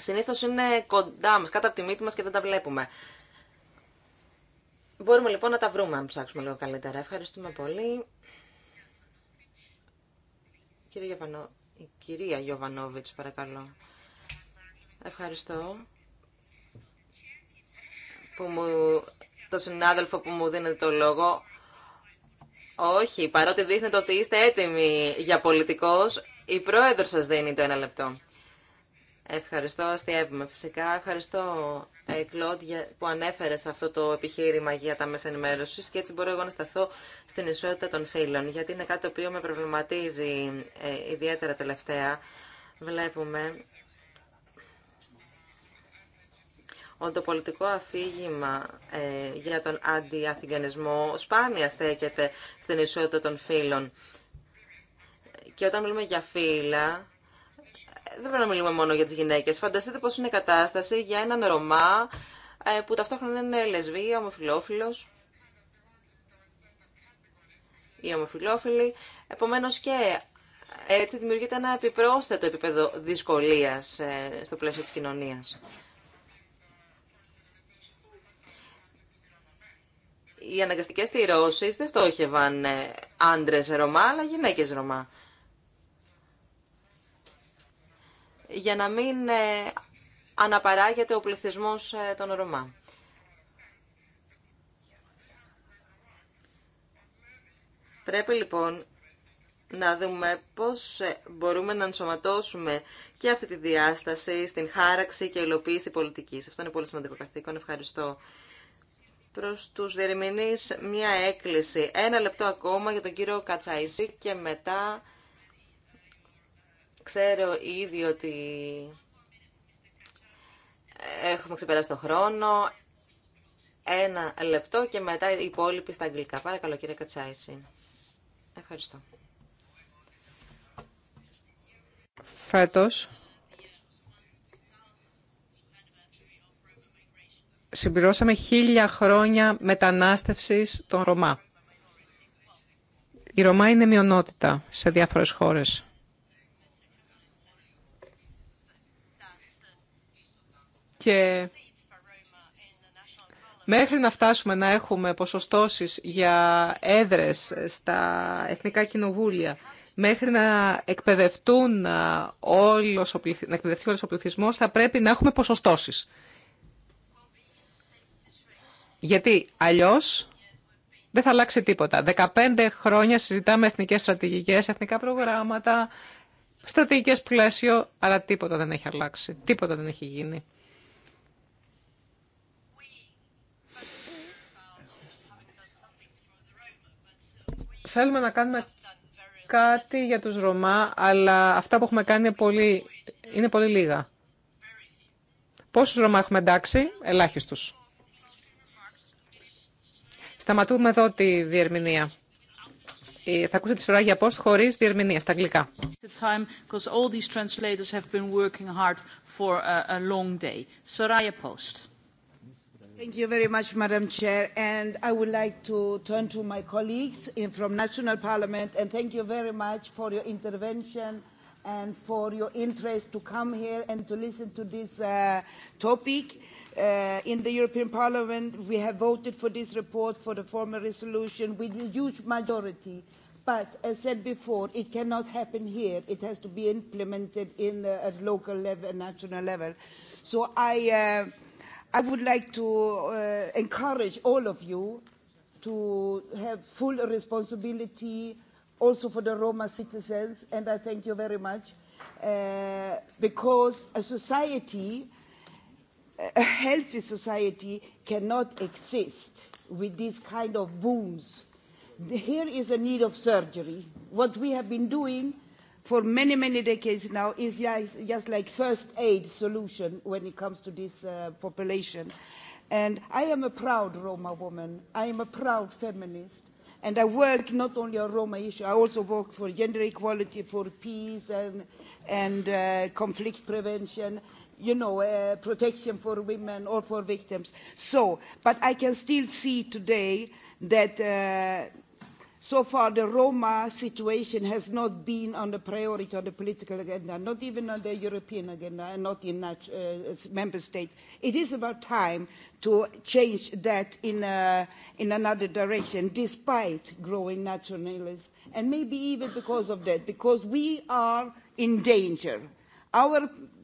Συνήθως είναι κοντά μας, κάτω από τη μύτη μας και δεν τα βλέπουμε. Μπορούμε λοιπόν να τα βρούμε αν ψάξουμε λίγο καλύτερα. Ευχαριστούμε πολύ. Κύριε η κυρία Γιωβανόβιτς, παρακαλώ. Ευχαριστώ που μου, το συνάδελφο που μου δίνετε το λόγο. Όχι, παρότι δείχνετε ότι είστε έτοιμοι για πολιτικός, η πρόεδρος σας δίνει το ένα λεπτό. Ευχαριστώ, αστείευουμε φυσικά. Ευχαριστώ, ε, Κλοντ, που ανέφερε σε αυτό το επιχείρημα για τα μέσα ενημέρωση και έτσι μπορώ εγώ να σταθώ στην ισότητα των φίλων, γιατί είναι κάτι το οποίο με προβληματίζει ε, ιδιαίτερα τελευταία. Βλέπουμε ότι το πολιτικό αφήγημα ε, για τον αντιαθηγενισμό σπάνια στέκεται στην ισότητα των φίλων. Και όταν μιλούμε για φύλλα, δεν πρέπει να μιλούμε μόνο για τις γυναίκες. Φανταστείτε πώς είναι η κατάσταση για έναν Ρωμά ε, που ταυτόχρονα είναι λεσβή ομοφιλόφιλος ή ομοφιλόφιλοι. Επομένως και έτσι δημιουργείται ένα επιπρόσθετο επίπεδο δυσκολίας ε, στο πλαίσιο της κοινωνίας. Οι αναγκαστικές θυρώσεις δεν στόχευαν ε, άντρες Ρωμά, αλλά γυναίκες Ρωμά. για να μην ε, αναπαράγεται ο πληθυσμός ε, των Ρωμά. Πρέπει λοιπόν να δούμε πώς ε, μπορούμε να ενσωματώσουμε και αυτή τη διάσταση στην χάραξη και υλοποίηση πολιτικής. Αυτό είναι πολύ σημαντικό καθήκον. Ευχαριστώ. Προς τους διερμηνείς μια έκκληση. Ένα λεπτό ακόμα για τον κύριο Κατσαϊσή και μετά Ξέρω ήδη ότι έχουμε ξεπεράσει το χρόνο. Ένα λεπτό και μετά οι υπόλοιποι στα αγγλικά. Παρακαλώ κύριε Κατσάηση. Ευχαριστώ. Φέτος συμπληρώσαμε χίλια χρόνια μετανάστευσης των Ρωμά. Η Ρωμά είναι μειονότητα σε διάφορες χώρες. Και μέχρι να φτάσουμε να έχουμε ποσοστώσεις για έδρες στα εθνικά κοινοβούλια, μέχρι να εκπαιδευτούν ε, όλος ο πληθυ... να εκπαιδευτεί όλος ο πληθυσμός, θα πρέπει να έχουμε ποσοστώσεις. Γιατί αλλιώς δεν θα αλλάξει τίποτα. 15 χρόνια συζητάμε εθνικές στρατηγικές, εθνικά προγράμματα, στρατηγικές πλαίσιο, αλλά τίποτα δεν έχει αλλάξει, τίποτα δεν έχει γίνει. Θέλουμε να κάνουμε κάτι για τους Ρωμά, αλλά αυτά που έχουμε κάνει είναι πολύ, είναι πολύ λίγα. Πόσους Ρωμά έχουμε εντάξει, ελάχιστους. Σταματούμε εδώ τη διερμηνία. Ε, θα ακούσετε τη για Πόστ χωρίς διερμηνία στα αγγλικά. Post. Thank you very much, Madam Chair. And I would like to turn to my colleagues in from National Parliament and thank you very much for your intervention and for your interest to come here and to listen to this topic. In the European Parliament, we have voted for this report for the formal resolution with a huge majority. But as said before, it cannot happen here. It has to be implemented in at local level and national level. So I I would like to encourage all of you to have full responsibility also for the Roma citizens, and I thank you very much, because a society, a healthy society, cannot exist with these kind of wounds. Here is a need of surgery. What we have been doing for many, many decades now is just like first aid solution when it comes to this population. And I am a proud Roma woman. I am a proud feminist. And I work not only on Roma issue, I also work for gender equality, for peace and, and conflict prevention, you know, protection for women or for victims. So, but I can still see today that So far, the Roma situation has not been on the priority on the political agenda, not even on the European agenda, and not in member states. It is about time to change that in in another direction, despite growing nationalism, and maybe even because of that, because we are in danger. Our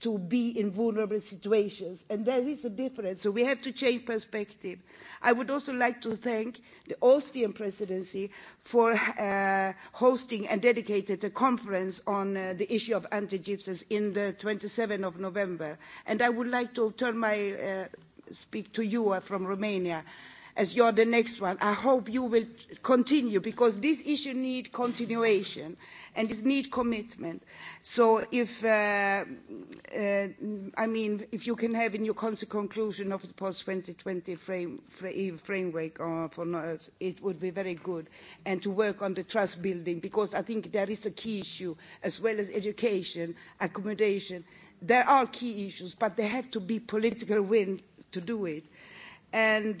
to be in vulnerable situations. And there is a difference. So we have to change perspective. I would also like to thank the Austrian presidency for hosting and dedicated a conference on the issue of anti-gypsies in the 27th of November. And I would like to turn my speak to you from Romania as you are the next one, I hope you will continue because this issue needs continuation and it needs commitment. So if, I mean, if you can have in your conclusion of the post-2020 framework for us, it would be very good. And to work on the trust building because I think there is a key issue as well as education, accommodation. There are key issues, but there have to be political will to do it. And